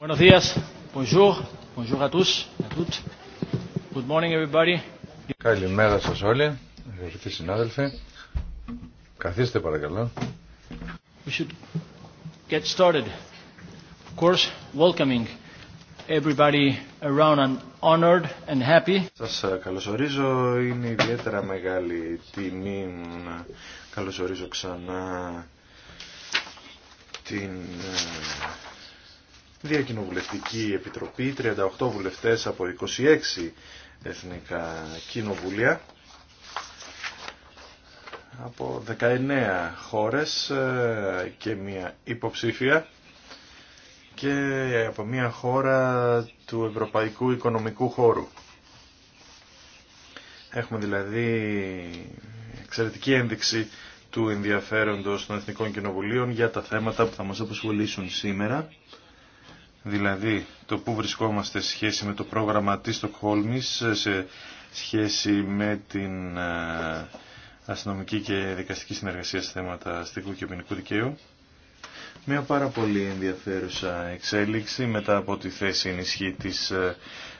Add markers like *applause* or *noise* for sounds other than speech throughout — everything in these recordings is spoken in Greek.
Buenos días. Bonjour. Bonjour à tous. À toutes. Good morning everybody. Καλημέρα σας όλοι, αγαπητοί συνάδελφοι. Καθίστε παρακαλώ. We should get started. Of course, welcoming everybody around and honored and happy. Σας καλωσορίζω. Είναι ιδιαίτερα μεγάλη τιμή να καλωσορίζω ξανά την Διακοινοβουλευτική Επιτροπή, 38 βουλευτές από 26 εθνικά κοινοβούλια από 19 χώρες ε, και μία υποψήφια και από μία χώρα του Ευρωπαϊκού Οικονομικού Χώρου. Έχουμε δηλαδή εξαιρετική ένδειξη του ενδιαφέροντος των Εθνικών Κοινοβουλίων για τα θέματα που θα μας αποσχολήσουν σήμερα δηλαδή το που βρισκόμαστε σε σχέση με το πρόγραμμα της Στοκχόλμης, σε σχέση με την ε, αστυνομική και δικαστική συνεργασία σε θέματα αστικού και ποινικού δικαίου. Μια πάρα πολύ ενδιαφέρουσα εξέλιξη μετά από τη θέση ενισχύ της ε,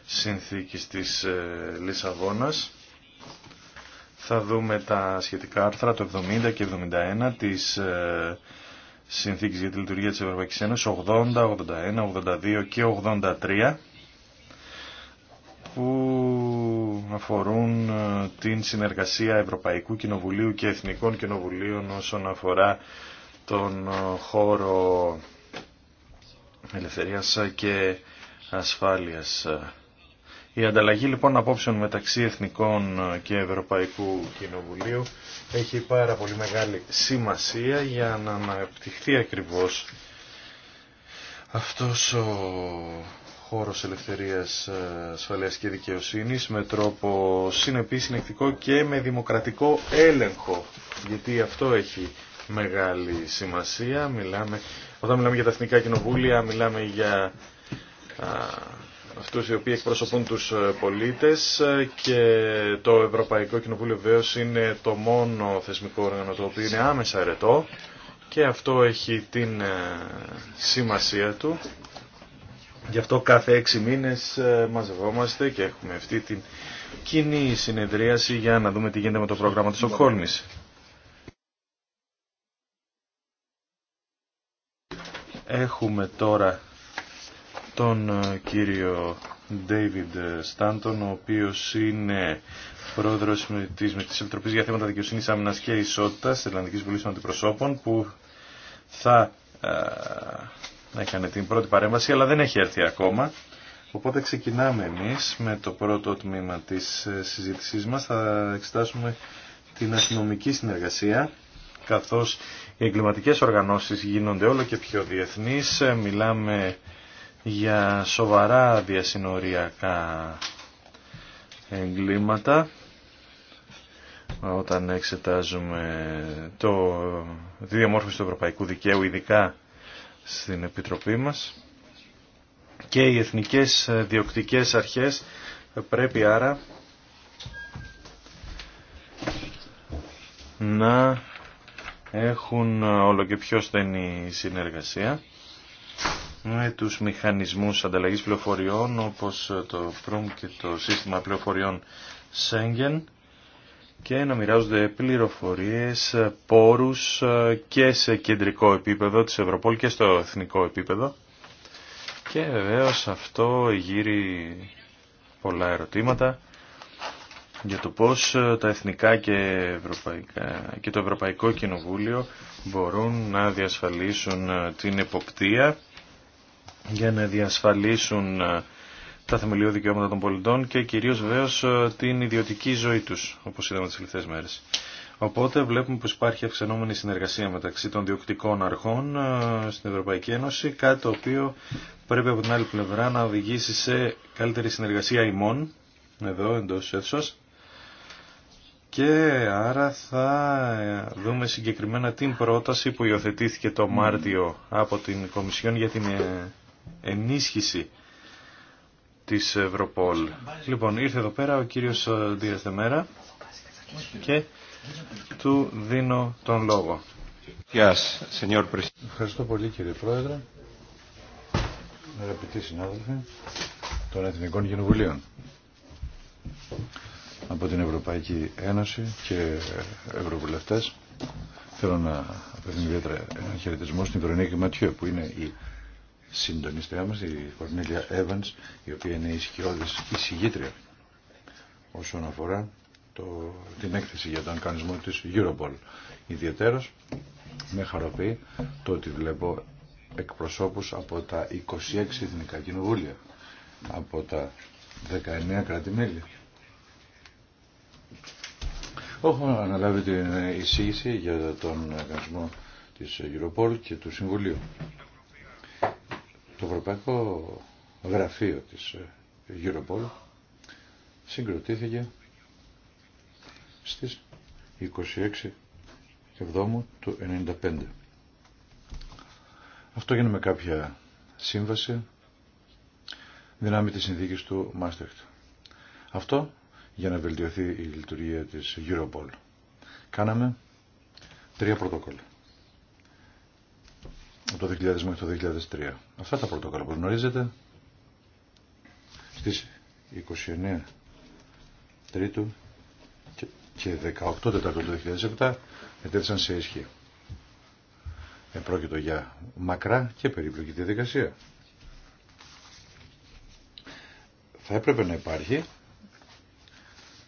συνθήκης της ε, Λισαβόνας. Θα δούμε τα σχετικά άρθρα, το 70 και 71 της Συνθήκες για τη λειτουργία της Ευρωπαϊκής Ένωσης 80, 81, 82 και 83 που αφορούν ε, την συνεργασία Ευρωπαϊκού Κοινοβουλίου και Εθνικών Κοινοβουλίων όσον αφορά τον ε, χώρο ελευθερίας και ασφάλειας. Η ανταλλαγή λοιπόν απόψεων μεταξύ Εθνικών και Ευρωπαϊκού Κοινοβουλίου έχει πάρα πολύ μεγάλη σημασία για να αναπτυχθεί ακριβώς αυτός ο χώρος ελευθερίας, ασφαλείας και δικαιοσύνης με τρόπο συνεπή, συνεκτικό και με δημοκρατικό έλεγχο. Γιατί αυτό έχει μεγάλη σημασία. Μιλάμε, όταν μιλάμε για τα εθνικά κοινοβούλια, μιλάμε για αυτούς οι οποίοι εκπροσωπούν τους ε, πολίτες ε, και το Ευρωπαϊκό Κοινοβούλιο βεβαίω είναι το μόνο θεσμικό όργανο το οποίο είναι άμεσα ερετό και αυτό έχει την ε, σημασία του. Γι' αυτό κάθε έξι μήνες μαζευόμαστε και έχουμε αυτή την κοινή συνεδρίαση για να δούμε τι γίνεται με το πρόγραμμα της Οκχόλμης. Έχουμε τώρα τον ε, κύριο David Stanton, ο οποίος είναι πρόεδρος της, της Επιτροπής για θέματα δικαιοσύνης άμυνας και ισότητας της Ελλανδικής Βουλής των Αντιπροσώπων, που θα ε, α, έκανε την πρώτη παρέμβαση, αλλά δεν έχει έρθει ακόμα. Οπότε ξεκινάμε εμείς με το πρώτο τμήμα της ε, συζήτησής μας. Θα εξετάσουμε την αστυνομική συνεργασία, καθώς οι εγκληματικές οργανώσεις γίνονται όλο και πιο διεθνείς. Μιλάμε για σοβαρά διασυνοριακά εγκλήματα όταν εξετάζουμε το τη διαμόρφωση του ευρωπαϊκού δικαίου ειδικά στην Επιτροπή μας και οι εθνικές διοκτικές αρχές πρέπει άρα να έχουν όλο και πιο στενή συνεργασία με τους μηχανισμούς ανταλλαγής πληροφοριών όπως το PRUM και το σύστημα πληροφοριών Schengen και να μοιράζονται πληροφορίες, πόρους και σε κεντρικό επίπεδο της Ευρωπόλ και στο εθνικό επίπεδο. Και βεβαίως αυτό γύρει πολλά ερωτήματα για το πώς τα εθνικά και, ευρωπαϊκά, και το Ευρωπαϊκό Κοινοβούλιο μπορούν να διασφαλίσουν την εποπτεία για να διασφαλίσουν ε, τα θεμελιώδη δικαιώματα των πολιτών και κυρίω βεβαίω ε, την ιδιωτική ζωή του, όπω είδαμε τι τελευταίε μέρε. Οπότε βλέπουμε πω υπάρχει αυξανόμενη συνεργασία μεταξύ των διοκτικών αρχών ε, στην Ευρωπαϊκή Ένωση, κάτι το οποίο πρέπει από την άλλη πλευρά να οδηγήσει σε καλύτερη συνεργασία ημών, εδώ εντός αίθουσα. και άρα θα δούμε συγκεκριμένα την πρόταση που υιοθετήθηκε το Μάρτιο από την Κομισιόν για την ενίσχυση της Ευρωπόλ. Λοιπόν, ήρθε εδώ πέρα ο κύριος ε, Δίας Δεμέρα και του δίνω τον λόγο. Ευχαριστώ πολύ κύριε Πρόεδρε, αγαπητοί συνάδελφοι των Εθνικών Κοινοβουλίων από την Ευρωπαϊκή Ένωση και Ευρωβουλευτές. Θέλω να απευθύνω ιδιαίτερα ένα χαιρετισμό στην Βερονίκη Ματιέ που είναι η συντονίστρια μας, η Κορνίλια Evans, η οποία είναι ισχυώδης εισηγήτρια όσον αφορά το, την έκθεση για τον κανονισμό της Europol. Ιδιαίτερος με χαροποιεί το ότι βλέπω εκπροσώπους από τα 26 εθνικά κοινοβούλια, από τα 19 κράτη-μέλη. Έχω αναλάβει την εισήγηση για τον κανονισμό της Europol και του Συμβουλίου. Το Ευρωπαϊκό Γραφείο της ε, Europol συγκροτήθηκε στις 26 Εβδόμου του 1995. Αυτό γίνεται με κάποια σύμβαση δυνάμει της συνθήκης του Μάστεχτ. Αυτό για να βελτιωθεί η λειτουργία της Europol. Κάναμε τρία πρωτόκολλα από το 2000 μέχρι το 2003. Αυτά τα πρωτόκολλα που γνωρίζετε στις 29 Τρίτου και 18 Τετάρτου του 2007 ετέθησαν σε ισχύ. Επρόκειτο για μακρά και περίπλοκη διαδικασία. Θα έπρεπε να υπάρχει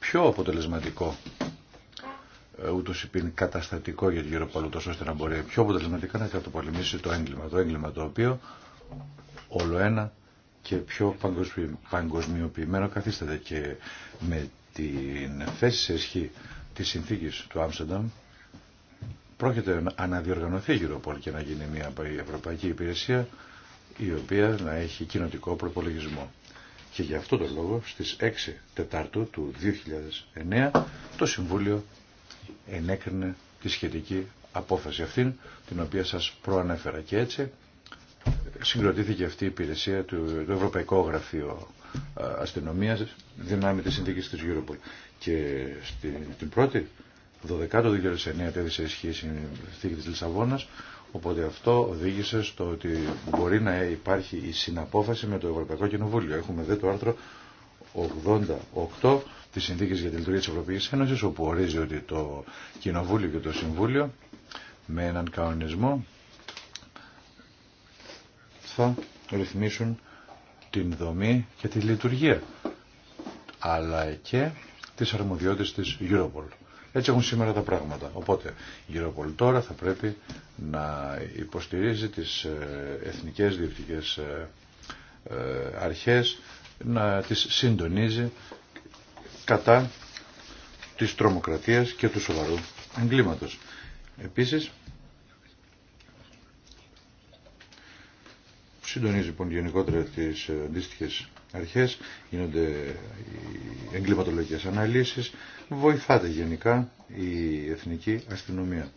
πιο αποτελεσματικό ε, ούτως πιν καταστατικό για την Γεροπολό τόσο ώστε να μπορεί πιο αποτελεσματικά να καταπολεμήσει το έγκλημα. Το έγκλημα το οποίο όλο ένα και πιο παγκοσμιοποιημένο καθίσταται και με την θέση σε ισχύ της συνθήκης του Άμστερνταμ πρόκειται να αναδιοργανωθεί η Europol και να γίνει μια ευρωπαϊκή υπηρεσία η οποία να έχει κοινοτικό προπολογισμό. Και γι' αυτό το λόγο στις 6 Τετάρτου του 2009 το Συμβούλιο ενέκρινε τη σχετική απόφαση αυτήν την οποία σας προανέφερα και έτσι συγκροτήθηκε αυτή η υπηρεσία του, Ευρωπαϊκού Γραφείου Γραφείο ε, Αστυνομίας δυνάμει της συνθήκης της Europol και στην, την πρώτη 12 του 2009 τέθησε ισχύ η συνθήκη της Λισαβόνας οπότε αυτό οδήγησε στο ότι μπορεί να υπάρχει η συναπόφαση με το Ευρωπαϊκό Κοινοβούλιο έχουμε δε το άρθρο 88 τη Συνθήκη για τη Λειτουργία τη Ευρωπαϊκή Ένωση, όπου ορίζει ότι το Κοινοβούλιο και το Συμβούλιο με έναν κανονισμό θα ρυθμίσουν την δομή και τη λειτουργία αλλά και τις αρμοδιότητες της Europol. Έτσι έχουν σήμερα τα πράγματα. Οπότε η Europol τώρα θα πρέπει να υποστηρίζει τις ε, εθνικές διευθυντικές ε, ε, αρχές, να τις συντονίζει κατά της τρομοκρατίας και του σοβαρού εγκλήματος. Επίσης, συντονίζει λοιπόν γενικότερα τις αντίστοιχε αρχές, γίνονται οι εγκληματολογικές αναλύσεις, βοηθάται γενικά η εθνική αστυνομία.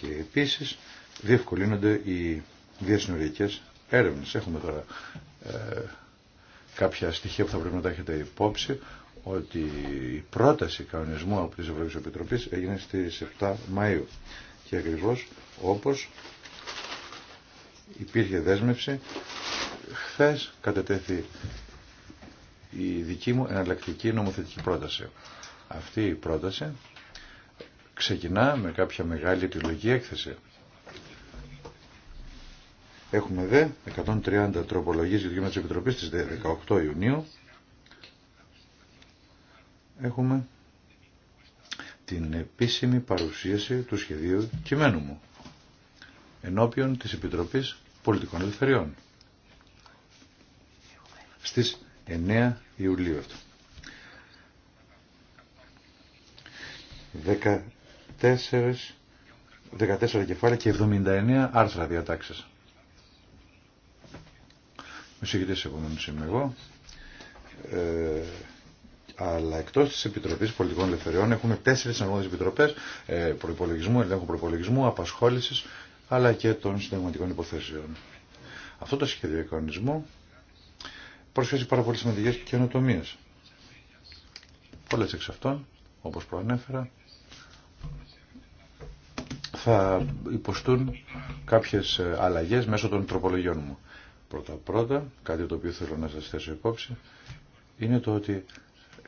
Και επίσης διευκολύνονται οι διασυνοριακές έρευνες. Έχουμε τώρα ε, κάποια στοιχεία που θα πρέπει να τα έχετε υπόψη ότι η πρόταση κανονισμού από τις Ευρωπαϊκές Επιτροπής έγινε στις 7 Μαΐου και ακριβώς όπως υπήρχε δέσμευση χθες κατετέθη η δική μου εναλλακτική νομοθετική πρόταση. Αυτή η πρόταση ξεκινά με κάποια μεγάλη επιλογική έκθεση. Έχουμε δε 130 τροπολογίες για τη Επιτροπής στις 18 Ιουνίου έχουμε την επίσημη παρουσίαση του σχεδίου κειμένου μου ενώπιον της Επιτροπής Πολιτικών Ελευθεριών στις 9 Ιουλίου 14, 14 κεφάλαια και 79 άρθρα διατάξεις. Με συγκεκριτές επομένως είμαι εγώ. Ε, αλλά εκτό τη Επιτροπή Πολιτικών Ελευθεριών έχουμε τέσσερι αρμόδιε επιτροπέ ε, προπολογισμού, ελέγχου προπολογισμού, απασχόληση αλλά και των συνταγματικών υποθέσεων. Αυτό το σχέδιο εικονισμού προσφέρει πάρα πολλέ σημαντικέ καινοτομίε. Πολλέ εξ αυτών, όπω προανέφερα, θα υποστούν κάποιε αλλαγέ μέσω των τροπολογιών μου. Πρώτα-πρώτα, κάτι το οποίο θέλω να σα θέσω υπόψη, είναι το ότι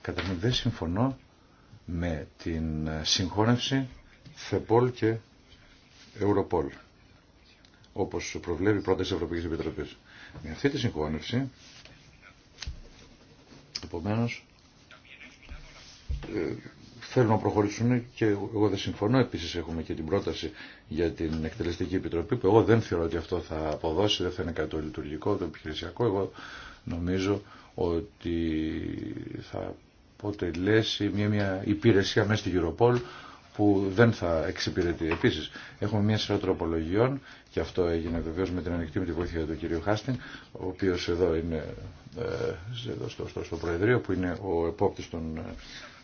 καταρχήν δεν συμφωνώ με την συγχώνευση Θεπόλ και Ευρωπόλ, όπως προβλέπει η πρόταση της Ευρωπαϊκής Επιτροπής. Με αυτή τη συγχώνευση, επομένως, ε, θέλουν να προχωρήσουν και εγώ δεν συμφωνώ. Επίσης έχουμε και την πρόταση για την Εκτελεστική Επιτροπή που εγώ δεν θεωρώ ότι αυτό θα αποδώσει, δεν θα είναι κάτι το λειτουργικό, το επιχειρησιακό. Εγώ νομίζω ότι θα αποτελέσει μια, μια υπηρεσία μέσα στη Europol που δεν θα εξυπηρετεί. Επίσης, έχουμε μια σειρά τροπολογιών και αυτό έγινε βεβαίω με την ανοιχτή με τη βοήθεια του κ. Χάστιν, ο οποίος εδώ είναι ε, εδώ στο, στο, στο Προεδρείο, που είναι ο επόπτης των ε,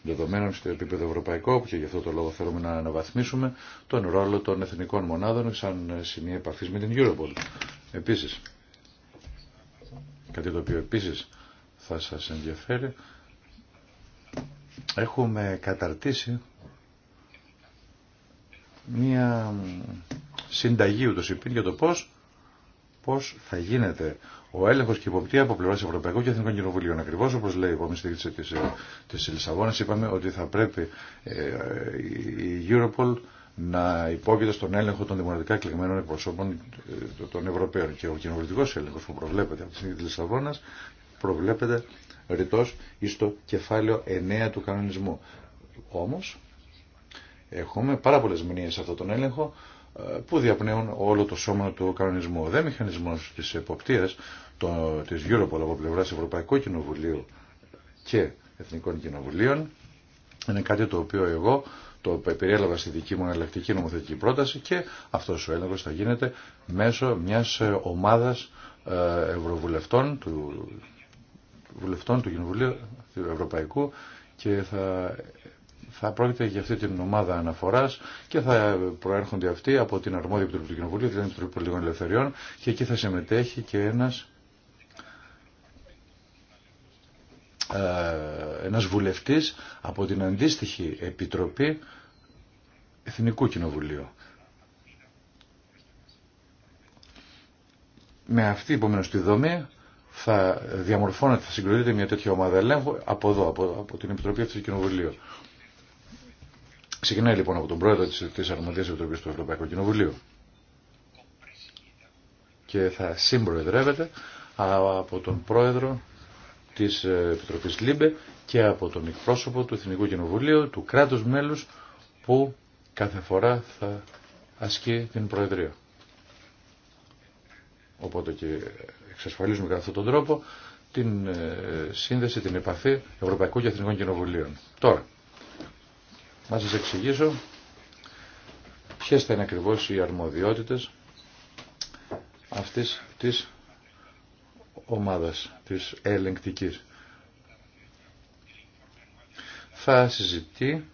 δεδομένων στο επίπεδο ευρωπαϊκό και γι' αυτό το λόγο θέλουμε να αναβαθμίσουμε τον ρόλο των εθνικών μονάδων σαν σημεία επαφή με την Europol. Επίσης, κάτι το οποίο επίσης θα σας ενδιαφέρει, έχουμε καταρτήσει μία συνταγή ούτως υπήρ για το πώς, πώς θα γίνεται ο έλεγχος και η υποπτία από πλευράς Ευρωπαϊκού και Εθνικών Κοινοβουλίων. Ακριβώ όπως λέει η υπόμενη της ε, τη Λισαβόνα, είπαμε ότι θα πρέπει ε, η Europol να υπόκειται στον έλεγχο των δημοκρατικά κλεγμένων εκπροσώπων ε, των Ευρωπαίων. Και ο κοινοβουλευτικός έλεγχο που προβλέπεται από τη συνθήκη τη Λισαβόνα προβλέπεται ρητός εις το κεφάλαιο 9 του κανονισμού. Όμως, έχουμε πάρα πολλές μνήες σε αυτόν τον έλεγχο ε, που διαπνέουν όλο το σώμα του κανονισμού. Ο δε μηχανισμός της εποπτείας το, της Europol από πλευράς Ευρωπαϊκού Κοινοβουλίου και Εθνικών Κοινοβουλίων είναι κάτι το οποίο εγώ το περιέλαβα στη δική μου αναλεκτική νομοθετική πρόταση και αυτός ο έλεγχος θα γίνεται μέσω μιας ομάδας ε, ευρωβουλευτών του βουλευτών του Κοινοβουλίου του Ευρωπαϊκού και θα, θα πρόκειται για αυτή την ομάδα αναφορά και θα προέρχονται αυτοί από την αρμόδια επιτροπή του Κοινοβουλίου, δηλαδή την Επιτροπή Πολιτικών Ελευθεριών και εκεί θα συμμετέχει και ένα ε, ένας βουλευτής από την αντίστοιχη Επιτροπή Εθνικού Κοινοβουλίου. Με αυτή επομένω τη δομή θα διαμορφώνεται, θα συγκροτείται μια τέτοια ομάδα ελέγχου από εδώ, από, την Επιτροπή αυτή του Κοινοβουλίου. Ξεκινάει λοιπόν από τον πρόεδρο της, της Αρμοδίας Επιτροπής του Ευρωπαϊκού Κοινοβουλίου και θα συμπροεδρεύεται από τον πρόεδρο της ε, Επιτροπής ΛΥΜΠΕ και από τον εκπρόσωπο του Εθνικού Κοινοβουλίου, του κράτους μέλους που κάθε φορά θα ασκεί την Προεδρία. Οπότε και εξασφαλίζουμε κατά αυτόν τον τρόπο την ε, σύνδεση, την επαφή Ευρωπαϊκού και Εθνικών Κοινοβουλίων. Τώρα, να σας εξηγήσω ποιες θα είναι ακριβώς οι αρμοδιότητες αυτής της ομάδας, της ελεγκτικής. Θα συζητεί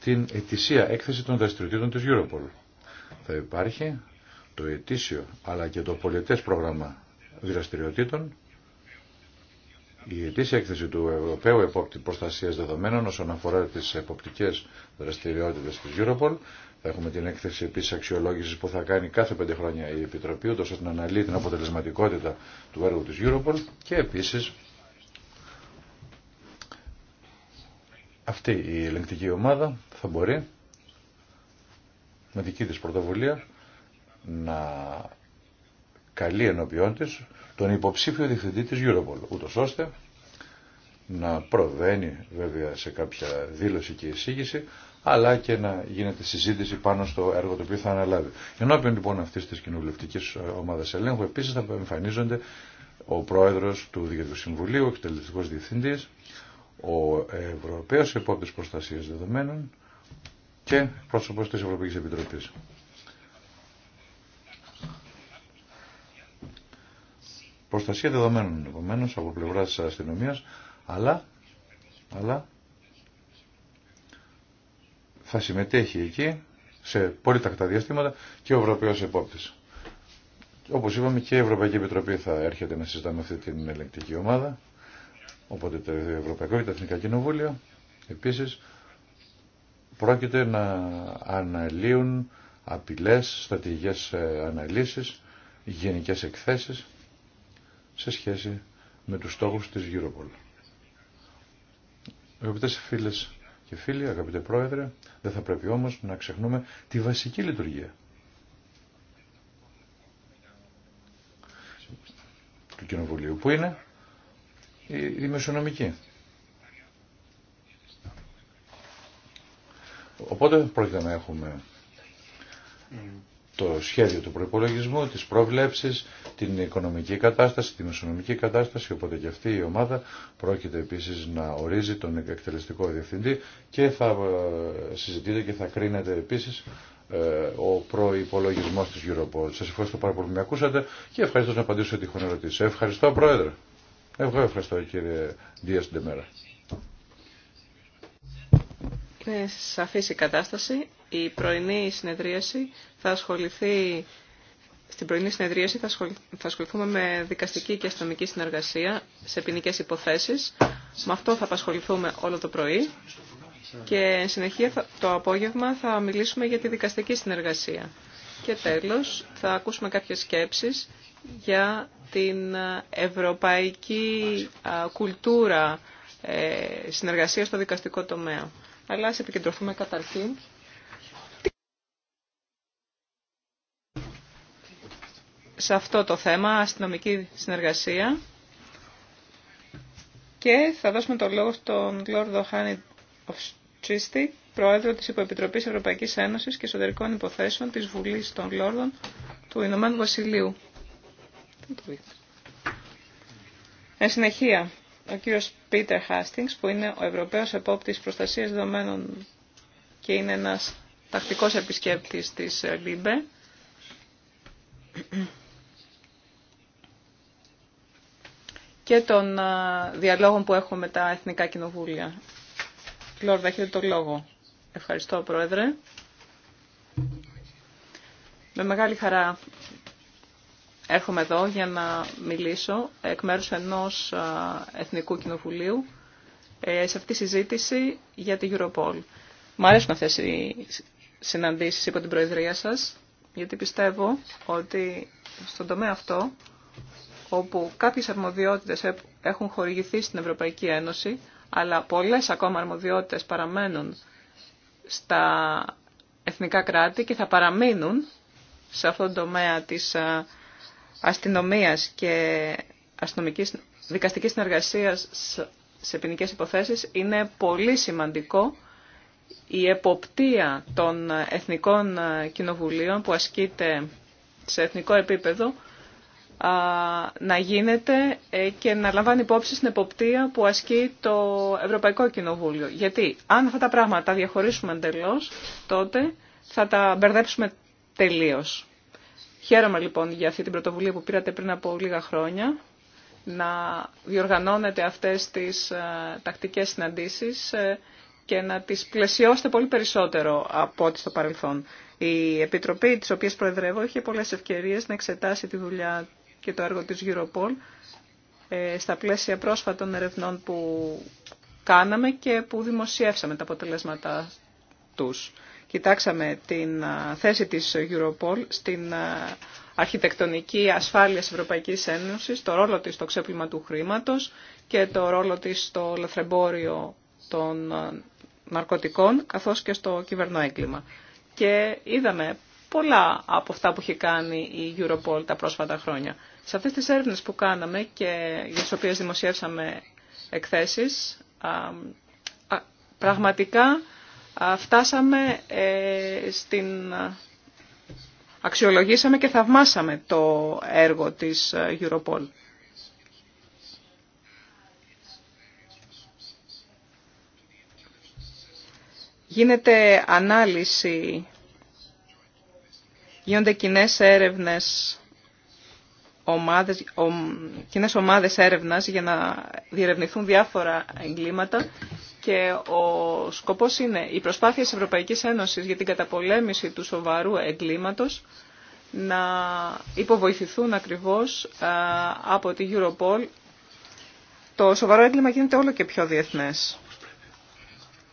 την ετησία έκθεση των δραστηριοτήτων της Europol. Θα υπάρχει το ετήσιο αλλά και το πολιτές πρόγραμμα δραστηριοτήτων η ετήσια έκθεση του Ευρωπαίου Επόπτη Προστασία Δεδομένων όσον αφορά τι εποπτικέ δραστηριότητε τη Europol. Θα έχουμε την έκθεση επίση αξιολόγηση που θα κάνει κάθε πέντε χρόνια η Επιτροπή, ούτω ώστε να αναλύει την αποτελεσματικότητα του έργου τη Europol και επίση αυτή η ελεγκτική ομάδα θα μπορεί με δική τη πρωτοβουλία να καλεί ενώπιόν τη τον υποψήφιο διευθυντή της Europol, ούτως ώστε να προβαίνει βέβαια σε κάποια δήλωση και εισήγηση, αλλά και να γίνεται συζήτηση πάνω στο έργο το οποίο θα αναλάβει. Ενώπιον λοιπόν αυτή τη κοινοβουλευτική ε, ομάδα ελέγχου, επίση θα εμφανίζονται ο πρόεδρο του Διευθυντικού Συμβουλίου, ο εκτελεστικό διευθυντή, ο Ευρωπαίο Επόπτη Προστασία Δεδομένων και πρόσωπο τη Ευρωπαϊκή Επιτροπή. προστασία δεδομένων επομένω από πλευρά τη αστυνομία, αλλά, αλλά θα συμμετέχει εκεί σε πολύ τακτά διαστήματα και ο Ευρωπαίο Επόπτης. Όπως είπαμε και η Ευρωπαϊκή Επιτροπή θα έρχεται να με αυτή την ελεγκτική ομάδα, οπότε το Ευρωπαϊκό και τα Εθνικά Κοινοβούλιο επίσης πρόκειται να αναλύουν απειλές, στρατηγικές ε, αναλύσεις, γενικές εκθέσεις σε σχέση με τους στόχους της Europol. Αγαπητές φίλες και φίλοι, αγαπητέ πρόεδρε, δεν θα πρέπει όμως να ξεχνούμε τη βασική λειτουργία. του Κοινοβουλίου, που είναι η μεσονομική. Οπότε πρόκειται να έχουμε το σχέδιο του προπολογισμού, τις προβλέψεις, την οικονομική κατάσταση, την μεσονομική κατάσταση, οπότε και αυτή η ομάδα πρόκειται επίσης να ορίζει τον εκτελεστικό διευθυντή και θα ε, συζητείτε και θα κρίνετε επίσης ε, ο προϋπολογισμός της Europol. Σας ευχαριστώ πάρα πολύ που με ακούσατε και ευχαριστώ να απαντήσω σε τυχόν ερωτήσεις. Ευχαριστώ Πρόεδρε. Εγώ ευχαριστώ κύριε Δίας Ντεμέρα. Είναι σαφής η κατάσταση η πρωινή συνεδρίαση θα ασχοληθεί στην πρωινή συνεδρίαση θα, ασχοληθούμε με δικαστική και αστυνομική συνεργασία σε ποινικέ υποθέσεις. Με αυτό θα απασχοληθούμε όλο το πρωί και εν συνεχεία το απόγευμα θα μιλήσουμε για τη δικαστική συνεργασία. Και τέλος θα ακούσουμε κάποιες σκέψεις για την ε, ευρωπαϊκή κουλτούρα ε, συνεργασία στο δικαστικό τομέα. Αλλά ας επικεντρωθούμε καταρχήν σε αυτό το θέμα, αστυνομική συνεργασία. Και θα δώσουμε το λόγο στον Λόρδο Χάνι Οφτσίστη, πρόεδρο της Υποεπιτροπής Ευρωπαϊκής Ένωσης και Εσωτερικών Υποθέσεων της Βουλής των Λόρδων του Ηνωμένου Βασιλείου. Εν συνεχεία, ο κύριος Πίτερ Χάστινγκς, που είναι ο Ευρωπαίος Επόπτης Προστασίας Δεδομένων και είναι ένας τακτικός επισκέπτης της ΛΥΜΠΕ, και των ε, διαλόγων που έχουμε με τα Εθνικά Κοινοβούλια. Λόρδα, έχετε το λόγο. Ευχαριστώ, Πρόεδρε. Με μεγάλη χαρά έρχομαι εδώ για να μιλήσω εκ μέρους ενός ε, Εθνικού Κοινοβουλίου ε, σε αυτή τη συζήτηση για την Europol. Μου αρέσουν αυτές οι συναντήσεις υπό την Προεδρία σας, γιατί πιστεύω ότι στον τομέα αυτό όπου κάποιες αρμοδιότητες έχουν χορηγηθεί στην Ευρωπαϊκή Ένωση, αλλά πολλές ακόμα αρμοδιότητες παραμένουν στα εθνικά κράτη και θα παραμείνουν σε αυτόν τον τομέα της ε, αστυνομίας και αστυνομικής δικαστικής συνεργασίας σε ποινικέ υποθέσεις είναι πολύ σημαντικό η εποπτεία των εθνικών ε, κοινοβουλίων που ασκείται σε εθνικό επίπεδο να γίνεται ε, και να λαμβάνει υπόψη στην εποπτεία που ασκεί το Ευρωπαϊκό Κοινοβούλιο. Γιατί αν αυτά τα πράγματα τα διαχωρίσουμε εντελώ, τότε θα τα μπερδέψουμε τελείω. Χαίρομαι λοιπόν για αυτή την πρωτοβουλία που πήρατε πριν από λίγα χρόνια να διοργανώνετε αυτές τις ε, τακτικές συναντήσεις ε, και να τις πλαισιώσετε πολύ περισσότερο από ό,τι στο παρελθόν. Η Επιτροπή της οποίας προεδρεύω είχε πολλές ευκαιρίες να εξετάσει τη δουλειά και το έργο της Europol ε, στα πλαίσια πρόσφατων ερευνών που κάναμε και που δημοσιεύσαμε τα αποτελέσματα τους. Κοιτάξαμε την θέση της Europol στην αρχιτεκτονική της Ευρωπαϊκής Ένωσης, το ρόλο της στο ξέπλυμα του χρήματος και το ρόλο της στο λαθρεμπόριο των ναρκωτικών, καθώς και στο κυβερνοέγκλημα. Και είδαμε πολλά από αυτά που είχε κάνει η Europol τα πρόσφατα χρόνια. Σε αυτές τις έρευνες που κάναμε και για τις οποίες δημοσιεύσαμε εκθέσεις, πραγματικά φτάσαμε ε, στην... Αξιολογήσαμε και θαυμάσαμε το έργο της ε, Europol. Γίνεται ανάλυση Γίνονται κοινέ έρευνες, ομάδες, κοινές ομάδες έρευνας για να διερευνηθούν διάφορα εγκλήματα και ο σκοπός είναι η προσπάθεια της Ευρωπαϊκής Ένωσης για την καταπολέμηση του σοβαρού εγκλήματος να υποβοηθηθούν ακριβώς από τη Europol. Το σοβαρό έγκλημα γίνεται όλο και πιο διεθνές.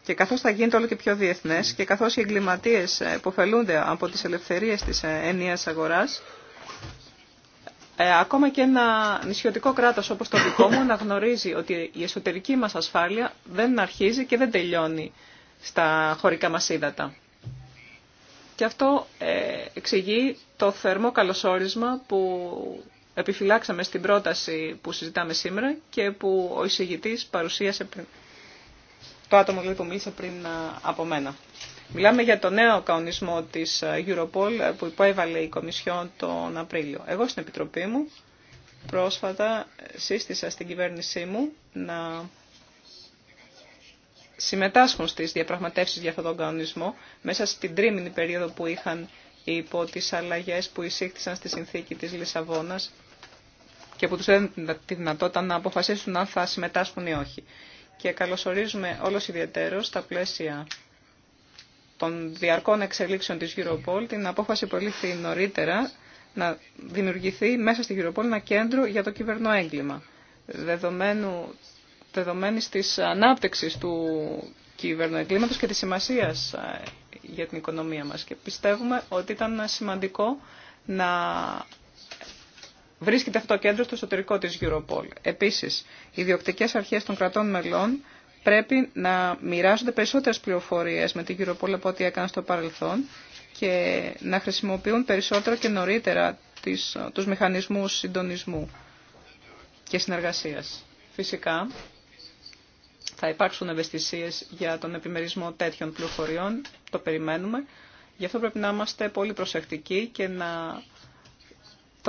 Και καθώ θα γίνεται όλο και πιο διεθνέ και καθώ οι εγκληματίες ε, υποφελούνται από τις ελευθερίες της ε, αγορά, αγοράς, ε, ακόμα και ένα νησιωτικό κράτο όπω το δικό μου να γνωρίζει ότι η εσωτερική μα ασφάλεια δεν αρχίζει και δεν τελειώνει στα χωρικά μας ύδατα. Και αυτό εξηγεί το θερμό καλωσόρισμα που επιφυλάξαμε στην πρόταση που συζητάμε σήμερα και που ο εισηγητής παρουσίασε το άτομο δηλαδή που μίλησε πριν από μένα. Μιλάμε για το νέο κανονισμό της Europol ε, που υπέβαλε η Κομισιόν τον Απρίλιο. Εγώ στην Επιτροπή μου πρόσφατα ε, σύστησα στην κυβέρνησή μου να συμμετάσχουν στις διαπραγματεύσεις για αυτόν τον κανονισμό μέσα στην τρίμηνη περίοδο που είχαν υπό τις αλλαγές που εισήχθησαν στη συνθήκη της Λισαβόνας και που τους έδινε τη δυνατότητα να αποφασίσουν αν θα συμμετάσχουν ή όχι και καλωσορίζουμε όλος ιδιαίτερος στα πλαίσια των διαρκών εξελίξεων της Europol την απόφαση που ελήφθη νωρίτερα να δημιουργηθεί μέσα στη Europol ένα κέντρο για το κυβερνοέγκλημα. Δεδομένου, δεδομένης της ανάπτυξης του κυβερνοεγκλήματος και της σημασίας ε, για την οικονομία μας. Και πιστεύουμε ότι ήταν σημαντικό να βρίσκεται αυτό το κέντρο στο εσωτερικό της Europol. Επίσης, οι διοκτικές αρχές των κρατών μελών πρέπει να μοιράζονται περισσότερες πληροφορίες με την Europol από ό,τι έκαναν στο παρελθόν και να χρησιμοποιούν περισσότερο και νωρίτερα τις, τους μηχανισμούς συντονισμού και συνεργασίας. Φυσικά, θα υπάρξουν ευαισθησίες για τον επιμερισμό τέτοιων πληροφοριών, το περιμένουμε. Γι' αυτό πρέπει να είμαστε πολύ προσεκτικοί και να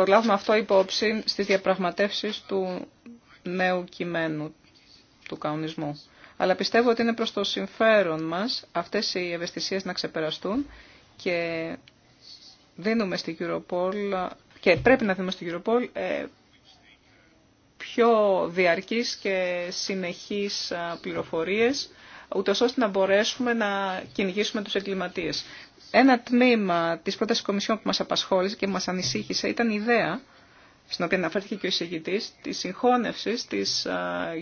το λάβουμε αυτό υπόψη στις διαπραγματεύσεις του νέου κειμένου του κανονισμού. Αλλά πιστεύω ότι είναι προς το συμφέρον μας αυτές οι ευαισθησίες να ξεπεραστούν και δίνουμε στην Europol και πρέπει να δίνουμε στην Europol ε, πιο διαρκείς και συνεχείς πληροφορίες ούτως ώστε να μπορέσουμε να κυνηγήσουμε τους εγκληματίες. Ένα τμήμα της πρότασης Κομισιόν που μας απασχόλησε και μας ανησύχησε ήταν η ιδέα, στην οποία αναφέρθηκε και ο εισηγητής, της συγχώνευσης της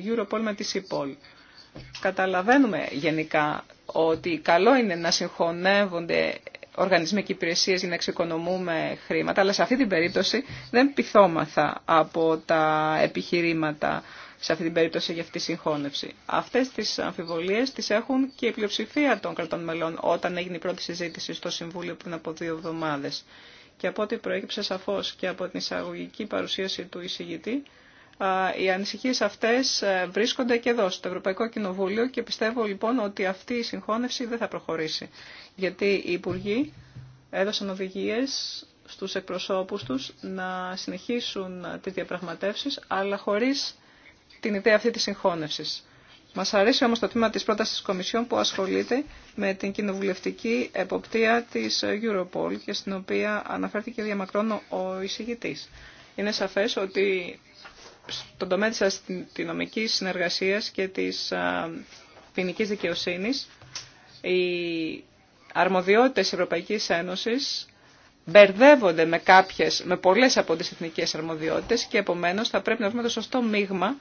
Europol με τη C-Pol. Καταλαβαίνουμε γενικά ότι καλό είναι να συγχωνεύονται οργανισμοί και υπηρεσίε για να εξοικονομούμε χρήματα, αλλά σε αυτή την περίπτωση δεν πειθόμαθα από τα επιχειρήματα σε αυτή την περίπτωση για αυτή τη συγχώνευση. Αυτέ τι αμφιβολίε τι έχουν και η πλειοψηφία των κρατών μελών όταν έγινε η πρώτη συζήτηση στο Συμβούλιο πριν από δύο εβδομάδε. Και από ό,τι προέκυψε σαφώ και από την εισαγωγική παρουσίαση του εισηγητή, οι ανησυχίε αυτέ ε, βρίσκονται και εδώ στο Ευρωπαϊκό Κοινοβούλιο και πιστεύω λοιπόν ότι αυτή η συγχώνευση δεν θα προχωρήσει. Γιατί οι Υπουργοί έδωσαν οδηγίε στους εκπροσώπους τους να συνεχίσουν τι διαπραγματεύσεις αλλά χωρίς την ιδέα αυτή τη συγχώνευσης. Μας αρέσει όμως το τμήμα της πρότασης της Κομισιόν που ασχολείται με την κοινοβουλευτική εποπτεία της Europol και στην οποία αναφέρθηκε διαμακρόν ο εισηγητής. Είναι σαφές ότι στον τομέα της αστυνομικής συνεργασίας και της ποινική δικαιοσύνης οι αρμοδιότητες Ευρωπαϊκής Ένωσης μπερδεύονται με, κάποιες, με πολλές από τις εθνικές αρμοδιότητες και επομένως θα πρέπει να βρούμε το σωστό μείγμα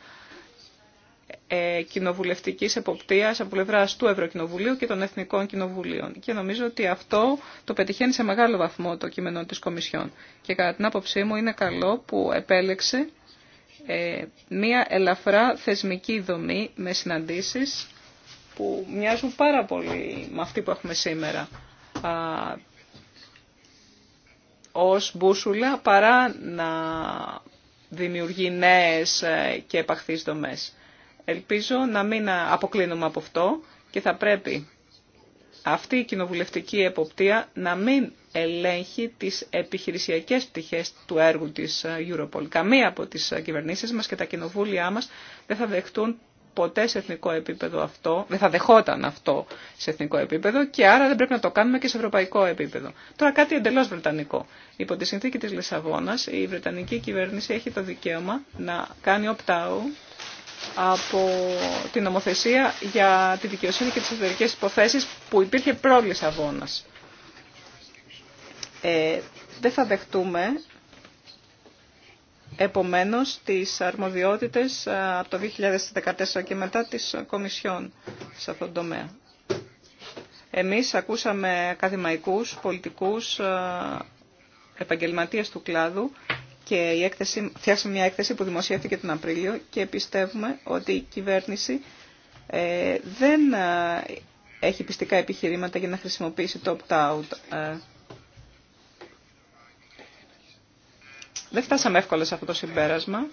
ε, κοινοβουλευτικής εποπτείας από πλευρά του Ευρωκοινοβουλίου και των Εθνικών Κοινοβουλίων. Και νομίζω ότι αυτό το πετυχαίνει σε μεγάλο βαθμό το κείμενο της Κομισιόν. Και κατά την άποψή μου είναι καλό που επέλεξε ε, μία ελαφρά θεσμική δομή με συναντήσεις που μοιάζουν πάρα πολύ με αυτή που έχουμε σήμερα α, ως μπούσουλα παρά να δημιουργεί νέες ε, και επαχθείς δομές. Ελπίζω να μην αποκλίνουμε από αυτό και θα πρέπει αυτή η κοινοβουλευτική εποπτεία να μην ελέγχει τις επιχειρησιακές πτυχές του έργου της Europol. Καμία από τις κυβερνήσεις μας και τα κοινοβούλια μας δεν θα δεχτούν ποτέ σε εθνικό επίπεδο αυτό, δεν θα δεχόταν αυτό σε εθνικό επίπεδο και άρα δεν πρέπει να το κάνουμε και σε ευρωπαϊκό επίπεδο. Τώρα κάτι εντελώ βρετανικό. Υπό τη συνθήκη τη Λισαβόνα, η βρετανική κυβέρνηση έχει το δικαίωμα να κάνει opt-out από την νομοθεσία για τη δικαιοσύνη και τις εσωτερικές υποθέσεις που υπήρχε πρόλη αγώνας. Ε, δεν θα δεχτούμε επομένως τις αρμοδιότητες ε, από το 2014 και μετά της Κομισιόν σε αυτόν τον τομέα. Εμείς ακούσαμε ακαδημαϊκούς, πολιτικούς, ε, επαγγελματίες του κλάδου και η έκθεση, φτιάξαμε μια έκθεση που δημοσιεύθηκε τον Απρίλιο και πιστεύουμε ότι η κυβέρνηση ε, δεν ε, έχει πιστικά επιχειρήματα για να χρησιμοποιήσει το opt-out. Ε. δεν φτάσαμε εύκολα σε αυτό το συμπέρασμα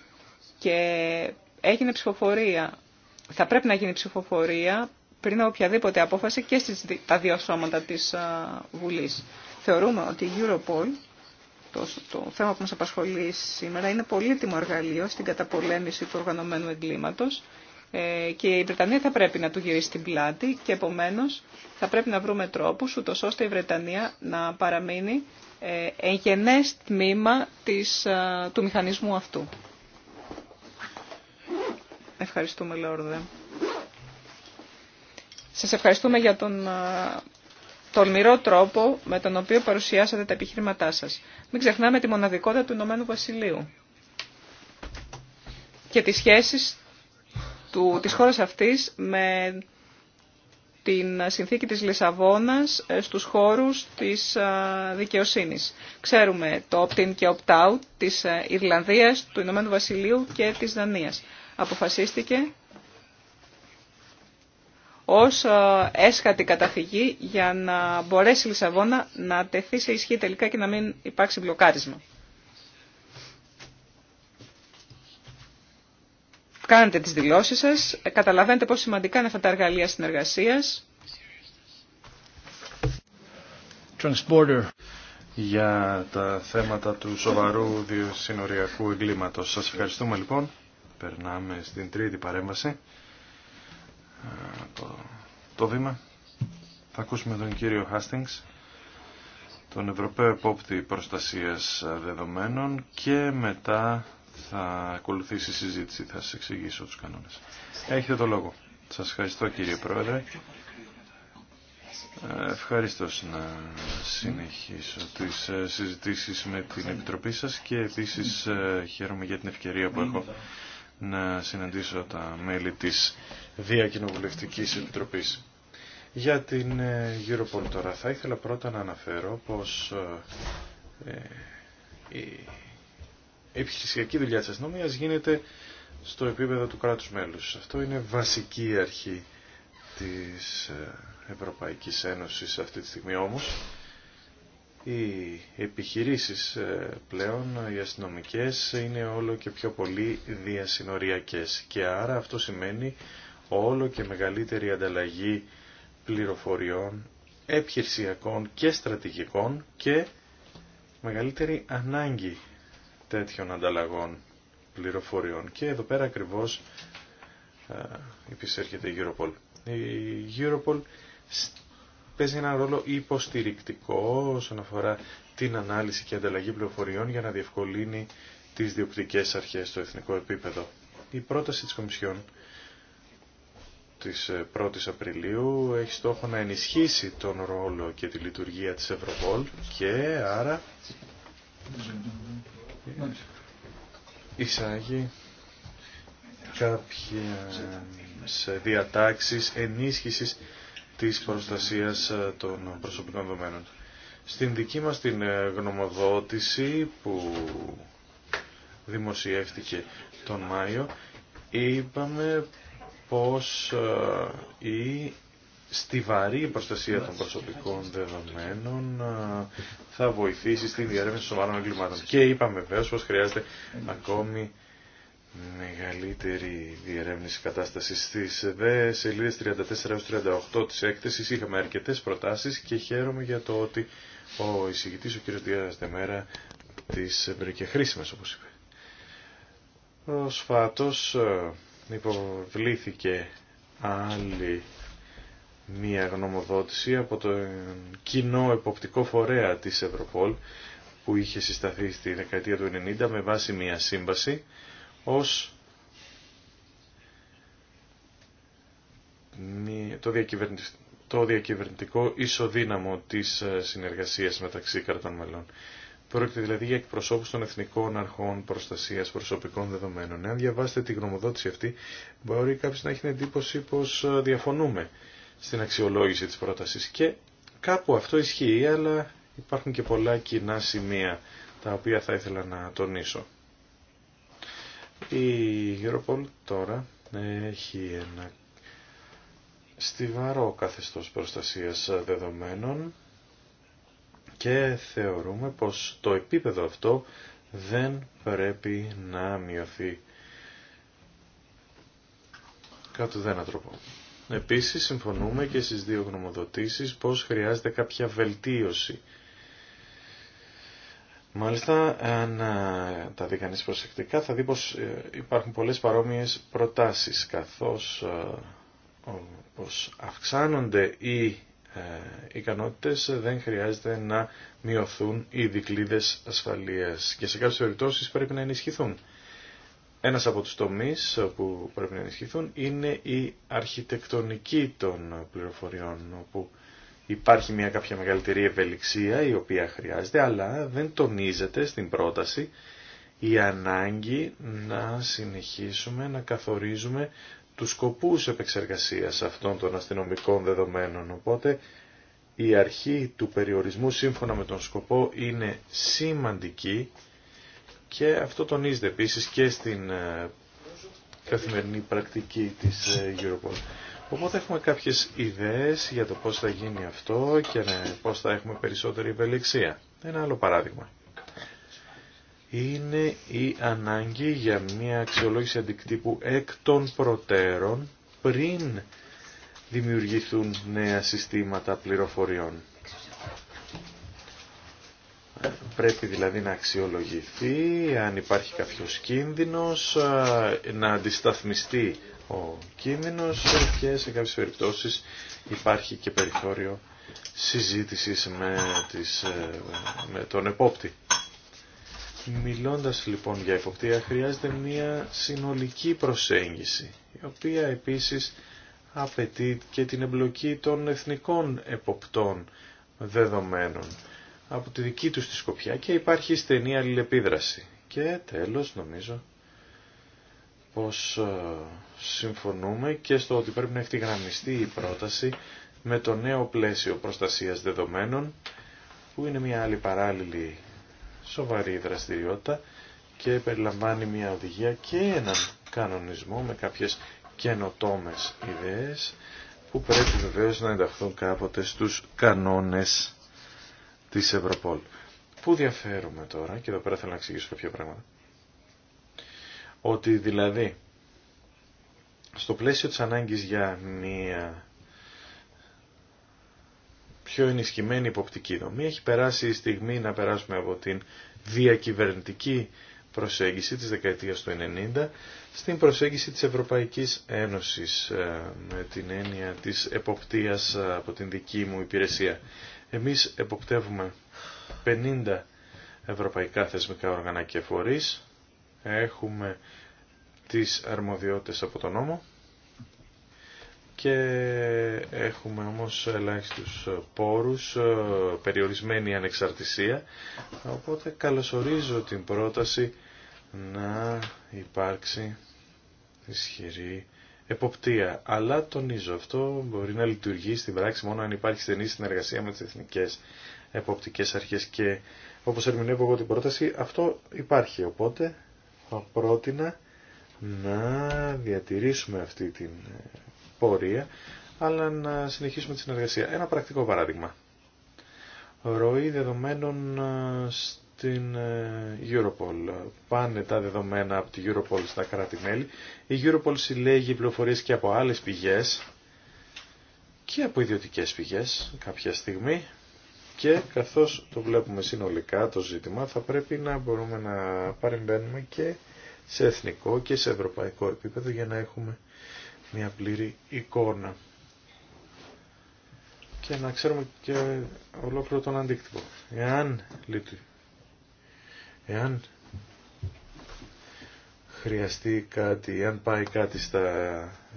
και έγινε ψηφοφορία. Θα πρέπει να γίνει ψηφοφορία πριν από οποιαδήποτε απόφαση και στις τα δύο σώματα της Βουλής. Θεωρούμε ότι η Europol το, το θέμα που μας απασχολεί σήμερα είναι πολύτιμο εργαλείο στην καταπολέμηση του οργανωμένου εγκλήματος ε, και η Βρετανία θα πρέπει να του γυρίσει την πλάτη και επομένως θα πρέπει να βρούμε τρόπους ούτως ώστε η Βρετανία να παραμείνει εγγενές τμήμα της, ε, του μηχανισμού αυτού. Ευχαριστούμε, Λόρδε. Σας ευχαριστούμε για τον ε, τολμηρό τρόπο με τον οποίο παρουσιάσατε τα επιχείρηματά σας. Μην ξεχνάμε τη μοναδικότητα του Ηνωμένου Βασιλείου και τις σχέσεις του, της χώρας αυτής με την συνθήκη της Λισαβόνας ε, στους χώρους της ε, δικαιοσύνης. Ξέρουμε το opt-in και opt-out της ε, Ιρλανδίας, του Ηνωμένου Βασιλείου και της Δανίας. Αποφασίστηκε ως ε, έσχατη καταφυγή για να μπορέσει η Λισαβόνα να τεθεί σε ισχύ τελικά και να μην υπάρξει μπλοκάρισμα. Κάνετε τις δηλώσεις σας, ε, καταλαβαίνετε πόσο σημαντικά είναι αυτά τα εργαλεία συνεργασίας. Transporter. Για τα θέματα του σοβαρού διοσυνοριακού εγκλήματος. Σας ευχαριστούμε λοιπόν. Περνάμε στην τρίτη παρέμβαση το βήμα. Θα ακούσουμε τον κύριο Χάστινγκς, τον Ευρωπαίο Επόπτη Προστασίας Δεδομένων και μετά θα ακολουθήσει η συζήτηση, θα σας εξηγήσω τους κανόνες. Έχετε το λόγο. Σας ευχαριστώ κύριε Πρόεδρε. Ευχαριστώ να συνεχίσω τις ε, συζητήσεις με την Επιτροπή σας και επίσης ε, χαίρομαι για την ευκαιρία που έχω να συναντήσω τα μέλη της Διακοινοβουλευτικής Επιτροπής. Για την ε, Europol τώρα θα ήθελα πρώτα να αναφέρω πως ε, ε, η επιχειρησιακή δουλειά της αστυνομίας γίνεται στο επίπεδο του κράτους μέλους. Αυτό είναι βασική αρχή της Ευρωπαϊκής Ένωσης αυτή τη στιγμή όμως. Οι επιχειρήσεις πλέον, οι αστυνομικές, είναι όλο και πιο πολύ διασυνοριακές και άρα αυτό σημαίνει όλο και μεγαλύτερη ανταλλαγή πληροφοριών, επιχειρησιακών και στρατηγικών και μεγαλύτερη ανάγκη τέτοιων ανταλλαγών πληροφοριών. Και εδώ πέρα ακριβώς υπησέρχεται η Europol. Η Europol παίζει ένα ρόλο υποστηρικτικό όσον αφορά την ανάλυση και ανταλλαγή πληροφοριών για να διευκολύνει τις διοκτικές αρχές στο εθνικό επίπεδο. Η πρόταση της Κομισιόν της 1ης ε, Απριλίου έχει στόχο να ενισχύσει τον ρόλο και τη λειτουργία της Ευρωπόλ και άρα εισάγει κάποιες διατάξεις ενίσχυσης της προστασίας ε, των προσωπικών δεδομένων. Στην δική μας την ε, γνωμοδότηση που δημοσιεύτηκε τον Μάιο είπαμε πως ε, η στιβαρή προστασία των προσωπικών δεδομένων ε, θα βοηθήσει στην διαρρεύνηση σοβαρών εγκλημάτων. Και είπαμε βέβαια πως χρειάζεται ακόμη μεγαλύτερη διερεύνηση κατάστασης στις δε σελίδες 34-38 της έκθεσης είχαμε αρκετές προτάσεις και χαίρομαι για το ότι ο εισηγητής ο κ. Διάρας Δεμέρα τις βρήκε χρήσιμες όπως είπε. Προσφάτως ε, υποβλήθηκε άλλη μία γνωμοδότηση από το κοινό εποπτικό φορέα της Ευρωπόλ που είχε συσταθεί στη δεκαετία του 90 με βάση μία σύμβαση ως το, το διακυβερνητικό ισοδύναμο της συνεργασίας μεταξύ κρατών μελών. Πρόκειται δηλαδή για εκπροσώπους των Εθνικών Αρχών Προστασίας Προσωπικών Δεδομένων. Εάν διαβάσετε τη γνωμοδότηση αυτή, μπορεί κάποιος να έχει την εντύπωση πως ε, διαφωνούμε στην αξιολόγηση της πρότασης. Και κάπου αυτό ισχύει, αλλά υπάρχουν και πολλά κοινά σημεία τα οποία θα ήθελα να τονίσω. Η Europol τώρα έχει ένα στιβαρό καθεστώς προστασίας δεδομένων και θεωρούμε πως το επίπεδο αυτό δεν πρέπει να μειωθεί κάτω δένα τρόπο. Επίσης συμφωνούμε και στις δύο γνωμοδοτήσεις πως χρειάζεται κάποια βελτίωση. Μάλιστα, αν ε, τα δει κανείς προσεκτικά, θα δει πως ε, υπάρχουν πολλές παρόμοιες προτάσεις, καθώς ε, πως αυξάνονται οι ε, ικανότητες δεν χρειάζεται να μειωθούν οι δικλείδες ασφαλείας και σε κάποιες περιπτώσεις πρέπει να ενισχυθούν. Ένας από τους τομείς που πρέπει να ενισχυθούν είναι η αρχιτεκτονική των πληροφοριών, όπου υπάρχει μια κάποια μεγαλύτερη ευελιξία η οποία χρειάζεται, αλλά δεν τονίζεται στην πρόταση η ανάγκη να συνεχίσουμε να καθορίζουμε τους σκοπούς επεξεργασίας αυτών των αστυνομικών δεδομένων. Οπότε η αρχή του περιορισμού σύμφωνα με τον σκοπό είναι σημαντική και αυτό τονίζεται επίσης και στην ε, καθημερινή πρακτική της ε, Europol. Οπότε έχουμε κάποιες ιδέες για το πώς θα γίνει αυτό και πώς θα έχουμε περισσότερη ευελιξία. Ένα άλλο παράδειγμα είναι η ανάγκη για μια αξιολόγηση αντικτύπου εκ των προτέρων πριν δημιουργηθούν νέα συστήματα πληροφοριών. Πρέπει δηλαδή να αξιολογηθεί αν υπάρχει κάποιος κίνδυνος, να αντισταθμιστεί ο κίνδυνος και σε κάποιες περιπτώσεις υπάρχει και περιθώριο συζήτησης με, τις, ε, με τον επόπτη. Μιλώντας λοιπόν για υποπτία χρειάζεται μια συνολική προσέγγιση η οποία επίσης απαιτεί και την εμπλοκή των εθνικών εποπτών δεδομένων από τη δική τους τη σκοπιά και υπάρχει στενή αλληλεπίδραση. Και τέλος νομίζω πως ε, συμφωνούμε και στο ότι πρέπει να ευθυγραμμιστεί η πρόταση με το νέο πλαίσιο προστασίας δεδομένων που είναι μια άλλη παράλληλη σοβαρή δραστηριότητα και περιλαμβάνει μια οδηγία και έναν κανονισμό με κάποιες καινοτόμες ιδέες που πρέπει βεβαίως να ενταχθούν κάποτε στους κανόνες της Ευρωπόλ. Πού διαφέρουμε τώρα, και εδώ πέρα θέλω να εξηγήσω κάποια πράγματα, ότι δηλαδή στο πλαίσιο της ανάγκης για μια πιο ενισχυμένη υποπτική δομή. Έχει περάσει η στιγμή να περάσουμε από την διακυβερνητική προσέγγιση της δεκαετίας του 90 στην προσέγγιση της Ευρωπαϊκής Ένωσης ε, με την έννοια της εποπτείας ε, από την δική μου υπηρεσία. Εμείς εποπτεύουμε 50 ευρωπαϊκά θεσμικά όργανα και φορείς. Έχουμε τις αρμοδιότητες από τον νόμο και έχουμε όμως ελάχιστους πόρους, ε, περιορισμένη ανεξαρτησία, οπότε καλωσορίζω την πρόταση να υπάρξει ισχυρή εποπτεία. Αλλά τονίζω αυτό μπορεί να λειτουργεί στην πράξη μόνο αν υπάρχει στενή συνεργασία με τις εθνικές εποπτικές αρχές και όπως ερμηνεύω εγώ την πρόταση αυτό υπάρχει οπότε θα πρότεινα να διατηρήσουμε αυτή την αλλά να συνεχίσουμε τη συνεργασία. Ένα πρακτικό παράδειγμα. Ροή δεδομένων ε, στην ε, Europol. Πάνε τα δεδομένα από τη Europol στα κράτη-μέλη. Η Europol συλλέγει πληροφορίες και από άλλες πηγές και από ιδιωτικές πηγές κάποια στιγμή και καθώς το βλέπουμε συνολικά το ζήτημα θα πρέπει να μπορούμε να παρεμβαίνουμε και σε εθνικό και σε ευρωπαϊκό επίπεδο για να έχουμε μια πλήρη εικόνα και να ξέρουμε και ολόκληρο τον αντίκτυπο. Εάν, εάν χρειαστεί κάτι, εάν πάει κάτι στα,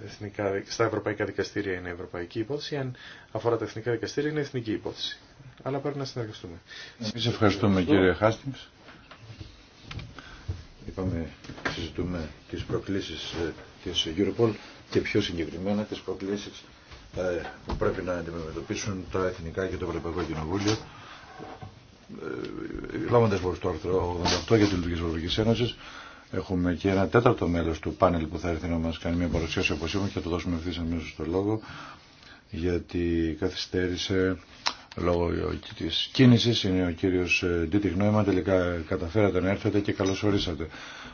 εθνικά, στα ευρωπαϊκά δικαστήρια είναι ευρωπαϊκή υπόθεση, εάν αφορά τα εθνικά δικαστήρια είναι εθνική υπόθεση. Αλλά πρέπει να συνεργαστούμε. Εμείς ευχαριστούμε κύριε Χάστινγκς. Είπαμε, συζητούμε τις προκλήσεις ε, της Europol και πιο συγκεκριμένα τις προκλήσεις ε, που πρέπει να αντιμετωπίσουν τα Εθνικά και το Ευρωπαϊκό Κοινοβούλιο ε, λάβοντας μπορείς το άρθρο 88 για τη λειτουργία τη Ευρωπαϊκή Ένωση, έχουμε και ένα τέταρτο μέλο του πάνελ που θα έρθει να μα κάνει μια παρουσίαση όπω είπαμε και θα το δώσουμε ευθύ αμέσω το λόγο, γιατί καθυστέρησε λόγω της κίνησης. Είναι ο κύριος ε, Ντίτιχ Νόημα, τελικά καταφέρατε να έρθετε και καλώς ορίσατε.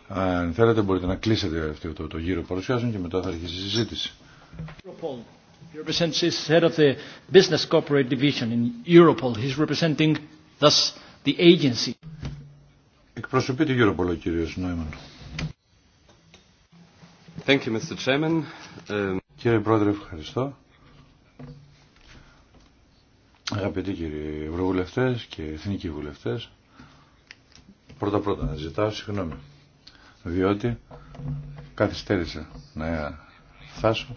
Αν θέλετε μπορείτε να κλείσετε αυτό το, το γύρο παρουσιάσεων και μετά θα αρχίσει η συζήτηση. He is head of the Business Corporate Division in Europol. He's representing thus the agency. Εκπροσωπεί την Europol ο κύριος Νόημαν. Thank you, Mr. Chairman. Ε, Κύριε Πρόεδρε, ευχαριστώ. Αγαπητοί κύριοι ευρωβουλευτές και εθνικοί βουλευτές, πρώτα πρώτα να ζητάω συγγνώμη, διότι καθυστέρησα να φτάσω.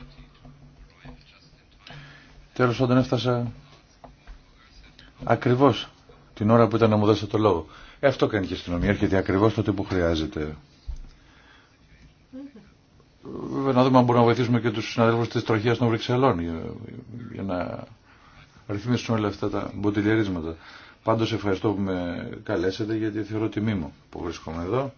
Τέλος όταν έφτασα ακριβώς την ώρα που ήταν να μου δώσετε το λόγο. Ε, αυτό κάνει και η αστυνομία, έρχεται ακριβώς τότε που χρειάζεται. Να δούμε αν μπορούμε να βοηθήσουμε και τους συναδέλφους της τροχίας των Βρυξελών για να ρυθμίσουν όλα αυτά τα μποτιλιαρίσματα. Πάντως ευχαριστώ που με καλέσατε γιατί θεωρώ τιμή μου που βρίσκομαι εδώ.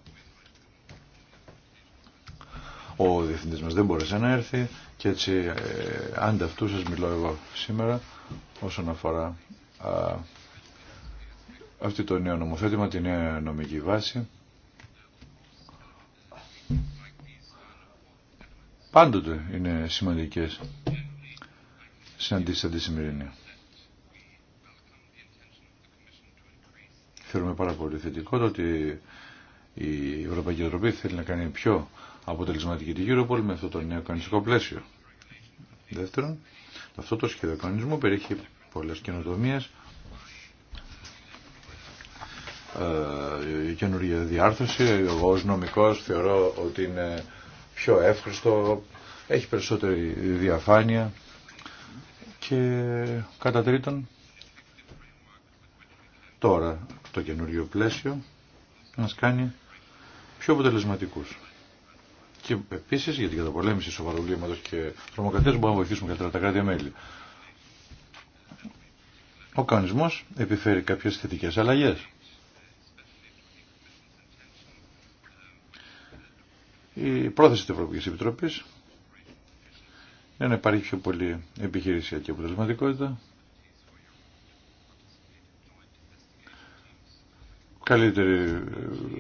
Ο διευθυντής μας δεν μπόρεσε να έρθει και έτσι ε, αυτού σας μιλώ εγώ σήμερα όσον αφορά α, αυτή το νέο νομοθέτημα, τη νέα νομική βάση. Πάντοτε είναι σημαντικές συναντήσεις αντισημερινή. Θεωρούμε πάρα πολύ θετικό το ότι η Ευρωπαϊκή Ευρωπή θέλει να κάνει πιο αποτελεσματική τη Europol με αυτό το νέο κανονιστικό πλαίσιο. Δεύτερον, αυτό το σχέδιο κανονισμό περιέχει πολλές καινοτομίες, ε, καινούργια διάρθρωση. Εγώ ως νομικός θεωρώ ότι είναι πιο εύχριστο, έχει περισσότερη διαφάνεια και κατά τρίτον τώρα το καινούριο πλαίσιο να μας κάνει πιο αποτελεσματικούς. Και επίσης για την καταπολέμηση σοβαρού κλίματος και τρομοκρατία μπορούμε να βοηθήσουμε καλύτερα τα κράτη-μέλη. Ο κανονισμός επιφέρει κάποιες θετικές αλλαγές. Η πρόθεση της Ευρωπαϊκής Επιτροπής είναι να υπάρχει πιο πολύ επιχειρησιακή αποτελεσματικότητα καλύτερη,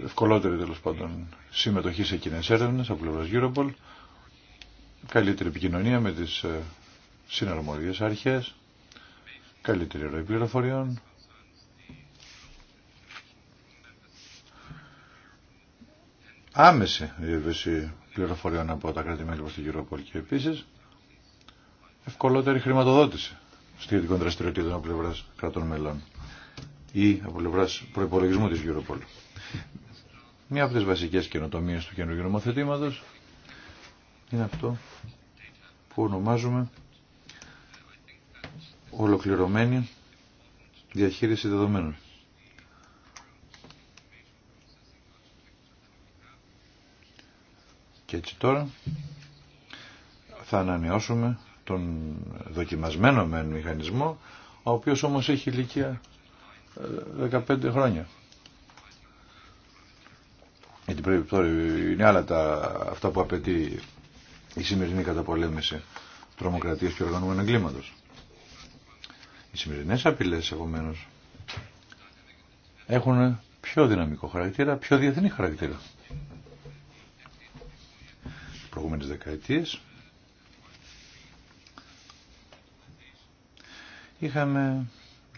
ευκολότερη τέλο πάντων συμμετοχή σε κοινέ έρευνε από πλευρά Europol, καλύτερη επικοινωνία με τι ε, συναρμόδιε αρχέ, καλύτερη ροή πληροφοριών. Άμεση διεύρυνση πληροφοριών από τα κράτη-μέλη προ την Europol και επίση ευκολότερη χρηματοδότηση στη δραστηριοτήτων από πλευρά κρατών μελών ή από πλευρά προπολογισμού τη Europol. Μια από τι βασικές καινοτομίε του καινούργιου νομοθετήματο είναι αυτό που ονομάζουμε ολοκληρωμένη διαχείριση δεδομένων. Και έτσι τώρα θα ανανεώσουμε τον δοκιμασμένο μεν μηχανισμό, ο οποίος όμως έχει ηλικία 15 χρόνια. Γιατί πρέπει τώρα είναι άλλα τα, αυτά που απαιτεί η σημερινή καταπολέμηση τρομοκρατίας και οργανωμένου εγκλήματος. Οι σημερινές απειλές επομένω έχουν πιο δυναμικό χαρακτήρα, πιο διεθνή χαρακτήρα. Οι προηγούμενες δεκαετίες είχαμε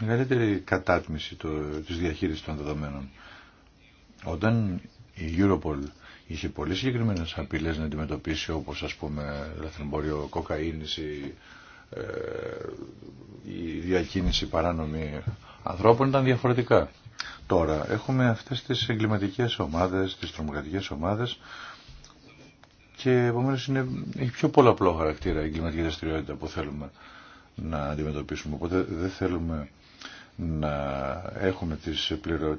μεγαλύτερη κατάτμιση το, της διαχείρισης των δεδομένων. Όταν η Europol είχε πολύ συγκεκριμένε απειλές να αντιμετωπίσει όπως ας πούμε λαθρεμπόριο κοκαίνης ή ε, η διακίνηση παράνομη ανθρώπων ήταν διαφορετικά. Τώρα έχουμε αυτές τις εγκληματικές ομάδες, τις τρομοκρατικές ομάδες και επομένως είναι, έχει πιο πολλαπλό χαρακτήρα η εγκληματική δραστηριότητα που θέλουμε να αντιμετωπίσουμε. Οπότε δεν θέλουμε να έχουμε τις πληρω...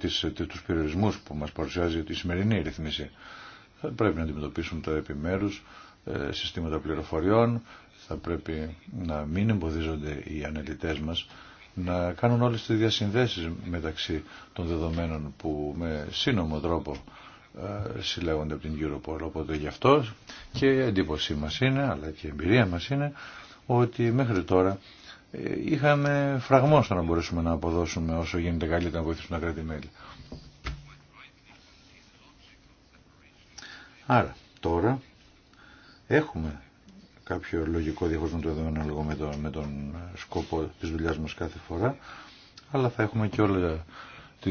τους περιορισμούς που μας παρουσιάζει η σημερινή ρυθμίση. Θα πρέπει να αντιμετωπίσουν τα επιμέρους ε, συστήματα πληροφοριών, θα πρέπει να μην εμποδίζονται οι αναλυτές μας να κάνουν όλες τις διασυνδέσεις μεταξύ των δεδομένων που με σύνομο τρόπο ε, συλλέγονται από την Europol. Οπότε γι' αυτό και η εντύπωσή μας είναι, αλλά και η εμπειρία μας είναι, ότι μέχρι τώρα είχαμε φραγμό στο να μπορέσουμε να αποδώσουμε όσο γίνεται καλύτερα να βοηθήσουμε τα κράτη-μέλη. Άρα, τώρα έχουμε κάποιο λογικό διαχωρισμό του εδώ λίγο με τον, με τον σκόπο της δουλειάς μας κάθε φορά, αλλά θα έχουμε και, όλα,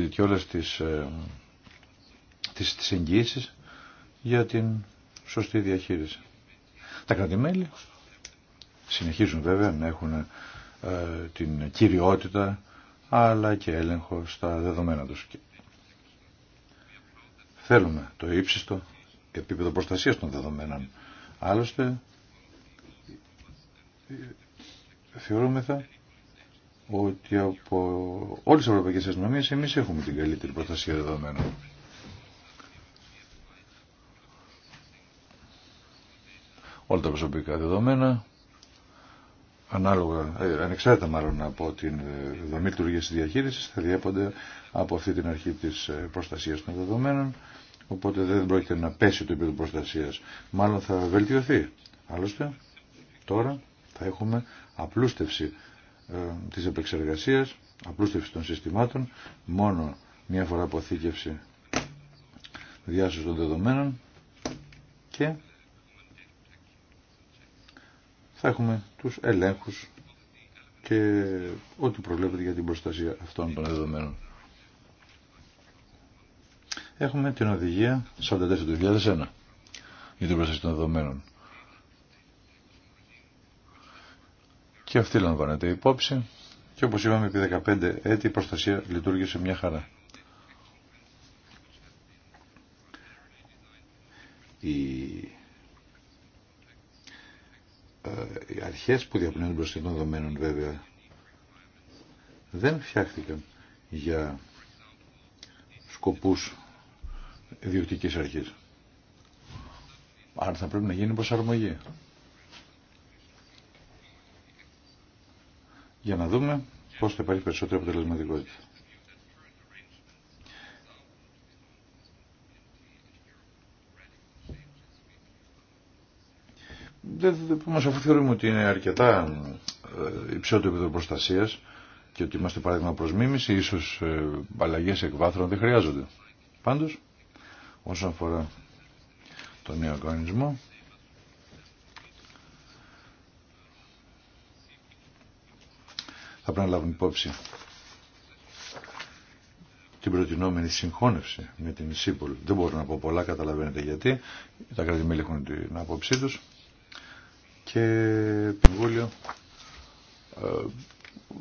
και όλες τις, ε, τις, τις για την σωστή διαχείριση. Τα κράτη-μέλη συνεχίζουν βέβαια να έχουν ε, την κυριότητα αλλά και έλεγχο στα δεδομένα τους. Θέλουμε το ύψιστο επίπεδο προστασίας των δεδομένων. Άλλωστε, θεωρούμεθα ότι από όλες τις ευρωπαϊκές αστυνομίες εμείς έχουμε την καλύτερη προστασία δεδομένων. Όλα τα προσωπικά δεδομένα ανάλογα, ε, ανεξάρτητα μάλλον από την ε, δομή λειτουργία τη διαχείριση, θα διέπονται από αυτή την αρχή της ε, προστασίας των δεδομένων, οπότε δεν πρόκειται να πέσει το επίπεδο προστασίας, μάλλον θα βελτιωθεί. Άλλωστε, τώρα θα έχουμε απλούστευση τη της επεξεργασίας, απλούστευση των συστημάτων, μόνο μια φορά αποθήκευση διάσωση των δεδομένων και θα έχουμε τους ελέγχους και ό,τι προβλέπεται για την προστασία αυτών των δεδομένων. Έχουμε την οδηγία 44 για την προστασία των δεδομένων. Και αυτή λαμβάνεται υπόψη και όπως είπαμε επί 15 έτη η προστασία λειτουργήσε μια χαρά. Η ε, οι αρχές που διαπνέουν την βέβαια δεν φτιάχτηκαν για σκοπούς ιδιωτικής αρχής. Άρα θα πρέπει να γίνει προσαρμογή. Για να δούμε πώς θα υπάρχει περισσότερη αποτελεσματικότητα. που μας αφού θεωρούμε ότι είναι αρκετά ε, υψηλό το επίπεδο προστασία και ότι είμαστε παράδειγμα προς μίμηση, ίσως ε, αλλαγές εκβάθρων δεν χρειάζονται. Πάντως, όσον αφορά τον νέο οργανισμό, θα πρέπει να λάβουν υπόψη την προτινόμενη συγχώνευση με την ΣΥΠΟΛ. Δεν μπορώ να πω πολλά, καταλαβαίνετε γιατί. Τα κράτη-μέλη έχουν την άποψή τους και το Ε,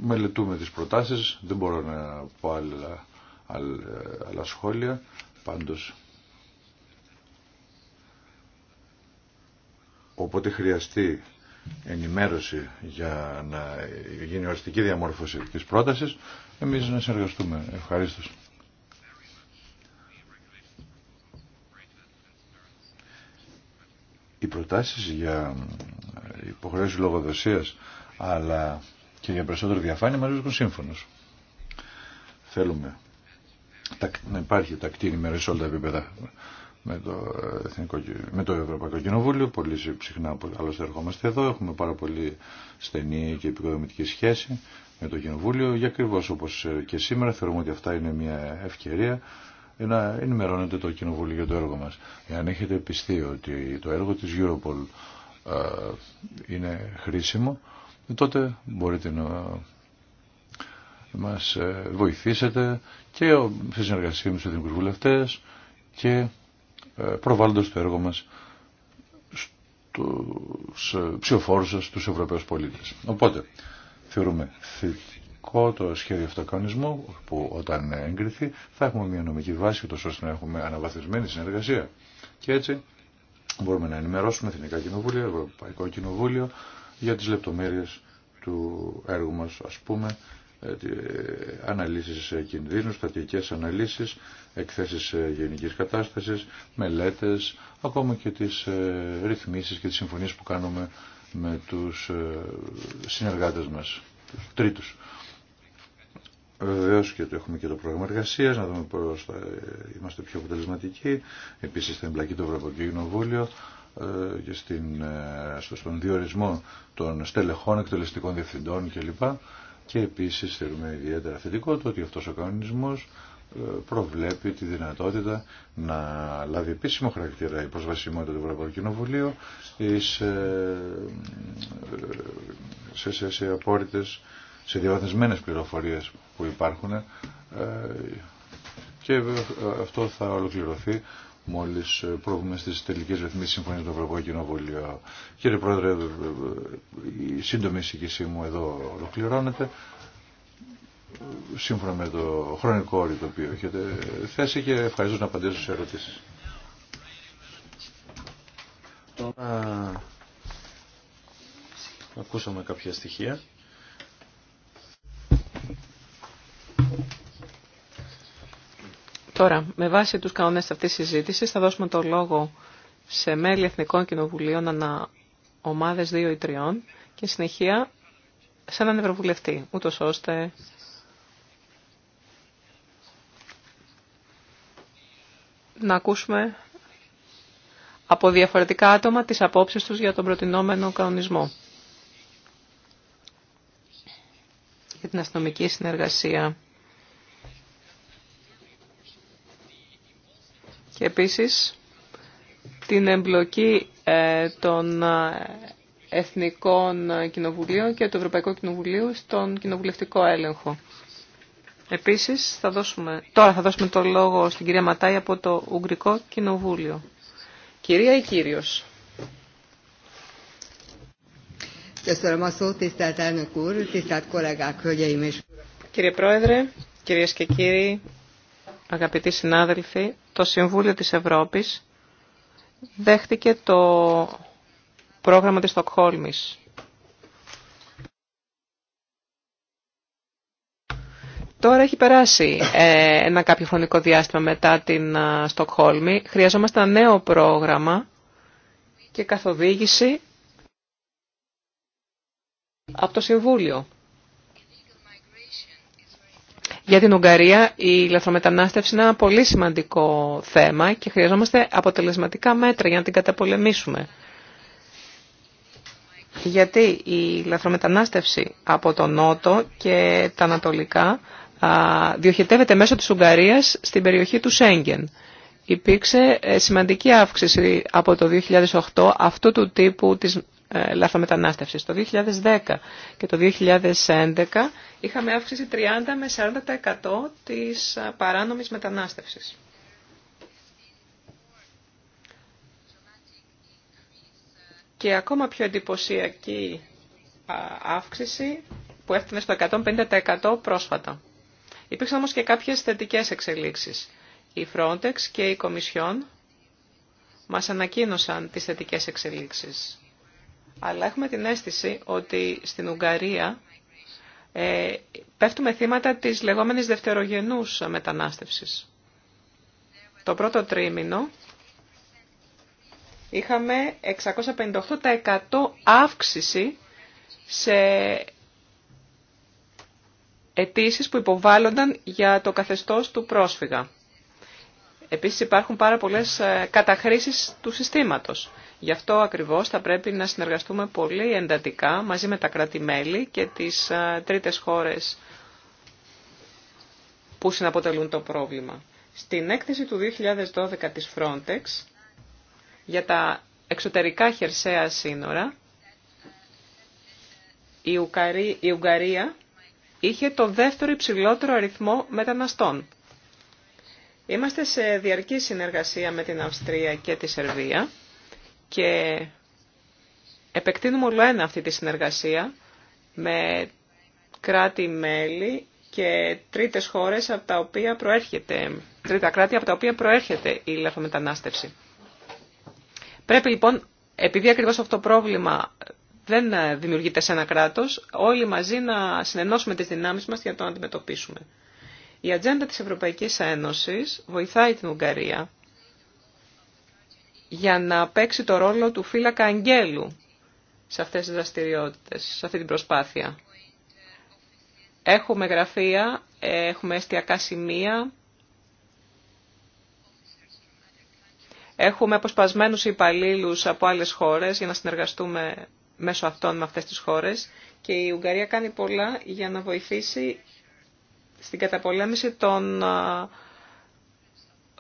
μελετούμε τις προτάσεις, δεν μπορώ να πω άλλα, σχόλια, πάντως οπότε χρειαστεί ενημέρωση για να γίνει οριστική διαμόρφωση της πρότασης, εμείς να συνεργαστούμε. ευχαρίστως Οι προτάσεις για υποχρεώσει λογοδοσία, αλλά και για περισσότερη διαφάνεια μα βρίσκουν σύμφωνο. Θέλουμε να υπάρχει τακτή ενημέρωση σε όλα τα επίπεδα με το, Εθνικό, με το Ευρωπαϊκό Κοινοβούλιο. Πολύ συχνά άλλωστε ερχόμαστε εδώ. Έχουμε πάρα πολύ στενή και επικοδομητική σχέση με το Κοινοβούλιο. Για ακριβώ όπω ε, και σήμερα θεωρούμε ότι αυτά είναι μια ευκαιρία να ενημερώνεται το Κοινοβούλιο για το έργο μας. Εάν έχετε πιστεί ότι το έργο τη Europol ε, είναι χρήσιμο, τότε μπορείτε να μας ε, βοηθήσετε και στη συνεργασία με τους εθνικούς βουλευτές και ε, προβάλλοντας το έργο μας στους ψηφοφόρους σας, στους Ευρωπαίους πολίτες. Οπότε, θεωρούμε θετικό το σχέδιο αυτοκανονισμού που όταν εγκριθεί θα έχουμε μια νομική βάση ώστε να έχουμε αναβαθμισμένη συνεργασία. Και έτσι μπορούμε να ενημερώσουμε Εθνικά Κοινοβούλια, Ευρωπαϊκό Κοινοβούλιο για τις λεπτομέρειες του έργου μας, ας πούμε, ε, αναλύσεις κινδύνου, στατικές αναλύσεις, εκθέσεις γενικής κατάστασης, μελέτες, ακόμα και τις ε, ρυθμίσεις και τις συμφωνίες που κάνουμε με τους ε, συνεργάτες μας, τους τρίτους. Βεβαίω και το έχουμε και το πρόγραμμα εργασία, να δούμε πώ θα είμαστε πιο αποτελεσματικοί. Επίση θα εμπλακεί το Ευρωπαϊκό Κοινοβούλιο ε, και ε, στον διορισμό των στελεχών, εκτελεστικών διευθυντών κλπ. Και επίση θεωρούμε ιδιαίτερα θετικό το ότι αυτό ο κανονισμό ε, προβλέπει τη δυνατότητα να λάβει επίσημο χαρακτήρα η προσβασιμότητα του Ευρωπαϊκού Κοινοβουλίου σε, σε, σε, σε διαβαθμισμένες πληροφορίες που υπάρχουν ε, και αυτό θα ολοκληρωθεί μόλις προβούμε στις τελικές ρυθμίσεις συμφωνία του Ευρωπαϊκού Κοινοβουλίου. Κύριε Πρόεδρε, ε, ε, η σύντομη εισηγησή μου εδώ ολοκληρώνεται σύμφωνα με το χρονικό όριο το οποίο έχετε θέσει και ευχαριστώ να απαντήσω σε ερωτήσεις. ακούσαμε κάποια στοιχεία. Τώρα, με βάση τους κανόνες αυτής της συζήτησης θα δώσουμε το λόγο σε μέλη Εθνικών Κοινοβουλίων ανά ομάδες δύο ή τριών και συνεχεία σε έναν Ευρωβουλευτή, ούτως ώστε να ακούσουμε από διαφορετικά άτομα τις απόψεις τους για τον προτινόμενο κανονισμό. Για την αστυνομική συνεργασία και επίσης την εμπλοκή ε, των ε, Εθνικών Κοινοβουλίων και του Ευρωπαϊκού Κοινοβουλίου στον κοινοβουλευτικό έλεγχο. Επίσης, θα δώσουμε, τώρα θα δώσουμε το λόγο στην κυρία Ματάη από το Ουγγρικό Κοινοβούλιο. Κυρία ή κύριος. Κύριε Πρόεδρε, κυρίες και κύριοι, αγαπητοί συνάδελφοι, το Συμβούλιο της Ευρώπης δέχτηκε το πρόγραμμα της Στοκχόλμης. Τώρα έχει περάσει ε, ένα κάποιο χρονικό διάστημα μετά την ε, Στοκχόλμη. Χρειαζόμαστε ένα νέο πρόγραμμα και καθοδήγηση από το Συμβούλιο. Για την Ουγγαρία η λαθρομετανάστευση είναι ένα πολύ σημαντικό θέμα και χρειαζόμαστε αποτελεσματικά μέτρα για να την καταπολεμήσουμε. Γιατί η λαθρομετανάστευση από τον Νότο και τα Ανατολικά διοχετεύεται μέσω της Ουγγαρίας στην περιοχή του Σέγγεν. Υπήρξε ε, σημαντική αύξηση από το 2008 αυτού του τύπου της ε, το 2010 και το 2011 είχαμε αύξηση 30 με 40% της ε, παράνομης μετανάστευσης. Και ακόμα πιο εντυπωσιακή ε, αύξηση που έφτανε στο 150% πρόσφατα. Υπήρξαν όμως και κάποιες θετικές εξελίξεις. Η Frontex και η Κομισιόν μας ανακοίνωσαν τις θετικές εξελίξεις αλλά έχουμε την αίσθηση ότι στην Ουγγαρία ε, πέφτουμε θύματα της λεγόμενης δευτερογενούς μετανάστευσης. Το πρώτο τρίμηνο είχαμε 658% αύξηση σε αιτήσει που υποβάλλονταν για το καθεστώς του πρόσφυγα. Επίσης υπάρχουν πάρα πολλές ε, καταχρήσεις του συστήματος. Γι' αυτό ακριβώς θα πρέπει να συνεργαστούμε πολύ εντατικά μαζί με τα κράτη-μέλη και τις ε, τρίτες χώρες που συναποτελούν το πρόβλημα. Στην έκθεση του 2012 της Frontex για τα εξωτερικά χερσαία σύνορα η Ουγγαρία είχε το δεύτερο υψηλότερο αριθμό μεταναστών Είμαστε σε διαρκή συνεργασία με την Αυστρία και τη Σερβία και επεκτείνουμε όλο ένα αυτή τη συνεργασία με κράτη-μέλη και τρίτες χώρες από τα οποία προέρχεται, τρίτα κράτη από τα οποία προέρχεται η λαθομετανάστευση. Πρέπει λοιπόν, επειδή ακριβώς αυτό το πρόβλημα δεν δημιουργείται σε ένα κράτος, όλοι μαζί να συνενώσουμε τις δυνάμεις μας για να το αντιμετωπίσουμε. Η ατζέντα της Ευρωπαϊκής Ένωσης βοηθάει την Ουγγαρία για να παίξει το ρόλο του φύλακα αγγέλου σε αυτές τις δραστηριότητες, σε αυτή την προσπάθεια. Έχουμε γραφεία, έχουμε εστιακά σημεία, έχουμε αποσπασμένους υπαλλήλου από άλλες χώρες για να συνεργαστούμε μέσω αυτών με αυτές τις χώρες και η Ουγγαρία κάνει πολλά για να βοηθήσει στην καταπολέμηση των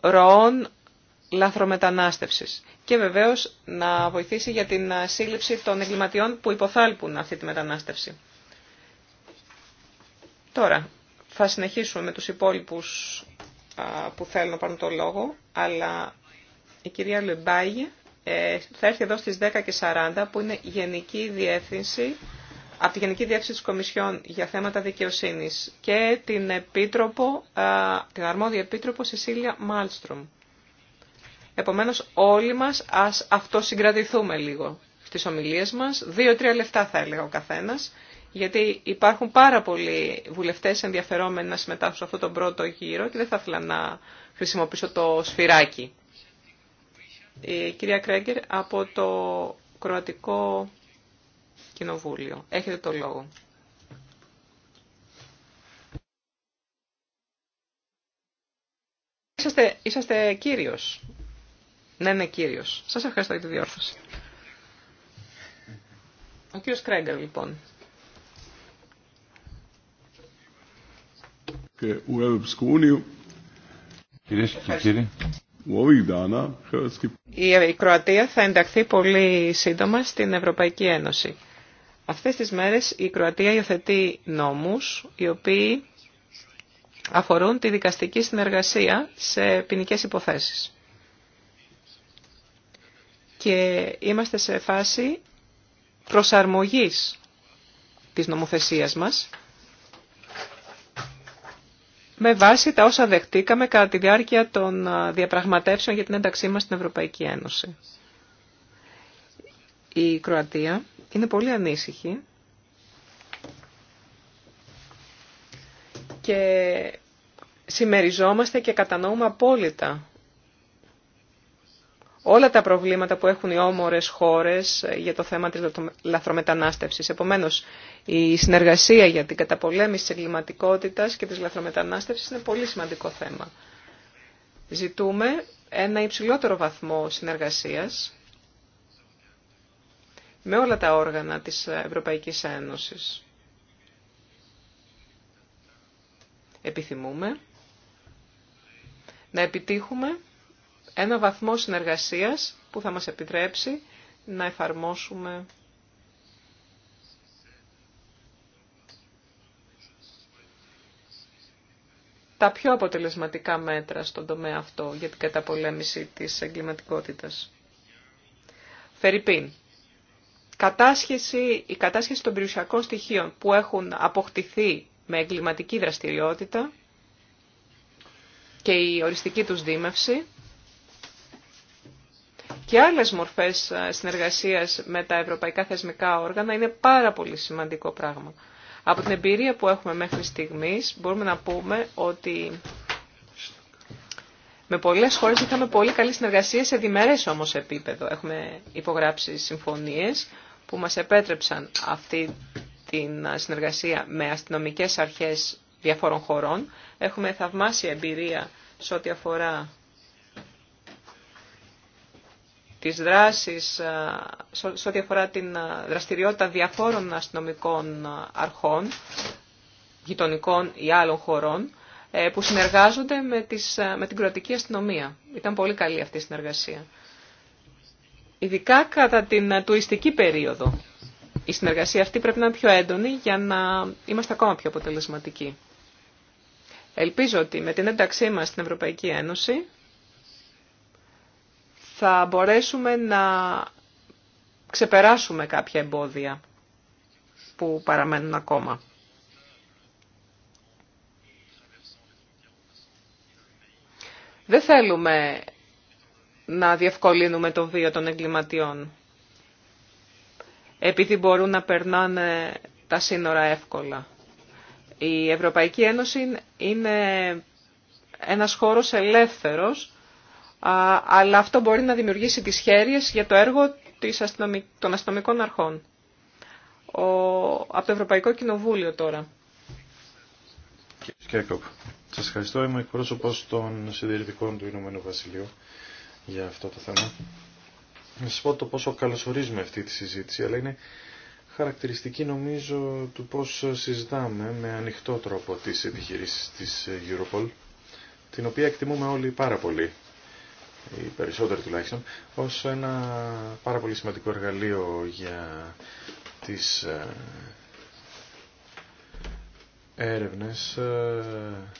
ροών λαθρομετανάστευσης και βεβαίως να βοηθήσει για την σύλληψη των εγκληματιών που υποθάλπουν αυτή τη μετανάστευση. Τώρα, θα συνεχίσουμε με τους υπόλοιπους που θέλουν να πάρουν το λόγο, αλλά η κυρία Λεμπάγη ε, θα έρθει εδώ στις 10.40 που είναι Γενική Διεύθυνση από τη Γενική Διεύθυνση της Κομισιόν για θέματα δικαιοσύνης και την, επίτροπο, ε, την αρμόδια επίτροπο Σεσίλια Μάλστρομ. Επομένως όλοι μας ας αυτοσυγκρατηθούμε λίγο στις ομιλίες μας, δύο-τρία λεφτά θα έλεγα ο καθένας, γιατί υπάρχουν πάρα πολλοί βουλευτές ενδιαφερόμενοι να συμμετάσχουν σε αυτόν τον πρώτο γύρο και δεν θα ήθελα να χρησιμοποιήσω το σφυράκι. Η κυρία Κρέγκερ από το Κροατικό Κοινοβούλιο. Έχετε το λόγο. Είσαστε, είσαστε κύριος. Ναι, ναι, κύριος. Σας ευχαριστώ για τη διόρθωση. Ο κύριος Κρέγκερ, λοιπόν. Και u Europsku uniju. Κυρίες και κύριοι. Η Κροατία θα ενταχθεί πολύ σύντομα στην Ευρωπαϊκή Ένωση. Αυτές τις μέρες η Κροατία υιοθετεί νόμους οι οποίοι αφορούν τη δικαστική συνεργασία σε ποινικέ υποθέσεις. Και είμαστε σε φάση προσαρμογής της νομοθεσίας μας με βάση τα όσα δεχτήκαμε κατά τη διάρκεια των διαπραγματεύσεων για την ένταξή μας στην Ευρωπαϊκή Ένωση. Η Κροατία είναι πολύ ανήσυχη και συμμεριζόμαστε και κατανοούμε απόλυτα όλα τα προβλήματα που έχουν οι όμορες χώρες για το θέμα της λαθρομετανάστευσης. Επομένως, η συνεργασία για την καταπολέμηση της εγκληματικότητας και της λαθρομετανάστευσης είναι πολύ σημαντικό θέμα. Ζητούμε ένα υψηλότερο βαθμό συνεργασίας με όλα τα όργανα της Ευρωπαϊκής Ένωσης. Επιθυμούμε να επιτύχουμε ένα βαθμό συνεργασίας που θα μας επιτρέψει να εφαρμόσουμε τα πιο αποτελεσματικά μέτρα στον τομέα αυτό για την καταπολέμηση της εγκληματικότητας. Φερρυπίν κατάσχεση, η κατάσχεση των περιουσιακών στοιχείων που έχουν αποκτηθεί με εγκληματική δραστηριότητα και η οριστική τους δίμευση και άλλες μορφές ε, συνεργασίας με τα ευρωπαϊκά θεσμικά όργανα είναι πάρα πολύ σημαντικό πράγμα. Από την εμπειρία που έχουμε μέχρι στιγμής μπορούμε να πούμε ότι με πολλές χώρες είχαμε πολύ καλή συνεργασία σε διμερές όμως επίπεδο. Έχουμε υπογράψει συμφωνίες που μας επέτρεψαν αυτή την ε, συνεργασία με αστυνομικές αρχές διαφόρων χωρών. Έχουμε θαυμάσια εμπειρία σε ό,τι αφορά τις δράσεις, ε, σε ό,τι αφορά την ε, δραστηριότητα διαφόρων αστυνομικών αρχών, γειτονικών ή άλλων χωρών, που συνεργάζονται με, τις, με την κροατική αστυνομία. Ήταν πολύ καλή αυτή η συνεργασία. Ειδικά κατά την τουριστική περίοδο. Η συνεργασία αυτή πρέπει να είναι πιο έντονη για να είμαστε ακόμα πιο αποτελεσματικοί. Ελπίζω ότι με την ένταξή μας στην Ευρωπαϊκή Ένωση θα μπορέσουμε να ξεπεράσουμε κάποια εμπόδια που παραμένουν ακόμα. Δεν θέλουμε να διευκολύνουμε το βίο των εγκληματιών. Επειδή μπορούν να περνάνε τα σύνορα εύκολα. Η Ευρωπαϊκή Ένωση είναι ένας χώρος ελεύθερος, αλλά αυτό μπορεί να δημιουργήσει τις χέρειες για το έργο των αστυνομικών αρχών. Ο, από το Ευρωπαϊκό Κοινοβούλιο τώρα. Κύριε σας ευχαριστώ. Είμαι εκπρόσωπος των συντηρητικών του Ηνωμένου Βασιλείου για αυτό το θέμα. Να σας πω το πόσο καλωσορίζουμε αυτή τη συζήτηση, αλλά είναι χαρακτηριστική νομίζω του πώς συζητάμε με ανοιχτό τρόπο τις επιχειρήσεις της Europol, την οποία εκτιμούμε όλοι πάρα πολύ, οι περισσότεροι τουλάχιστον, ως ένα πάρα πολύ σημαντικό εργαλείο για τις ε, έρευνες ε,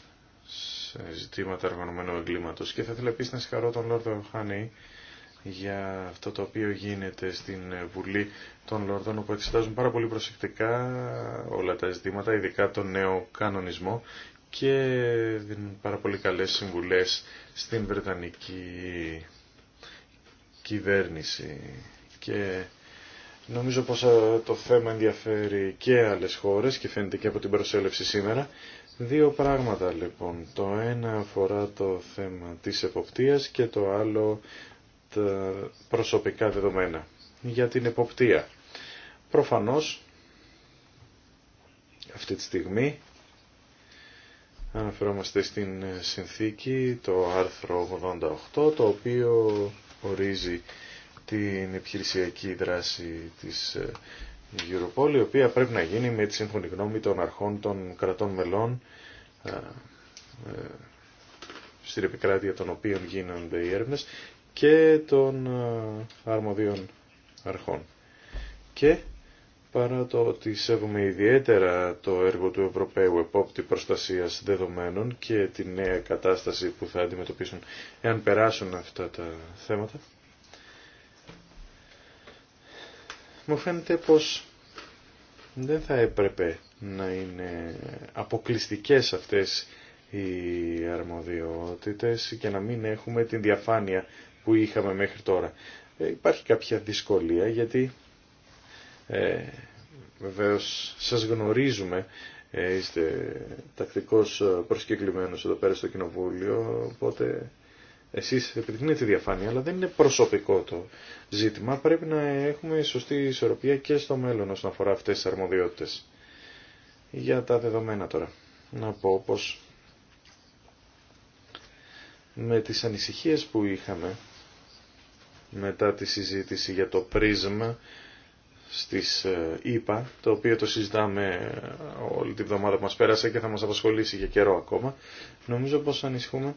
ε, ζητήματα εργονομένου εγκλήματο. Και θα ήθελα επίση να συγχαρώ τον Λόρδο Χάνη για αυτό το οποίο γίνεται στην Βουλή των Λόρδων, όπου εξετάζουν πάρα πολύ προσεκτικά όλα τα ζητήματα, ειδικά τον νέο κανονισμό και δίνουν πάρα πολύ καλές συμβουλές στην Βρετανική κυβέρνηση. Και νομίζω πως ε, το θέμα ενδιαφέρει και άλλες χώρες και φαίνεται και από την προσέλευση σήμερα Δύο πράγματα λοιπόν. Το ένα αφορά το θέμα της εποπτείας και το άλλο τα προσωπικά δεδομένα. Για την εποπτεία. Προφανώς αυτή τη στιγμή αναφερόμαστε στην συνθήκη το άρθρο 88 το οποίο ορίζει την επιχειρησιακή δράση της Europol, η οποία πρέπει να γίνει με τη σύμφωνη γνώμη των αρχών των κρατών μελών ε, ε, στην επικράτεια των οποίων γίνονται οι έρευνες και των ε, αρμοδίων αρχών. Και παρά το ότι σέβομαι ιδιαίτερα το έργο του Ευρωπαίου Επόπτη Προστασίας Δεδομένων και τη νέα κατάσταση που θα αντιμετωπίσουν εάν περάσουν αυτά τα θέματα, μου φαίνεται πως δεν θα έπρεπε να είναι αποκλειστικές αυτές οι αρμοδιότητες και να μην έχουμε την διαφάνεια που είχαμε μέχρι τώρα. Ε, υπάρχει κάποια δυσκολία γιατί ε, βεβαίως σας γνωρίζουμε ε, είστε τακτικός ε, προσκεκλημένος εδώ πέρα στο Κοινοβούλιο, οπότε εσείς επιδεικνύετε διαφάνεια, αλλά δεν είναι προσωπικό το ζήτημα. Πρέπει να έχουμε σωστή ισορροπία και στο μέλλον όσον αφορά αυτές τις αρμοδιότητες. Για τα δεδομένα τώρα. Να πω πως με τις ανησυχίες που είχαμε μετά τη συζήτηση για το πρίσμα στις ε, ΙΠΑ, το οποίο το συζητάμε ε, όλη τη βδομάδα που μας πέρασε και θα μας απασχολήσει για καιρό ακόμα, νομίζω πως ανησυχούμε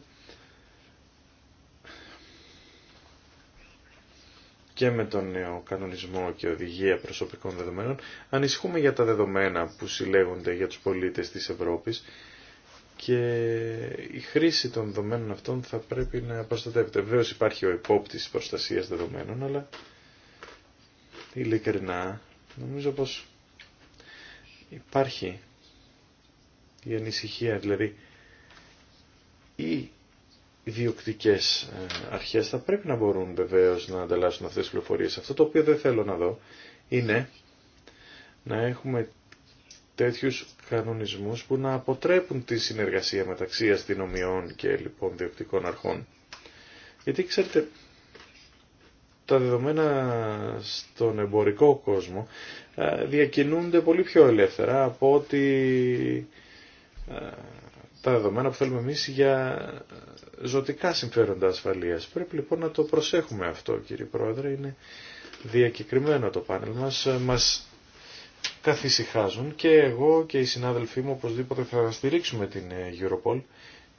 και με τον νέο κανονισμό και οδηγία προσωπικών δεδομένων, ανησυχούμε για τα δεδομένα που συλλέγονται για τους πολίτες της Ευρώπης και η χρήση των δεδομένων αυτών θα πρέπει να προστατεύεται. Βεβαίως υπάρχει ο υπόπτης προστασίας δεδομένων, αλλά ειλικρινά νομίζω πως υπάρχει η ανησυχία, δηλαδή η διοκτικές ε, αρχές θα πρέπει να μπορούν βεβαίως να ανταλλάσσουν αυτές τις πληροφορίες. Αυτό το οποίο δεν θέλω να δω είναι να έχουμε τέτοιους κανονισμούς που να αποτρέπουν τη συνεργασία μεταξύ αστυνομιών και λοιπόν διοκτικών αρχών. Γιατί ξέρετε, τα δεδομένα στον εμπορικό κόσμο ε, διακινούνται πολύ πιο ελεύθερα από ότι ε, τα δεδομένα που θέλουμε εμείς για ζωτικά συμφέροντα ασφαλείας. Πρέπει λοιπόν να το προσέχουμε αυτό κύριε Πρόεδρε, είναι διακεκριμένο το πάνελ μας, μας καθησυχάζουν και εγώ και οι συνάδελφοί μου οπωσδήποτε θα στηρίξουμε την Europol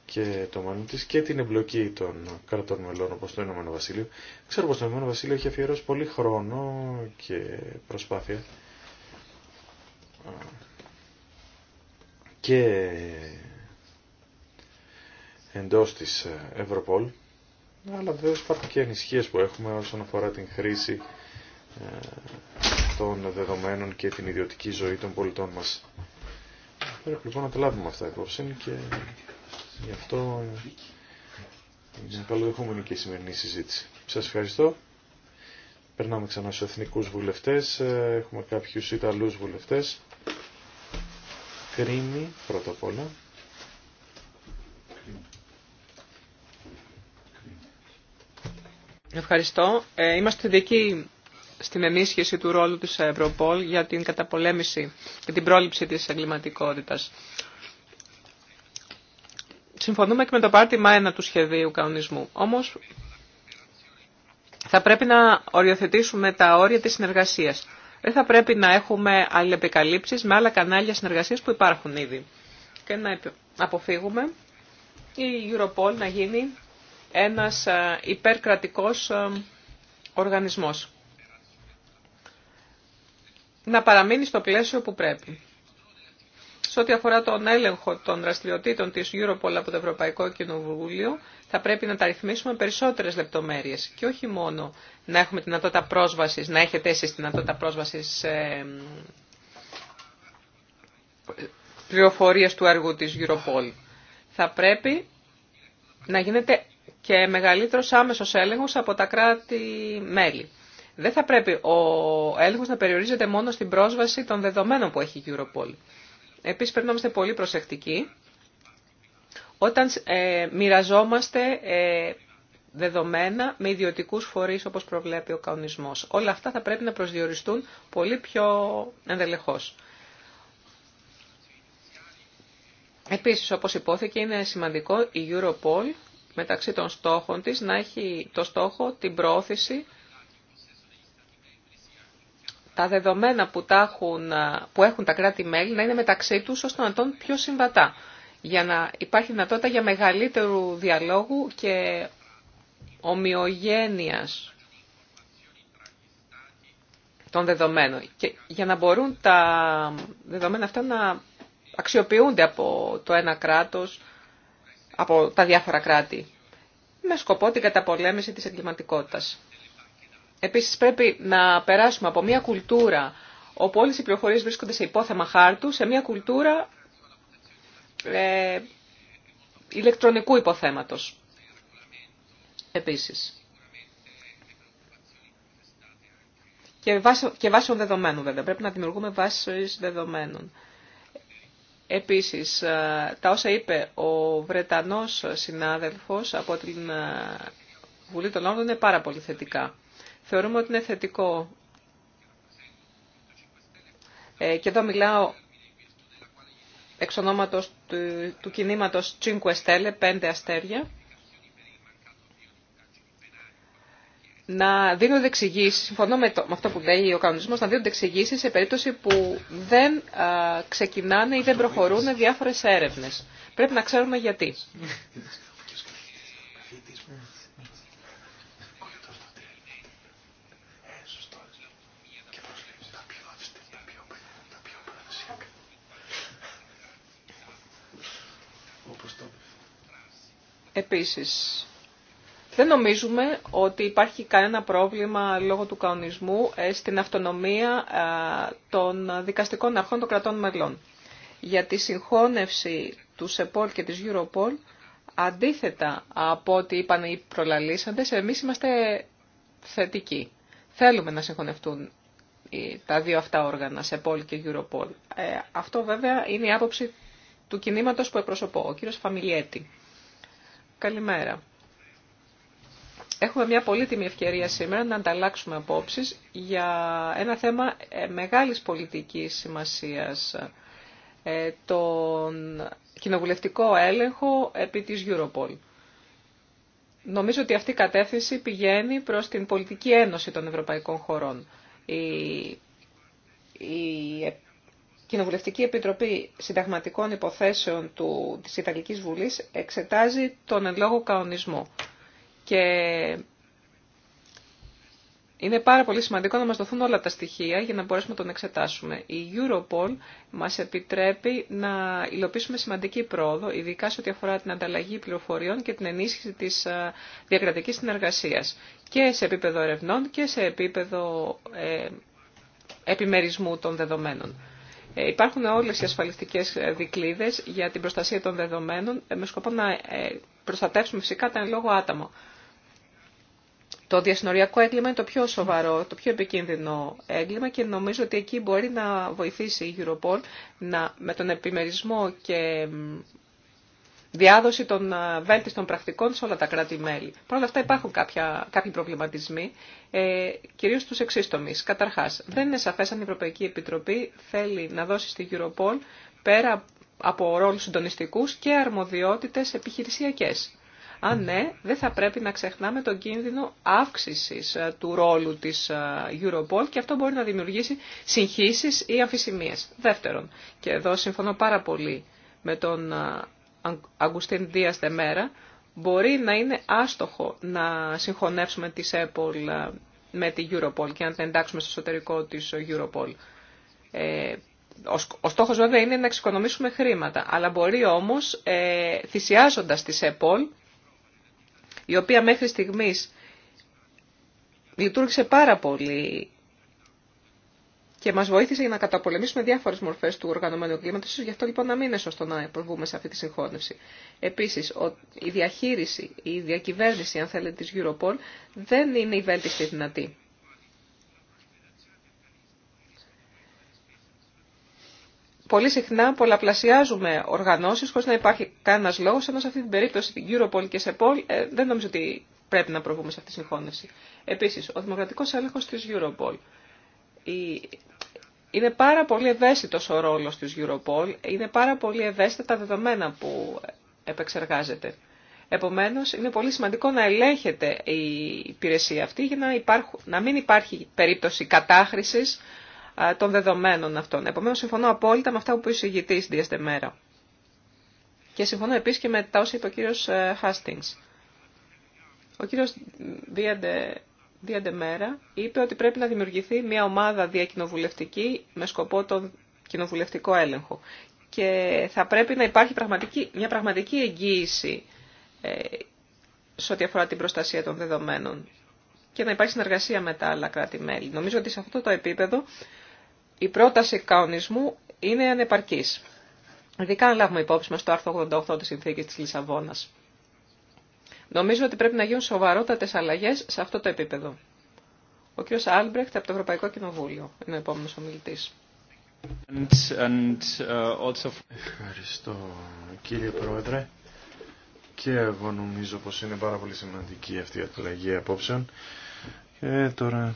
και το μάλλον της και την εμπλοκή των κρατών μελών όπως το Ηνωμένο Βασίλειο. Ξέρω πως το Ηνωμένο Βασίλειο έχει αφιερώσει πολύ χρόνο και προσπάθεια και εντός της ε, Ευρωπόλ, αλλά βεβαίως υπάρχουν και ανησυχίες που έχουμε όσον αφορά την χρήση ε, των δεδομένων και την ιδιωτική ζωή των πολιτών μας. Πρέπει λοιπόν να το λάβουμε αυτά υπόψη και γι' αυτό ε, είναι καλοδεχούμενη και η σημερινή συζήτηση. Σας ευχαριστώ. Περνάμε ξανά στους εθνικούς βουλευτές. Έχουμε κάποιους Ιταλούς βουλευτές. Κρίνη πρώτα απ' όλα. Ευχαριστώ. Ε, είμαστε δικοί στην ενίσχυση του ρόλου της Ευρωπόλ για την καταπολέμηση και την πρόληψη της εγκληματικότητας. Συμφωνούμε και με το πάρτιμα 1 του σχεδίου κανονισμού. Όμως θα πρέπει να οριοθετήσουμε τα όρια της συνεργασίας. Δεν θα πρέπει να έχουμε αλληλεπικαλύψεις με άλλα κανάλια συνεργασίας που υπάρχουν ήδη. Και να αποφύγουμε η Europol να γίνει ένας ε, υπερκρατικός ε, οργανισμός. Να παραμείνει στο πλαίσιο που πρέπει. Σε ό,τι αφορά τον έλεγχο των δραστηριοτήτων της Europol από το Ευρωπαϊκό Κοινοβούλιο, θα πρέπει να τα ρυθμίσουμε περισσότερες λεπτομέρειες και όχι μόνο να έχουμε την δυνατότητα πρόσβασης, να έχετε εσείς την δυνατότητα πρόσβασης σε πληροφορίες του αργού της Europol. Θα πρέπει να γίνεται και μεγαλύτερος άμεσος έλεγχος από τα κράτη-μέλη. Δεν θα πρέπει ο έλεγχος να περιορίζεται μόνο στην πρόσβαση των δεδομένων που έχει η Europol. Επίσης πρέπει να είμαστε πολύ προσεκτικοί όταν ε, μοιραζόμαστε ε, δεδομένα με ιδιωτικούς φορείς όπως προβλέπει ο κανονισμός. Όλα αυτά θα πρέπει να προσδιοριστούν πολύ πιο ενδελεχώ. Επίσης, όπως υπόθηκε, είναι σημαντικό η Europol μεταξύ των στόχων της να έχει το στόχο την πρόθεση τα δεδομένα που, έχουν, που έχουν τα κράτη-μέλη να είναι μεταξύ τους ώστε να τον πιο συμβατά για να υπάρχει δυνατότητα για μεγαλύτερου διαλόγου και ομοιογένειας των δεδομένων και για να μπορούν τα δεδομένα αυτά να αξιοποιούνται από το ένα κράτος από τα διάφορα κράτη, με σκοπό την καταπολέμηση της εγκληματικότητας. Επίσης πρέπει να περάσουμε από μια κουλτούρα όπου όλες οι πληροφορίες βρίσκονται σε υπόθεμα χάρτου, σε μια κουλτούρα ε, ηλεκτρονικού υποθέματος. Επίσης. Και βάσεων δεδομένων βέβαια. Πρέπει να δημιουργούμε βάσεις δεδομένων. Επίσης, ε, τα όσα είπε ο Βρετανός συνάδελφος από την ε, Βουλή των Λόρδων είναι πάρα πολύ θετικά. Θεωρούμε ότι είναι θετικό. Ε, και εδώ μιλάω εξ ονόματος του, του κινήματος Cinque Stelle, πέντε αστέρια. να δίνονται εξηγήσει, συμφωνώ με, το, με αυτό που λέει ο κανονισμό, να δίνονται εξηγήσει σε περίπτωση που δεν ξεκινάνε ή δεν προχωρούν διάφορε έρευνε. Πρέπει να ξέρουμε γιατί. Επίσης, δεν νομίζουμε ότι υπάρχει κανένα πρόβλημα λόγω του καονισμού ε, στην αυτονομία ε, των δικαστικών αρχών των κρατών μελών. Για τη συγχώνευση του ΣΕΠΟΛ και της Europol, αντίθετα από ό,τι είπαν οι προλαλήσαντες, εμείς είμαστε θετικοί. Θέλουμε να συγχωνευτούν τα δύο αυτά όργανα, ΣΕΠΟΛ και Europol. Ε, αυτό βέβαια είναι η άποψη του κινήματος που εκπροσωπώ, ο κύριος Φαμιλιέτη. Καλημέρα. Έχουμε μια πολύτιμη ευκαιρία σήμερα να ανταλλάξουμε απόψεις για ένα θέμα ε, μεγάλης πολιτικής σημασίας, ε, τον κοινοβουλευτικό έλεγχο επί της Europol. Νομίζω ότι αυτή η κατεύθυνση πηγαίνει προς την πολιτική ένωση των ευρωπαϊκών χωρών. Η, η Κοινοβουλευτική Επιτροπή Συνταγματικών Υποθέσεων του, της Ιταλικής Βουλής εξετάζει τον εν λόγω καονισμό και είναι πάρα πολύ σημαντικό να μας δοθούν όλα τα στοιχεία για να μπορέσουμε να τον εξετάσουμε. Η Europol μας επιτρέπει να υλοποιήσουμε σημαντική πρόοδο, ειδικά σε ό,τι αφορά την ανταλλαγή πληροφοριών και την ενίσχυση της διακρατικής συνεργασίας. Και σε επίπεδο ερευνών και σε επίπεδο ε, επιμερισμού των δεδομένων. Ε, υπάρχουν όλες οι ασφαλιστικές δικλείδες για την προστασία των δεδομένων ε, με σκοπό να προστατεύσουμε φυσικά τα εν λόγω άτομα. Το διασυνοριακό έγκλημα είναι το πιο σοβαρό, το πιο επικίνδυνο έγκλημα και νομίζω ότι εκεί μπορεί να βοηθήσει η Europol να, με τον επιμερισμό και διάδοση των βέλτιστων πρακτικών σε όλα τα κράτη-μέλη. Παρ' όλα αυτά υπάρχουν κάποια, κάποιοι προβληματισμοί, ε, κυρίως στους εξή Καταρχάς, δεν είναι σαφές αν η Ευρωπαϊκή Επιτροπή θέλει να δώσει στη Europol πέρα από ρόλους συντονιστικούς και αρμοδιότητες επιχειρησιακές. Αν ναι, δεν θα πρέπει να ξεχνάμε τον κίνδυνο αύξησης ε, του ρόλου της ε, Europol και αυτό μπορεί να δημιουργήσει συγχύσεις ή αμφισημίες. Δεύτερον, και εδώ συμφωνώ πάρα πολύ με τον ε, Αγκουστίν Δίας Δεμέρα, μπορεί να είναι άστοχο να συγχωνεύσουμε τη ΣΕΠΟΛ με τη Europol και να την εντάξουμε στο εσωτερικό της Europol. Ε, ο στόχος βέβαια είναι να εξοικονομήσουμε χρήματα, αλλά μπορεί όμως ε, θυσιάζοντας τη ΣΕΠΟΛ η οποία μέχρι στιγμής λειτουργήσε πάρα πολύ και μας βοήθησε για να καταπολεμήσουμε διάφορες μορφές του οργανωμένου εγκλήματος, ίσως γι' αυτό λοιπόν να μην είναι σωστό να προβούμε σε αυτή τη συγχώνευση. Επίσης, η διαχείριση, η διακυβέρνηση, αν θέλετε, της Europol δεν είναι η βέλτιστη δυνατή. πολύ συχνά πολλαπλασιάζουμε οργανώσεις χωρίς να υπάρχει κανένας λόγος, ενώ σε αυτή την περίπτωση την Europol και σε ε, δεν νομίζω ότι πρέπει να προβούμε σε αυτή τη συγχώνευση. Επίσης, ο δημοκρατικός έλεγχος της Europol. Η... Είναι πάρα πολύ ευαίσθητος ο ρόλος της Europol, είναι πάρα πολύ ευαίσθητα τα δεδομένα που επεξεργάζεται. Επομένως, είναι πολύ σημαντικό να ελέγχεται η υπηρεσία αυτή για να, υπάρχουν, να μην υπάρχει περίπτωση κατάχρησης των δεδομένων αυτών. Επομένως, συμφωνώ απόλυτα με αυτά που είπε ο εισηγητής Δίεστε Μέρα. Και συμφωνώ επίσης και με τα όσα είπε ο κύριος Χάστινγκς. Ε, ο κύριος Δίαντε Μέρα είπε ότι πρέπει να δημιουργηθεί μια ομάδα διακοινοβουλευτική με σκοπό τον κοινοβουλευτικό έλεγχο. Και θα πρέπει να υπάρχει πραγματική, μια πραγματική εγγύηση ε, σε ό,τι αφορά την προστασία των δεδομένων και να υπάρχει συνεργασία με τα άλλα κράτη-μέλη. Νομίζω ότι σε αυτό το επίπεδο η πρόταση καονισμού είναι ανεπαρκής. Ειδικά αν λάβουμε υπόψη μας το άρθρο 88 της Συνθήκης της Λισαβόνας. Νομίζω ότι πρέπει να γίνουν σοβαρότατες αλλαγές σε αυτό το επίπεδο. Ο κ. Άλμπρεχτ από το Ευρωπαϊκό Κοινοβούλιο είναι ο επόμενος ομιλητής. Uh, Ευχαριστώ κύριε Πρόεδρε. Και εγώ νομίζω πως είναι πάρα πολύ σημαντική αυτή η αλλαγή απόψεων. Και ε, τώρα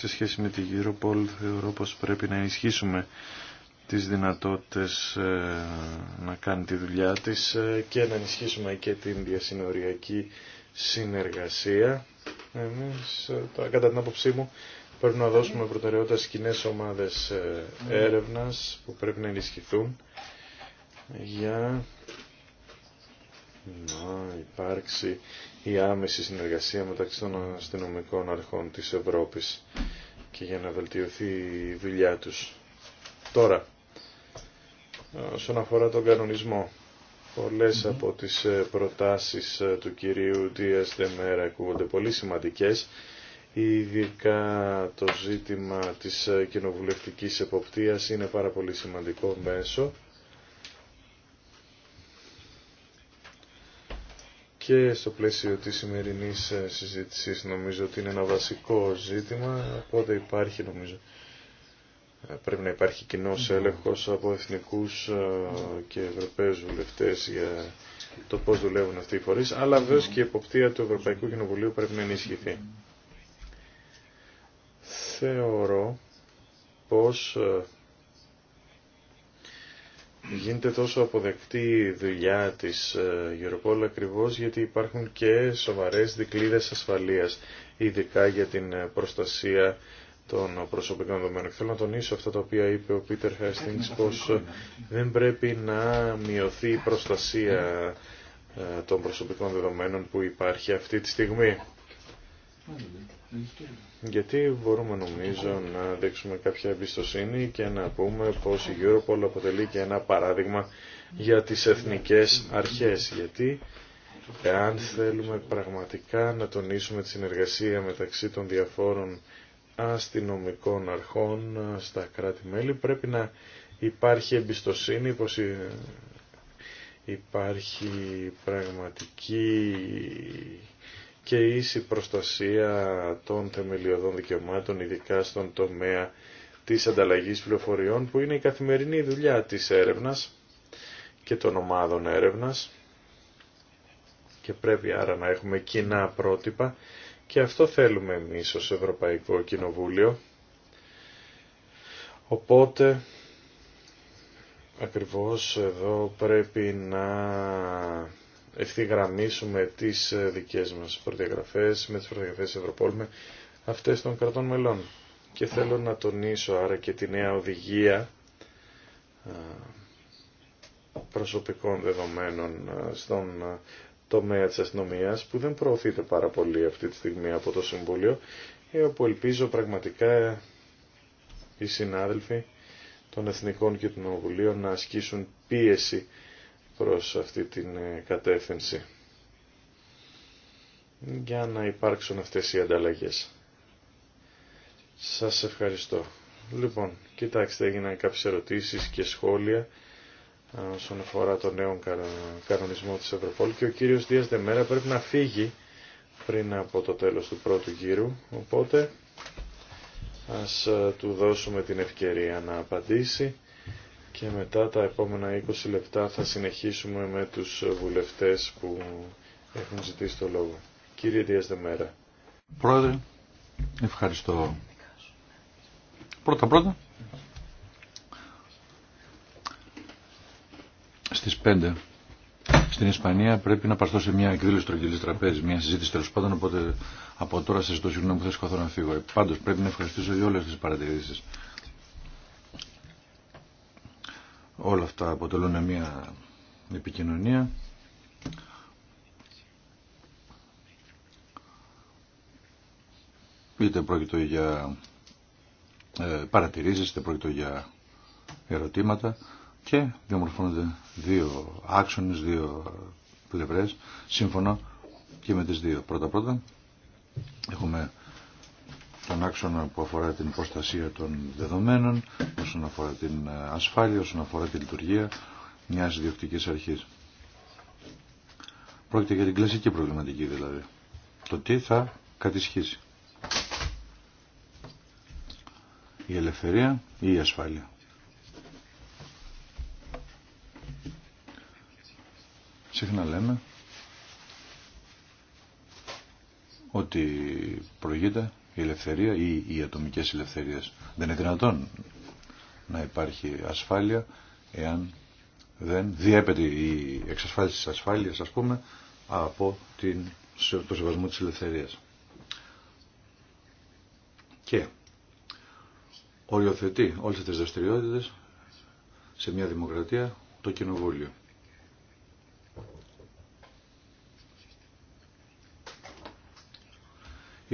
σε σχέση με τη Europol θεωρώ πως πρέπει να ενισχύσουμε τις δυνατότητες ε, να κάνει τη δουλειά της ε, και να ενισχύσουμε και την διασυνοριακή συνεργασία. Εμείς, ε, κατά την άποψή μου, πρέπει να δώσουμε προτεραιότητα στις κοινέ ομάδες έρευνας που πρέπει να ενισχυθούν για να υπάρξει η άμεση συνεργασία μεταξύ των αστυνομικών αρχών της Ευρώπης και για να βελτιωθεί η δουλειά τους. Τώρα, όσον αφορά τον κανονισμό, πολλές από τις ε, προτάσεις ε, του κυρίου Δίας Δεμέρα ακούγονται πολύ σημαντικές, ειδικά το ζήτημα της ε, κοινοβουλευτικής εποπτείας είναι πάρα πολύ σημαντικό μέσο και στο πλαίσιο της σημερινής ε, συζήτησης νομίζω ότι είναι ένα βασικό ζήτημα, οπότε υπάρχει νομίζω. Ε, πρέπει να υπάρχει κοινό έλεγχο από εθνικού ε, και ευρωπαίου βουλευτέ για το πώ δουλεύουν αυτοί οι φορεί, αλλά βέβαια και η εποπτεία του Ευρωπαϊκού Κοινοβουλίου πρέπει να ενισχυθεί. Θεωρώ πως γίνεται τόσο αποδεκτή δουλειά της ε, Europol ακριβώς γιατί υπάρχουν και σοβαρές δικλίδες ασφαλείας, ειδικά για την ε, προστασία των προσωπικών δεδομένων. Θέλω να τονίσω αυτά τα οποία είπε ο Πίτερ Χέστινγκς πως ε, ναι. δεν πρέπει να μειωθεί η προστασία των προσωπικών δεδομένων που υπάρχει αυτή τη στιγμή. Ναι γιατί μπορούμε νομίζω να δείξουμε κάποια εμπιστοσύνη και να πούμε πως η Europol αποτελεί και ένα παράδειγμα για τις εθνικές αρχές. Γιατί εάν θέλουμε πραγματικά να τονίσουμε τη συνεργασία μεταξύ των διαφόρων αστυνομικών αρχών στα κράτη-μέλη πρέπει να υπάρχει εμπιστοσύνη πως υπάρχει πραγματική και ίση προστασία των θεμελιωδών δικαιωμάτων, ειδικά στον τομέα της ανταλλαγής πληροφοριών, που είναι η καθημερινή δουλειά της έρευνας και των ομάδων έρευνας και πρέπει άρα να έχουμε κοινά πρότυπα και αυτό θέλουμε εμείς ως Ευρωπαϊκό Κοινοβούλιο. Οπότε, ακριβώς εδώ πρέπει να ευθυγραμμίσουμε τις ε, δικές μας προδιαγραφέ με τις προδιαγραφές Ευρωπόλ με αυτές των κρατών μελών. Και θέλω να τονίσω άρα και τη νέα οδηγία ε, προσωπικών δεδομένων ε, στον τομέα της αστυνομία που δεν προωθείται πάρα πολύ αυτή τη στιγμή από το Συμβούλιο και όπου ελπίζω πραγματικά οι συνάδελφοι των Εθνικών και του να ασκήσουν πίεση προς αυτή την ε, κατεύθυνση για να υπάρξουν αυτές οι ανταλλαγές. Σας ευχαριστώ. Λοιπόν, κοιτάξτε, έγιναν κάποιες ερωτήσεις και σχόλια ε, όσον αφορά τον νέο κανονισμό της Ευρωπόλ και ο κύριος Δίας Δεμέρα πρέπει να φύγει πριν από το τέλος του πρώτου γύρου, οπότε ας ε, του δώσουμε την ευκαιρία να απαντήσει και μετά τα επόμενα 20 λεπτά θα συνεχίσουμε με τους βουλευτές που έχουν ζητήσει το λόγο. Κύριε Δίας Δεμέρα. Πρόεδρε, ευχαριστώ. Πρώτα πρώτα. Στις 5 στην Ισπανία πρέπει να παρθώ σε μια εκδήλωση τρογγυλή τραπέζι, μια συζήτηση τέλο πάντων. Οπότε από τώρα σα ζητώ συγγνώμη που θα σκοτώ να φύγω. Ε, Πάντω πρέπει να ευχαριστήσω για όλε τι παρατηρήσει Όλα αυτά αποτελούν μια επικοινωνία. Είτε πρόκειτο για ε, παρατηρήσεις, είτε πρόκειτο για ερωτήματα και διαμορφώνονται δύο άξονες, δύο πλευρές, σύμφωνα και με τις δύο. Πρώτα-πρώτα έχουμε στον άξονα που αφορά την προστασία των δεδομένων, όσον αφορά την ε, ασφάλεια, όσον αφορά τη λειτουργία μιας ιδιοκτική αρχής. Πρόκειται για την κλασική προβληματική δηλαδή. Το τι θα κατησχίσει. Η ελευθερία ή η ασφάλεια. Συχνά λέμε ότι προηγείται η ελευθερία ή οι ατομικές ελευθερίες. Δεν είναι δυνατόν να υπάρχει ασφάλεια εάν δεν διέπεται η εξασφάλιση της ασφάλειας, ας πούμε, από την, το σεβασμό της ελευθερίας. Και οριοθετεί όλες τις δραστηριότητες σε μια δημοκρατία το κοινοβούλιο.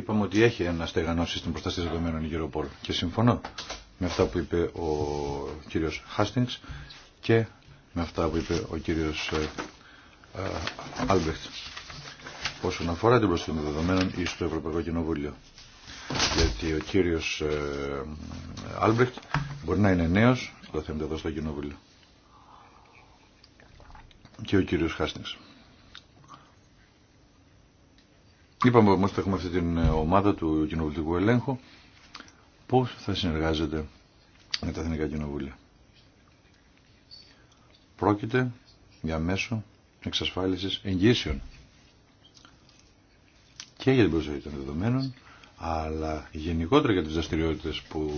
είπαμε ότι έχει ένα στεγανό σύστημα προστασία δεδομένων η Europol και συμφωνώ με αυτά που είπε ο κύριος Χάστινγκς και με αυτά που είπε ο κύριος Άλμπεχτ ε, όσον αφορά την προστασία δεδομένων ή στο Ευρωπαϊκό Κοινοβούλιο. Γιατί ο κύριος Άλμπεχτ μπορεί να είναι νέος, το θέμα εδώ στο Κοινοβούλιο. Και ο κύριος Χάστινγκς. Είπαμε όμως ότι έχουμε αυτή την ε, ομάδα του κοινοβουλτικού ελέγχου. Πώς θα συνεργάζεται με τα Εθνικά Κοινοβούλια. Πρόκειται για μέσο εξασφάλισης εγγύσεων και για την προσοχή των δεδομένων αλλά γενικότερα για τις δραστηριότητε που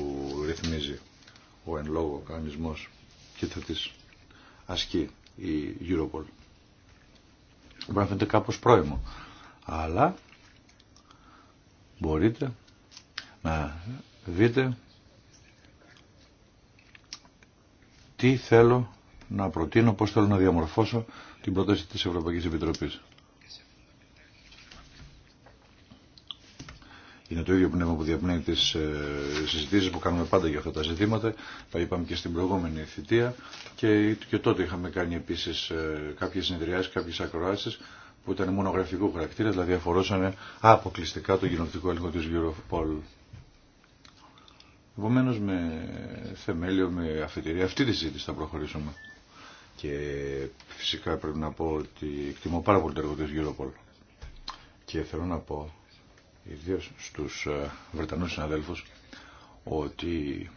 ρυθμίζει ο εν λόγω κανονισμός και θα τις ασκεί η Europol. Μπορεί να φαίνεται κάπως πρόημο, αλλά μπορείτε να δείτε τι θέλω να προτείνω, πώς θέλω να διαμορφώσω την πρόταση της Ευρωπαϊκής Επιτροπής. Είναι το ίδιο πνεύμα που διαπνέει τις ε, συζητήσεις που κάνουμε πάντα για αυτά τα ζητήματα. Τα είπαμε και στην προηγούμενη θητεία και, τότε είχαμε κάνει επίσης ε, κάποιες συνεδριάσεις, κάποιες ακροάσεις που ήταν μονογραφικού χαρακτήρα, δηλαδή αφορούσαν ε, αποκλειστικά το γενοκτικό έλεγχο τη Europol. Επομένω με θεμέλιο, με αφετηρία αυτή τη συζήτηση θα προχωρήσουμε. Και φυσικά πρέπει να πω ότι εκτιμώ πάρα πολύ το έργο τη Europol. Και θέλω να πω, ιδίω στου ε, Βρετανού συναδέλφου ότι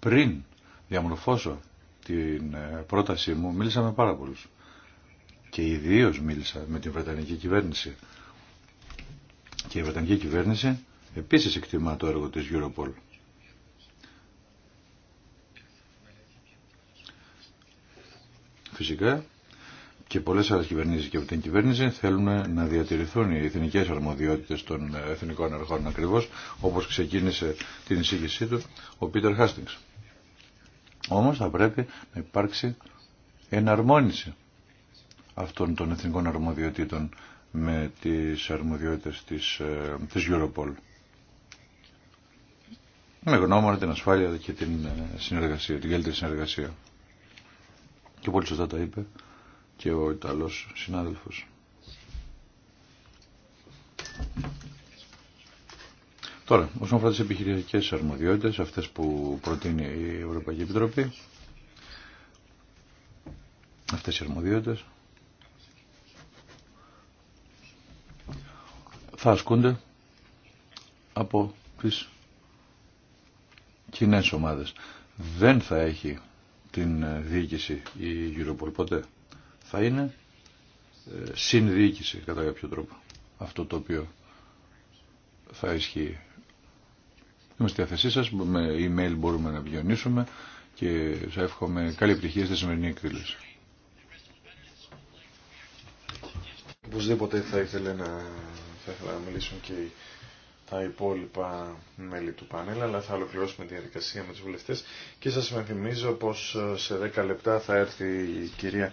πριν διαμορφώσω την ε, πρότασή μου μίλησα με πάρα πολλού και ιδίω μίλησα με την Βρετανική κυβέρνηση. Και η Βρετανική κυβέρνηση επίσης εκτιμά το έργο της Europol. Φυσικά και πολλές άλλες κυβερνήσεις και από την κυβέρνηση θέλουν να διατηρηθούν οι εθνικές αρμοδιότητες των εθνικών αρχών ακριβώς όπως ξεκίνησε την εισήγησή του ο Πίτερ Χάστινγκς. Όμως θα πρέπει να υπάρξει εναρμόνιση αυτών των εθνικών αρμοδιοτήτων με τις αρμοδιότητες της, ε, της Europol. Με γνώμονα την ασφάλεια και την ε, συνεργασία, την καλύτερη συνεργασία. Και πολύ σωστά τα είπε και ο Ιταλός συνάδελφος. Τώρα, όσον αφορά τις επιχειρηματικές αρμοδιότητες, αυτές που προτείνει η Ευρωπαϊκή Επιτροπή, αυτές οι αρμοδιότητες, θα ασκούνται από τις κοινέ ομάδες. Δεν θα έχει την ε, διοίκηση η Europol ποτέ. Θα είναι ε, συνδιοίκηση κατά κάποιο τρόπο αυτό το οποίο θα ισχύει. Είμαστε στη διάθεσή σας, με email μπορούμε να βιονίσουμε και σας εύχομαι καλή επιτυχία στη σημερινή εκδήλωση. Οπωσδήποτε θα ήθελε να θα ήθελα να μιλήσουν και τα υπόλοιπα μέλη του πανέλα αλλά θα ολοκληρώσουμε τη διαδικασία με τους βουλευτές και σας θυμίζω πως ε, σε 10 λεπτά θα έρθει η κυρία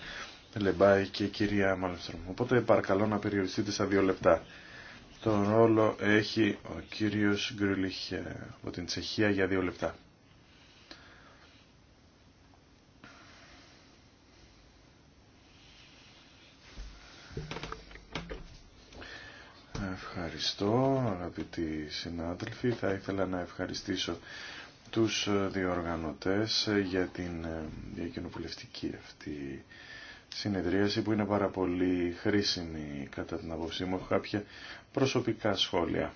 Λεμπάη και η κυρία Μαλευθρόμ. Οπότε παρακαλώ να περιοριστείτε στα 2 λεπτά. Το ρόλο έχει ο κύριος Γκρουλίχ από την Τσεχία για 2 λεπτά. Ευχαριστώ αγαπητοί συνάδελφοι. Θα ήθελα να ευχαριστήσω τους διοργανωτές για την διακοινοβουλευτική αυτή συνεδρίαση που είναι πάρα πολύ χρήσιμη κατά την απόψή μου. Έχω κάποια προσωπικά σχόλια.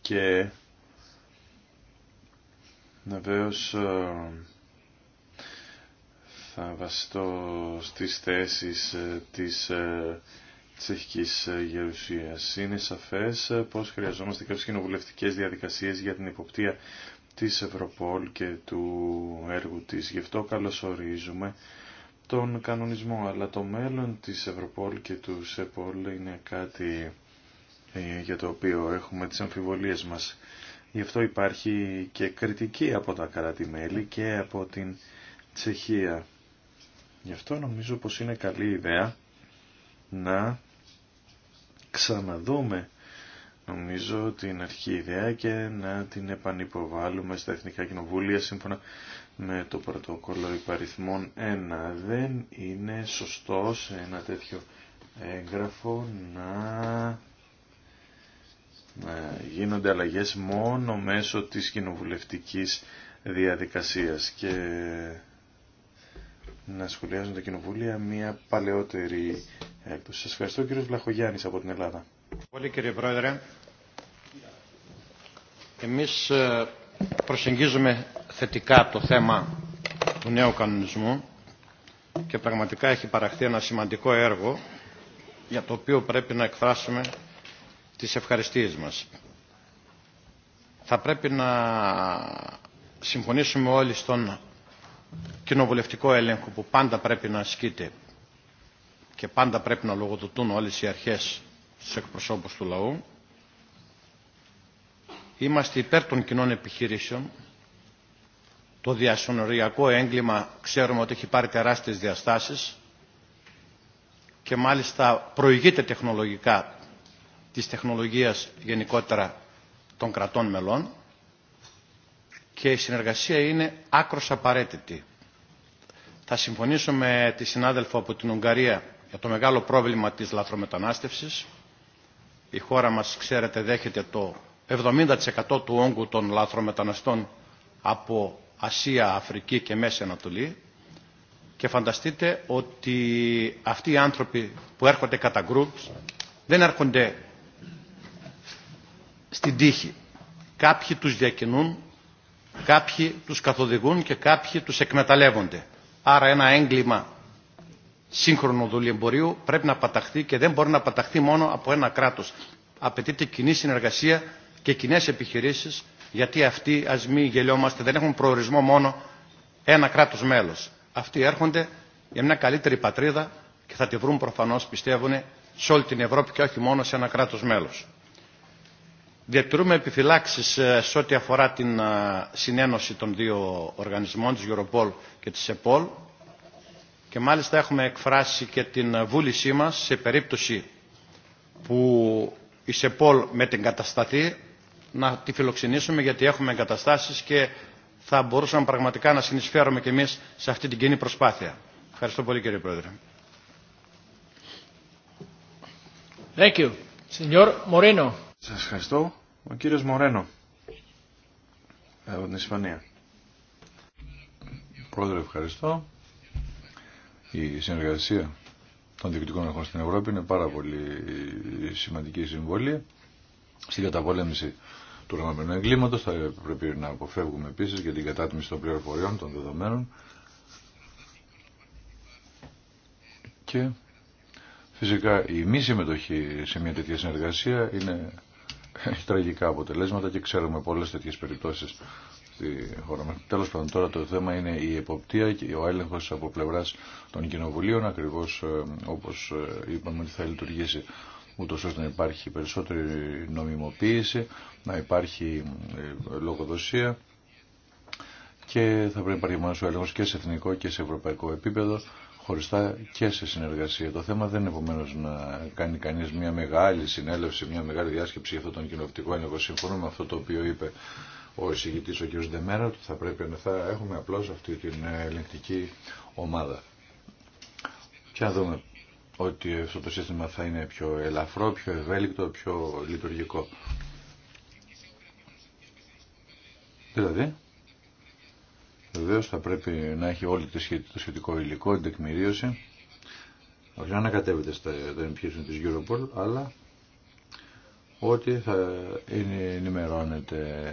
Και βεβαίω θα βαστώ στις θέσεις της τσεχικής ε, γερουσίας. Είναι σαφές ε, πως χρειαζόμαστε κάποιες κοινοβουλευτικέ διαδικασίες για την υποπτία της Ευρωπόλ και του έργου της. Γι' αυτό καλωσορίζουμε τον κανονισμό, αλλά το μέλλον της Ευρωπόλ και του ΣΕΠΟΛ είναι κάτι ε, για το οποίο έχουμε τις αμφιβολίες μας. Γι' αυτό υπάρχει και κριτική από τα κράτη-μέλη και από την Τσεχία. Γι' αυτό νομίζω πως είναι καλή ιδέα να ξαναδούμε νομίζω την αρχή ιδέα και να την επανυποβάλλουμε στα Εθνικά Κοινοβούλια σύμφωνα με το πρωτόκολλο υπαριθμών 1. Δεν είναι σωστό σε ένα τέτοιο έγγραφο να γίνονται αλλαγές μόνο μέσω της κοινοβουλευτικής διαδικασίας και να σχολιάζουν τα κοινοβούλια μια παλαιότερη έκδοση. Σας ευχαριστώ κύριος Βλαχογιάννης από την Ελλάδα. Πολύ κύριε Πρόεδρε. Εμείς ε, προσεγγίζουμε θετικά το θέμα του νέου κανονισμού και πραγματικά έχει παραχθεί ένα σημαντικό έργο για το οποίο πρέπει να εκφράσουμε τις ευχαριστίες μας. Θα πρέπει να συμφωνήσουμε όλοι στον κοινοβουλευτικό έλεγχο που πάντα πρέπει να ασκείται και πάντα πρέπει να λογοδοτούν όλες οι αρχές στους εκπροσώπους του λαού. Είμαστε υπέρ των κοινών επιχειρήσεων. Το διασυνοριακό έγκλημα ξέρουμε ότι έχει πάρει τεράστιες διαστάσεις και μάλιστα προηγείται τεχνολογικά της τεχνολογίας γενικότερα των κρατών μελών και η συνεργασία είναι άκρος απαραίτητη. Θα συμφωνήσω με τη συνάδελφο από την Ουγγαρία για το μεγάλο πρόβλημα της λαθρομετανάστευσης. Η χώρα μας, ξέρετε, δέχεται το 70% του όγκου των λαθρομεταναστών από Ασία, Αφρική και Μέση Ανατολή. Και φανταστείτε ότι αυτοί οι άνθρωποι που έρχονται κατά groups δεν έρχονται στην τύχη. Κάποιοι τους διακινούν Κάποιοι τους καθοδηγούν και κάποιοι τους εκμεταλλεύονται. Άρα ένα έγκλημα σύγχρονου δουλεμπορίου πρέπει να παταχθεί και δεν μπορεί να παταχθεί μόνο από ένα κράτος. Απαιτείται κοινή συνεργασία και κοινέ επιχειρήσεις γιατί αυτοί, ας μην γελιόμαστε, δεν έχουν προορισμό μόνο ένα κράτος μέλος. Αυτοί έρχονται για μια καλύτερη πατρίδα και θα τη βρουν προφανώς, πιστεύουν, σε όλη την Ευρώπη και όχι μόνο σε ένα κράτος μέλος. Διατηρούμε επιφυλάξει ε, σε ό,τι αφορά την ε, συνένωση των δύο οργανισμών, της Europol και της ΕΠΟΛ. Και μάλιστα έχουμε εκφράσει και την βούλησή μας σε περίπτωση που η ΣΕΠΟΛ με την κατασταθεί να τη φιλοξενήσουμε γιατί έχουμε εγκαταστάσεις και θα μπορούσαμε πραγματικά να συνεισφέρουμε κι εμείς σε αυτή την κοινή προσπάθεια. Ευχαριστώ πολύ κύριε Πρόεδρε. Thank Σας ευχαριστώ. Ο κύριος Μορένο από την Ισπανία. Πρόεδρε, ευχαριστώ. Η συνεργασία των διοικητικών αρχών στην Ευρώπη είναι πάρα πολύ σημαντική συμβολή στην καταπολέμηση του οργανωμένου εγκλήματος. Θα πρέπει να αποφεύγουμε επίσης για την κατάτμιση των πληροφοριών, των δεδομένων και φυσικά η μη συμμετοχή σε μια τέτοια συνεργασία είναι έχει τραγικά αποτελέσματα και ξέρουμε πολλές τέτοιε περιπτώσεις στη χώρα μας. Τέλος πάντων τώρα το θέμα είναι η εποπτεία και ο έλεγχο από πλευρά των κοινοβουλίων ακριβώς ε, όπως ε, είπαμε ότι θα λειτουργήσει ούτω ώστε να υπάρχει περισσότερη νομιμοποίηση, να υπάρχει ε, λογοδοσία και θα πρέπει να υπάρχει μόνο ο έλεγχο και σε εθνικό και σε ευρωπαϊκό επίπεδο χωριστά και σε συνεργασία. Το θέμα δεν είναι επομένω να κάνει κανεί μια μεγάλη συνέλευση, μια μεγάλη διάσκεψη για αυτόν τον κοινοβουλευτικό έλεγχο. Συμφωνώ με αυτό το οποίο είπε ο εισηγητή ο κ. Ντεμέρα, ότι θα πρέπει να θα έχουμε απλώ αυτή την ελεγκτική ομάδα. Και να δούμε ότι αυτό το σύστημα θα είναι πιο ελαφρό, πιο ευέλικτο, πιο λειτουργικό. Δηλαδή, Βεβαίω θα πρέπει να έχει όλη το σχετικό υλικό, την τεκμηρίωση. Όχι να ανακατεύεται στα εμπιέσεις της Europol, αλλά ότι θα ενημερώνεται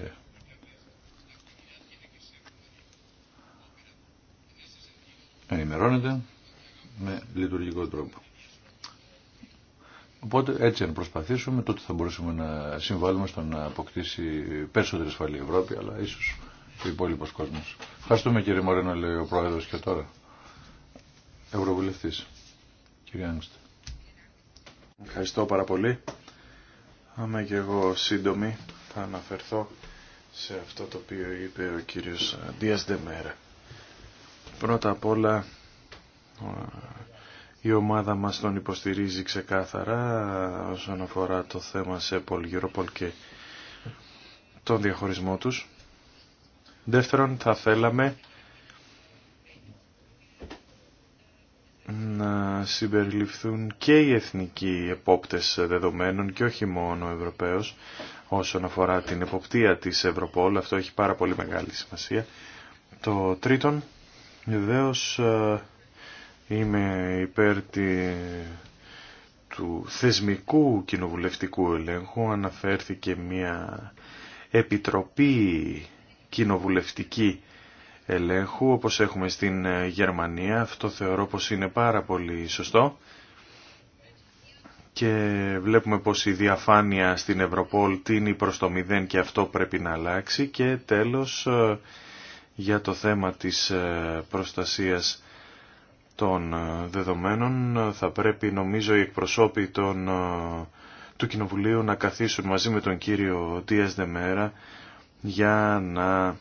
ενημερώνεται με λειτουργικό τρόπο. Οπότε έτσι αν προσπαθήσουμε τότε θα μπορούσαμε να συμβάλλουμε στο να αποκτήσει περισσότερη ασφαλή Ευρώπη αλλά ίσως ο υπόλοιπο κόσμο. Ευχαριστούμε κύριε Μωρένο, λέει ο πρόεδρο και τώρα. Ευρωβουλευτή. Κύριε Ευχαριστώ πάρα πολύ. Άμα και εγώ σύντομη θα αναφερθώ σε αυτό το οποίο είπε ο κύριος Δίας Δεμέρα. Πρώτα απ' όλα η ομάδα μας τον υποστηρίζει ξεκάθαρα όσον αφορά το θέμα σε Πολ και τον διαχωρισμό τους. Δεύτερον, θα θέλαμε να συμπεριληφθούν και οι εθνικοί επόπτες δεδομένων και όχι μόνο ο Ευρωπαίος όσον αφορά την εποπτεία της Ευρωπόλ. Αυτό έχει πάρα πολύ μεγάλη σημασία. Το τρίτον, βεβαίω ε, είμαι υπέρ του θεσμικού κοινοβουλευτικού ελέγχου. Αναφέρθηκε μια επιτροπή κοινοβουλευτική ελέγχου όπως έχουμε στην ε, Γερμανία. Αυτό θεωρώ πως είναι πάρα πολύ σωστό και βλέπουμε πως η διαφάνεια στην Ευρωπόλ τίνει προς το μηδέν και αυτό πρέπει να αλλάξει και τέλος ε, για το θέμα της ε, προστασίας των δεδομένων θα πρέπει νομίζω οι εκπροσώποι των, του Κοινοβουλίου να καθίσουν μαζί με τον κύριο Τίας Δεμέρα για να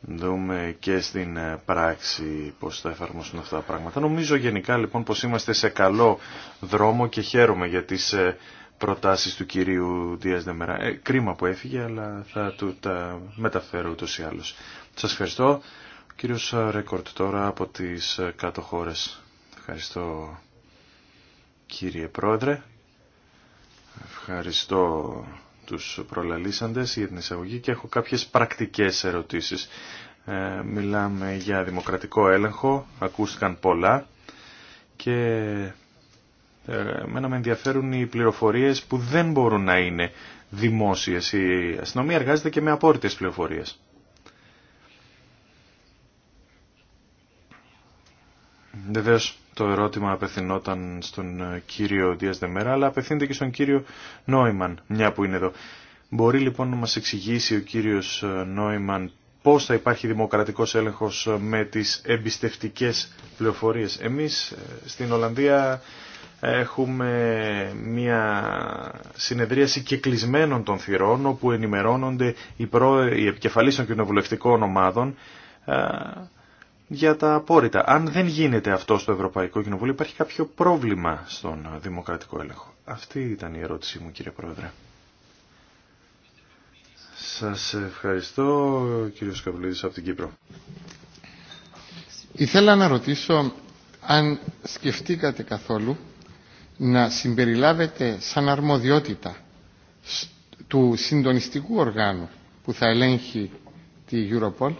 δούμε και στην ε, πράξη πώς θα εφαρμοστούν αυτά τα πράγματα. Νομίζω γενικά λοιπόν πως είμαστε σε καλό δρόμο και χαίρομαι για τις ε, προτάσεις του κυρίου Δίας Δεμερά. Ε, κρίμα που έφυγε αλλά θα του τα μεταφέρω ούτως ή άλλως. Σας ευχαριστώ. Κύριος Ρέκορτ τώρα από τις κάτω χώρες. Ευχαριστώ κύριε Πρόεδρε. Ευχαριστώ τους προλαλήσαντες για την εισαγωγή και έχω κάποιες πρακτικές ερωτήσεις. Ε, μιλάμε για δημοκρατικό έλεγχο, ακούστηκαν πολλά και ε, εμένα με ενδιαφέρουν οι πληροφορίες που δεν μπορούν να είναι δημόσιες. Η αστυνομία εργάζεται και με απόρριτες πληροφορίες. Βεβαίως το ερώτημα απευθυνόταν στον κύριο Δίας Δεμέρα, αλλά απευθύνεται και στον κύριο Νόημαν, μια που είναι εδώ. Μπορεί λοιπόν να μας εξηγήσει ο κύριος ε, Νόημαν πώς θα υπάρχει δημοκρατικός έλεγχος ε, με τις εμπιστευτικές πληροφορίες. Εμείς ε, στην Ολλανδία έχουμε μια συνεδρίαση κεκλεισμένων των θυρών όπου ενημερώνονται οι, προ... οι των κοινοβουλευτικών ομάδων για τα απόρριτα. Αν δεν γίνεται αυτό στο Ευρωπαϊκό Κοινοβούλιο υπάρχει κάποιο πρόβλημα στον δημοκρατικό έλεγχο. Αυτή ήταν η ερώτησή μου κύριε Πρόεδρε. Σας ευχαριστώ κύριο Σκαβλίδης από την Κύπρο. Ήθελα να ρωτήσω αν σκεφτήκατε καθόλου να συμπεριλάβετε σαν αρμοδιότητα του συντονιστικού οργάνου που θα ελέγχει τη Europol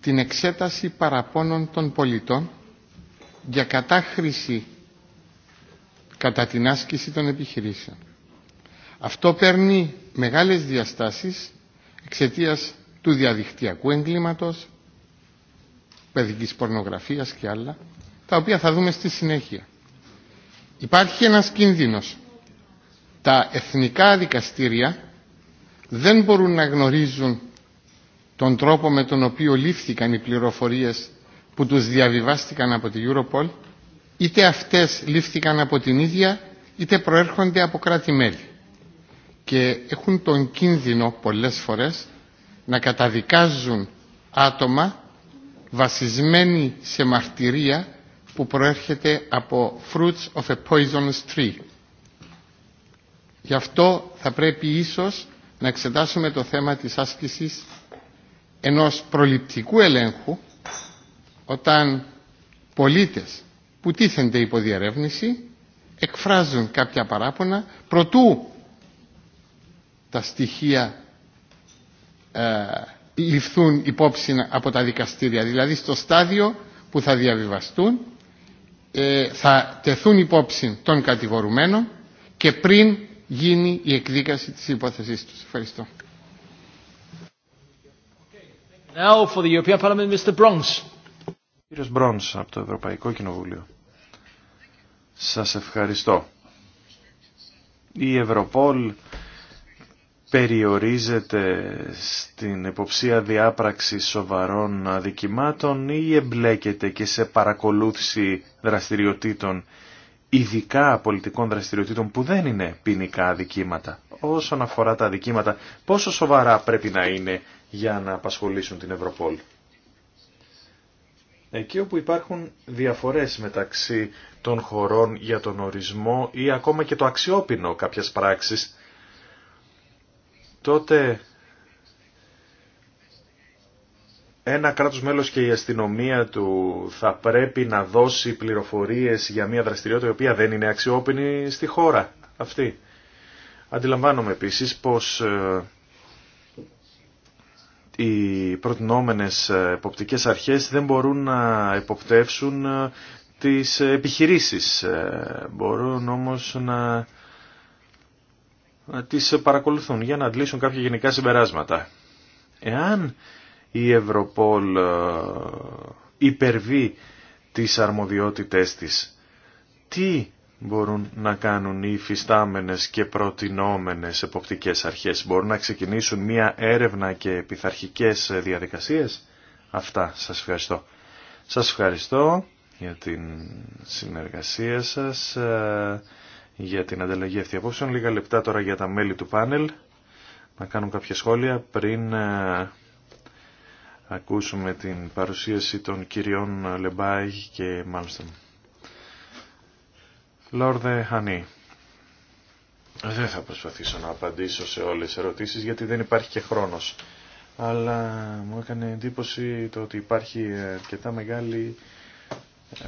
την εξέταση παραπώνων των πολιτών για κατάχρηση κατά την άσκηση των επιχειρήσεων. Αυτό παίρνει μεγάλες διαστάσεις εξαιτίας του διαδικτυακού εγκλήματος, παιδικής πορνογραφίας και άλλα, τα οποία θα δούμε στη συνέχεια. Υπάρχει ένας κίνδυνος. Τα εθνικά δικαστήρια δεν μπορούν να γνωρίζουν τον τρόπο με τον οποίο λήφθηκαν οι πληροφορίες που τους διαβιβάστηκαν από τη Europol, είτε αυτές λήφθηκαν από την ίδια, είτε προέρχονται από κράτη-μέλη. Και έχουν τον κίνδυνο πολλές φορές να καταδικάζουν άτομα βασισμένοι σε μαρτυρία που προέρχεται από fruits of a poisonous tree. Γι' αυτό θα πρέπει ίσως να εξετάσουμε το θέμα της άσκησης ενός προληπτικού ελέγχου όταν πολίτες που τίθενται υπό εκφράζουν κάποια παράπονα προτού τα στοιχεία ε, ληφθούν υπόψη από τα δικαστήρια. Δηλαδή στο στάδιο που θα διαβιβαστούν ε, θα τεθούν υπόψη των κατηγορουμένων και πριν γίνει η εκδίκαση της υπόθεσής τους. Ευχαριστώ. Now for Κύριος Μπρόνς από το Ευρωπαϊκό Κοινοβούλιο. Σας ευχαριστώ. Η Ευρωπόλ περιορίζεται στην υποψία διάπραξη σοβαρών αδικημάτων ή εμπλέκεται και σε παρακολούθηση δραστηριοτήτων, ειδικά πολιτικών δραστηριοτήτων που δεν είναι ποινικά αδικήματα. Όσον αφορά τα αδικήματα, πόσο σοβαρά πρέπει να είναι για να απασχολήσουν την Ευρωπόλ. Εκεί όπου υπάρχουν διαφορές μεταξύ των χωρών για τον ορισμό ή ακόμα και το αξιόπινο κάποιας πράξης, τότε ένα κράτος μέλος και η αστυνομία του θα πρέπει να δώσει πληροφορίες για μια δραστηριότητα η οποία δεν είναι αξιόπινη στη χώρα αυτή. Αντιλαμβάνομαι επίσης πως ε, οι προτινόμενες ε, εποπτικές αρχές δεν μπορούν να εποπτεύσουν ε, τις επιχειρήσεις. Ε, μπορούν όμως να, να τις παρακολουθούν για να αντλήσουν κάποια γενικά συμπεράσματα. Εάν η Ευρωπόλ υπερβεί τις αρμοδιότητές της, τι μπορούν να κάνουν οι υφιστάμενες και προτινόμενες εποπτικές αρχές. Μπορούν να ξεκινήσουν μία έρευνα και πειθαρχικές διαδικασίες. Αυτά σας ευχαριστώ. Σας ευχαριστώ για την συνεργασία σας, ε, για την ανταλλαγή αυτή απόψεων. Λίγα λεπτά τώρα για τα μέλη του πάνελ να κάνουν κάποια σχόλια πριν ε, ακούσουμε την παρουσίαση των κυριών Λεμπάγι και Μάλστον. Λόρδε Χανί. Δεν θα προσπαθήσω να απαντήσω σε όλες τις ερωτήσεις γιατί δεν υπάρχει και χρόνος. Αλλά μου έκανε εντύπωση το ότι υπάρχει αρκετά μεγάλη ε,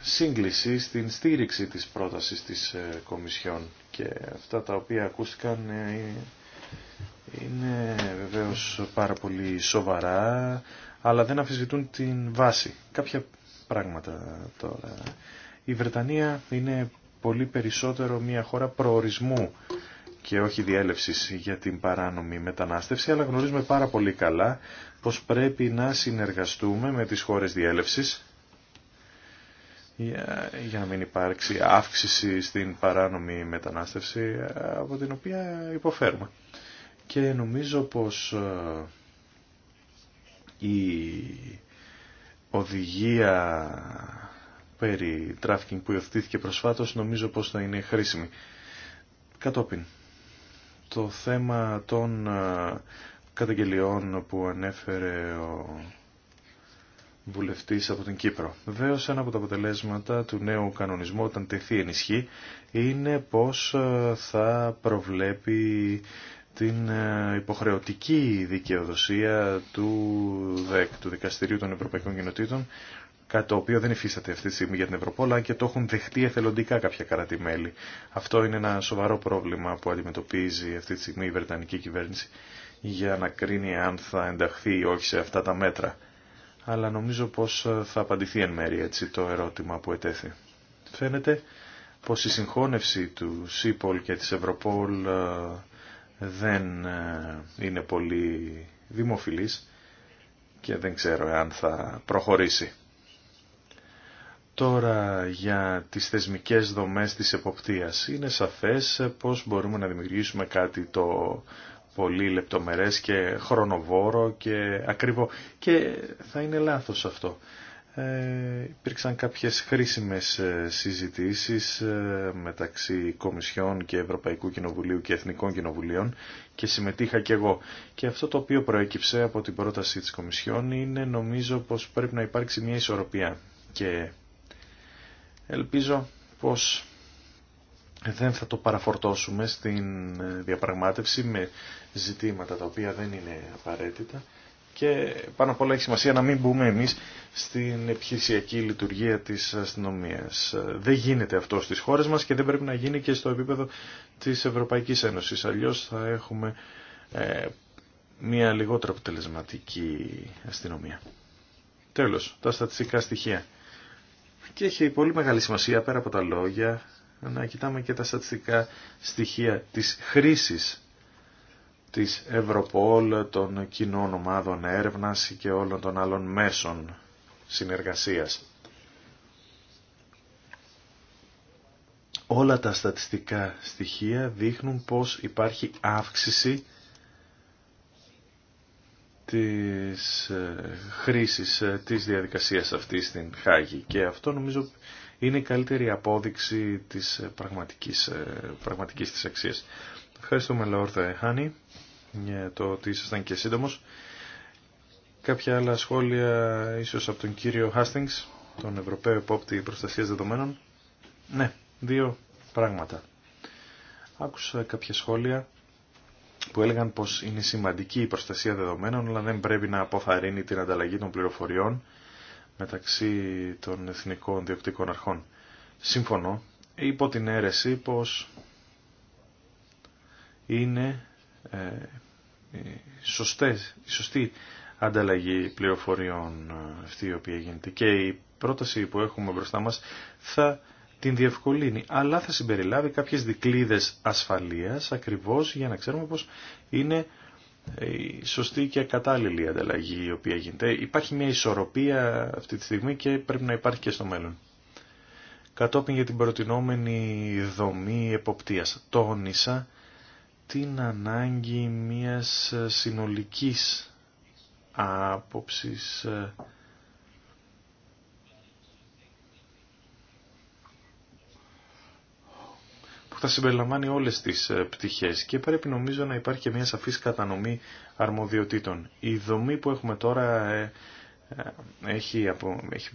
σύγκληση στην στήριξη της πρότασης της ε, Κομισιόν και αυτά τα οποία ακούστηκαν ε, είναι βεβαίως πάρα πολύ σοβαρά αλλά δεν αφισβητούν την βάση. Κάποια πράγματα τώρα. Η Βρετανία είναι πολύ περισσότερο μια χώρα προορισμού και όχι διέλευσης για την παράνομη μετανάστευση, αλλά γνωρίζουμε πάρα πολύ καλά πως πρέπει να συνεργαστούμε με τις χώρες διέλευσης για, να μην υπάρξει αύξηση στην παράνομη μετανάστευση ε, από την οποία υποφέρουμε. Και νομίζω πως ε, η οδηγία περί τράφικινγκ που υιοθετήθηκε προσφάτως νομίζω πως θα είναι χρήσιμη. Κατόπιν, το θέμα των ε, καταγγελιών που ανέφερε ο βουλευτής από την Κύπρο. Βεβαίω ένα από τα αποτελέσματα του νέου κανονισμού όταν τεθεί ενισχύ είναι πως ε, θα προβλέπει την ε, υποχρεωτική δικαιοδοσία του ΔΕΚ, του Δικαστηρίου των Ευρωπαϊκών Κοινοτήτων, κάτι το οποίο δεν υφίσταται αυτή τη στιγμή για την Ευρωπόλα και το έχουν δεχτεί εθελοντικά κάποια κράτη-μέλη. Αυτό είναι ένα σοβαρό πρόβλημα που αντιμετωπίζει αυτή τη στιγμή η Βρετανική κυβέρνηση για να κρίνει αν θα ενταχθεί ή όχι σε αυτά τα μέτρα. Αλλά νομίζω πως θα απαντηθεί εν μέρει έτσι το ερώτημα που ετέθη. Φαίνεται πως η συγχώνευση του ΣΥΠΟΛ και της Ευρωπόλ ε, δεν ε, είναι πολύ δημοφιλής και δεν ξέρω αν θα προχωρήσει. Τώρα για τις θεσμικές δομές της εποπτείας. Είναι σαφές πώς μπορούμε να δημιουργήσουμε κάτι το πολύ λεπτομερές και χρονοβόρο και ακριβό. Και θα είναι λάθος αυτό. Ε, υπήρξαν κάποιες χρήσιμες ε, συζητήσεις ε, μεταξύ Κομισιών και Ευρωπαϊκού Κοινοβουλίου και Εθνικών Κοινοβουλίων και συμμετείχα και εγώ. Και αυτό το οποίο προέκυψε από την πρόταση της Κομισιόν είναι νομίζω πως πρέπει να υπάρξει μια ισορροπία. Ελπίζω πως δεν θα το παραφορτώσουμε στην ε, διαπραγμάτευση με ζητήματα τα οποία δεν είναι απαραίτητα και πάνω απ' όλα έχει σημασία να μην μπούμε εμείς στην επιχειρησιακή λειτουργία της αστυνομίας. Δεν γίνεται αυτό στις χώρες μας και δεν πρέπει να γίνει και στο επίπεδο της Ευρωπαϊκής Ένωσης. Αλλιώς θα έχουμε ε, μια λιγότερο αποτελεσματική αστυνομία. Τέλος, τα στατιστικά στοιχεία. Και έχει πολύ μεγάλη σημασία πέρα από τα λόγια να κοιτάμε και τα στατιστικά στοιχεία της χρήσης της Ευρωπόλ, των κοινών ομάδων έρευνας και όλων των άλλων μέσων συνεργασίας. Όλα τα στατιστικά στοιχεία δείχνουν πως υπάρχει αύξηση της ε, χρήσης ε, της διαδικασίας αυτής στην Χάγη και αυτό νομίζω είναι η καλύτερη απόδειξη της ε, πραγματικής, πραγματικής της αξίας. Ευχαριστούμε Λόρθα Χάνη για το ότι ήσασταν και σύντομος. Κάποια άλλα σχόλια ίσως από τον κύριο Χάστινγκς, τον Ευρωπαίο Επόπτη Προστασίας Δεδομένων. Ναι, δύο πράγματα. Άκουσα κάποια σχόλια που έλεγαν πως είναι σημαντική η προστασία δεδομένων, αλλά δεν πρέπει να αποθαρρύνει την ανταλλαγή των πληροφοριών μεταξύ των εθνικών διοκτικών αρχών. Σύμφωνο, υπό την αίρεση πως είναι ε, σωστές, η σωστή ανταλλαγή πληροφοριών αυτή η οποία γίνεται. Και η πρόταση που έχουμε μπροστά μας θα την διευκολύνει, αλλά θα συμπεριλάβει κάποιες δικλίδες ασφαλείας ακριβώς για να ξέρουμε πως είναι ε, η σωστή και κατάλληλη ανταλλαγή η οποία γίνεται. Υπάρχει μια ισορροπία αυτή τη στιγμή και πρέπει να υπάρχει και στο μέλλον. Κατόπιν για την προτινόμενη δομή εποπτείας τόνισα την ανάγκη μιας συνολικής άποψης ε, που θα συμπεριλαμβάνει όλες τις ε, πτυχές και πρέπει νομίζω να υπάρχει και μια σαφής κατανομή αρμοδιοτήτων. Η δομή που έχουμε τώρα ε, ε, έχει, από, έχει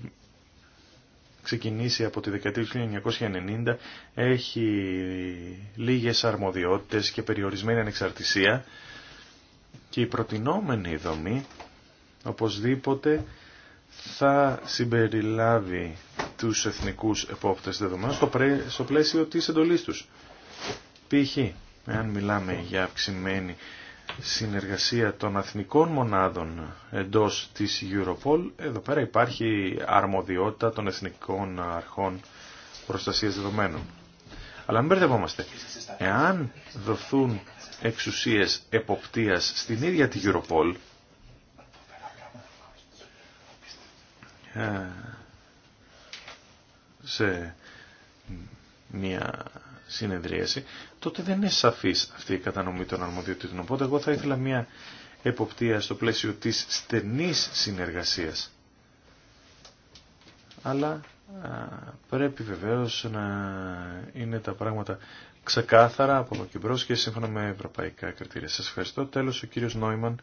ξεκινήσει από τη δεκαετία του 1990, έχει λίγες αρμοδιότητες και περιορισμένη ανεξαρτησία και η προτινόμενη δομή οπωσδήποτε θα συμπεριλάβει τους εθνικούς επόπτες δεδομένων στο, πλαίσιο της εντολής τους. Π.χ. εάν μιλάμε για αυξημένη συνεργασία των εθνικών μονάδων εντός της Europol, εδώ πέρα υπάρχει αρμοδιότητα των εθνικών αρχών προστασίας δεδομένων. Αλλά μην μπερδευόμαστε. Εάν δοθούν εξουσίες εποπτείας στην ίδια τη Europol, ε, σε μια συνεδρίαση, τότε δεν είναι σαφής αυτή η κατανομή των αρμοδιοτήτων. Οπότε εγώ θα ήθελα μια εποπτεία στο πλαίσιο της στενής συνεργασίας. Αλλά α, πρέπει βεβαίως να είναι τα πράγματα ξεκάθαρα από εδώ και μπρος και σύμφωνα με ευρωπαϊκά κριτήρια. Σας ευχαριστώ. Τέλος ο κύριος Νόιμαν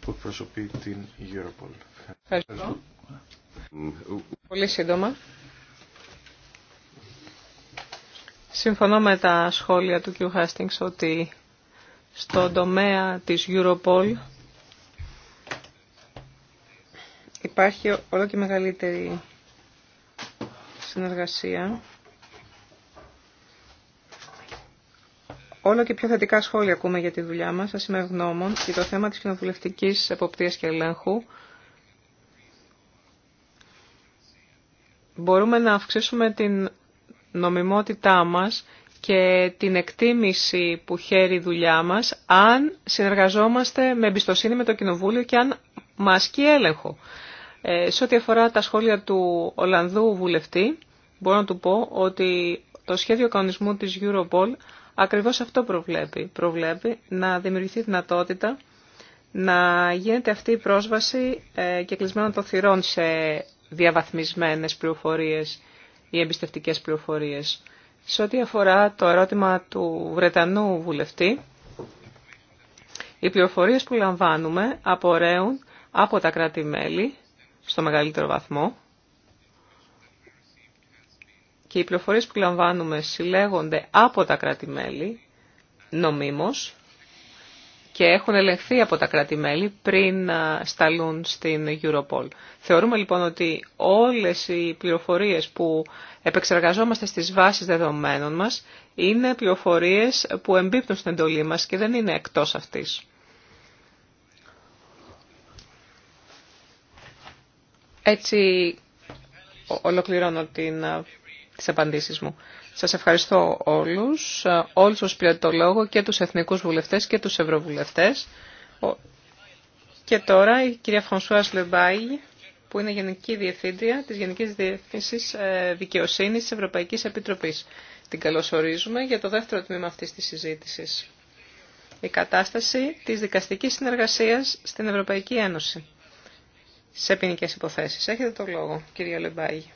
που εκπροσωπεί την Europol. Ευχαριστώ. Πολύ σύντομα. Συμφωνώ με τα σχόλια του κ. Χάστινγκς ότι στον τομέα της Europol υπάρχει όλο και μεγαλύτερη συνεργασία. Όλο και πιο θετικά σχόλια ακούμε για τη δουλειά μας. Σας είμαι ευγνώμων και το θέμα της κοινοβουλευτικής εποπτείας και ελέγχου. Μπορούμε να αυξήσουμε την νομιμότητά μας και την εκτίμηση που χαίρει η δουλειά μας αν συνεργαζόμαστε με εμπιστοσύνη με το Κοινοβούλιο και αν μας ασκεί έλεγχο. Ε, σε ό,τι αφορά τα σχόλια του Ολλανδού βουλευτή, μπορώ να του πω ότι το σχέδιο κανονισμού της Europol ακριβώς αυτό προβλέπει. Προβλέπει να δημιουργηθεί δυνατότητα να γίνεται αυτή η πρόσβαση ε, και κλεισμένο των θυρών σε διαβαθμισμένες πληροφορίες οι εμπιστευτικές πληροφορίες. Σε ό,τι αφορά το ερώτημα του Βρετανού βουλευτή, οι πληροφορίες που λαμβάνουμε απορρέουν από τα κράτη-μέλη στο μεγαλύτερο βαθμό και οι πληροφορίες που λαμβάνουμε συλλέγονται από τα κράτη-μέλη νομίμως και έχουν ελεγχθεί από τα κράτη-μέλη πριν σταλούν στην Europol. Θεωρούμε λοιπόν ότι όλες οι πληροφορίες που επεξεργαζόμαστε στις βάσεις δεδομένων μας είναι πληροφορίες που εμπίπτουν στην εντολή μας και δεν είναι εκτός αυτής. Έτσι ολοκληρώνω την τις απαντήσεις μου. Σας ευχαριστώ όλους, όλους τους πήρατε το λόγο και τους εθνικούς βουλευτές και τους ευρωβουλευτές. Και τώρα η κυρία Φρανσουάς Λεμπάι, που είναι Γενική Διευθύντρια της Γενικής Διεύθυνσης ε, Δικαιοσύνης της Ευρωπαϊκής Επιτροπής. Την καλωσορίζουμε για το δεύτερο τμήμα αυτής της συζήτησης. Η κατάσταση της δικαστικής συνεργασίας στην Ευρωπαϊκή Ένωση σε ποινικέ υποθέσεις. Έχετε το λόγο, κυρία Λεμπάγη.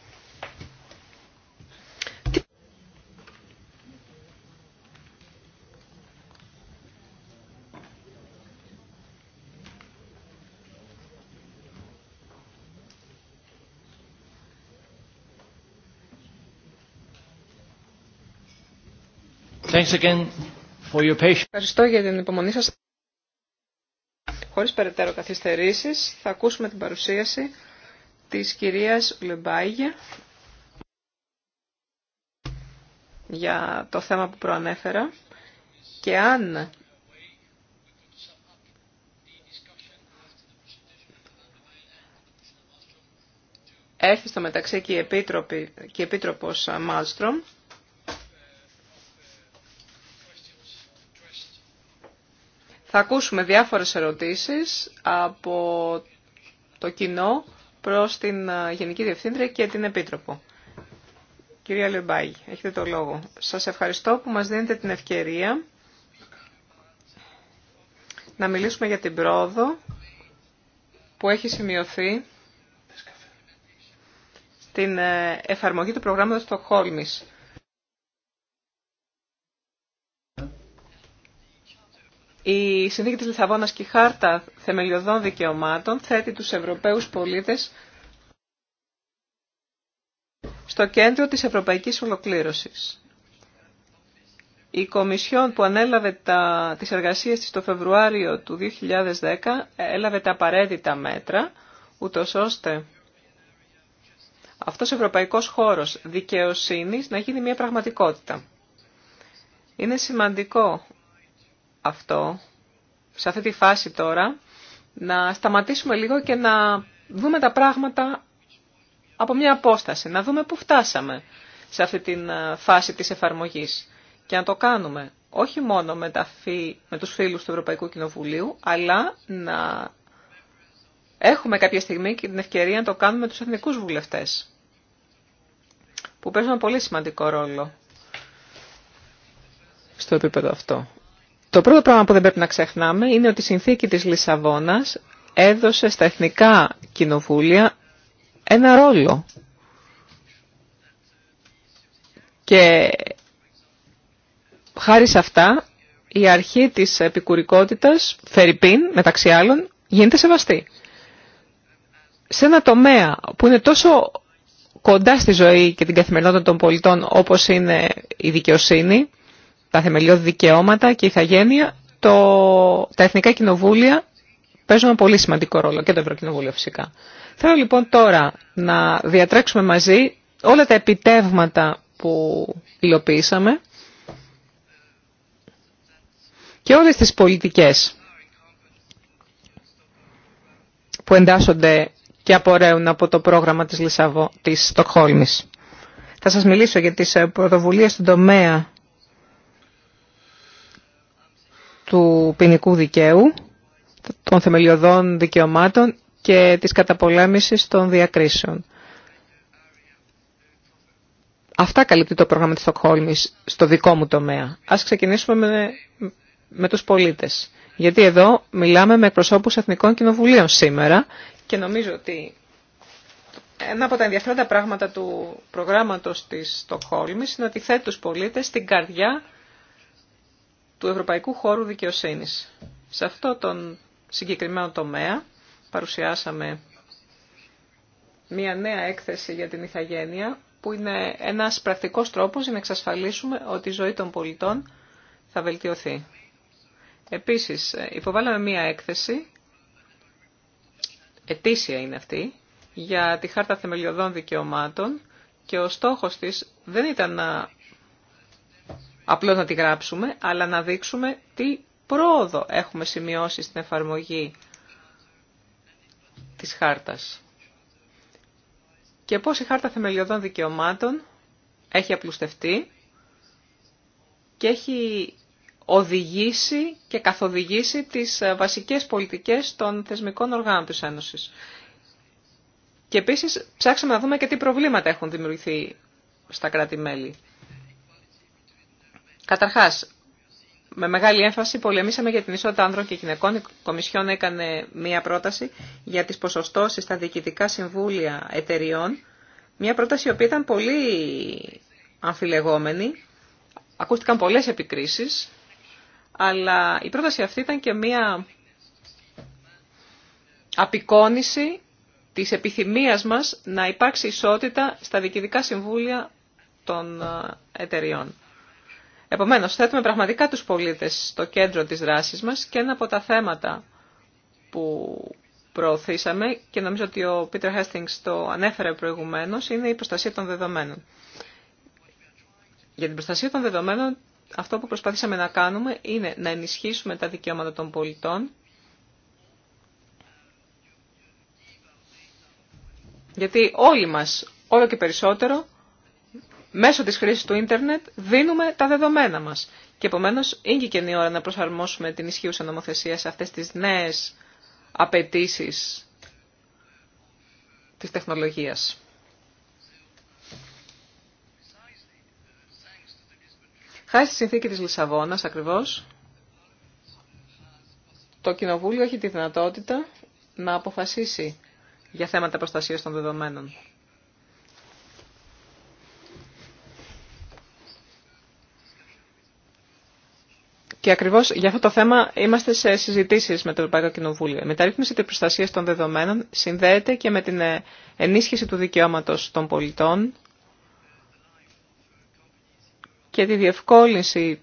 Thanks again for Ευχαριστώ για την υπομονή σας. Χωρίς περαιτέρω καθυστερήσεις, θα ακούσουμε την παρουσίαση της κυρίας Λεμπάγια για το θέμα που προανέφερα και αν έρθει στο μεταξύ και η, Επίτροπη, και η Επίτροπος Μάλστρομ Θα ακούσουμε διάφορες ερωτήσεις από το κοινό προς την ε, Γενική Διευθύντρια και την Επίτροπο. Κυρία Λεμπάγη, έχετε το λόγο. Σας ευχαριστώ που μας δίνετε την ευκαιρία να μιλήσουμε για την πρόοδο που έχει σημειωθεί στην ε, εφαρμογή του προγράμματος Χόλμης. Η Συνθήκη της Λισαβόνας και η Χάρτα Θεμελιωδών Δικαιωμάτων θέτει τους Ευρωπαίους πολίτες στο κέντρο της Ευρωπαϊκής Ολοκλήρωσης. Η Κομισιόν που ανέλαβε τα, τις εργασίες της το Φεβρουάριο του 2010 έλαβε τα απαραίτητα μέτρα, ούτω ώστε αυτός ο ευρωπαϊκός χώρος δικαιοσύνης να γίνει μια πραγματικότητα. Είναι σημαντικό αυτό, σε αυτή τη φάση τώρα, να σταματήσουμε λίγο και να δούμε τα πράγματα από μια απόσταση, να δούμε πού φτάσαμε σε αυτή τη ε, φάση της εφαρμογής και να το κάνουμε όχι μόνο με, τα με τους φίλους του Ευρωπαϊκού Κοινοβουλίου, αλλά να έχουμε κάποια στιγμή και την ευκαιρία να το κάνουμε με τους εθνικούς βουλευτές, που παίζουν ένα πολύ σημαντικό ρόλο στο επίπεδο αυτό. Το πρώτο πράγμα που δεν πρέπει να ξεχνάμε είναι ότι η συνθήκη της Λισαβόνας έδωσε στα εθνικά κοινοβούλια ένα ρόλο. Και χάρη σε αυτά η αρχή της επικουρικότητας, φερρυπίν μεταξύ άλλων, γίνεται σεβαστή. Σε ένα τομέα που είναι τόσο κοντά στη ζωή και την καθημερινότητα των πολιτών όπως είναι η δικαιοσύνη, τα θεμελιώδη δικαιώματα και η ηθαγένεια, το, τα εθνικά κοινοβούλια παίζουν ένα πολύ σημαντικό ρόλο και το Ευρωκοινοβούλιο φυσικά. Θέλω λοιπόν τώρα να διατρέξουμε μαζί όλα τα επιτεύγματα που υλοποιήσαμε και όλες τις πολιτικές που εντάσσονται και απορρέουν από το πρόγραμμα της, Λισαβο, της Στοκχόλμης. Θα σας μιλήσω για τις ε, πρωτοβουλίες στον τομέα του ποινικού δικαίου, των θεμελιωδών δικαιωμάτων και της καταπολέμησης των διακρίσεων. Αυτά καλύπτει το πρόγραμμα της Στοκχόλμης στο δικό μου τομέα. Ας ξεκινήσουμε με, τους πολίτες. Γιατί εδώ μιλάμε με εκπροσώπους εθνικών κοινοβουλίων σήμερα και νομίζω ότι ένα από τα ενδιαφέροντα πράγματα του προγράμματος της Στοκχόλμης είναι ότι θέτει τους πολίτες στην καρδιά του Ευρωπαϊκού Χώρου Δικαιοσύνης. Σε αυτό τον συγκεκριμένο τομέα παρουσιάσαμε μια νέα έκθεση για την ηθαγένεια που είναι ένας πρακτικός τρόπος για να εξασφαλίσουμε ότι η ζωή των πολιτών θα βελτιωθεί. Επίσης, υποβάλαμε μία έκθεση, ετήσια είναι αυτή, για τη Χάρτα Θεμελιωδών Δικαιωμάτων και ο στόχος της δεν ήταν να απλώς να τη γράψουμε, αλλά να δείξουμε τι πρόοδο έχουμε σημειώσει στην εφαρμογή της χάρτας. Και πώς η χάρτα θεμελιωδών δικαιωμάτων έχει απλουστευτεί και έχει οδηγήσει και καθοδηγήσει τις βασικές πολιτικές των θεσμικών οργάνων της Ένωσης. Και επίσης ψάξαμε να δούμε και τι προβλήματα έχουν δημιουργηθεί στα κράτη-μέλη. Καταρχάς, με μεγάλη έμφαση πολεμήσαμε για την ισότητα άνδρων και γυναικών. Η Κομισιόν έκανε μία πρόταση για τις ποσοστώσεις στα διοικητικά συμβούλια εταιριών. Μία πρόταση η οποία ήταν πολύ αμφιλεγόμενη. Ακούστηκαν πολλές επικρίσεις. Αλλά η πρόταση αυτή ήταν και μία απεικόνηση της επιθυμίας μας να υπάρξει ισότητα στα διοικητικά συμβούλια των ε, εταιριών. Επομένως, θέτουμε πραγματικά τους πολίτες στο κέντρο της δράσης μας και ένα από τα θέματα που προωθήσαμε και νομίζω ότι ο Πίτερ Χέστινγκς το ανέφερε προηγουμένως, είναι η προστασία των δεδομένων. Για την προστασία των δεδομένων αυτό που προσπαθήσαμε να κάνουμε είναι να ενισχύσουμε τα δικαιώματα των πολιτών γιατί όλοι μας όλο και περισσότερο μέσω της χρήσης του ίντερνετ δίνουμε τα δεδομένα μας. Και επομένως είναι και η ώρα να προσαρμόσουμε την ισχύουσα νομοθεσία σε αυτές τις νέες απαιτήσει της τεχνολογίας. Χάρη στη συνθήκη της Λισαβόνας ακριβώς, το Κοινοβούλιο έχει τη δυνατότητα να αποφασίσει για θέματα προστασίας των δεδομένων. Και ακριβώ για αυτό το θέμα είμαστε σε συζητήσει με το Ευρωπαϊκό Κοινοβούλιο. Η μεταρρύθμιση τη προστασία των δεδομένων συνδέεται και με την ε, ενίσχυση του δικαιώματο των πολιτών και τη διευκόλυνση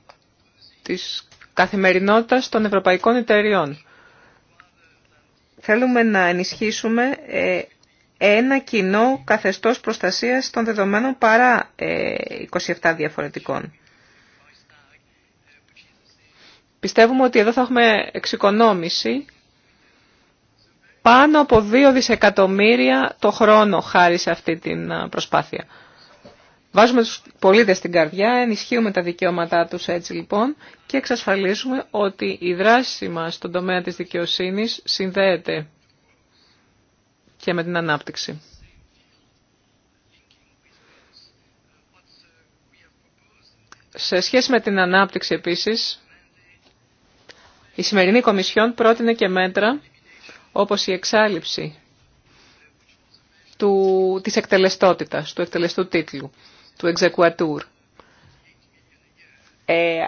της καθημερινότητας των ευρωπαϊκών εταιριών. Θέλουμε να ενισχύσουμε ε, ένα κοινό καθεστώς προστασίας των δεδομένων παρά 27 ε, διαφορετικών. Πιστεύουμε ότι εδώ θα έχουμε εξοικονόμηση πάνω από 2 δισεκατομμύρια το χρόνο χάρη σε αυτή την προσπάθεια. Βάζουμε τους πολίτες στην καρδιά, ενισχύουμε τα δικαιώματά τους έτσι λοιπόν και εξασφαλίσουμε ότι η δράση μας στον τομέα της δικαιοσύνης συνδέεται και με την ανάπτυξη. Σε σχέση με την ανάπτυξη επίσης, η σημερινή Κομισιόν πρότεινε και μέτρα όπως η εξάλληψη του, της εκτελεστότητας, του εκτελεστού τίτλου, του εξεκουατούρ. Ε,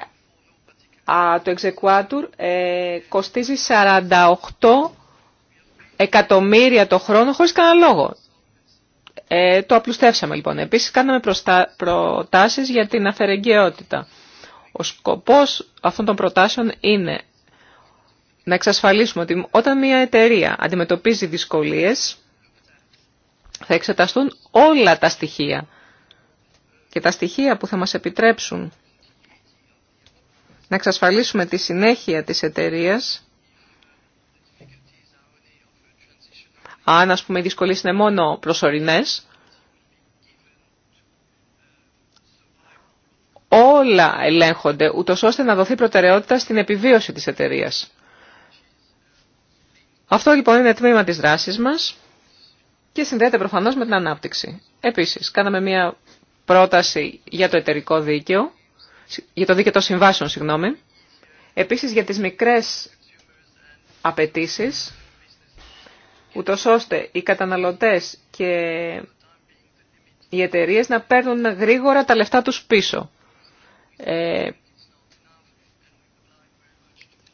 α, το εξεκουάτουρ ε, κοστίζει 48 εκατομμύρια το χρόνο χωρίς κανένα λόγο. Ε, το απλουστεύσαμε λοιπόν. Επίσης κάναμε προστα... προτάσεις για την αφαιρεγκαιότητα. Ο σκοπός αυτών των προτάσεων είναι να εξασφαλίσουμε ότι όταν μια εταιρεία αντιμετωπίζει δυσκολίες, θα εξεταστούν όλα τα στοιχεία. Και τα στοιχεία που θα μας επιτρέψουν να εξασφαλίσουμε τη συνέχεια της εταιρείας, αν ας πούμε οι δυσκολίες είναι μόνο προσωρινές, όλα ελέγχονται, ούτως ώστε να δοθεί προτεραιότητα στην επιβίωση της εταιρείας. Αυτό λοιπόν είναι τμήμα της δράσης μας και συνδέεται προφανώς με την ανάπτυξη. Επίσης, κάναμε μια πρόταση για το εταιρικό δίκαιο, για το δίκαιο των συμβάσεων, συγγνώμη. Επίσης για τις μικρές απαιτήσει, ούτω ώστε οι καταναλωτές και οι εταιρείε να παίρνουν γρήγορα τα λεφτά τους πίσω. Ε,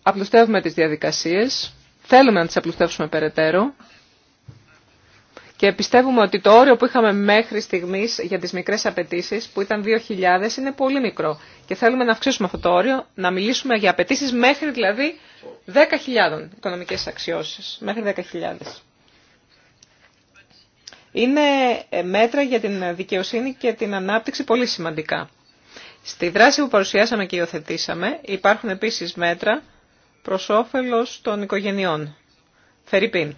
απλουστεύουμε τις διαδικασίες Θέλουμε να τις απλουστεύσουμε περαιτέρω και πιστεύουμε ότι το όριο που είχαμε μέχρι στιγμής για τις μικρές απαιτήσει, που ήταν 2.000, είναι πολύ μικρό. Και θέλουμε να αυξήσουμε αυτό το όριο, να μιλήσουμε για απαιτήσει μέχρι δηλαδή 10.000 οικονομικές αξιώσεις, μέχρι 10.000. Είναι ε, μέτρα για την δικαιοσύνη και την ανάπτυξη πολύ σημαντικά. Στη δράση που παρουσιάσαμε και υιοθετήσαμε υπάρχουν επίσης μέτρα προς όφελος των οικογενειών. Φερρυπίν.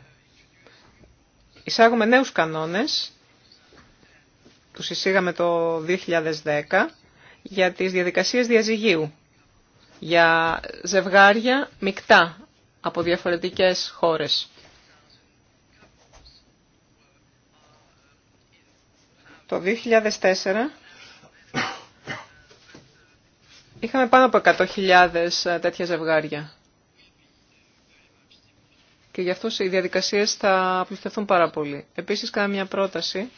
Εισάγουμε νέους κανόνες, τους εισήγαμε το 2010, για τις διαδικασίες διαζυγίου, για ζευγάρια μικτά από διαφορετικές χώρες. Το 2004 είχαμε πάνω από 100.000 τέτοια ζευγάρια και γι' αυτό οι διαδικασίες θα απλουστευτούν πάρα πολύ. Επίσης κάνω μια πρόταση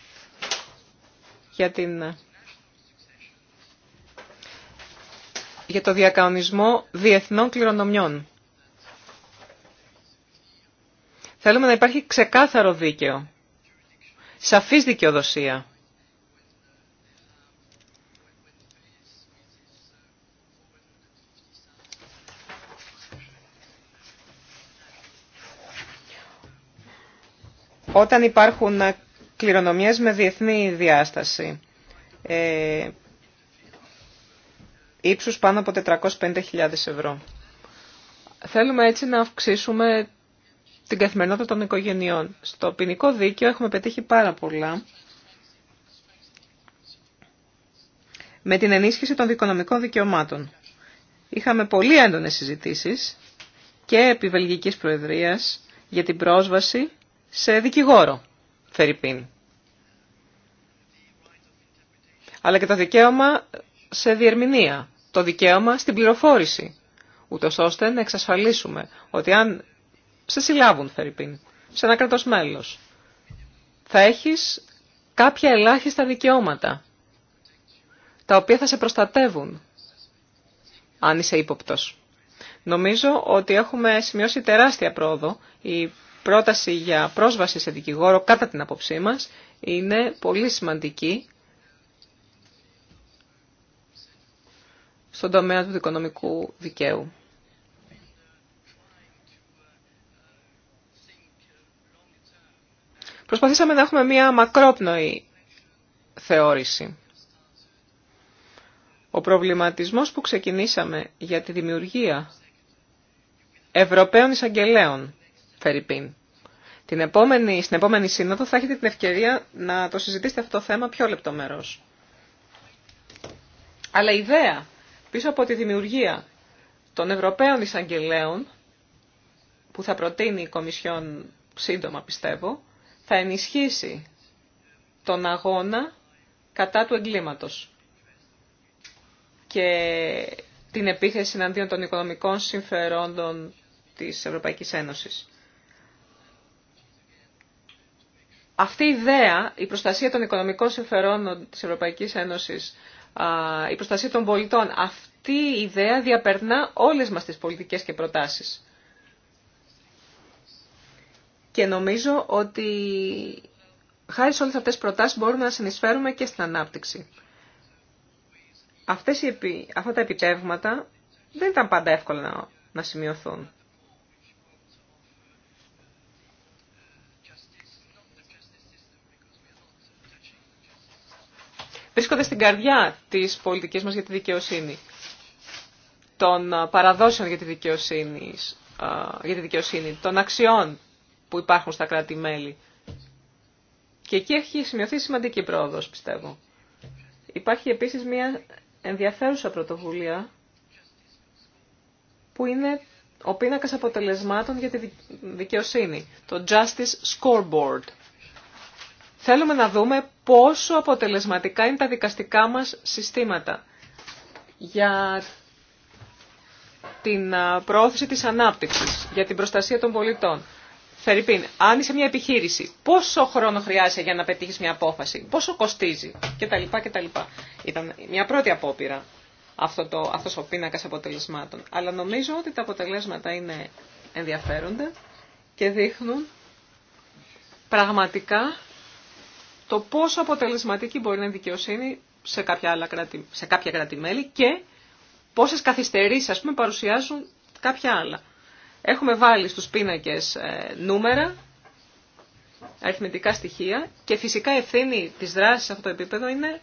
για, την... για το διακανονισμό διεθνών κληρονομιών. Θέλουμε να υπάρχει ξεκάθαρο δίκαιο, σαφής δικαιοδοσία Όταν υπάρχουν κληρονομιές με διεθνή διάσταση, ε, ύψους πάνω από 450.000 ευρώ. Θέλουμε έτσι να αυξήσουμε την καθημερινότητα των οικογενειών. Στο ποινικό δίκαιο έχουμε πετύχει πάρα πολλά με την ενίσχυση των δικονομικών δικαιωμάτων. Είχαμε πολύ έντονες συζητήσεις και επί Βελγικής Προεδρίας για την πρόσβαση σε δικηγόρο, Φερρυπίν. Αλλά και το δικαίωμα σε διερμηνία, το δικαίωμα στην πληροφόρηση, ούτω ώστε να εξασφαλίσουμε ότι αν σε συλλάβουν, Φερρυπίν, σε ένα κρατός μέλος, θα έχεις κάποια ελάχιστα δικαιώματα, τα οποία θα σε προστατεύουν, αν είσαι ύποπτος. Νομίζω ότι έχουμε σημειώσει τεράστια πρόοδο. Η πρόταση για πρόσβαση σε δικηγόρο, κατά την απόψή μας, είναι πολύ σημαντική στον τομέα του δικονομικού δικαίου. Προσπαθήσαμε να έχουμε μία μακρόπνοη θεώρηση. Ο προβληματισμός που ξεκινήσαμε για τη δημιουργία Ευρωπαίων εισαγγελέων την επόμενη, στην επόμενη σύνοδο θα έχετε την ευκαιρία να το συζητήσετε αυτό το θέμα πιο λεπτομερώς. Αλλά η ιδέα πίσω από τη δημιουργία των Ευρωπαίων Εισαγγελέων, που θα προτείνει η Κομισιόν σύντομα πιστεύω, θα ενισχύσει τον αγώνα κατά του εγκλήματος και την επίθεση εναντίον των οικονομικών συμφερόντων της Ευρωπαϊκής Ένωσης. αυτή η ιδέα, η προστασία των οικονομικών συμφερόνων της Ευρωπαϊκής Ένωσης, η προστασία των πολιτών, αυτή η ιδέα διαπερνά όλες μας τις πολιτικές και προτάσεις. Και νομίζω ότι χάρη σε όλες αυτές τις προτάσεις μπορούμε να συνεισφέρουμε και στην ανάπτυξη. Αυτές οι, αυτά τα επιτεύγματα δεν ήταν πάντα εύκολα να σημειωθούν. βρίσκονται στην καρδιά της πολιτικής μας για τη δικαιοσύνη, των παραδόσεων για τη δικαιοσύνη, για τη δικαιοσύνη των αξιών που υπάρχουν στα κράτη-μέλη. Και εκεί έχει σημειωθεί σημαντική πρόοδος, πιστεύω. Υπάρχει επίσης μια ενδιαφέρουσα πρωτοβουλία που είναι ο πίνακας αποτελεσμάτων για τη δικαιοσύνη, το Justice Scoreboard. Θέλουμε να δούμε πόσο αποτελεσματικά είναι τα δικαστικά μας συστήματα για την πρόθεση της ανάπτυξης, για την προστασία των πολιτών. Φερρυπίν, αν είσαι μια επιχείρηση, πόσο χρόνο χρειάζεται για να πετύχεις μια απόφαση, πόσο κοστίζει κτλ. κτλ. Ήταν μια πρώτη απόπειρα αυτό το, αυτός ο πίνακας αποτελεσμάτων. Αλλά νομίζω ότι τα αποτελέσματα είναι ενδιαφέροντα και δείχνουν πραγματικά το πόσο αποτελεσματική μπορεί να είναι η δικαιοσύνη σε κάποια, άλλα κράτη, σε κάποια κράτη-μέλη και πόσες καθυστερήσεις ας πούμε, παρουσιάζουν κάποια άλλα. Έχουμε βάλει στους πίνακες ε, νούμερα, αριθμητικά στοιχεία και φυσικά ευθύνη της δράσης σε αυτό το επίπεδο είναι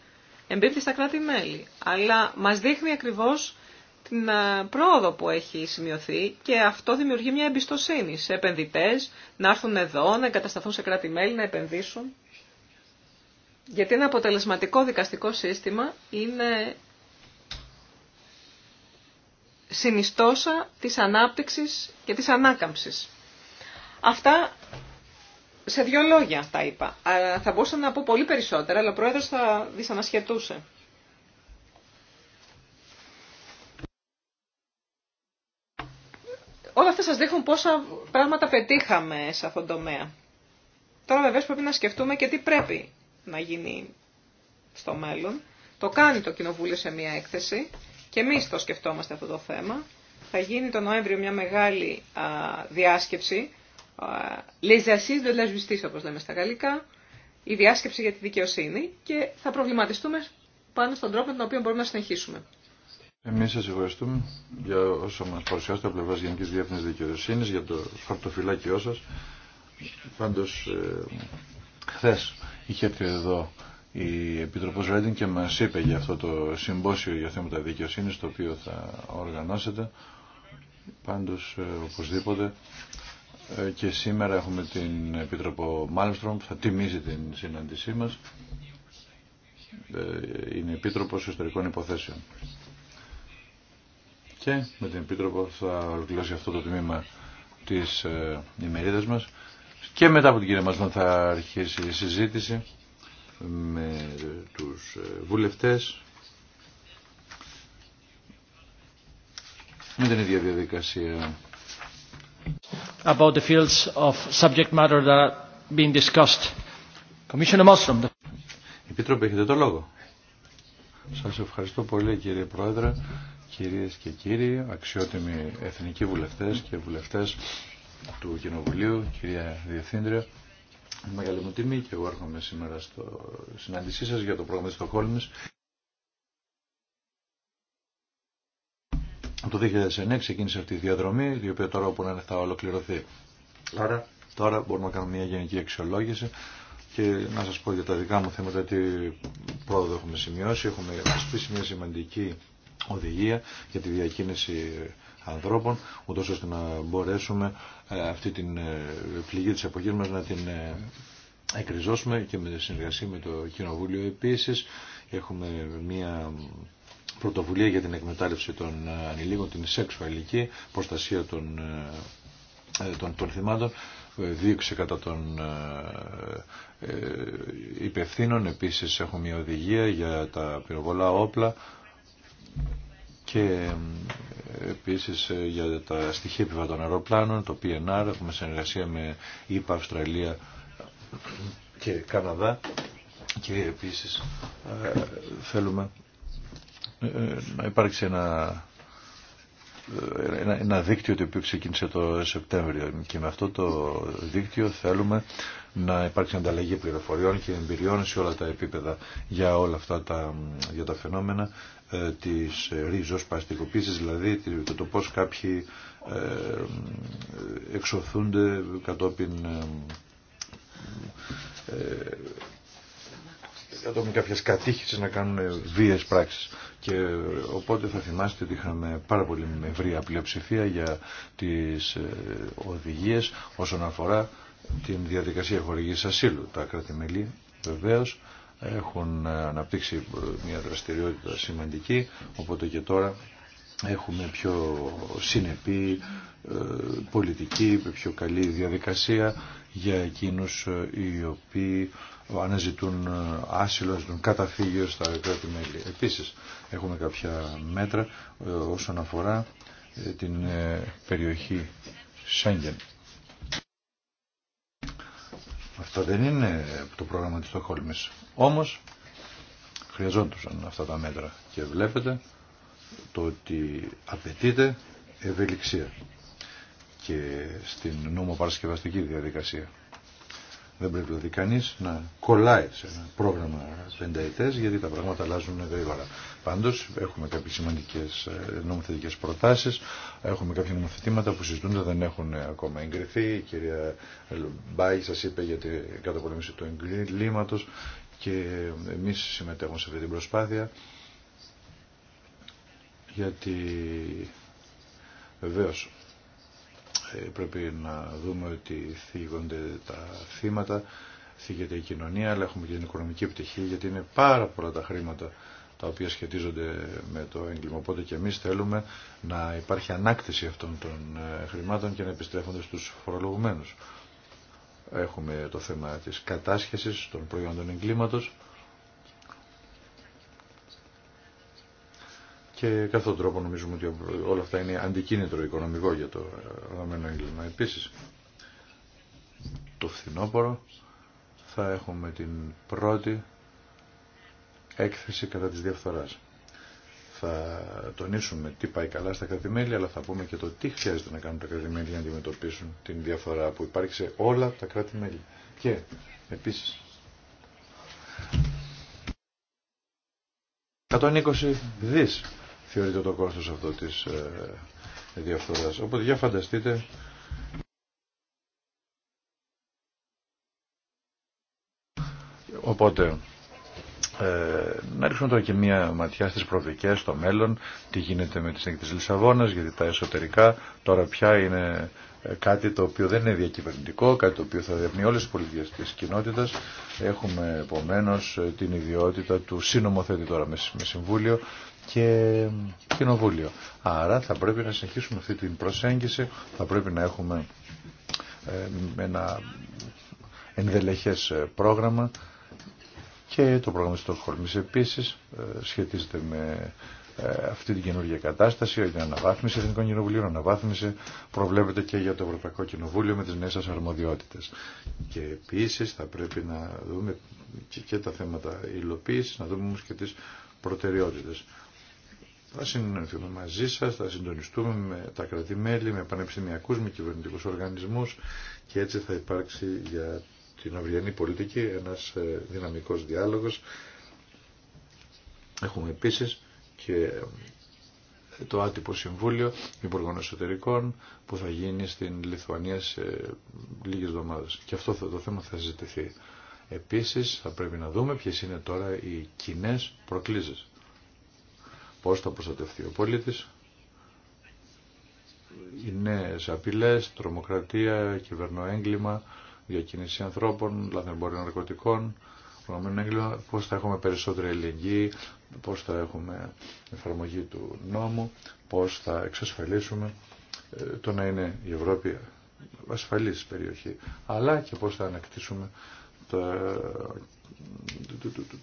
εμπίπτει στα κράτη-μέλη. Αλλά μας δείχνει ακριβώς την ε, πρόοδο που έχει σημειωθεί και αυτό δημιουργεί μια εμπιστοσύνη σε επενδυτές να έρθουν εδώ, να εγκατασταθούν σε κράτη-μέλη, να επενδύσουν. Γιατί ένα αποτελεσματικό δικαστικό σύστημα είναι συνιστόσα της ανάπτυξης και της ανάκαμψης. Αυτά σε δύο λόγια τα είπα. Θα μπορούσα να πω πολύ περισσότερα, αλλά ο Πρόεδρος θα δυσανασχετούσε. Όλα αυτά σας δείχνουν πόσα πράγματα πετύχαμε σε αυτόν τον τομέα. Τώρα βεβαίως πρέπει να σκεφτούμε και τι πρέπει να γίνει στο μέλλον. Το κάνει το Κοινοβούλιο σε μια έκθεση και εμεί το σκεφτόμαστε αυτό το θέμα. Θα γίνει το Νοέμβριο μια μεγάλη α, διάσκεψη, les assises de la justice όπως λέμε στα γαλλικά, η διάσκεψη για τη δικαιοσύνη και θα προβληματιστούμε πάνω στον τρόπο με τον οποίο μπορούμε να συνεχίσουμε. Εμεί σα ευχαριστούμε για όσο μα παρουσιάσετε από πλευρά Γενική Διεύθυνση Δικαιοσύνη, για το χαρτοφυλάκιό σα. Πάντω, ε, Χθε είχε έρθει εδώ η Επιτροπός Ρέντιν και μας είπε για αυτό το συμπόσιο για θέματα δικαιοσύνης το οποίο θα οργανώσετε. Πάντως, ε, οπωσδήποτε, ε, και σήμερα έχουμε την Επίτροπο Μάλμστρομ θα τιμήσει την συνάντησή μας. Ε, είναι Επίτροπος Ιστορικών Υποθέσεων. Και με την Επίτροπο θα ολοκληρώσει αυτό το τμήμα της ημερίδας μας. Και μετά από την κυρία μας θα αρχίσει η συζήτηση με τους ε, βουλευτές με την ίδια διαδικασία. About the fields of subject matter that are being discussed. Commissioner Επίτροπε, έχετε το λόγο. Σας ευχαριστώ πολύ κύριε Πρόεδρε, κυρίες και κύριοι, αξιότιμοι εθνικοί βουλευτές και βουλευτές του Κοινοβουλίου, κυρία Διευθύντρια. Μεγάλη μου τιμή και εγώ έρχομαι σήμερα στο συνάντησή σας για το πρόγραμμα της Στοκόλμης. Το 2009 ξεκίνησε αυτή η διαδρομή, η οποία τώρα όπου να θα ολοκληρωθεί. Άρα τώρα μπορούμε να κάνουμε μια γενική αξιολόγηση και να σας πω για τα δικά μου θέματα τι πρόοδο έχουμε σημειώσει. Έχουμε ασπίσει μια σημαντική οδηγία για τη διακίνηση ανθρώπων, ούτως ώστε να μπορέσουμε ε, αυτή την ε, πληγή της εποχής να την ε, εκριζώσουμε και με τη συνεργασία με το Κοινοβούλιο επίσης. Έχουμε μια πρωτοβουλία για την εκμετάλλευση των ανηλίκων, την σεξουαλική προστασία των, των, των θυμάτων δίωξη κατά των υπευθύνων. Επίσης έχουμε μια οδηγία για τα πυροβολά όπλα και ε, επίσης ε, για τα στοιχεία επιβατών αεροπλάνων, το PNR, έχουμε συνεργασία με ΙΠΑ, Αυστραλία και Καναδά και επίσης ε, θέλουμε να υπάρξει ένα ένα δίκτυο το οποίο ξεκίνησε το Σεπτέμβριο και με αυτό το δίκτυο θέλουμε να υπάρξει ανταλλαγή πληροφοριών και εμπειριών σε όλα τα επίπεδα για όλα αυτά τα, για τα φαινόμενα ε, της ε, παστικοποίησης δηλαδή το, το πώς κάποιοι ε, εξωθούνται κατόπιν κατόπιν κάποιας κατήχησης να κάνουν βίες πράξεις. Και οπότε θα θυμάστε ότι είχαμε πάρα πολύ ευρία πλειοψηφία για τις οδηγίες όσον αφορά την διαδικασία χορηγής ασύλου. Τα κρατημελή βεβαίως έχουν αναπτύξει μια δραστηριότητα σημαντική, οπότε και τώρα έχουμε πιο συνεπή ε, πολιτική, πιο καλή διαδικασία για εκείνους ε, οι οποίοι αναζητούν ε, άσυλο, αναζητούν καταφύγιο στα κράτη-μέλη. Επίσης έχουμε κάποια μέτρα όσον αφορά την περιοχή Σέγγεν. Αυτό δεν είναι το πρόγραμμα της Στοχόλμης. Όμως χρειαζόντουσαν αυτά τα μέτρα και βλέπετε το ότι απαιτείται ευελιξία και στην νομοπαρασκευαστική διαδικασία. Δεν πρέπει δηλαδή κανεί να κολλάει σε ένα πρόγραμμα πενταετέ γιατί τα πράγματα αλλάζουν γρήγορα. Πάντω έχουμε κάποιε σημαντικέ ε, νομοθετικέ προτάσει, έχουμε κάποια νομοθετήματα που συζητούνται, δεν έχουν ακόμα εγκριθεί. Η κυρία Λουμπάη σα είπε για την καταπολέμηση του εγκλήματο και εμεί συμμετέχουμε σε αυτή την προσπάθεια γιατί βεβαίω ε, πρέπει να δούμε ότι θίγονται τα θύματα, θίγεται η κοινωνία, αλλά έχουμε και την οικονομική επιτυχία γιατί είναι πάρα πολλά τα χρήματα τα οποία σχετίζονται με το έγκλημα. Οπότε και εμείς θέλουμε να υπάρχει ανάκτηση αυτών των ε, χρημάτων και να επιστρέφονται στους φορολογουμένους. Έχουμε το θέμα της κατάσχεσης των προϊόντων εγκλήματος και κατά τρόπο νομίζουμε ότι όλα αυτά είναι αντικίνητρο οικονομικό για το οργανωμένο έγκλημα. Επίσης, το φθινόπωρο θα έχουμε την πρώτη έκθεση κατά της διαφθοράς. Θα τονίσουμε τι πάει καλά στα κράτη-μέλη, αλλά θα πούμε και το τι χρειάζεται να κάνουν τα κράτη-μέλη για να αντιμετωπίσουν την διαφορά που υπάρχει σε όλα τα κράτη-μέλη. Και επίσης 120 δις θεωρείται το κόστος αυτό της ε, διαφθοράς. Οπότε για φανταστείτε Οπότε, ε, να ρίξουμε τώρα και μία ματιά στις προοπτικές στο μέλλον, τι γίνεται με τις νίκη της Λισαβόνας, γιατί τα εσωτερικά τώρα πια είναι ε, κάτι το οποίο δεν είναι διακυβερνητικό, κάτι το οποίο θα διευνεί όλες τις πολιτικές της κοινότητας. Έχουμε επομένω ε, την ιδιότητα του συνομοθέτη τώρα με συμβούλιο και κοινοβούλιο. Άρα θα πρέπει να συνεχίσουμε αυτή την προσέγγιση, θα πρέπει να έχουμε ε, ένα ενδελεχές ε, πρόγραμμα και το πρόγραμμα της Στοκχόλμης επίσης ε, σχετίζεται με αυτή την καινούργια κατάσταση, η αναβάθμιση Εθνικών Κοινοβουλίων, αναβάθμιση προβλέπεται και για το Ευρωπαϊκό Κοινοβούλιο με τις νέες σας αρμοδιότητες. Και επίσης θα πρέπει να δούμε και, τα θέματα υλοποίηση, να δούμε όμως και τις προτεραιότητες. Θα συνεννοηθούμε μαζί σας, θα συντονιστούμε με τα κρατημέλη, με πανεπιστημιακούς, με κυβερνητικούς οργανισμούς και έτσι θα υπάρξει για την αυριανή πολιτική ένας ε, δυναμικός διάλογος. Έχουμε επίσης και ε, το άτυπο συμβούλιο υπουργών εσωτερικών που θα γίνει στην Λιθουανία σε ε, λίγες εβδομάδες. Και αυτό το θέμα θα συζητηθεί. Επίσης θα πρέπει να δούμε ποιες είναι τώρα οι κοινέ προκλήσεις πώς θα προστατευτεί ο πολίτης, οι νέες απειλές, τρομοκρατία, κυβερνοέγκλημα, διακίνηση ανθρώπων, λαθρεμπόριο ναρκωτικών, πώς θα έχουμε περισσότερη ελληνική, πώς θα έχουμε εφαρμογή του νόμου, πώς θα εξασφαλίσουμε ε, το να είναι η Ευρώπη ασφαλής περιοχή, αλλά και πώς θα ανακτήσουμε το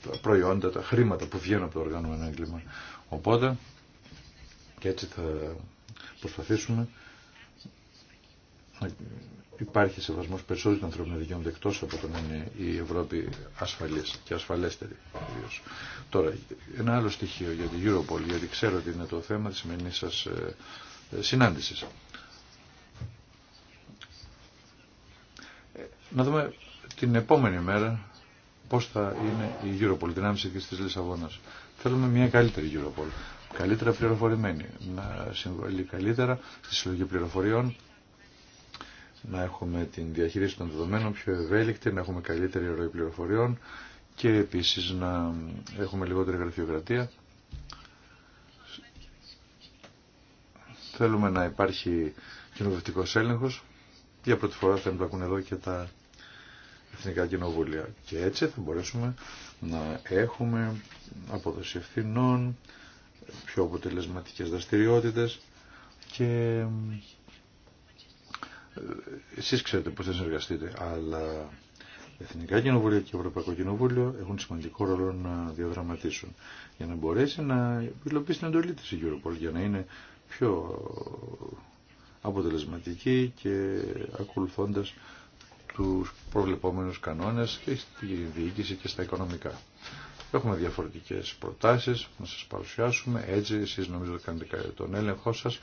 τα προϊόντα, τα χρήματα που βγαίνουν από το οργανωμένο έγκλημα. Οπότε και έτσι θα προσπαθήσουμε να υπάρχει σεβασμός περισσότερων ανθρώπινων δικαιώματων εκτός από το να είναι η Ευρώπη ασφαλής και ασφαλέστερη. Τώρα, ένα άλλο στοιχείο για την Europol, γιατί ξέρω ότι είναι το θέμα της σημερινής σας ε, ε, συνάντησης. Ε, να δούμε την επόμενη μέρα πώς θα είναι η Europol, την άμεση της Λισαβόνας. Θέλουμε μια καλύτερη Europol, καλύτερα πληροφορημένη, να συμβολεί καλύτερα στη συλλογή πληροφοριών, να έχουμε την διαχείριση των δεδομένων πιο ευέλικτη, να έχουμε καλύτερη ροή πληροφοριών και επίσης να έχουμε λιγότερη γραφειοκρατία. Θέλουμε να υπάρχει κοινοβουλευτικό έλεγχος. Για πρώτη φορά θα εμπλακούν εδώ και τα εθνικά κοινοβούλια. Και έτσι θα μπορέσουμε να έχουμε αποδοση ευθυνών, πιο αποτελεσματικές δραστηριότητες και ε, εσείς ξέρετε πώς θα συνεργαστείτε, αλλά Εθνικά Κοινοβούλια και Ευρωπαϊκό Κοινοβούλιο έχουν σημαντικό ρόλο να διαδραματίσουν για να μπορέσει να υλοποιήσει την εντολή της η Europol για να είναι πιο αποτελεσματική και ακολουθώντας του προβλεπόμενους κανόνες και στη διοίκηση και στα οικονομικά. Έχουμε διαφορετικές προτάσεις να σας παρουσιάσουμε, έτσι εσείς νομίζω ότι κάνετε τον έλεγχό σας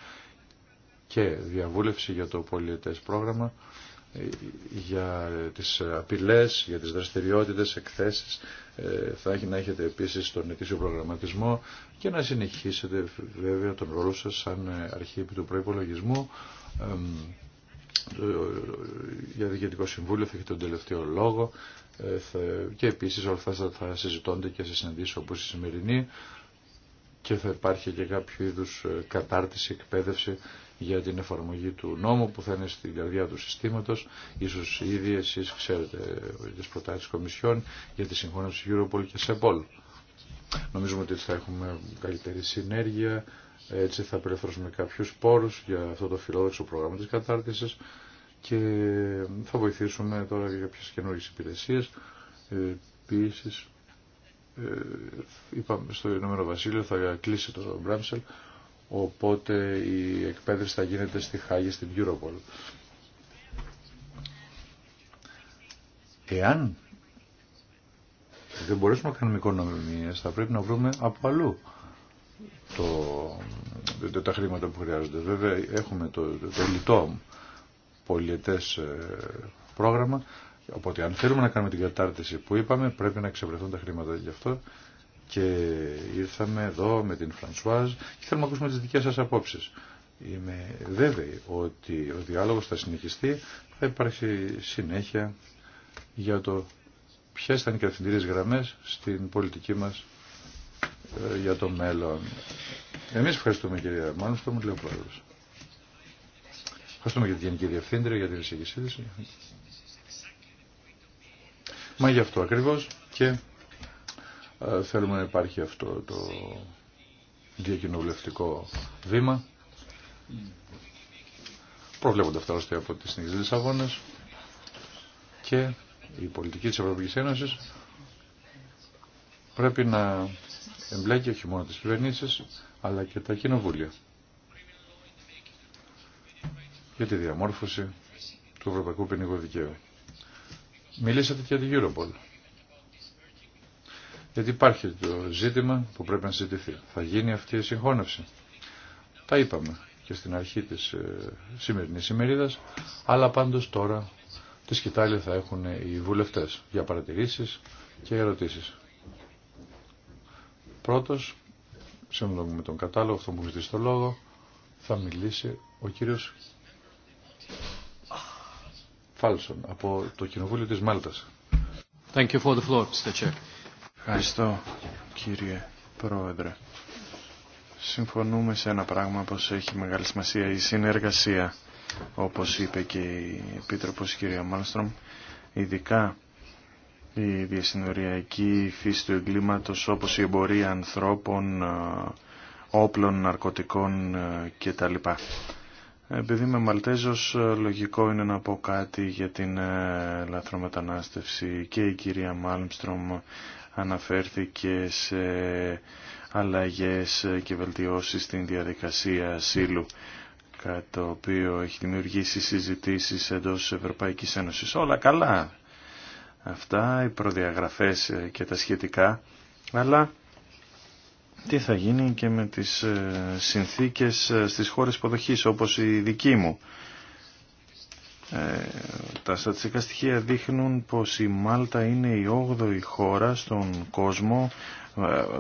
και διαβούλευση για το πολιετές πρόγραμμα, ε, για τις απειλές, για τις δραστηριότητες, εκθέσεις. Ε, θα έχει να έχετε επίσης τον ετήσιο προγραμματισμό και να συνεχίσετε βέβαια τον ρόλο σας σαν αρχή του προπολογισμού για διοικητικό συμβούλιο θα έχει τον τελευταίο λόγο ε, και επίσης όλα αυτά θα συζητώνται και σε συναντήσεις όπως η σημερινή και θα υπάρχει και κάποιο είδους ε, κατάρτιση, εκπαίδευση για την εφαρμογή του νόμου που θα είναι στην καρδιά του συστήματος. Ίσως ήδη εσείς ξέρετε τις προτάσεις Κομισιόν για τη συγχώνευση Europol και Σεπόλ. Νομίζουμε ότι θα έχουμε καλύτερη συνέργεια, έτσι θα απελευθερώσουμε κάποιους πόρους για αυτό το φιλόδοξο πρόγραμμα της κατάρτισης και θα βοηθήσουμε τώρα για κάποιες καινούργιες υπηρεσίες. Επίση, ε, είπαμε στο Ηνωμένο Βασίλειο θα κλείσει το Μπράμσελ, οπότε η εκπαίδευση θα γίνεται στη Χάγη, στην Europol. Εάν δεν μπορέσουμε να κάνουμε οικονομίες, θα πρέπει να βρούμε από αλλού το, τα χρήματα που χρειάζονται. Βέβαια έχουμε το, το, το ε, πρόγραμμα, οπότε αν θέλουμε να κάνουμε την κατάρτιση που είπαμε πρέπει να ξεβρεθούν τα χρήματα γι' αυτό και ήρθαμε εδώ με την Φρανσουάζ και θέλουμε να ακούσουμε τις δικές σας απόψεις. Είμαι βέβαιη ότι ο διάλογος θα συνεχιστεί, θα υπάρχει συνέχεια για το ποιες θα είναι οι γραμμές στην πολιτική μας ε, για το μέλλον. Εμείς ευχαριστούμε κυρία μου λέει ο Πρόεδρος. Ευχαριστούμε και την Γενική Διευθύντρια για την εισήγησή Μα γι' αυτό ακριβώς και ε, θέλουμε να υπάρχει αυτό το διακοινοβουλευτικό βήμα. Προβλέπονται αυτά ώστε από τις συνήθειες και η πολιτική της Ευρωπαϊκής Ένωσης πρέπει να εμπλέκει όχι μόνο τις κυβερνήσεις, αλλά και τα κοινοβούλια. Για τη διαμόρφωση του Ευρωπαϊκού Ποινικού Δικαίου. Μιλήσατε και για την Europol. Γιατί υπάρχει το ζήτημα που πρέπει να συζητηθεί. Θα γίνει αυτή η συγχώνευση. Τα είπαμε και στην αρχή της ε, σημερινής ημερίδας, αλλά πάντως τώρα τη σκητάλη θα έχουν οι βουλευτές για παρατηρήσεις και ερωτήσεις. Πρώτος, σύμφωνα με τον κατάλογο, αυτό μου ζητήσει το λόγο, θα μιλήσει ο κύριος Φάλσον από το Κοινοβούλιο της Μάλτας. Ευχαριστώ, κύριε Πρόεδρε. Συμφωνούμε σε ένα πράγμα πως έχει μεγάλη σημασία η συνεργασία, όπως είπε και η Επίτροπος κυρία Μάλστρομ, ειδικά η διασυνοριακή φύση του εγκλήματος όπως η εμπορία ανθρώπων, ε, όπλων, ναρκωτικών ε, κτλ. Επειδή είμαι Μαλτέζος, ε, λογικό είναι να πω κάτι για την λαθρομετανάστευση και η κυρία Μάλμστρομ αναφέρθηκε σε αλλαγές και βελτιώσεις στην διαδικασία ασύλου κατά το οποίο έχει δημιουργήσει συζητήσεις εντός Ευρωπαϊκής Ένωσης. Όλα καλά, αυτά, οι προδιαγραφές ε, και τα σχετικά, αλλά τι θα γίνει και με τις ε, συνθήκες ε, στις χώρες υποδοχής όπως η δική μου. Τα στατιστικά στοιχεία δείχνουν πως η Μάλτα είναι η 8η χώρα στον κόσμο,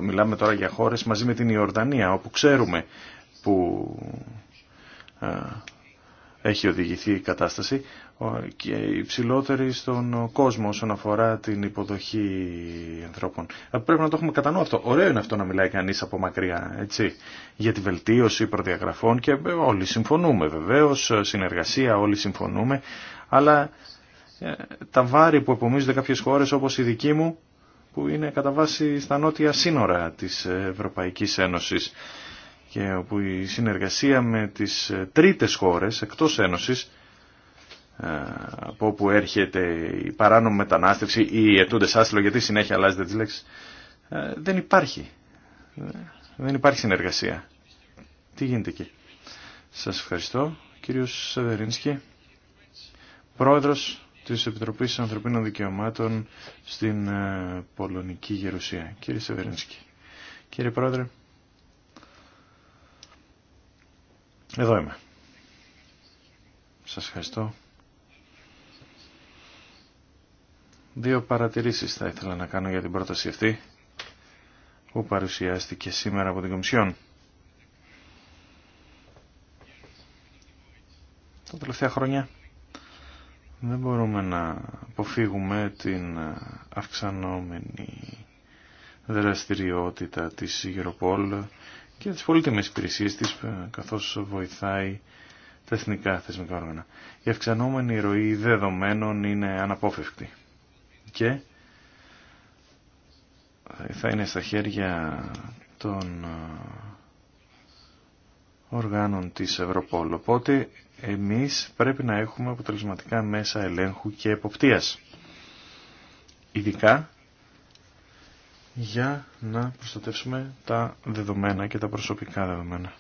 μιλάμε τώρα για χώρες μαζί με την Ιορδανία όπου ξέρουμε που έχει οδηγηθεί η κατάσταση, και υψηλότερη στον κόσμο όσον αφορά την υποδοχή ανθρώπων. Ε, πρέπει να το έχουμε κατά νου αυτό. Ωραίο είναι αυτό να μιλάει κανείς από μακριά, έτσι, για τη βελτίωση προδιαγραφών και ε, όλοι συμφωνούμε βεβαίως, ε, συνεργασία όλοι συμφωνούμε, αλλά τα βάρη που επομίζονται κάποιες χώρες όπως η δική μου, που είναι κατά βάση στα νότια σύνορα της Ευρωπαϊκής Ένωσης και όπου η συνεργασία με τις τρίτες χώρες εκτός Ένωσης ε, από όπου έρχεται η παράνομη μετανάστευση ή οι ετούντες άσυλο, γιατί συνέχεια αλλάζεται τις λέξεις, ε, δεν υπάρχει. Δεν υπάρχει συνεργασία. Τι γίνεται εκεί. Σας ευχαριστώ. κύριο Σεβερίνσκι, πρόεδρος της Επιτροπής Ανθρωπίνων Δικαιωμάτων στην ε, Πολωνική Γερουσία. Κύριε Σεβερίνσκι. Κύριε Πρόεδρε, εδώ είμαι. Σας ευχαριστώ Δύο παρατηρήσεις θα ήθελα να κάνω για την πρόταση αυτή που παρουσιάστηκε σήμερα από την Κομισιόν. Τα τελευταία χρόνια δεν μπορούμε να αποφύγουμε την αυξανόμενη δραστηριότητα της Γεροπόλ και τις πολύτιμες υπηρεσίε της καθώς βοηθάει τα εθνικά θεσμικά όργανα. Η αυξανόμενη ροή δεδομένων είναι αναπόφευκτη και θα είναι στα χέρια των ε, οργάνων της Ευρωπόλ. Οπότε εμείς πρέπει να έχουμε αποτελεσματικά μέσα ελέγχου και εποπτείας. Ειδικά για να προστατεύσουμε τα δεδομένα και τα προσωπικά δεδομένα.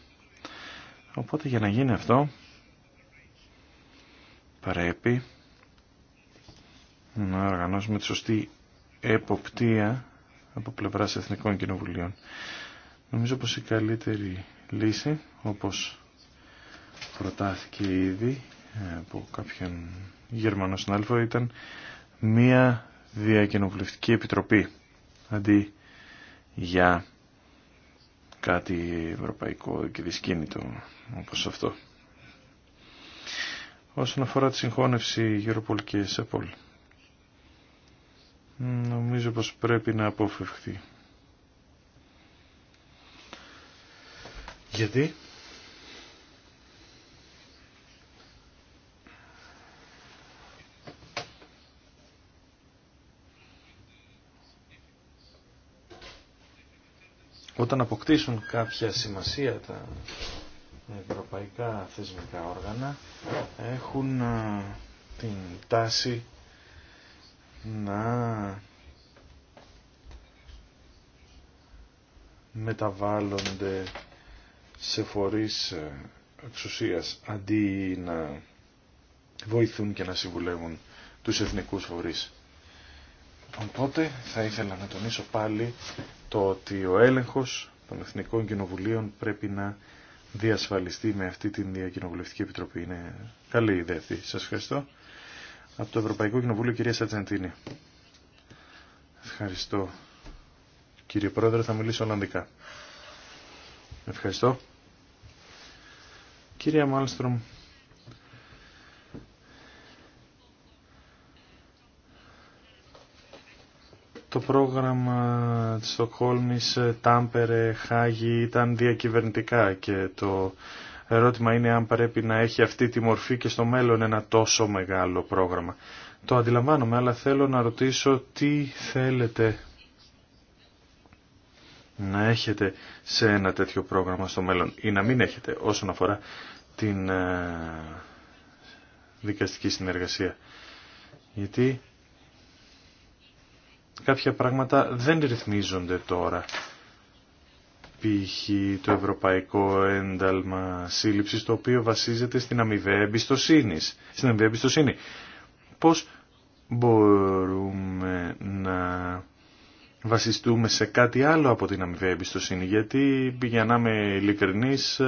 Οπότε για να γίνει αυτό πρέπει να οργανώσουμε τη σωστή εποπτεία από πλευράς εθνικών κοινοβουλίων. Νομίζω πως η καλύτερη λύση, όπως προτάθηκε ήδη από κάποιον Γερμανό συνάλφο, ήταν μία διακοινοβουλευτική επιτροπή, αντί για κάτι ευρωπαϊκό και δυσκίνητο όπως αυτό. Όσον αφορά τη συγχώνευση Europol και νομίζω πως πρέπει να αποφευχθεί. Γιατί? Όταν αποκτήσουν κάποια σημασία τα ευρωπαϊκά θεσμικά όργανα έχουν την τάση να μεταβάλλονται σε φορείς ε, εξουσίας αντί να βοηθούν και να συμβουλεύουν τους εθνικούς φορείς. Οπότε θα ήθελα να τονίσω πάλι το ότι ο έλεγχος των Εθνικών Κοινοβουλίων πρέπει να διασφαλιστεί με αυτή την Διακοινοβουλευτική Επιτροπή. Είναι καλή ιδέα αυτή. Σας ευχαριστώ. Από το Ευρωπαϊκό Κοινοβούλιο, κυρία Σατζεντίνη. Ευχαριστώ. Κύριε Πρόεδρε, θα μιλήσω Ολλανδικά. Ευχαριστώ. Κυρία Μάλστρομ, το πρόγραμμα της Στοκχόλμης, Τάμπερε, Χάγη ήταν διακυβερνητικά και το ερώτημα είναι αν πρέπει να έχει αυτή τη μορφή και στο μέλλον ένα τόσο μεγάλο πρόγραμμα. Το αντιλαμβάνομαι, αλλά θέλω να ρωτήσω τι θέλετε να έχετε σε ένα τέτοιο πρόγραμμα στο μέλλον ή να μην έχετε όσον αφορά την ε, δικαστική συνεργασία. Γιατί κάποια πράγματα δεν ρυθμίζονται τώρα π.χ. το Ευρωπαϊκό Ένταλμα Σύλληψης, το οποίο βασίζεται στην αμοιβαία εμπιστοσύνη. Στην αμοιβαία εμπιστοσύνη. Πώς μπορούμε να βασιστούμε σε κάτι άλλο από την αμοιβαία εμπιστοσύνη, γιατί για να είμαι ειλικρινής,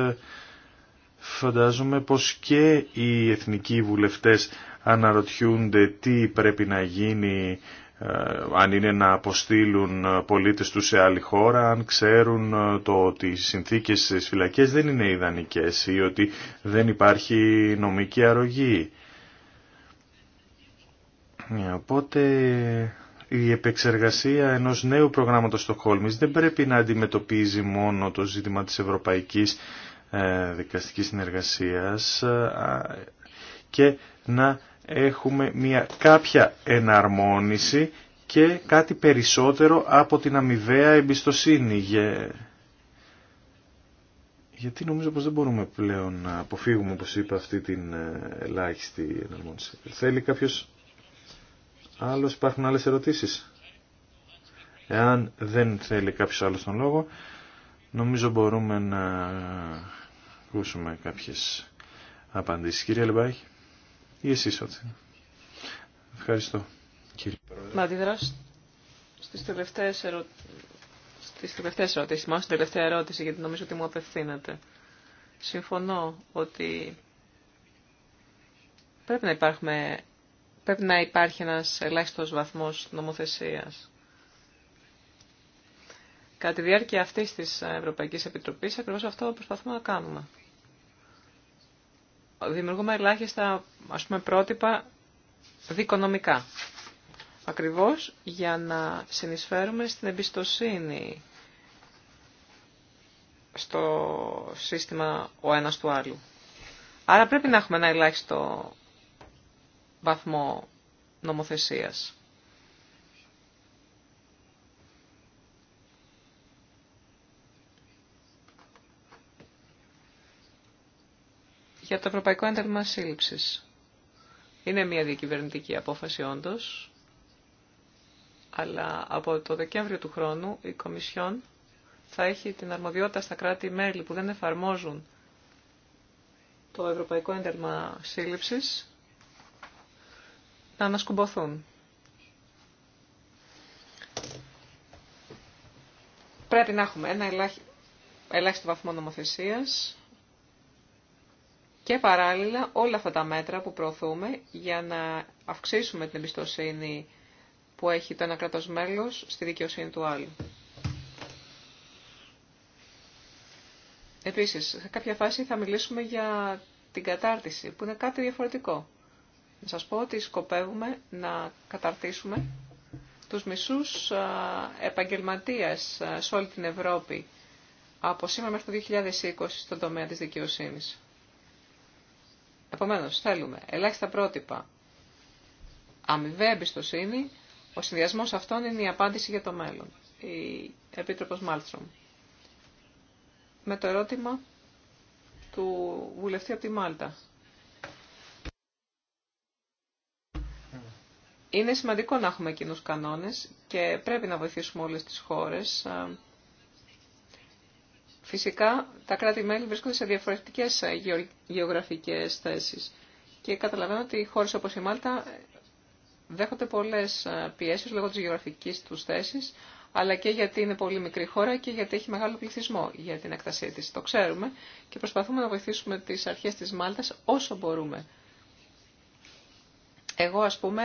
φαντάζομαι πως και οι εθνικοί βουλευτές αναρωτιούνται τι πρέπει να γίνει ε, αν είναι να αποστείλουν πολίτες τους σε άλλη χώρα, αν ξέρουν ε, το ότι οι συνθήκες στις φυλακές δεν είναι ιδανικές ή ότι δεν υπάρχει νομική αρρωγή. Ε, οπότε η επεξεργασία ενός νέου προγράμματος Στοκχόλμης δεν υπαρχει νομικη αρρωγη οποτε η επεξεργασια ενος νεου προγραμματος χολμη δεν πρεπει να αντιμετωπίζει μόνο το ζήτημα της ευρωπαϊκής δικαστικής συνεργασίας και να έχουμε μια κάποια εναρμόνιση και κάτι περισσότερο από την αμοιβαία εμπιστοσύνη. Γιατί νομίζω πως δεν μπορούμε πλέον να αποφύγουμε, όπως είπα, αυτή την ε, ελάχιστη εναρμόνιση. Θέλει κάποιος άλλος, υπάρχουν άλλες ερωτήσεις. Εάν δεν θέλει κάποιος άλλος τον λόγο, νομίζω μπορούμε να ακούσουμε κάποιες απαντήσεις. Κύριε Λεμπάχη. Ή εσεί ότι. Ευχαριστώ. Κύριε Πρόεδρε. Να αντιδράσω στις τελευταίες, ερω... μάλλον στην τελευταία ερώτηση, γιατί νομίζω ότι μου απευθύνεται. Συμφωνώ ότι πρέπει να, πρέπει να υπάρχει ένας ελάχιστος βαθμός νομοθεσίας. Κατά τη διάρκεια αυτής της Ευρωπαϊκής Επιτροπής, ακριβώς αυτό προσπαθούμε να κάνουμε δημιουργούμε ελάχιστα ας πούμε, πρότυπα δικονομικά. Ακριβώς για να συνεισφέρουμε στην εμπιστοσύνη στο σύστημα ο ένας του άλλου. Άρα πρέπει να έχουμε ένα ελάχιστο βαθμό νομοθεσίας. για το Ευρωπαϊκό Ένταλμα σύλληψη. Είναι μια διακυβερνητική απόφαση όντω. αλλά από το Δεκέμβριο του χρόνου η Κομισιόν θα έχει την αρμοδιότητα στα κράτη-μέλη που δεν εφαρμόζουν το Ευρωπαϊκό Ένταλμα Σύλληψη να ανασκουμποθούν. Πρέπει να έχουμε ένα ελάχιστο βαθμό νομοθεσίας και παράλληλα όλα αυτά τα μέτρα που προωθούμε για να αυξήσουμε την εμπιστοσύνη που έχει το ένα κράτος μέλος στη δικαιοσύνη του άλλου. Επίσης, σε κάποια φάση θα μιλήσουμε για την κατάρτιση, που είναι κάτι διαφορετικό. Να σας πω ότι σκοπεύουμε να καταρτήσουμε τους μισούς επαγγελματίε σε όλη την Ευρώπη από σήμερα μέχρι το 2020 στον τομέα της δικαιοσύνης. Επομένως, θέλουμε ελάχιστα πρότυπα, αμοιβαία εμπιστοσύνη, ο συνδυασμό αυτών είναι η απάντηση για το μέλλον. Η Επίτροπος Μάλτρομ Με το ερώτημα του βουλευτή από τη Μάλτα. Είναι σημαντικό να έχουμε κοινού κανόνες και πρέπει να βοηθήσουμε όλες τις χώρες Φυσικά τα κράτη-μέλη βρίσκονται σε διαφορετικές ε, γεωγραφικές θέσεις και καταλαβαίνω ότι οι χώρες όπως η Μάλτα ε, δέχονται πολλές ε, πιέσεις λόγω της γεωγραφικής τους θέσης, αλλά και γιατί είναι πολύ μικρή χώρα και γιατί έχει μεγάλο πληθυσμό για την εκτασία της. Το ξέρουμε και προσπαθούμε να βοηθήσουμε τις αρχές της Μάλτας όσο μπορούμε. Εγώ, ας πούμε,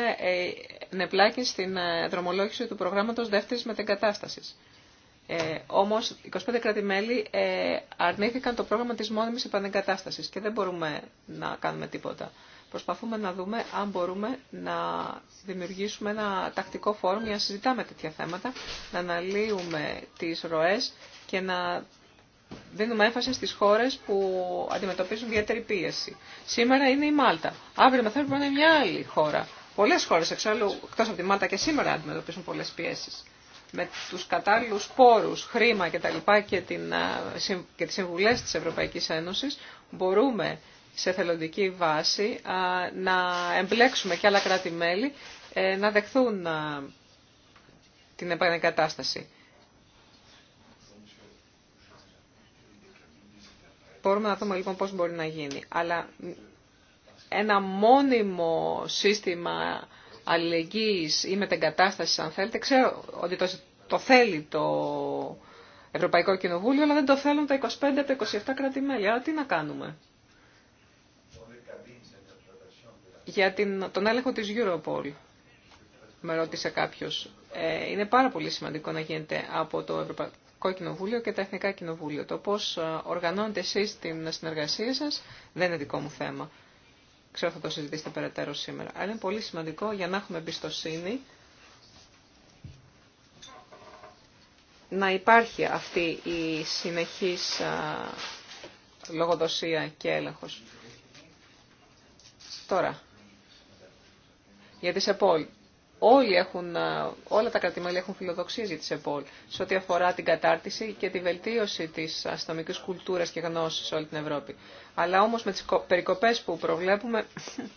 νεπλάκι στην δρομολόγηση του προγράμματος δεύτερης μετεγκατάστασης. Ε, όμως, 25 κράτη-μέλη ε, αρνήθηκαν το πρόγραμμα τη μόνιμη επανεγκατάσταση και δεν μπορούμε να κάνουμε τίποτα. Προσπαθούμε να δούμε αν μπορούμε να δημιουργήσουμε ένα τακτικό φόρουμ για να συζητάμε τέτοια θέματα, να αναλύουμε τι ροές και να δίνουμε έμφαση στι χώρε που αντιμετωπίζουν ιδιαίτερη πίεση. Σήμερα είναι η Μάλτα. Αύριο μεθαύριο μπορεί να είναι μια άλλη χώρα. Πολλέ χώρε εξάλλου, εκτό από τη Μάλτα και σήμερα αντιμετωπίζουν πολλέ πιέσει με τους κατάλληλους πόρους, χρήμα κτλ. Και, την, και τις συμβουλές της Ευρωπαϊκής Ένωσης μπορούμε σε θελοντική βάση να εμπλέξουμε και άλλα κράτη-μέλη ε, να δεχθούν την επανεκατάσταση. Μπορούμε να δούμε λοιπόν πώς μπορεί να γίνει. Αλλά ένα μόνιμο σύστημα αλληλεγγύης ή μετεγκατάστασης, αν θέλετε. Ξέρω ότι το, το θέλει το Ευρωπαϊκό Κοινοβούλιο, αλλά δεν το θέλουν τα 25 από τα 27 κράτη-μέλη. Άρα τι να κάνουμε. Για την, τον έλεγχο της Europol, με ρώτησε κάποιος. Ε, είναι πάρα πολύ σημαντικό να γίνεται από το Ευρωπαϊκό Κοινοβούλιο και τα Εθνικά Κοινοβούλια. Το πώς ε, οργανώνετε εσείς την συνεργασία σας δεν είναι δικό μου θέμα. Ξέρω θα το συζητήσετε περαιτέρω σήμερα. Αλλά είναι πολύ σημαντικό για να έχουμε εμπιστοσύνη να υπάρχει αυτή η συνεχής λογοδοσία και έλεγχος. Τώρα, για τις ΕΠΟΛ, Όλοι έχουν, όλα τα κρατημέλη έχουν φιλοδοξίες για τη ΣΕΠΟΛ σε ό,τι αφορά την κατάρτιση και τη βελτίωση της αστυνομικής κουλτούρας και γνώσης σε όλη την Ευρώπη. Αλλά όμως με τις περικοπές που προβλέπουμε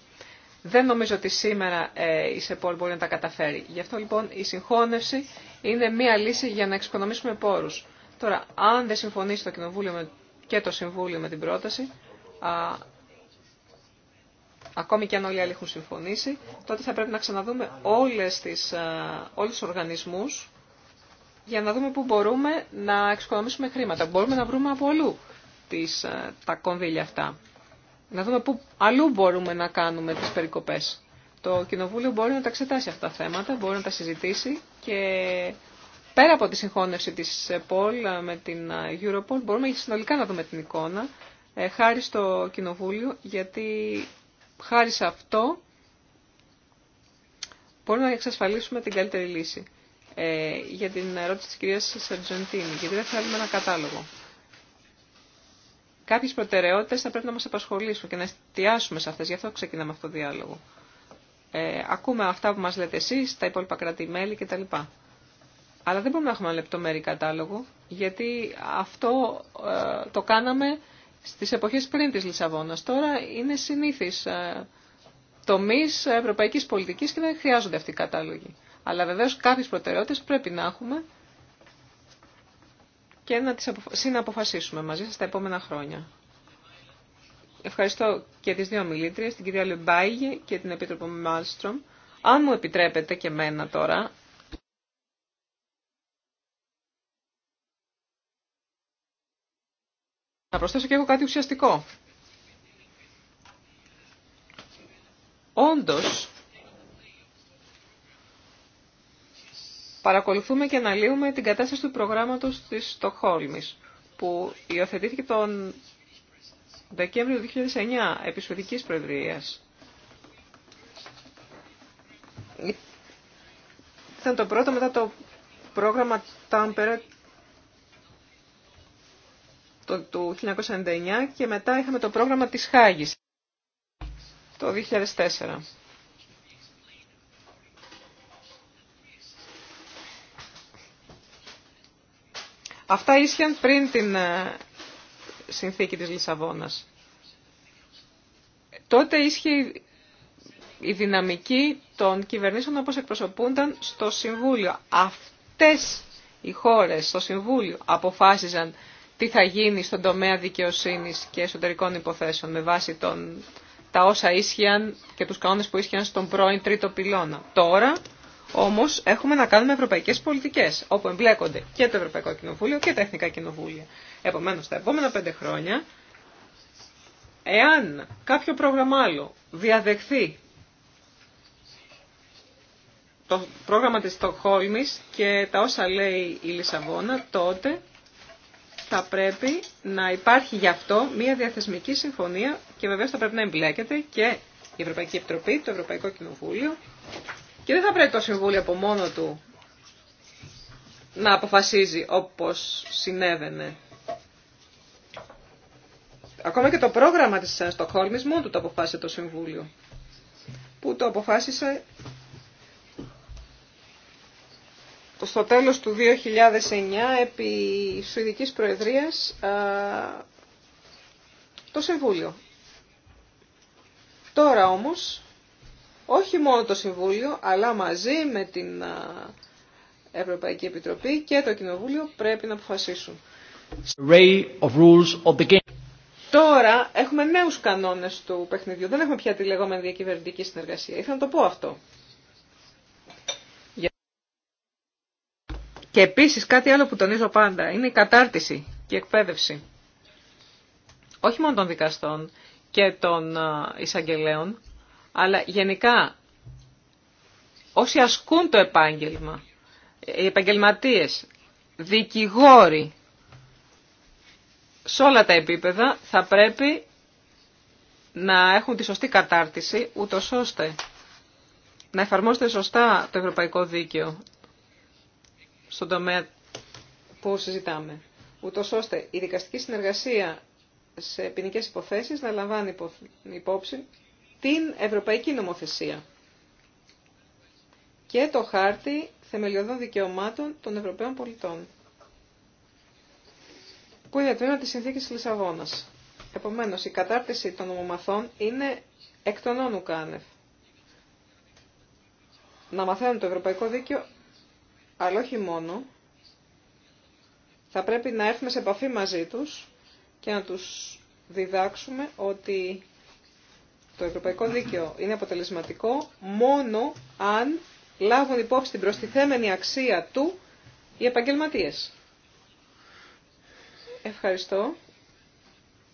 *laughs* δεν νομίζω ότι σήμερα ε, η ΣΕΠΟΛ μπορεί να τα καταφέρει. Γι' αυτό λοιπόν η συγχώνευση είναι μία λύση για να εξοικονομήσουμε πόρους. Τώρα, αν δεν συμφωνήσει το Κοινοβούλιο και το Συμβούλιο με την πρόταση, ακόμη και αν όλοι οι άλλοι έχουν συμφωνήσει, τότε θα πρέπει να ξαναδούμε όλες τις, ε, όλους τους οργανισμούς για να δούμε πού μπορούμε να εξοικονομήσουμε χρήματα. Μπορούμε να βρούμε από αλλού τις, ε, τα κονδύλια αυτά. Να δούμε πού αλλού μπορούμε να κάνουμε τις περικοπές. Το Κοινοβούλιο μπορεί να τα εξετάσει αυτά τα θέματα, μπορεί να τα συζητήσει και πέρα από τη συγχώνευση της ΕΠΟΛ με την ε, Europol μπορούμε συνολικά να δούμε την εικόνα χάρη στο Κοινοβούλιο γιατί χάρη σε αυτό μπορούμε να εξασφαλίσουμε την καλύτερη λύση. Ε, για την ερώτηση της κυρίας Σαρτζεντίνη, γιατί δεν θέλουμε ένα κατάλογο. Κάποιες προτεραιότητες θα πρέπει να μας απασχολήσουν και να εστιάσουμε σε αυτές, γι' αυτό ξεκινάμε αυτό το διάλογο. Ε, ακούμε αυτά που μας λέτε εσείς, τα υπόλοιπα κράτη-μέλη κτλ. Αλλά δεν μπορούμε να έχουμε ένα λεπτομέρειο κατάλογο, γιατί αυτό ε, το κάναμε στις εποχές πριν της Λισαβόνας. Τώρα είναι συνήθις ε, τομείς ευρωπαϊκής πολιτικής και δεν χρειάζονται αυτοί οι κατάλογοι. Αλλά βεβαίως κάποιες προτεραιότητες πρέπει να έχουμε και να τις συναποφασίσουμε μαζί σας τα επόμενα χρόνια. Ευχαριστώ και τις δύο μιλήτριες, την κυρία Λεμπάιγε και την Επίτροπο Μάλστρομ. Αν μου επιτρέπετε και μένα τώρα, Να προσθέσω και εγώ κάτι ουσιαστικό. Όντως, παρακολουθούμε και αναλύουμε την κατάσταση του προγράμματος της Στοχόλμης, που υιοθετήθηκε τον Δεκέμβριο 2009 επί Σουηδικής Προεδρίας. Ήταν το πρώτο μετά το πρόγραμμα Tampere το, του 1999 και μετά είχαμε το πρόγραμμα της Χάγης το 2004. Αυτά ίσχυαν πριν την ε, συνθήκη της Λισαβόνας. Τότε ίσχυε η δυναμική των κυβερνήσεων όπως εκπροσωπούνταν στο Συμβούλιο. Αυτές οι χώρες στο Συμβούλιο αποφάσιζαν τι θα γίνει στον τομέα δικαιοσύνης και εσωτερικών υποθέσεων με βάση τον, τα όσα ίσχυαν και τους κανόνες που ίσχυαν στον πρώην τρίτο πυλώνα. Τώρα όμως έχουμε να κάνουμε ευρωπαϊκές πολιτικές όπου εμπλέκονται και το Ευρωπαϊκό Κοινοβούλιο και τα Εθνικά Κοινοβούλια. Επομένως τα επόμενα πέντε χρόνια εάν κάποιο πρόγραμμα άλλο διαδεχθεί το πρόγραμμα της Στοκχόλμης και τα όσα λέει η Λισαβόνα τότε θα πρέπει να υπάρχει γι' αυτό μια διαθεσμική συμφωνία και βεβαίως θα πρέπει να εμπλέκεται και η Ευρωπαϊκή Επιτροπή, το Ευρωπαϊκό Κοινοβούλιο και δεν θα πρέπει το Συμβούλιο από μόνο του να αποφασίζει όπως συνέβαινε. Ακόμα και το πρόγραμμα της Στοκχόλμης μόνο του το αποφάσισε το Συμβούλιο, που το αποφάσισε στο τέλος του 2009 επί Σουηδικής Προεδρίας το Συμβούλιο. Τώρα όμως, όχι μόνο το Συμβούλιο, αλλά μαζί με την Ευρωπαϊκή Επιτροπή και το Κοινοβούλιο πρέπει να αποφασίσουν. Τώρα έχουμε νέους κανόνες του παιχνιδιού. Δεν έχουμε πια τη λεγόμενη διακυβερνητική συνεργασία. Ήθελα να το πω αυτό. Και επίσης κάτι άλλο που τονίζω πάντα είναι η κατάρτιση και η εκπαίδευση. Όχι μόνο των δικαστών και των εισαγγελέων, αλλά γενικά όσοι ασκούν το επάγγελμα, οι επαγγελματίες, δικηγόροι, σε όλα τα επίπεδα θα πρέπει να έχουν τη σωστή κατάρτιση, ούτω ώστε να εφαρμόσετε σωστά το ευρωπαϊκό δίκαιο στον τομέα που συζητάμε. Ούτω ώστε η δικαστική συνεργασία σε ποινικέ υποθέσει, να λαμβάνει υπόψη την ευρωπαϊκή νομοθεσία και το χάρτη θεμελιωδών δικαιωμάτων των Ευρωπαίων πολιτών, που είναι τμήμα της συνθήκης Λισαβόνας. Επομένω, η κατάρτιση των νομομαθών είναι εκ των όνου Να μαθαίνουν το ευρωπαϊκό δίκαιο αλλά όχι μόνο, θα πρέπει να έρθουμε σε επαφή μαζί τους και να τους διδάξουμε ότι το ευρωπαϊκό δίκαιο είναι αποτελεσματικό μόνο αν λάβουν υπόψη την προστιθέμενη αξία του οι επαγγελματίες. Ευχαριστώ.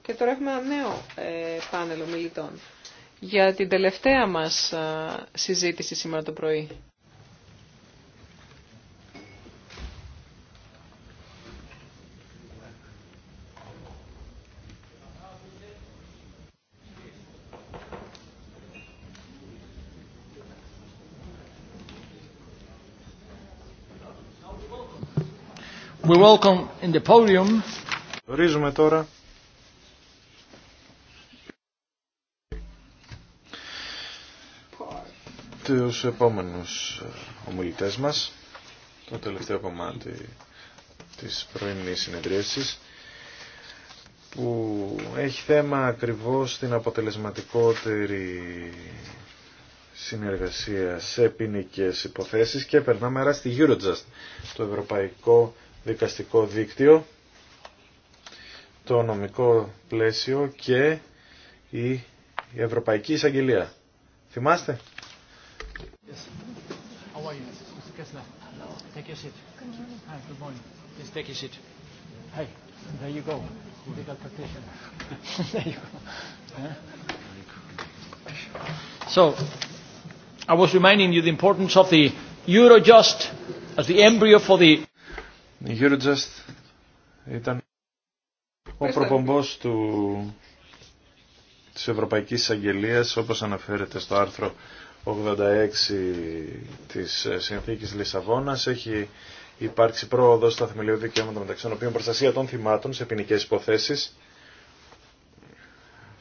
Και τώρα έχουμε ένα νέο ε, πάνελ ομιλητών για την τελευταία μας ε, συζήτηση σήμερα το πρωί. We welcome in the podium. Ορίζουμε τώρα τους επόμενους ε, ομιλητές μας, το τελευταίο κομμάτι της πρωινής συνεδρίασης, που έχει θέμα ακριβώς την αποτελεσματικότερη συνεργασία σε ποινικέ υποθέσεις και περνάμε άρα στη Eurojust, το Ευρωπαϊκό δικαστικό δίκτυο, το νομικό πλαίσιο και η Ευρωπαϊκή Εισαγγελία. Θυμάστε? Yes. How are you? Mr. Kessler. Hello. Take your seat. Good morning. Hi, good morning. Please take your seat. Hey, there you go. Legal protection. there you go. So, I was reminding you the importance of the Eurojust as the embryo for the η Eurojust ήταν ο προπομπός του, της Ευρωπαϊκής Αγγελίας, όπως αναφέρεται στο άρθρο 86 της ε, Συνθήκης Λισαβόνας. Έχει υπάρξει πρόοδο στα θεμελιώδη δικαιώματα μεταξύ των οποίων προστασία των θυμάτων σε ποινικέ υποθέσεις.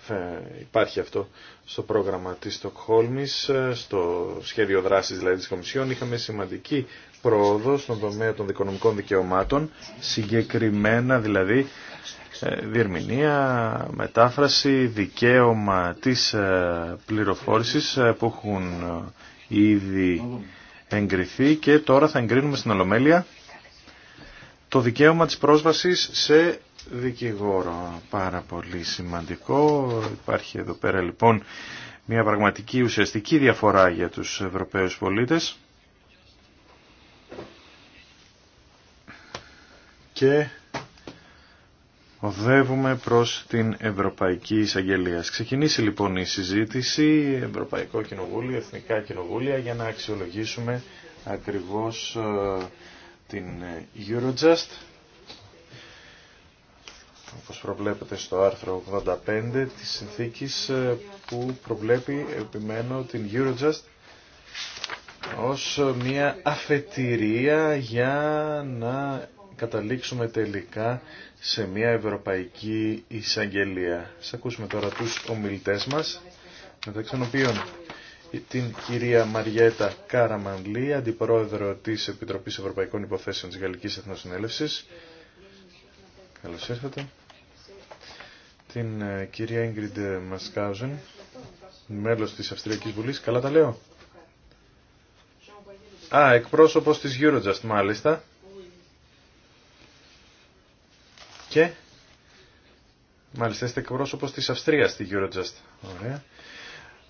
Ε, υπάρχει αυτό στο πρόγραμμα της Στοκχόλμης, ε, στο σχέδιο δράσης δηλαδή της Κομισιόν. Είχαμε σημαντική πρόοδο στον τομέα των δικονομικών δικαιωμάτων, συγκεκριμένα δηλαδή ε, διερμηνία, μετάφραση, δικαίωμα της ε, πληροφόρησης ε, που έχουν ήδη εγκριθεί και τώρα θα εγκρίνουμε στην Ολομέλεια το δικαίωμα της πρόσβασης σε δικηγόρο. Πάρα πολύ σημαντικό. Υπάρχει εδώ πέρα λοιπόν μια πραγματική ουσιαστική διαφορά για τους Ευρωπαίους πολίτες και οδεύουμε προς την Ευρωπαϊκή Εισαγγελία. Ξεκινήσει λοιπόν η συζήτηση, Ευρωπαϊκό Κοινοβούλιο, Εθνικά Κοινοβούλια, για να αξιολογήσουμε ακριβώς ε, την ε, Eurojust. Όπως προβλέπετε στο άρθρο 85 της συνθήκης ε, που προβλέπει, επιμένω, την Eurojust ως μια αφετηρία για να καταλήξουμε τελικά σε μια ευρωπαϊκή εισαγγελία. Σας ακούσουμε τώρα τους ομιλητές μας, μεταξύ των οποίων την κυρία Μαριέτα Κάραμανλή, αντιπρόεδρο της Επιτροπής Ευρωπαϊκών Υποθέσεων της Γαλλικής Εθνοσυνέλευσης. Καλώς ήρθατε. Την ε, κυρία Ίγκριντ Μασκάουζεν, μέλος της Αυστριακής Βουλής. Καλά τα λέω. Α, εκπρόσωπος της Eurojust μάλιστα. Και μάλιστα είστε εκπρόσωπο τη Αυστρία στη Eurojust. Ωραία.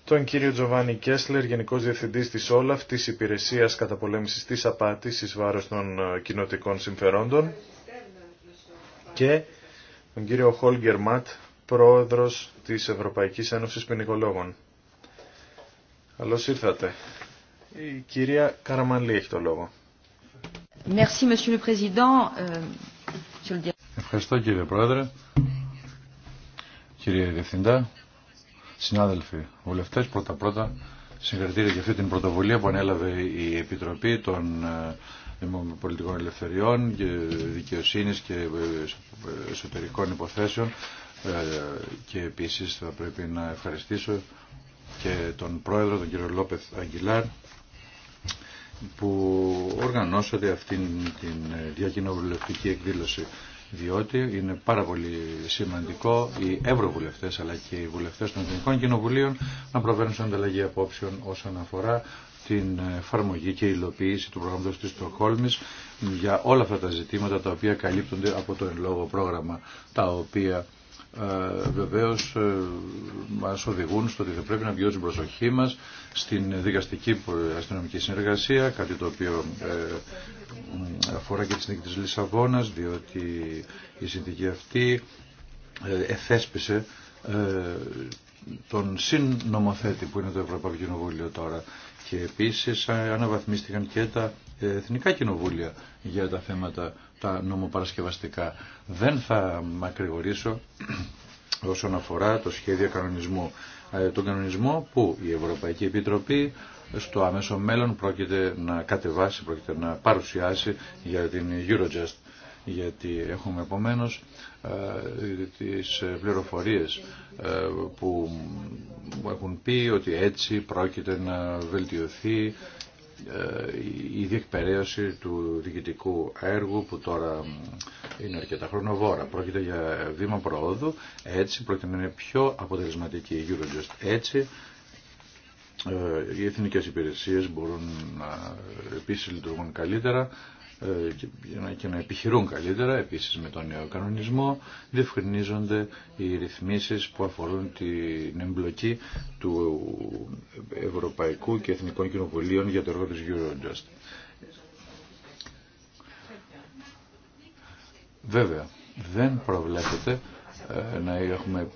Τον κύριο Τζοβάνι Κέσλερ, Γενικό Διευθυντή τη Όλαφ, τη Υπηρεσία Καταπολέμηση τη Απάτη ει βάρο των ε, κοινοτικών συμφερόντων. Και τον κύριο Χόλγκερ Ματ, Πρόεδρο τη Ευρωπαϊκή Ένωση Ποινικολόγων. Καλώ ήρθατε. Η κυρία Καραμαλή έχει το λόγο. Merci, Monsieur le euh, Ευχαριστώ κύριε Πρόεδρε, κύριε Διευθυντά, συνάδελφοι βουλευτές. Πρώτα-πρώτα συγχαρητήρια για αυτή την πρωτοβουλία που ανέλαβε η Επιτροπή των ε, Πολιτικών Ελευθεριών και Δικαιοσύνης και ε, ε, Εσωτερικών Υποθέσεων και επίσης θα πρέπει να ευχαριστήσω και τον Πρόεδρο, τον κύριο Λόπεθ Αγγιλάρ, που οργανώσατε αυτήν την διακοινοβουλευτική εκδήλωση διότι είναι πάρα πολύ σημαντικό οι ευρωβουλευτές αλλά και οι βουλευτές των Εθνικών Κοινοβουλίων να προβαίνουν σε ανταλλαγή απόψεων όσον αφορά την εφαρμογή και υλοποίηση του προγράμματος της Στοχόλμη για όλα αυτά τα ζητήματα τα οποία καλύπτονται από το εν λόγω πρόγραμμα, τα οποία ε, βεβαίως ε, μας οδηγούν στο ότι θα πρέπει να βιώσει προσοχή μας στην δικαστική αστυνομική συνεργασία, κάτι το οποίο ε, αφορά και τη συνθήκη της Λισαβόνας, διότι η συνθήκη αυτή ε, εθέσπισε ε, τον συνομοθέτη που είναι το Ευρωπαϊκό Κοινοβούλιο τώρα και επίσης αναβαθμίστηκαν και τα εθνικά κοινοβούλια για τα θέματα τα νομοπαρασκευαστικά. Δεν θα μακρηγορήσω *clears throat* όσον αφορά το σχέδιο κανονισμού ε, τον κανονισμό που η Ευρωπαϊκή Επιτροπή στο αμέσο μέλλον πρόκειται να κατεβάσει, πρόκειται να παρουσιάσει για την Eurojust γιατί έχουμε επομένω ε, τις πληροφορίες ε, που έχουν πει ότι έτσι πρόκειται να βελτιωθεί ε, η διεκπαιρέωση του διοικητικού έργου που τώρα είναι αρκετά χρονοβόρα. Πρόκειται για βήμα προόδου, έτσι πρόκειται να είναι πιο αποτελεσματική η Eurojust. Έτσι ε, οι εθνικές υπηρεσίες μπορούν να ε, επίσης λειτουργούν καλύτερα ε, και να επιχειρούν καλύτερα. Επίσης με τον νέο κανονισμό διευκρινίζονται οι ρυθμίσεις που αφορούν την εμπλοκή του Ευρωπαϊκού και Εθνικών Κοινοβουλίων για το έργο της Eurojust. Βέβαια, δεν προβλέπεται ε, να έχουμε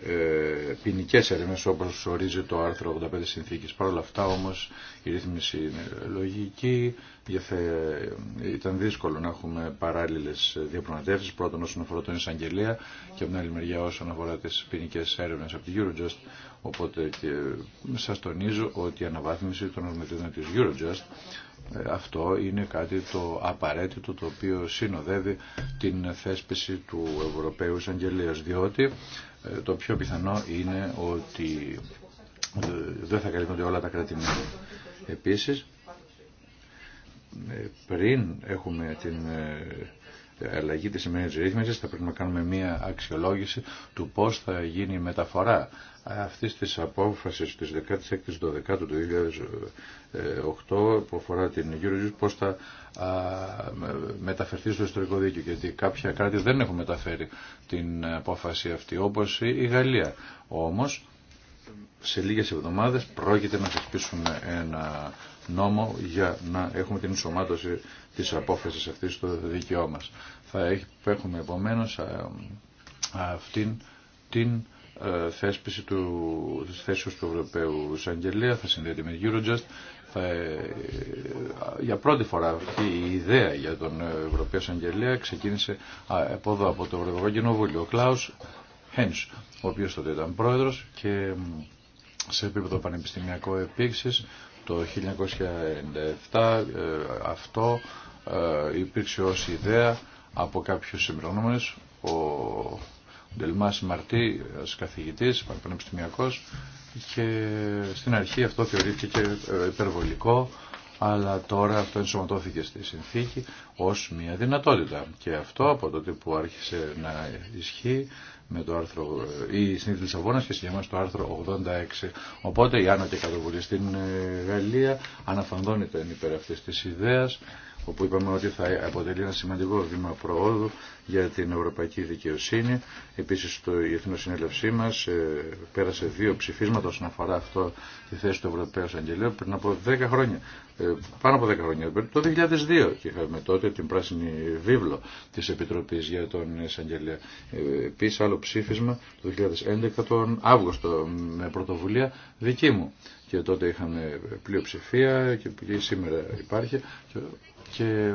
ε, ποινικέ έρευνε όπω ορίζει το άρθρο 85 συνθήκη. Παρ' όλα αυτά όμω η ρύθμιση είναι λογική. Ε, ήταν δύσκολο να έχουμε παράλληλε διαπραγματεύσει. Πρώτον όσον αφορά τον εισαγγελία και από την άλλη μεριά όσον αφορά τι ποινικέ έρευνε από την Eurojust. Οπότε ε, σα τονίζω ότι η αναβάθμιση των ορμητήτων τη Eurojust αυτό είναι κάτι το απαραίτητο το οποίο συνοδεύει την θέσπιση του Ευρωπαίου Εισαγγελέως διότι ε, το πιο πιθανό είναι ότι ε, δεν θα καλύπτονται όλα τα κρατη Επίσης, ε, πριν έχουμε την αλλαγή της σημερινής ρύθμισης θα πρέπει να κάνουμε μία αξιολόγηση του πώς θα γίνει η μεταφορά αυτή τη απόφαση της 16 η 12 του 2008 που αφορά την Eurojust πώς θα μεταφερθεί στο ιστορικό δίκαιο γιατί κάποια κράτη δεν έχουν μεταφέρει την απόφαση αυτή όπω η Γαλλία. Όμως σε λίγες εβδομάδες πρόκειται να θεσπίσουμε ένα νόμο για να έχουμε την ενσωμάτωση τη απόφαση αυτή στο δίκαιό μα. Θα έχουμε επομένω αυτήν την ε, θέσπιση του, της του Ευρωπαίου Σαγγελία θα συνδέεται με Eurojust. Ε, για πρώτη φορά αυτή η ιδέα για τον Ευρωπαίο Σαγγελία ξεκίνησε από εδώ, από το Ευρωπαϊκό Κοινοβούλιο. Ο Κλάους Χένς, ο οποίος τότε ήταν πρόεδρος και σε επίπεδο πανεπιστημιακό επίση το 1997 ε, αυτό υπήρξε ως ιδέα από κάποιους συμπληρώνομενες ο Ντελμάς Μαρτί, ως καθηγητής, πανεπιστημιακός και στην αρχή αυτό θεωρήθηκε ε, υπερβολικό αλλά τώρα αυτό ενσωματώθηκε στη συνθήκη ως μια δυνατότητα. Και αυτό από τότε που άρχισε να ισχύει με το άρθρο, ε, η συνήθεια Λισαβόνας και συγκεκριμένα στο άρθρο 86. Οπότε η Άνω και η στην ε, Γαλλία αναφανδώνεται υπέρ αυτής της ιδέας όπου είπαμε ότι θα αποτελεί ένα σημαντικό βήμα προόδου για την ευρωπαϊκή δικαιοσύνη. Επίσης το, η Εθνοσυνέλευσή μας ε, πέρασε δύο ψηφίσματα όσον αφορά αυτό τη θέση του Ευρωπαίου Αγγελέου πριν από 10 χρόνια. Ε, πάνω από 10 χρόνια, το 2002 και είχαμε τότε την πράσινη βίβλο της Επιτροπής για τον Εισαγγελέα. Ε, επίσης άλλο ψήφισμα το 2011 τον Αύγουστο με πρωτοβουλία δική μου. Και τότε είχαμε πλειοψηφία και σήμερα υπάρχει. Και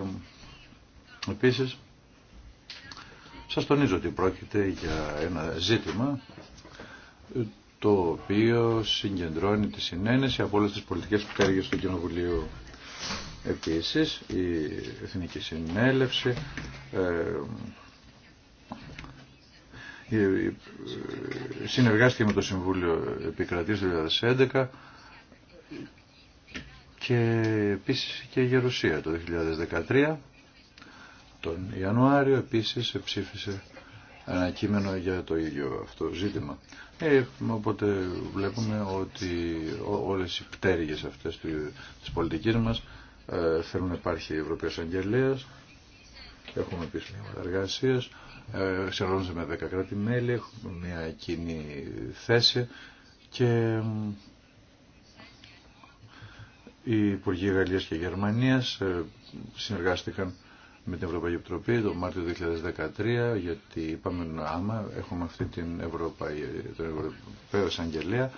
επίσης σας τονίζω ότι πρόκειται για ένα ζήτημα ε, το οποίο συγκεντρώνει τη συνένεση από όλες τις πολιτικές πτέρυγες του Κοινοβουλίου. Επίσης, η Εθνική Συνέλευση ε, ε, συνεργάστηκε με το Συμβούλιο Επικρατής του 2011 και επίσης και η Γερουσία το 2013 τον Ιανουάριο επίσης ψήφισε ένα κείμενο για το ίδιο αυτό ζήτημα. Ε, οπότε βλέπουμε ότι όλες οι πτέρυγες αυτές της πολιτικής μας ε, θέλουν να υπάρχει η Ευρωπαϊκή και έχουμε επίσης εργασίες, ε, ξερώνουμε με 10 κράτη-μέλη, έχουμε μια κοινή θέση και οι Υπουργοί Γαλλίας και Γερμανίας ε, συνεργάστηκαν με την Ευρωπαϊκή Επιτροπή το Μάρτιο 2013, γιατί είπαμε άμα έχουμε αυτή την ε, Ευρωπαϊκή, Εισαγγελία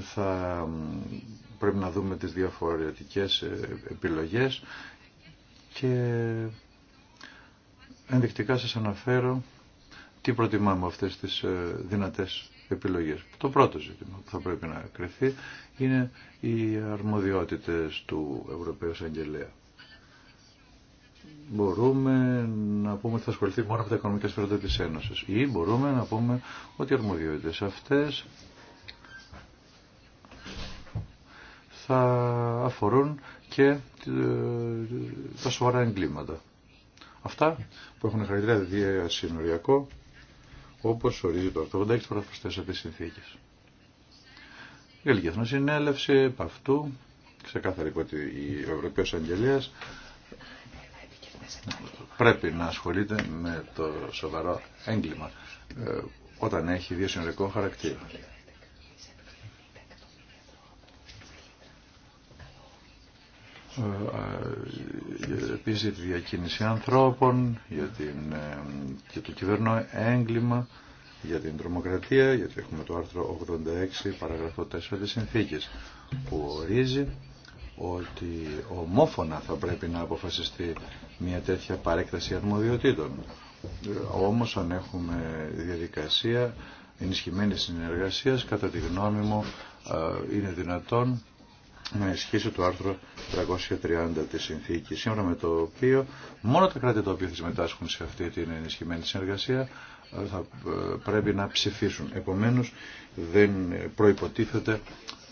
θα πρέπει να δούμε τις διαφορετικές ε, επιλογές και ενδεικτικά σας αναφέρω τι προτιμάμε αυτές τις δυνατές επιλογές. Το πρώτο ζήτημα που θα πρέπει να κρυφθεί είναι οι αρμοδιότητες του Ευρωπαίου Αγγελέα. Μπορούμε να πούμε ότι θα ασχοληθεί μόνο από τα οικονομικά σφαίρα της Ένωσης ή μπορούμε να πούμε ότι οι αρμοδιότητες αυτές θα αφορούν και ε, τα σοβαρά εγκλήματα. Αυτά που έχουν χαρακτηρία διασυνοριακό όπως ορίζει το 86 παράγραφος 4 της συνθήκης. Η Γαλλική Εθνοσυνέλευση επ' αυτού ξεκάθαρη είπε ότι η Ευρωπαϊκή Αγγελίας πρέπει να ασχολείται με το σοβαρό έγκλημα ε, όταν έχει δύο συνολικό χαρακτήρα. Ε, ε, επίσης για τη διακίνηση ανθρώπων, για την, ε, και το κυβερνό έγκλημα, για την τρομοκρατία, γιατί έχουμε το άρθρο 86 παραγραφό 4 της που ορίζει ότι ομόφωνα θα πρέπει να αποφασιστεί μια τέτοια παρέκταση αρμοδιοτήτων. Όμως αν έχουμε διαδικασία ενισχυμένης συνεργασίας, κατά τη γνώμη μου, είναι δυνατόν να ισχύσει το άρθρο 330 της συνθήκης, σύμφωνα με το οποίο μόνο τα κράτη τα οποία θα συμμετάσχουν σε αυτή την ενισχυμένη συνεργασία ε, θα ε, πρέπει να ψηφίσουν. Επομένως δεν προϋποτίθεται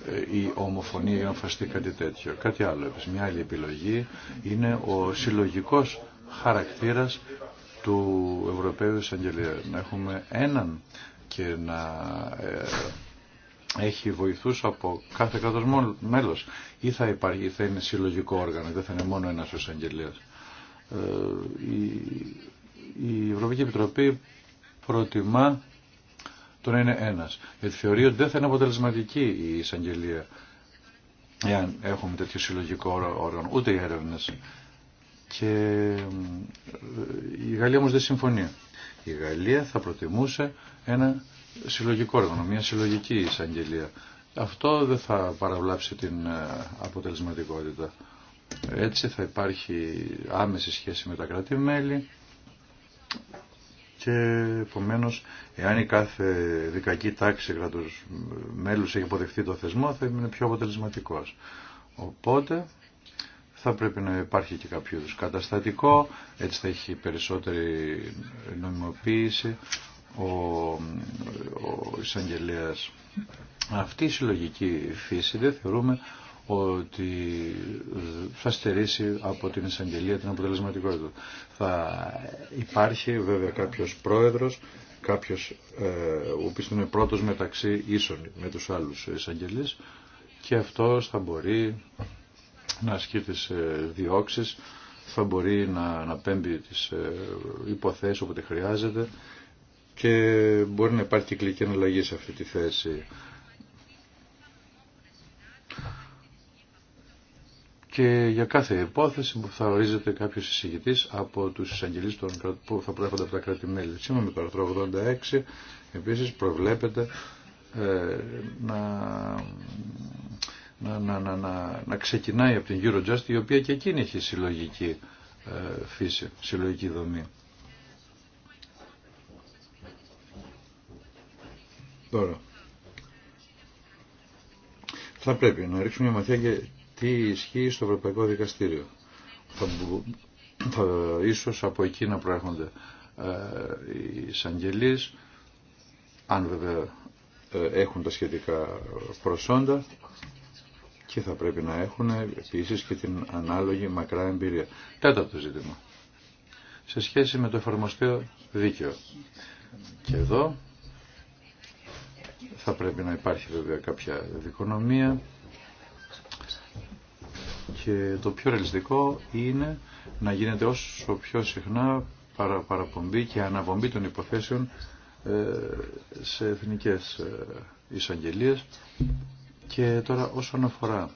ε, η ομοφωνία ή φαστεί κάτι τέτοιο. Κάτι άλλο, μια άλλη επιλογή είναι ο συλλογικός χαρακτήρας του Ευρωπαίου Εισαγγελία. Να έχουμε έναν και να έχει βοηθού από κάθε κράτο μέλος ή θα, υπάρχει, θα είναι συλλογικό όργανο, δεν θα είναι μόνο ένας ο Ε, η, η Ευρωπαϊκή Επιτροπή προτιμά το να είναι ένας. Γιατί θεωρεί ότι δεν θα είναι αποτελεσματική η εισαγγελία εάν έχουμε τέτοιο συλλογικό όργανο, ούτε οι έρευνε. Και ε, η Γαλλία όμω δεν συμφωνεί. Η Γαλλία θα προτιμούσε ένα συλλογικό όργανο, μια συλλογική εισαγγελία. Αυτό δεν θα παραβλάψει την ε, αποτελεσματικότητα. Έτσι θα υπάρχει άμεση σχέση με τα κράτη-μέλη και επομένως εάν η κάθε δικακή τάξη κράτους μέλους έχει αποδεχτεί το θεσμό θα είναι πιο αποτελεσματικός. Οπότε θα πρέπει να υπάρχει και κάποιο καταστατικό, έτσι θα έχει περισσότερη νομιμοποίηση ο, ο εισαγγελέα. Αυτή η συλλογική φύση δεν θεωρούμε ότι θα στερήσει από την εισαγγελία την αποτελεσματικότητα. Θα υπάρχει βέβαια κάποιος πρόεδρος, κάποιος ε, ο οποίος είναι πρώτος μεταξύ ίσων με τους άλλους εισαγγελείς και αυτός θα μπορεί να ασκεί τις ε, διώξεις, θα μπορεί να, να πέμπει τις ε, υποθέσεις όποτε χρειάζεται και μπορεί να υπάρχει κυκλική αναλλαγή σε αυτή τη θέση. Και για κάθε υπόθεση που θα ορίζεται κάποιο εισηγητή από του εισαγγελεί που θα προέρχονται από τα κράτη-μέλη. Σήμερα με το άρθρο 86 επίση προβλέπεται ε, να, να, να, να, να, να ξεκινάει από την Eurojust η οποία και εκείνη έχει συλλογική ε, φύση, συλλογική δομή. Τώρα, θα πρέπει να ρίξουμε μια ματιά για τι ισχύει στο Ευρωπαϊκό Δικαστήριο. Θα, ίσως από εκεί να προέρχονται ε, οι εισαγγελείς, αν βέβαια ε, έχουν τα σχετικά προσόντα και θα πρέπει να έχουν επίσης και την ανάλογη μακρά εμπειρία. Τέταρτο ζήτημα. Σε σχέση με το εφαρμοστείο δίκαιο. Και εδώ θα πρέπει να υπάρχει βέβαια κάποια δικονομία και το πιο ρελιστικό είναι να γίνεται όσο πιο συχνά παρα, παραπομπή και αναπομπή των υποθέσεων ε, σε εθνικές ε, εισαγγελίες και τώρα όσον αφορά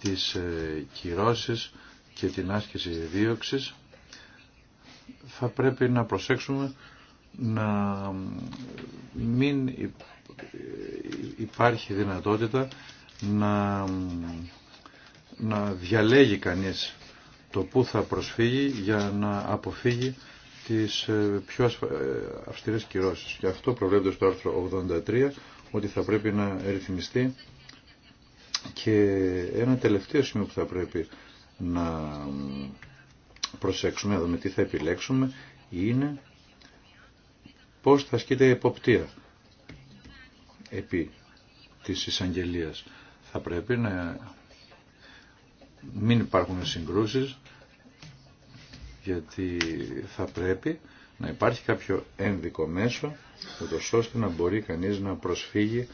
τις ε, κυρώσεις και την άσκηση δίωξης θα πρέπει να προσέξουμε να μην υπάρχει δυνατότητα να, να διαλέγει κανείς το που θα προσφύγει για να αποφύγει τις ε, πιο ε, αυστηρές κυρώσεις. Και αυτό προβλέπεται στο άρθρο 83 ότι θα πρέπει να ρυθμιστεί και ένα τελευταίο σημείο που θα πρέπει να προσέξουμε, να δούμε τι θα επιλέξουμε, είναι πώς θα ασκείται η εποπτεία επί της εισαγγελία. Θα πρέπει να μην υπάρχουν συγκρούσεις γιατί θα πρέπει να υπάρχει κάποιο ένδικο μέσο ούτως ώστε να μπορεί κανείς να προσφύγει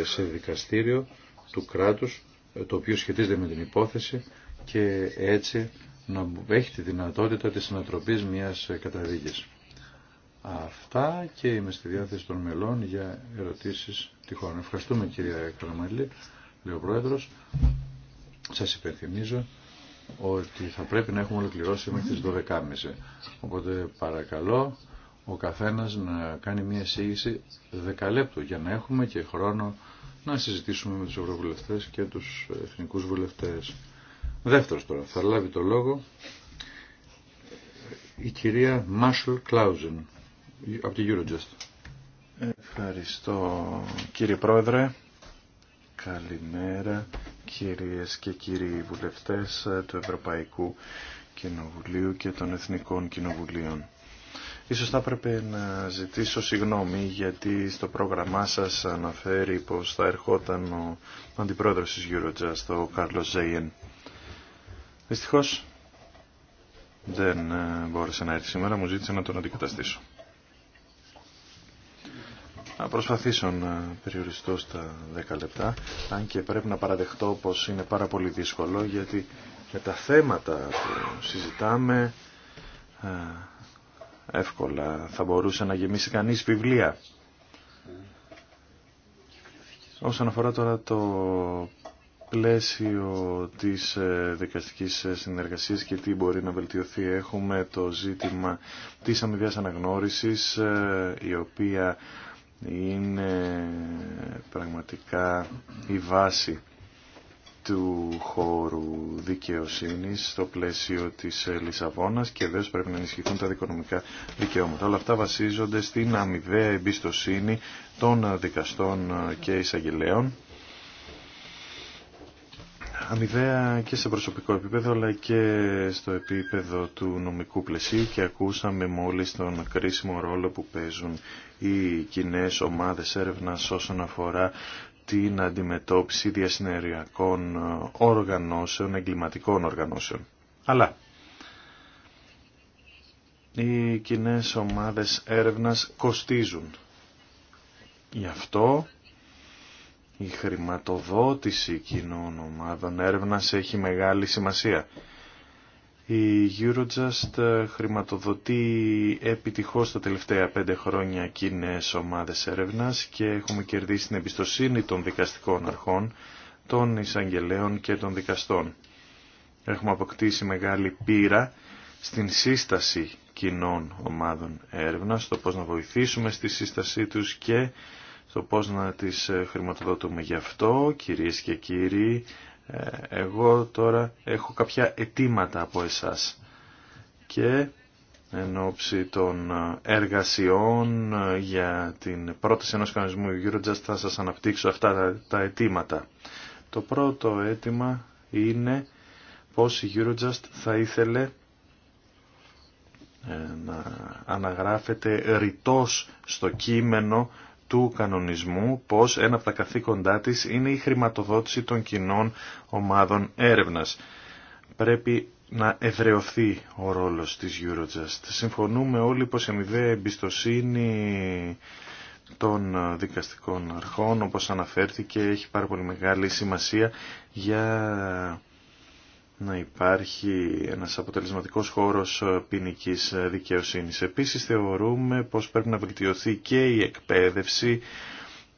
ε, σε δικαστήριο του κράτους ε, το οποίο σχετίζεται με την υπόθεση και έτσι να έχει τη δυνατότητα της ανατροπής μιας καταδίκης. Αυτά και είμαι στη διάθεση των μελών για ερωτήσεις τυχόν. Ευχαριστούμε κυρία Καραμαλή, λέει ο Πρόεδρος. Σας υπενθυμίζω ότι θα πρέπει να έχουμε ολοκληρώσει μέχρι τις 12.30. Οπότε παρακαλώ ο καθένας να κάνει μια εισήγηση δεκαλέπτου για να έχουμε και χρόνο να συζητήσουμε με τους ευρωβουλευτές και τους εθνικούς βουλευτές. Δεύτερος τώρα, θα λάβει το λόγο η κυρία Μάσουλ Κλάουζεν από τη Ευχαριστώ κύριε Πρόεδρε. Καλημέρα κυρίες και κύριοι βουλευτές του Ευρωπαϊκού Κοινοβουλίου και των Εθνικών Κοινοβουλίων. Ίσως θα έπρεπε να ζητήσω συγγνώμη γιατί στο πρόγραμμά σας αναφέρει πως θα ερχόταν ο αντιπρόεδρος της Eurojust, ο Κάρλος Ζέιεν. Δυστυχώς δεν ε, μπόρεσε να έρθει σήμερα, μου ζήτησε να τον αντικαταστήσω. Θα προσπαθήσω να περιοριστώ στα 10 λεπτά, αν και πρέπει να παραδεχτώ πως είναι πάρα πολύ δύσκολο, γιατί με τα θέματα που συζητάμε εύκολα θα μπορούσε να γεμίσει κανείς βιβλία. Όσον αφορά τώρα το πλαίσιο της ε, δικαστικής ε, συνεργασίας και τι μπορεί να βελτιωθεί έχουμε το ζήτημα της αμοιβιάς αναγνώρισης ε, η οποία είναι πραγματικά η βάση του χώρου δικαιοσύνης στο πλαίσιο της Λισαβόνας και βέβαια πρέπει να ενισχυθούν τα δικονομικά δικαιώματα. Όλα αυτά βασίζονται στην αμοιβαία εμπιστοσύνη των δικαστών και εισαγγελέων αμοιβαία και σε προσωπικό επίπεδο αλλά και στο επίπεδο του νομικού πλαισίου και ακούσαμε μόλις τον κρίσιμο ρόλο που παίζουν οι κοινέ ομάδες έρευνας όσον αφορά την αντιμετώπιση διασυνεργειακών οργανώσεων, εγκληματικών οργανώσεων. Αλλά οι κοινέ ομάδες έρευνας κοστίζουν. Γι' αυτό η χρηματοδότηση κοινών ομάδων έρευνας έχει μεγάλη σημασία. Η Eurojust ε, χρηματοδοτεί επιτυχώς τα τελευταία πέντε χρόνια κοινές ομάδες έρευνας και έχουμε κερδίσει την εμπιστοσύνη των δικαστικών αρχών, των εισαγγελέων και των δικαστών. Έχουμε αποκτήσει μεγάλη πείρα στην σύσταση κοινών ομάδων έρευνας, το πώς να βοηθήσουμε στη σύστασή τους και το πώς να τις ε, χρηματοδοτούμε. Γι' αυτό, κυρίες και κύριοι, ε, εγώ τώρα έχω κάποια αιτήματα από εσάς. Και εν ώψη των ε, εργασιών για την πρόταση ενός κανονισμού Eurojust θα σας αναπτύξω αυτά τα αιτήματα. Το πρώτο αίτημα είναι πώς η Eurojust θα ήθελε να αναγράφεται ρητός στο κείμενο του κανονισμού πως ένα από τα καθήκοντά της είναι η χρηματοδότηση των κοινών ομάδων έρευνας. Πρέπει να ευρεωθεί ο ρόλος της Eurojust. Συμφωνούμε όλοι πως αμοιβαία εμπιστοσύνη των δικαστικών αρχών, όπως αναφέρθηκε, έχει πάρα πολύ μεγάλη σημασία για να υπάρχει ένας αποτελεσματικός χώρος ποινική δικαιοσύνης. Επίσης θεωρούμε πως πρέπει να βελτιωθεί και η εκπαίδευση,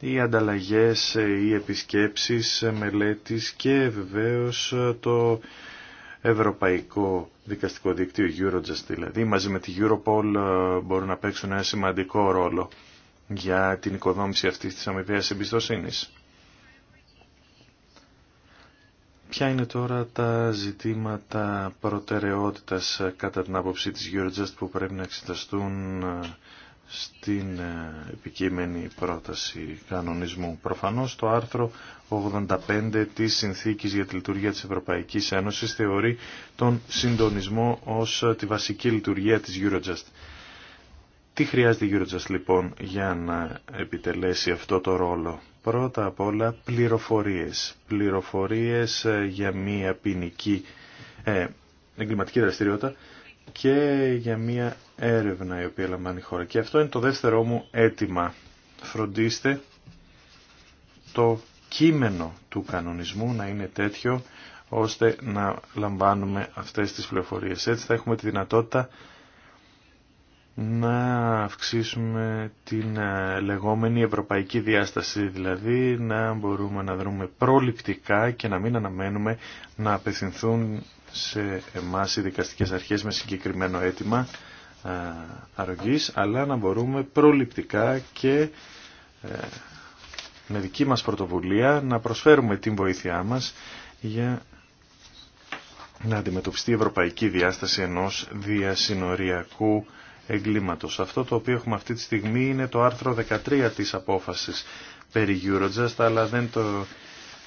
οι ανταλλαγές, οι επισκέψεις, μελέτης και βεβαίως το Ευρωπαϊκό Δικαστικό Δίκτυο Eurojust δηλαδή μαζί με τη Europol ε, μπορούν να παίξουν ένα σημαντικό ρόλο για την οικοδόμηση αυτής της αμοιβαίας εμπιστοσύνης. Ποια είναι τώρα τα ζητήματα προτεραιότητας κατά την άποψη της Eurojust που πρέπει να εξεταστούν ε, στην ε, επικείμενη πρόταση κανονισμού. Προφανώς το άρθρο 85 της Συνθήκης για τη Λειτουργία της Ευρωπαϊκής Ένωσης θεωρεί τον συντονισμό ως ε, τη βασική λειτουργία της Eurojust. Τι χρειάζεται η Eurojust λοιπόν για να επιτελέσει αυτό το ρόλο Πρώτα απ' όλα πληροφορίες. Πληροφορίες ε, για μία ποινική ε, εγκληματική δραστηριότητα και για μία έρευνα η οποία λαμβάνει η χώρα. Και αυτό είναι το δεύτερό μου αίτημα. Φροντίστε το κείμενο του κανονισμού να είναι τέτοιο ώστε να λαμβάνουμε αυτές τις πληροφορίες. Έτσι θα έχουμε τη δυνατότητα να αυξήσουμε την ε, λεγόμενη ευρωπαϊκή διάσταση, δηλαδή να μπορούμε να δρούμε προληπτικά και να μην αναμένουμε να απευθυνθούν σε εμάς οι δικαστικές αρχές με συγκεκριμένο αίτημα ε, αρρωγής, αλλά να μπορούμε προληπτικά και ε, με δική μας πρωτοβουλία να προσφέρουμε την βοήθειά μας για να αντιμετωπιστεί η ευρωπαϊκή διάσταση ενός διασυνοριακού εγκλήματος. Αυτό το οποίο έχουμε αυτή τη στιγμή είναι το άρθρο 13 της απόφασης περί Eurojust, αλλά δεν το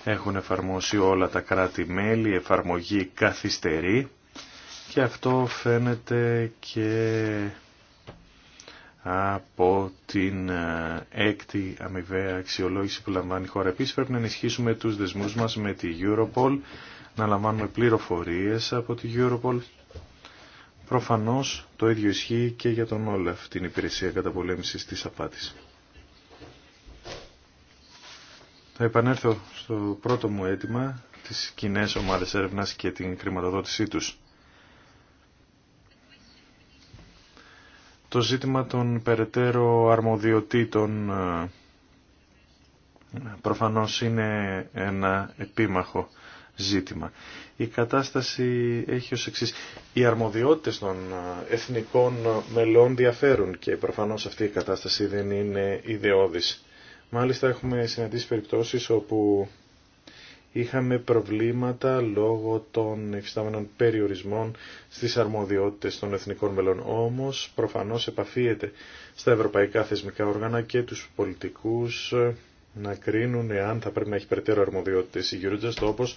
έχουν εφαρμόσει όλα τα κράτη-μέλη, εφαρμογή καθυστερή και αυτό φαίνεται και από την ε, έκτη αμοιβαία αξιολόγηση που λαμβάνει η χώρα. Επίσης πρέπει να ενισχύσουμε τους δεσμούς μας με τη Europol, να λαμβάνουμε πληροφορίες από τη Europol Προφανώς το ίδιο ισχύει και για τον Όλαφ, την υπηρεσία καταπολέμησης της απάτης. Θα επανέλθω στο πρώτο μου αίτημα, τις κοινέ ομάδες έρευνας και την χρηματοδότησή τους. Το ζήτημα των περαιτέρω αρμοδιοτήτων ε, προφανώς είναι ένα επίμαχο ζήτημα η κατάσταση έχει ως εξής. Οι αρμοδιότητες των εθνικών μελών διαφέρουν και προφανώς αυτή η κατάσταση δεν είναι ιδεώδης. Μάλιστα έχουμε συναντήσει περιπτώσεις όπου είχαμε προβλήματα λόγω των υφιστάμενων περιορισμών στις αρμοδιότητες των εθνικών μελών. Όμως προφανώς επαφίεται στα ευρωπαϊκά θεσμικά όργανα και τους πολιτικούς να κρίνουν εάν θα πρέπει να έχει περαιτέρω αρμοδιότητε η Eurojust όπω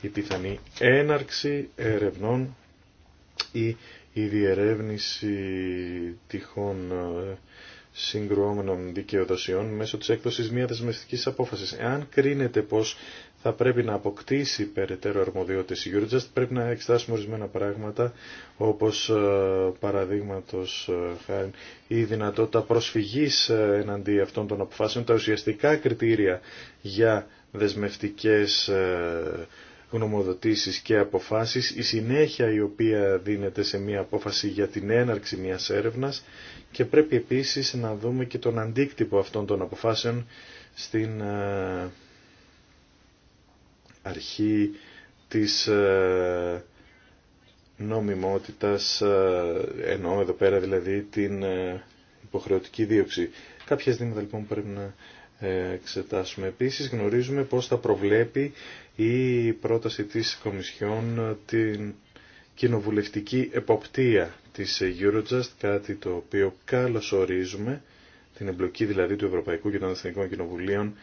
η πιθανή έναρξη ερευνών ή η διερεύνηση τυχών ε, συγκρουόμενων δικαιοδοσιών μέσω της έκδοσης μια δεσμευτική απόφασης. Εάν κρίνεται πως θα πρέπει να αποκτήσει περαιτέρω αρμοδιότητες η Eurojust, πρέπει να εξετάσουμε ορισμένα πράγματα όπως ε, παραδείγματος ε, χάρη η δυνατότητα προσφυγής ε, εναντί αυτών των αποφάσεων, τα ουσιαστικά κριτήρια για δεσμευτικές γνωμοδοτήσεις και αποφάσεις, η συνέχεια η οποία δίνεται σε μια απόφαση για την έναρξη μιας έρευνας και πρέπει επίσης να δούμε και τον αντίκτυπο αυτών των αποφάσεων στην αρχή της ε, νομιμότητας, ε, ενώ εδώ πέρα δηλαδή την ε, υποχρεωτική δίωξη. Κάποια ζητήματα λοιπόν πρέπει να εξετάσουμε. Επίσης γνωρίζουμε πώς θα προβλέπει η πρόταση της Κομισιόν την κοινοβουλευτική εποπτεία της Eurojust, κάτι το οποίο ορίζουμε, την εμπλοκή δηλαδή του Ευρωπαϊκού και των Εθνικών Κοινοβουλίων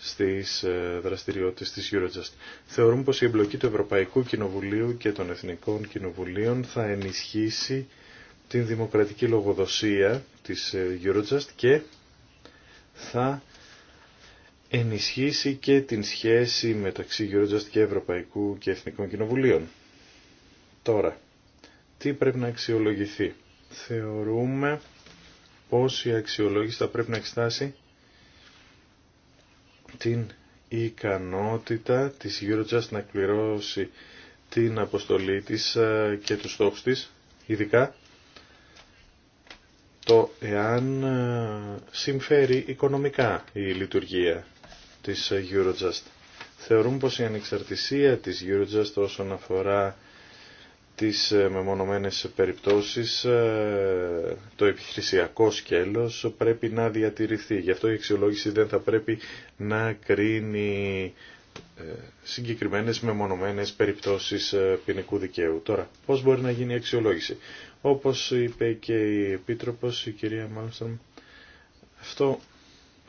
στις ε, δραστηριότητες της Eurojust. Θεωρούμε πως η εμπλοκή του Ευρωπαϊκού Κοινοβουλίου και των Εθνικών Κοινοβουλίων θα ενισχύσει την δημοκρατική λογοδοσία της ε, Eurojust και θα ενισχύσει και την σχέση μεταξύ Eurojust και Ευρωπαϊκού και Εθνικών Κοινοβουλίων. Τώρα, τι πρέπει να αξιολογηθεί. Θεωρούμε πως η αξιολόγηση θα πρέπει να εξετάσει την ικανότητα της Eurojust να κληρώσει την αποστολή της ε, και τους στόχους της, ειδικά το εάν ε, συμφέρει οικονομικά η λειτουργία της Eurojust. Θεωρούμε πως η ανεξαρτησία της Eurojust όσον αφορά τις ε, μεμονωμένες περιπτώσεις ε, το επιχρησιακό σκέλος πρέπει να διατηρηθεί. Γι' αυτό η αξιολόγηση δεν θα πρέπει να κρίνει ε, συγκεκριμένες μεμονωμένες περιπτώσεις ποινικού δικαίου. Τώρα, πώς μπορεί να γίνει η αξιολόγηση. Όπως είπε και η Επίτροπος, η κυρία Μάλστρομ, αυτό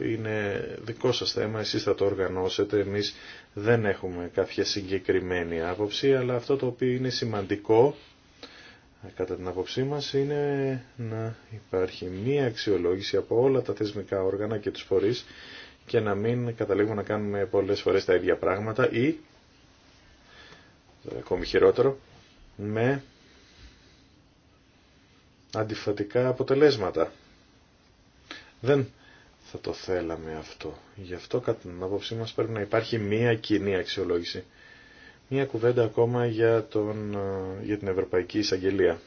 είναι δικό σας θέμα, εσείς θα το οργανώσετε, εμείς δεν έχουμε κάποια συγκεκριμένη άποψη, αλλά αυτό το οποίο είναι σημαντικό κατά την άποψή μας είναι να υπάρχει μία αξιολόγηση από όλα τα θεσμικά όργανα και τους φορείς και να μην καταλήγουμε να κάνουμε πολλές φορές τα ίδια πράγματα ή, ακόμη χειρότερο, με αντιφατικά αποτελέσματα. Δεν θα το θέλαμε αυτό. Γι' αυτό κατά την άποψή μας πρέπει να υπάρχει μία κοινή αξιολόγηση. Μία κουβέντα ακόμα για, τον, ε, για την Ευρωπαϊκή Εισαγγελία.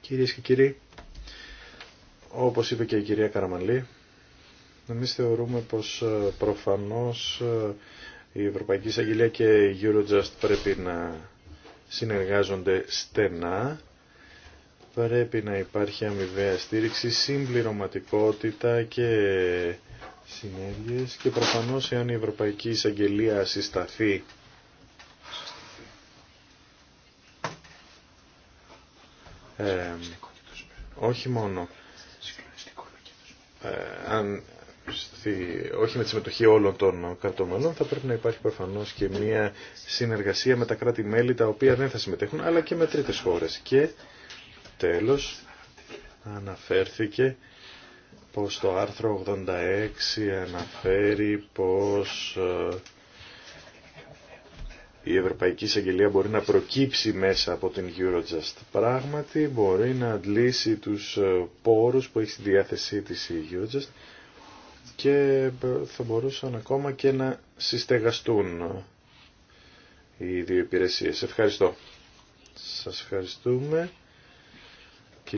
Κυρίες και κύριοι, όπως είπε και η κυρία Καραμαλή, εμείς θεωρούμε πως ε, προφανώς ε, η Ευρωπαϊκή Εισαγγελία και η Eurojust πρέπει να συνεργάζονται στενά πρέπει να υπάρχει αμοιβαία στήριξη, συμπληρωματικότητα και συνέργειες και προφανώς εάν η Ευρωπαϊκή Εισαγγελία συσταθεί ε, όχι μόνο ε, αν, στη, όχι με τη συμμετοχή όλων των κρατών θα πρέπει να υπάρχει προφανώ και μια συνεργασία με τα κράτη-μέλη τα οποία δεν θα συμμετέχουν, αλλά και με τρίτες χώρες. Και τέλος αναφέρθηκε πως το άρθρο 86 αναφέρει πως ε, η Ευρωπαϊκή Εισαγγελία μπορεί να προκύψει μέσα από την Eurojust. Πράγματι μπορεί να αντλήσει τους ε, πόρους που έχει στη διάθεσή της η Eurojust και ε, θα μπορούσαν ακόμα και να συστεγαστούν οι δύο υπηρεσίες. Ευχαριστώ. Σας ευχαριστούμε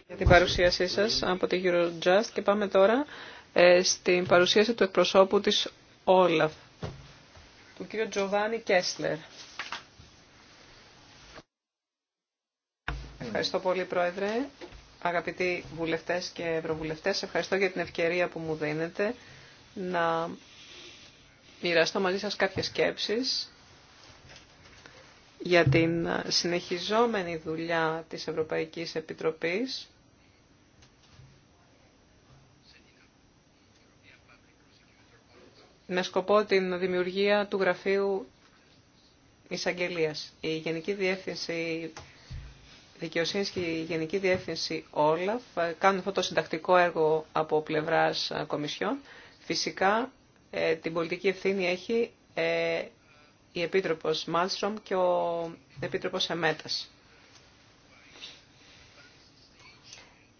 για την παρουσίασή σας από τη Eurojust και πάμε τώρα ε, στην παρουσίαση του εκπροσώπου της Όλαφ, του κ. Τζοβάνι Κέσλερ. Ευχαριστώ πολύ, Πρόεδρε. Αγαπητοί βουλευτές και ευρωβουλευτές, ευχαριστώ για την ευκαιρία που μου δίνετε να μοιραστώ μαζί σας κάποιες σκέψεις για την συνεχιζόμενη δουλειά της Ευρωπαϊκής Επιτροπής με σκοπό την δημιουργία του γραφείου εισαγγελίας. Η Γενική Διεύθυνση Δικαιοσύνης και η Γενική Διεύθυνση Όλαφ κάνουν αυτό το συντακτικό έργο από πλευράς Κομισιόν. Φυσικά ε, την πολιτική ευθύνη έχει ε, η Επίτροπος Μάλστρομ και ο Επίτροπος Εμέτας.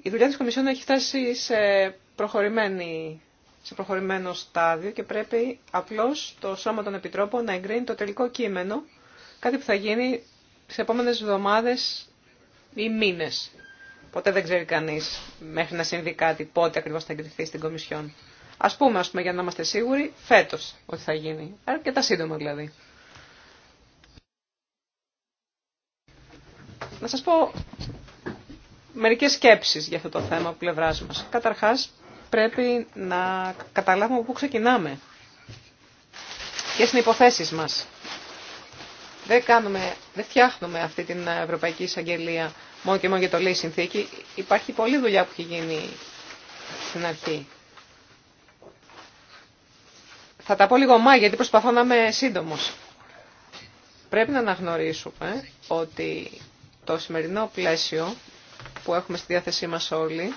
Η δουλειά της Κομισιόν έχει φτάσει σε, προχωρημένη, σε προχωρημένο στάδιο και πρέπει απλώς το Σώμα των Επιτρόπων να εγκρίνει το τελικό κείμενο, κάτι που θα γίνει σε επόμενες εβδομάδες ή μήνες. Ποτέ δεν ξέρει κανείς μέχρι να συμβεί κάτι πότε ακριβώς θα εγκριθεί στην Κομισιόν. Α πούμε, ας πούμε για να είμαστε σίγουροι, φέτος ότι θα γίνει. Αρκετά σύντομα δηλαδή. να σας πω μερικές σκέψεις για αυτό το θέμα από πλευράς μας. Καταρχάς, πρέπει να καταλάβουμε πού ξεκινάμε. Ποιες είναι οι υποθέσεις μας. Δεν, κάνουμε, δεν φτιάχνουμε αυτή την Ευρωπαϊκή Εισαγγελία μόνο και μόνο για το λέει συνθήκη. Υπάρχει πολλή δουλειά που έχει γίνει στην αρχή. Θα τα πω λίγο μα, γιατί προσπαθώ να είμαι σύντομος. Πρέπει να αναγνωρίσουμε ότι το σημερινό πλαίσιο που έχουμε στη διάθεσή μας όλοι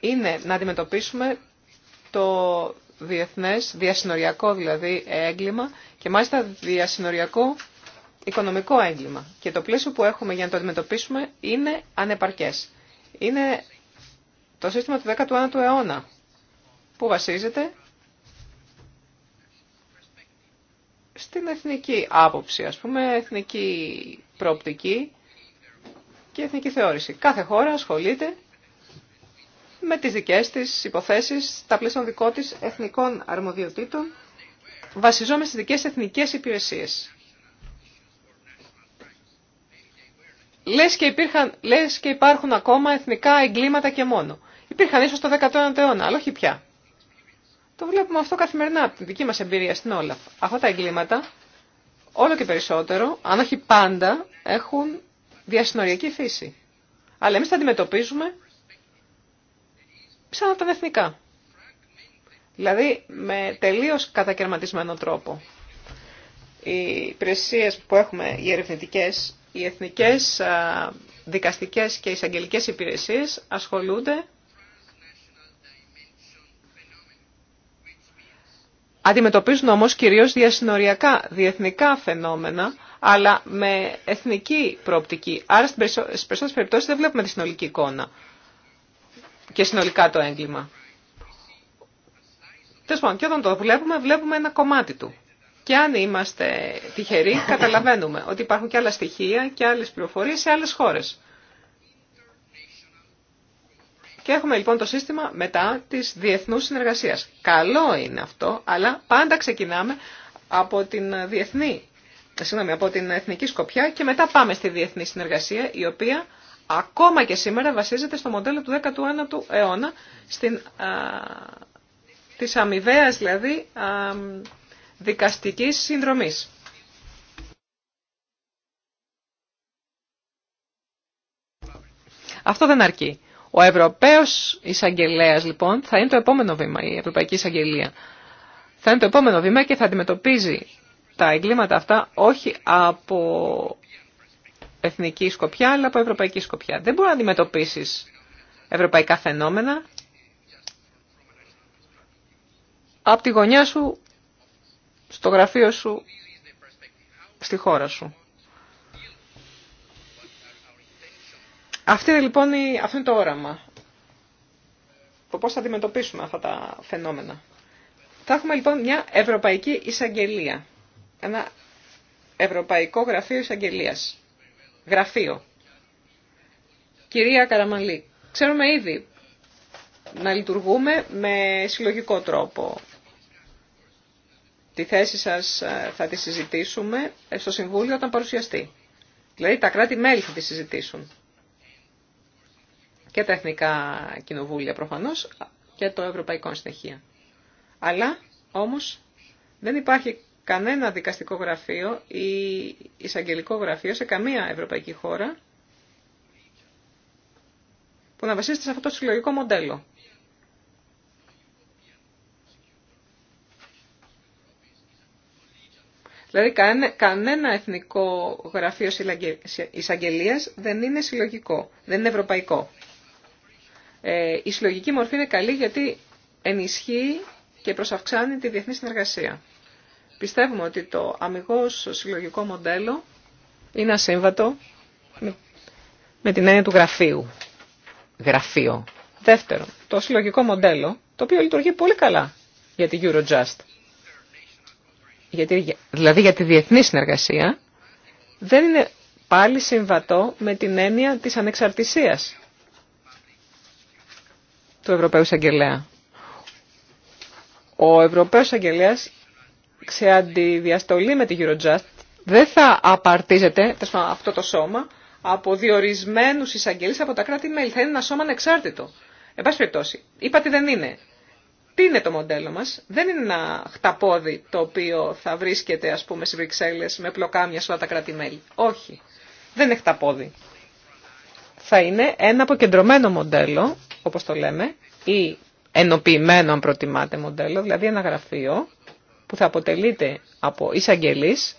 είναι να αντιμετωπίσουμε το διεθνές, διασυνοριακό δηλαδή έγκλημα και μάλιστα διασυνοριακό οικονομικό έγκλημα. Και το πλαίσιο που έχουμε για να το αντιμετωπίσουμε είναι ανεπαρκές. Είναι το σύστημα του 19ου αιώνα που βασίζεται στην εθνική άποψη, ας πούμε, εθνική προοπτική και εθνική θεώρηση. Κάθε χώρα ασχολείται με τις δικές της υποθέσεις, τα πλαίσια των δικών εθνικών αρμοδιοτήτων, βασιζόμενες στις δικές εθνικές υπηρεσίες. Λες και, λες και υπάρχουν ακόμα εθνικά εγκλήματα και μόνο. Υπήρχαν ίσως το 19ο αιώνα, αλλά όχι πια. Το βλέπουμε αυτό καθημερινά από την δική μας εμπειρία στην Όλαφ. Αυτά τα εγκλήματα, όλο και περισσότερο, αν όχι πάντα, έχουν διασυνοριακή φύση. Αλλά εμείς τα αντιμετωπίζουμε σαν τα εθνικά. Δηλαδή με τελείω κατακαιρματισμένο τρόπο. Οι υπηρεσίε που έχουμε, οι ερευνητικέ, οι εθνικές δικαστικές και εισαγγελικέ υπηρεσίε, ασχολούνται Αντιμετωπίζουν όμως κυρίως διασυνοριακά, διεθνικά φαινόμενα, αλλά με εθνική προοπτική. Άρα στις περισσότερες περιπτώσεις δεν βλέπουμε τη συνολική εικόνα και συνολικά το έγκλημα. Τέλο πάντων, και όταν το βλέπουμε, βλέπουμε ένα κομμάτι του. Και αν είμαστε τυχεροί, καταλαβαίνουμε ότι υπάρχουν και άλλα στοιχεία και άλλες πληροφορίες σε άλλες χώρες. Και έχουμε λοιπόν το σύστημα μετά της διεθνούς συνεργασίας. Καλό είναι αυτό, αλλά πάντα ξεκινάμε από την διεθνή, συγγνώμη, από την εθνική σκοπιά και μετά πάμε στη διεθνή συνεργασία, η οποία ακόμα και σήμερα βασίζεται στο μοντέλο του 19ου αιώνα, στην, α, της αμοιβαίας δηλαδή δικαστικής συνδρομής. Αυτό δεν αρκεί. Ο Ευρωπαίος εισαγγελέα λοιπόν θα είναι το επόμενο βήμα, η Ευρωπαϊκή Εισαγγελία. Θα είναι το επόμενο βήμα και θα αντιμετωπίζει τα εγκλήματα αυτά όχι από εθνική σκοπιά αλλά από ευρωπαϊκή σκοπιά. Δεν μπορεί να αντιμετωπίσει ευρωπαϊκά φαινόμενα από τη γωνιά σου, στο γραφείο σου, στη χώρα σου. Αυτή λοιπόν αυτό είναι το όραμα. Το πώς θα αντιμετωπίσουμε αυτά τα φαινόμενα. Θα έχουμε λοιπόν μια Ευρωπαϊκή Εισαγγελία. Ένα Ευρωπαϊκό Γραφείο εισαγγελία. Γραφείο. Κυρία Καραμαλή, ξέρουμε ήδη να λειτουργούμε με συλλογικό τρόπο. Τη θέση σας ε, θα τη συζητήσουμε ε, στο Συμβούλιο όταν παρουσιαστεί. Δηλαδή τα κράτη-μέλη θα τη συζητήσουν και τα εθνικά κοινοβούλια προφανώς και το ευρωπαϊκό συνεχεία. Αλλά όμως δεν υπάρχει κανένα δικαστικό γραφείο ή εισαγγελικό γραφείο σε καμία ευρωπαϊκή χώρα που να βασίζεται σε αυτό το συλλογικό μοντέλο. Δηλαδή κανένα εθνικό γραφείο εισαγγελία δεν είναι συλλογικό, δεν είναι ευρωπαϊκό. Ε, η συλλογική μορφή είναι καλή γιατί ενισχύει και προσαυξάνει τη διεθνή συνεργασία. Πιστεύουμε ότι το αμυγός συλλογικό μοντέλο είναι ασύμβατο με την έννοια του γραφείου. Γραφείο. Δεύτερο, το συλλογικό μοντέλο, το οποίο λειτουργεί πολύ καλά για τη Eurojust. Γιατί, δηλαδή για τη διεθνή συνεργασία, δεν είναι πάλι συμβατό με την έννοια της ανεξαρτησίας του Ευρωπαίου Εισαγγελέα. Ο Ευρωπαίος Εισαγγελέας σε αντιδιαστολή με τη Eurojust δεν θα απαρτίζεται αυτό το σώμα από διορισμένους εισαγγελείς από τα κράτη-μέλη. Θα είναι ένα σώμα ανεξάρτητο. Εν πάση περιπτώσει, είπατε δεν είναι. Τι είναι το μοντέλο μας. Δεν είναι ένα χταπόδι το οποίο θα βρίσκεται ας πούμε στις Βρυξέλλες με πλοκάμια σε όλα τα κράτη-μέλη. Όχι. Δεν είναι χταπόδι. Θα είναι ένα αποκεντρωμένο μοντέλο όπως το λέμε, ή ενοποιημένο αν προτιμάτε μοντέλο, δηλαδή ένα γραφείο που θα αποτελείται από εισαγγελείς,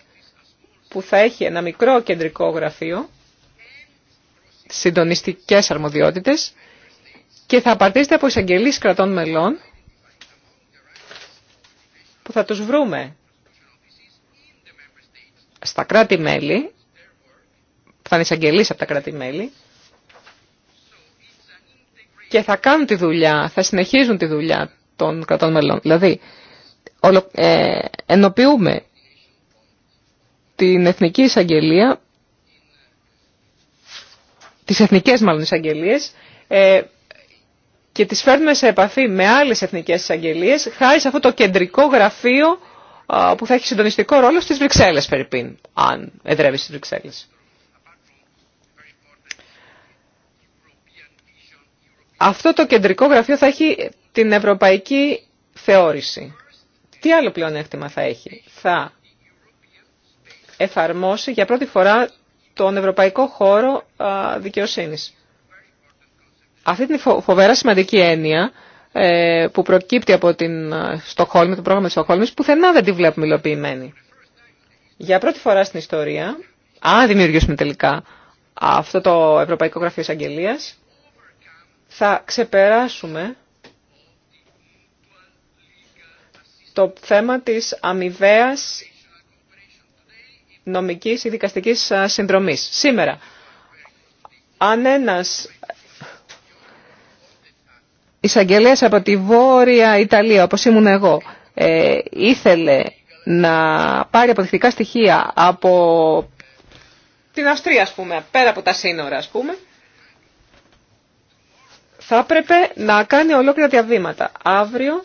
που θα έχει ένα μικρό κεντρικό γραφείο, συντονιστικές αρμοδιότητες και θα απαρτίζεται από εισαγγελείς κρατών μελών που θα τους βρούμε στα κράτη-μέλη, θα είναι εισαγγελείς από τα κράτη-μέλη, και θα κάνουν τη δουλειά, θα συνεχίζουν τη δουλειά των κρατών μελών. Δηλαδή, ε, ενοποιούμε την Εθνική Εισαγγελία, τις Εθνικές μάλλον Εισαγγελίες, ε, και τις φέρνουμε σε επαφή με άλλες Εθνικές Εισαγγελίες, χάρη σε αυτό το κεντρικό γραφείο που θα έχει συντονιστικό ρόλο στις Βρυξέλλες, περίπτωση αν εδρεύει στις Βρυξέλλες. Αυτό το κεντρικό γραφείο θα έχει την ευρωπαϊκή θεώρηση. Τι άλλο πλεονέκτημα θα έχει. Θα εφαρμόσει για πρώτη φορά τον ευρωπαϊκό χώρο δικαιοσύνης. Αυτή την φοβερά σημαντική έννοια ε, που προκύπτει από την Στοχόλμη, το πρόγραμμα της Στοχόλμης, πουθενά δεν τη βλέπουμε υλοποιημένη. Για πρώτη φορά στην ιστορία, αν δημιουργήσουμε τελικά αυτό το Ευρωπαϊκό Γραφείο Εισαγγελίας, θα ξεπεράσουμε το θέμα της αμοιβαία νομικής ή δικαστικής συνδρομής. Σήμερα, αν ένας εισαγγελέας από τη Βόρεια Ιταλία, όπως ήμουν εγώ, ε, ήθελε να πάρει αποδεικτικά στοιχεία από την Αυστρία, ας πούμε, πέρα από τα σύνορα, ας πούμε, θα έπρεπε να κάνει ολόκληρα διαβήματα. Αύριο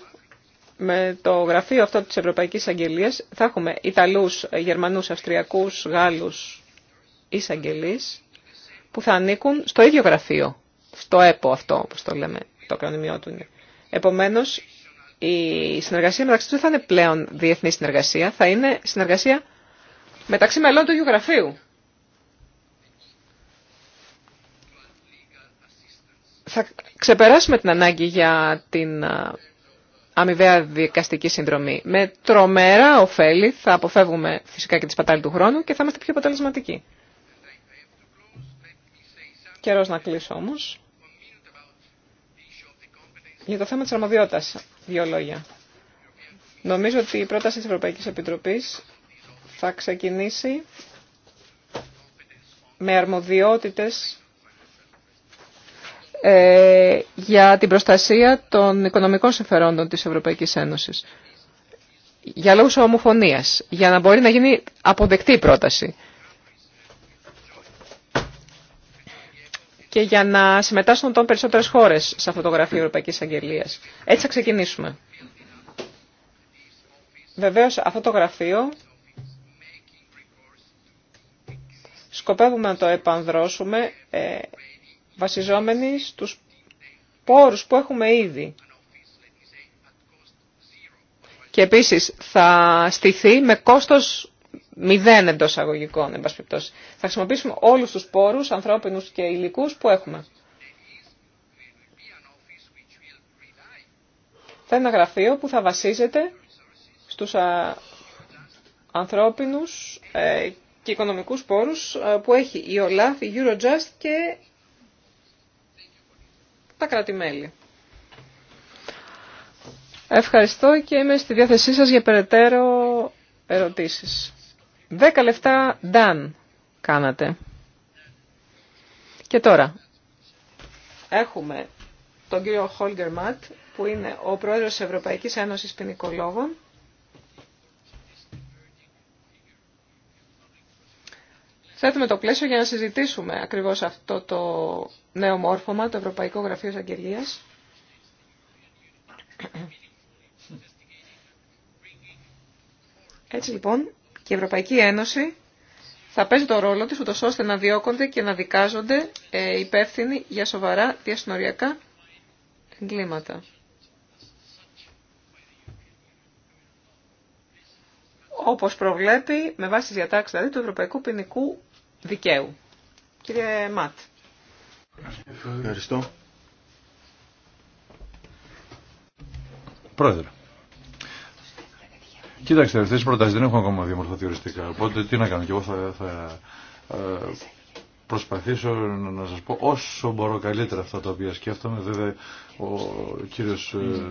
με το γραφείο αυτό της Ευρωπαϊκής Αγγελίας θα έχουμε Ιταλούς, Γερμανούς, Αυστριακούς, Γάλλους εισαγγελείς που θα ανήκουν στο ίδιο γραφείο, στο ΕΠΟ αυτό όπως το λέμε, το ακρονιμιό του είναι. Επομένως η συνεργασία μεταξύ του δεν θα είναι πλέον διεθνή συνεργασία, θα είναι συνεργασία μεταξύ μελών του ίδιου γραφείου. θα ξεπεράσουμε την ανάγκη για την αμοιβαία δικαστική συνδρομή. Με τρομερά ωφέλη θα αποφεύγουμε φυσικά και τη σπατάλη του χρόνου και θα είμαστε πιο αποτελεσματικοί. Καιρός να κλείσω όμως. Για το θέμα της αρμοδιότητας, δύο λόγια. Νομίζω ότι η πρόταση της Ευρωπαϊκής Επιτροπής θα ξεκινήσει με αρμοδιότητες ε, για την προστασία των οικονομικών συμφερόντων της Ευρωπαϊκής Ένωσης. Για λόγους ομοφωνίας, για να μπορεί να γίνει αποδεκτή η πρόταση. Και για να συμμετάσχουν τον περισσότερες χώρες σε αυτό το γραφείο Ευρωπαϊκής Αγγελίας. Έτσι θα ξεκινήσουμε. Βεβαίως αυτό το γραφείο σκοπεύουμε να το επανδρώσουμε ε, βασιζόμενοι στους πόρους που έχουμε ήδη. Και επίσης θα στηθεί με κόστος μηδέν εντό αγωγικών, εν Θα χρησιμοποιήσουμε όλους τους πόρους, ανθρώπινους και υλικούς που έχουμε. Θα είναι ένα γραφείο που θα βασίζεται στους ανθρώπινους ε, και οικονομικούς πόρους ε, που έχει η ΟΛΑΦ, η Eurojust και τα Ευχαριστώ και είμαι στη διάθεσή σας για περαιτέρω ερωτήσεις. Δέκα λεφτά Dan, κάνατε. Και τώρα έχουμε τον κύριο Χόλγκερ Ματ που είναι ο πρόεδρος της Ευρωπαϊκής Ένωσης Ποινικολόγων θέτουμε το πλαίσιο για να συζητήσουμε ακριβώς αυτό το νέο μόρφωμα, το Ευρωπαϊκό Γραφείο Εισαγγελίας. Έτσι λοιπόν, και η Ευρωπαϊκή Ένωση θα παίζει το ρόλο της, ούτως ώστε να διώκονται και να δικάζονται ε, υπεύθυνοι για σοβαρά διασυνοριακά εγκλήματα. όπως προβλέπει με βάση τη διατάξεις δηλαδή του Ευρωπαϊκού Ποινικού δικαίου. Κύριε Ματ. Ευχαριστώ. Πρόεδρε. Κοίταξε, αυτέ τι προτάσει δεν έχουν ακόμα διαμορφωθεί οριστικά. Οπότε τι να κάνω, και εγώ θα, ε, προσπαθήσω να σα πω όσο μπορώ καλύτερα αυτά τα οποία σκέφτομαι. Βέβαια ο κύριο ε,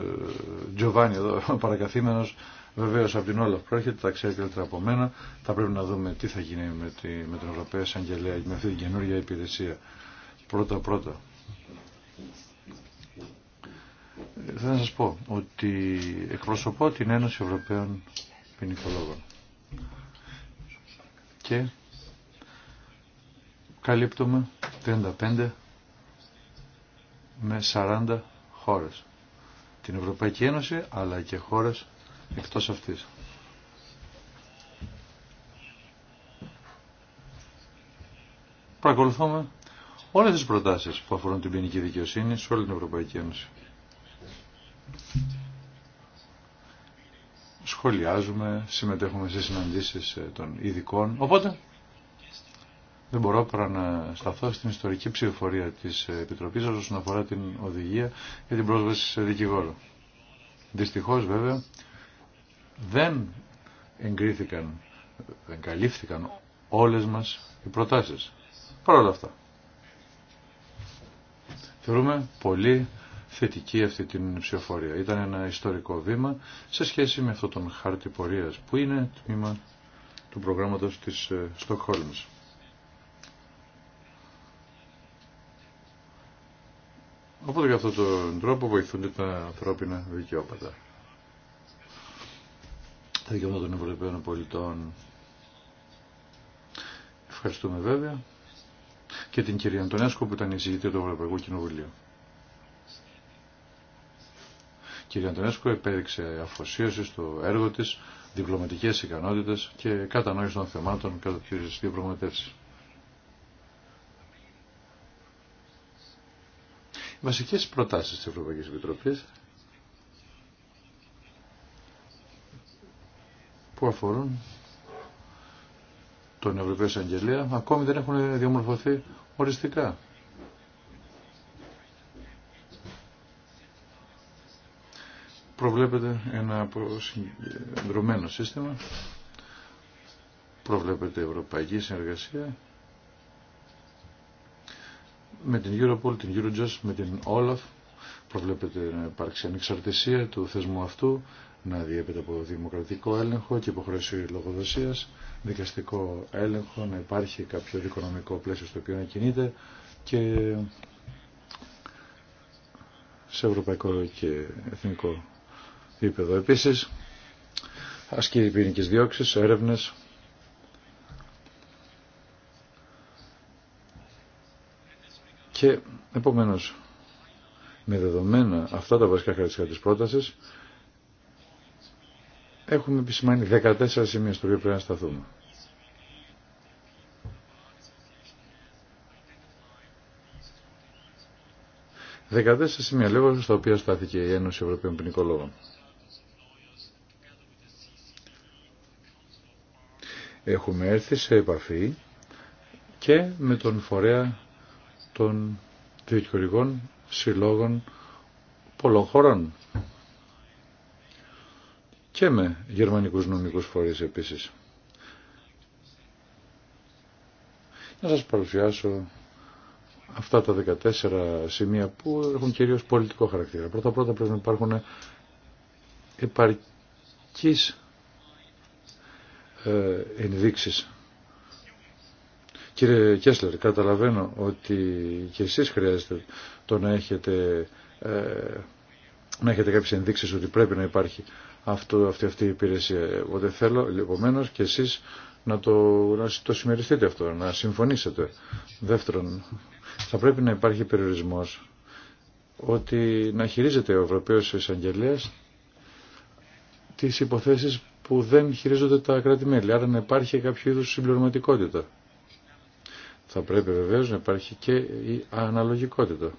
Τζοβάνι εδώ, *laughs* παρακαθήμενος, Βεβαίω από την όλα πρόκειται τα ξέρει καλύτερα από μένα. Θα πρέπει να δούμε τι θα γίνει με, τη, με την Ευρωπαία Εισαγγελέα με αυτή την καινούργια υπηρεσία. Πρώτα-πρώτα. Θα σας πω ότι εκπροσωπώ την Ένωση Ευρωπαίων Ποινικολόγων και καλύπτουμε 35 με 40 χώρες. Την Ευρωπαϊκή Ένωση αλλά και χώρες εκτός αυτής. Παρακολουθούμε όλες τις προτάσεις που αφορούν την ποινική δικαιοσύνη σε όλη την Ευρωπαϊκή Ένωση. Σχολιάζουμε, συμμετέχουμε σε συναντήσεις ε, των ειδικών, οπότε δεν μπορώ παρά να σταθώ στην ιστορική ψηφοφορία της ε, Επιτροπής όσον αφορά την οδηγία για την πρόσβαση σε δικηγόρο. Δυστυχώς βέβαια δεν εγκρίθηκαν, δεν καλύφθηκαν όλες μας οι προτάσεις. Παρ' όλα αυτά. Θεωρούμε πολύ θετική αυτή την ψηφοφορία. Ήταν ένα ιστορικό βήμα σε σχέση με αυτόν τον χάρτη πορείας που είναι τμήμα του προγράμματος της ε, Στοκχόλμης. Οπότε για αυτόν τον τρόπο βοηθούνται τα ανθρώπινα δικαιώματα τα δικαιώματα των πολιτών. Ευχαριστούμε βέβαια και την κυρία Αντωνέσκο που ήταν η εισηγητή του Ευρωπαϊκού Κοινοβουλίου. Η κυρία Αντωνέσκο επέδειξε αφοσίωση στο έργο της, διπλωματικές ικανότητες και κατανόηση των θεμάτων κατά προγραμματεύση. Οι βασικές προτάσεις της Ευρωπαϊκής Επιτροπής που αφορούν τον Ευρωπαίο Αγγελία, ακόμη δεν έχουν διαμορφωθεί οριστικά. Προβλέπεται ένα συγκεντρωμένο σύστημα, προβλέπεται ευρωπαϊκή συνεργασία με την Europol, την Eurojust, με την Olaf, προβλέπεται να υπάρξει ανεξαρτησία του θεσμού αυτού, να διέπεται από δημοκρατικό έλεγχο και υποχρέωση λογοδοσία, δικαστικό έλεγχο, να υπάρχει κάποιο δικονομικό πλαίσιο στο οποίο να κινείται και σε ευρωπαϊκό και εθνικό επίπεδο. Επίση, ασκεί ποινικέ διώξει, έρευνε. Και επομένως με δεδομένα αυτά τα βασικά χαρακτηριστικά της πρότασης Έχουμε επισημάνει 14 σημεία στο οποίο πρέπει να σταθούμε. Δεκατέσσερα σημεία λέγω στα οποία στάθηκε η Ένωση Ευρωπαίων Ποινικολόγων. Έχουμε έρθει σε επαφή και με τον φορέα των διοικητικών συλλόγων πολλών χωρών και με γερμανικούς νομικούς φορείς επίσης. Να σας παρουσιάσω αυτά τα 14 σημεία που έχουν κυρίως πολιτικό χαρακτήρα. Πρώτα πρώτα πρέπει να υπάρχουν επαρκείς ε, ενδείξεις. Κύριε Κέσλερ, καταλαβαίνω ότι και εσείς χρειάζεται το να έχετε, ε, να έχετε κάποιες ενδείξεις ότι πρέπει να υπάρχει αυτό, αυτή, αυτή η υπηρεσία. Οπότε θέλω επομένω και εσείς να το, να το συμμεριστείτε αυτό, να συμφωνήσετε. Δεύτερον, θα πρέπει να υπάρχει περιορισμός ότι να χειρίζεται ο Ευρωπαίος Εισαγγελέας τις υποθέσεις που δεν χειρίζονται τα κράτη-μέλη. Άρα να υπάρχει κάποιο είδους συμπληρωματικότητα. Θα πρέπει βεβαίως να υπάρχει και η αναλογικότητα.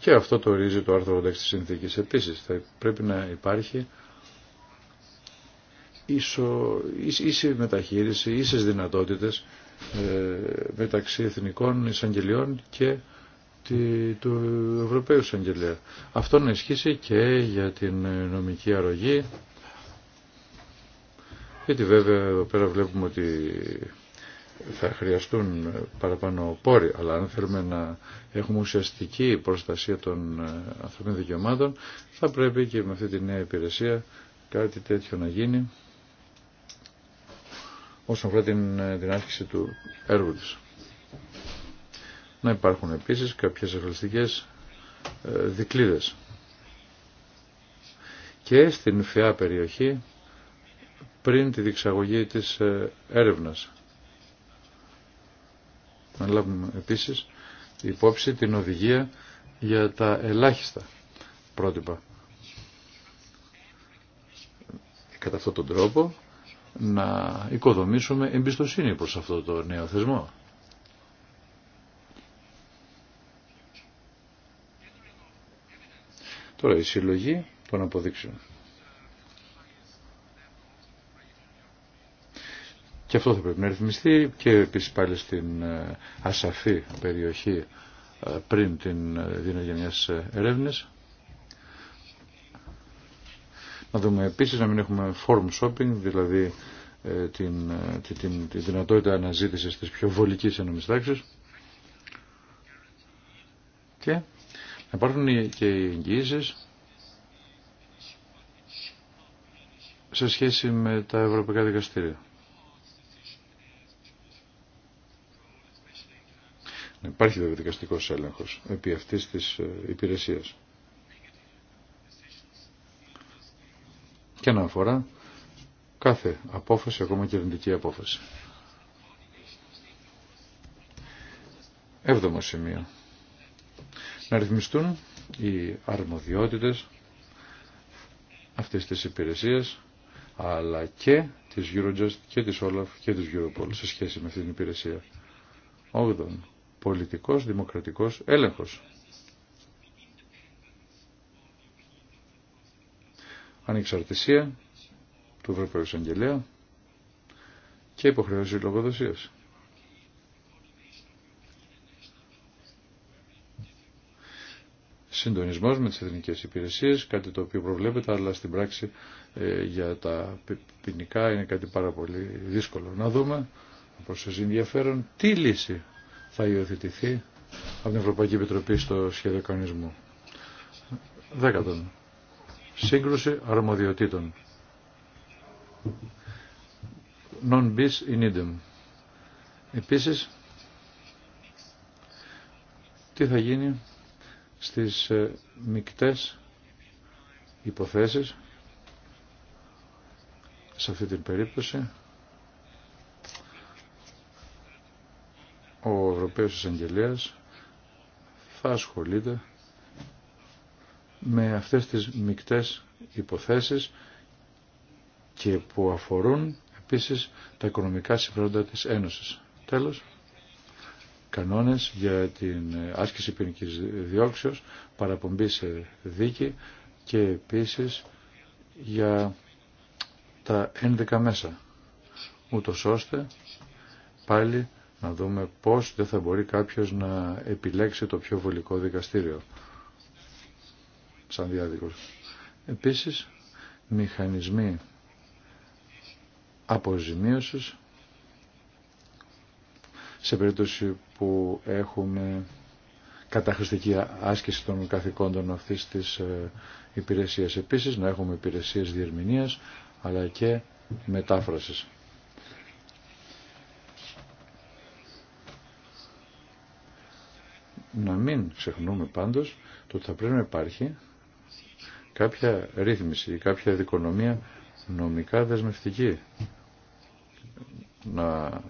Και αυτό το ορίζει το άρθρο 86 της συνθήκης. Επίσης θα πρέπει να υπάρχει ίσο, ίση μεταχείριση, ίσες δυνατότητες ε, μεταξύ εθνικών εισαγγελιών και του Ευρωπαίου εισαγγελία. Αυτό να ισχύσει και για την νομική αρρωγή γιατί βέβαια εδώ πέρα βλέπουμε ότι θα χρειαστούν παραπάνω πόροι, αλλά αν θέλουμε να έχουμε ουσιαστική προστασία των ε, ανθρωπίνων δικαιωμάτων, θα πρέπει και με αυτή τη νέα υπηρεσία κάτι τέτοιο να γίνει όσον αφορά την, ε, την του έργου της. Να υπάρχουν επίσης κάποιες ευχαριστικές ε, δικλίδες. Και στην ΦΕΑ περιοχή πριν τη διεξαγωγή της έρευνας να λάβουμε επίσης υπόψη την οδηγία για τα ελάχιστα πρότυπα. Κατά αυτόν τον τρόπο να οικοδομήσουμε εμπιστοσύνη προς αυτό το νέο θεσμό. Τώρα η συλλογή των αποδείξεων. Και αυτό θα πρέπει να ρυθμιστεί και επίση πάλι στην ε, ασαφή περιοχή ε, πριν την ε, δύναμη μια Να δούμε επίση να μην έχουμε form shopping, δηλαδή την, την, δυνατότητα αναζήτηση τη πιο βολικής ενόμης και να υπάρχουν και οι εγγύησει σε σχέση με τα ευρωπαϊκά δικαστήρια. Υπάρχει βέβαια δικαστικό έλεγχος επί αυτή τη ε, υπηρεσία. Και να αφορά κάθε απόφαση, ακόμα και αρνητική απόφαση. Έβδομο σημείο. Να ρυθμιστούν οι αρμοδιότητες αυτής της υπηρεσίας, αλλά και της Eurojust και της Olaf και της Europol σε σχέση με αυτή την υπηρεσία. Όγδον, πολιτικός δημοκρατικός έλεγχος. Ανεξαρτησία του Ευρωπαϊκού Εισαγγελέα και υποχρεώσει λογοδοσίας. Συντονισμός με τις εθνικές υπηρεσίες, κάτι το οποίο προβλέπεται, αλλά στην πράξη ε, για τα ποινικά είναι κάτι πάρα πολύ δύσκολο. Να δούμε, προς ενδιαφέρον, τι λύση θα υιοθετηθεί από την Ευρωπαϊκή Επιτροπή στο σχέδιο κανονισμού. Δέκατον. Σύγκρουση αρμοδιοτήτων. Non bis in idem. Επίσης, τι θα γίνει στις ε, μικτές υποθέσεις σε αυτή την περίπτωση ο Ευρωπαίος Εισαγγελέας θα ασχολείται με αυτές τις μικτές υποθέσεις και που αφορούν επίσης τα οικονομικά συμφέροντα της Ένωσης. Τέλος, κανόνες για την άσκηση ποινική διώξεως, παραπομπή σε δίκη και επίσης για τα 11 μέσα, Ούτως ώστε πάλι να δούμε πώς δεν θα μπορεί κάποιος να επιλέξει το πιο βολικό δικαστήριο σαν διάδικος. Επίσης, μηχανισμοί αποζημίωσης σε περίπτωση που έχουμε καταχρηστική άσκηση των καθηκόντων αυτής της ε, υπηρεσίας. Επίσης, να έχουμε υπηρεσίες διερμηνίας αλλά και μετάφρασης. να μην ξεχνούμε πάντως το ότι θα πρέπει να υπάρχει κάποια ρύθμιση ή κάποια δικονομία νομικά δεσμευτική να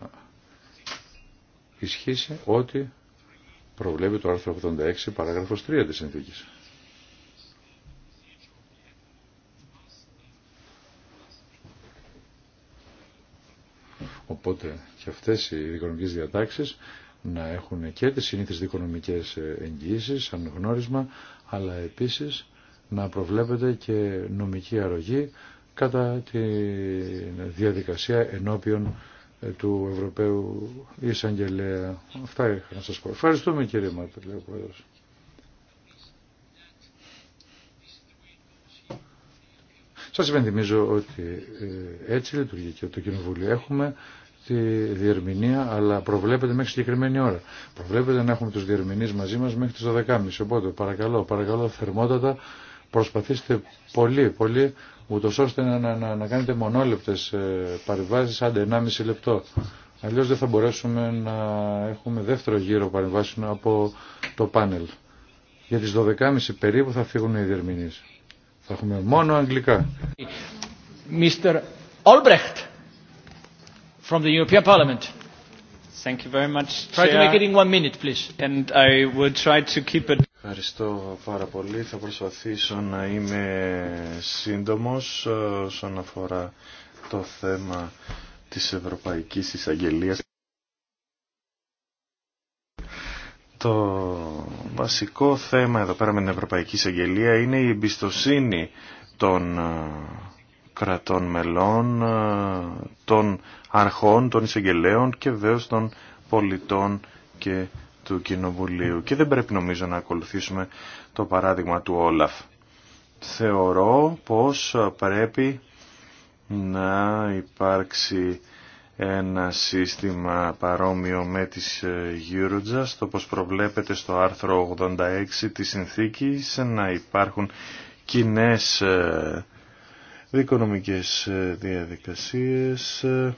ισχύσει ό,τι προβλέπει το άρθρο 86 παράγραφος 3 της συνθήκης. Οπότε και αυτές οι δικονομικές διατάξεις να έχουν και τις συνήθεις δικονομικές ε, εγγυήσεις, αναγνώρισμα, αλλά επίσης να προβλέπεται και νομική αρρωγή κατά τη διαδικασία ενώπιον ε, του Ευρωπαίου Ισαγγελέα. Αυτά είχα να σας πω. Ευχαριστούμε κύριε Πρόεδρος. Σας υπενθυμίζω ότι ε, έτσι λειτουργεί και το Κοινοβούλιο. Έχουμε τη διερμηνία, αλλά προβλέπεται μέχρι συγκεκριμένη ώρα. Προβλέπετε να έχουμε τους διερμηνείς μαζί μας μέχρι τις 12.30. Οπότε παρακαλώ, παρακαλώ θερμότατα, προσπαθήστε πολύ, πολύ, ούτω ώστε να, να, να κάνετε μονόλεπτες ε, παρεμβάσεις, άντε 1,5 λεπτό. Αλλιώς δεν θα μπορέσουμε να έχουμε δεύτερο γύρο παρεμβάσεων από το πάνελ. Για τις 12.30 περίπου θα φύγουν οι διερμηνείς. Θα έχουμε μόνο αγγλικά. Mr. Albrecht from the European Parliament. Thank you very much, Try to make it in one minute, please. And I will try to keep it. Ευχαριστώ πάρα πολύ. Θα προσπαθήσω να είμαι σύντομος ε, όσον αφορά το θέμα της Ευρωπαϊκής Εισαγγελίας. Το βασικό θέμα εδώ πέρα με την Ευρωπαϊκή Εισαγγελία είναι η εμπιστοσύνη των ε, κρατών μελών, ε, των αρχών, των εισαγγελέων και βεβαίω των πολιτών και του Κοινοβουλίου. Και δεν πρέπει νομίζω να ακολουθήσουμε το παράδειγμα του Όλαφ. Θεωρώ πως πρέπει να υπάρξει ένα σύστημα παρόμοιο με τις ε, Eurojust, όπως προβλέπεται στο άρθρο 86 της συνθήκης, να υπάρχουν κοινές ε, οικονομικές ε, διαδικασίες ε,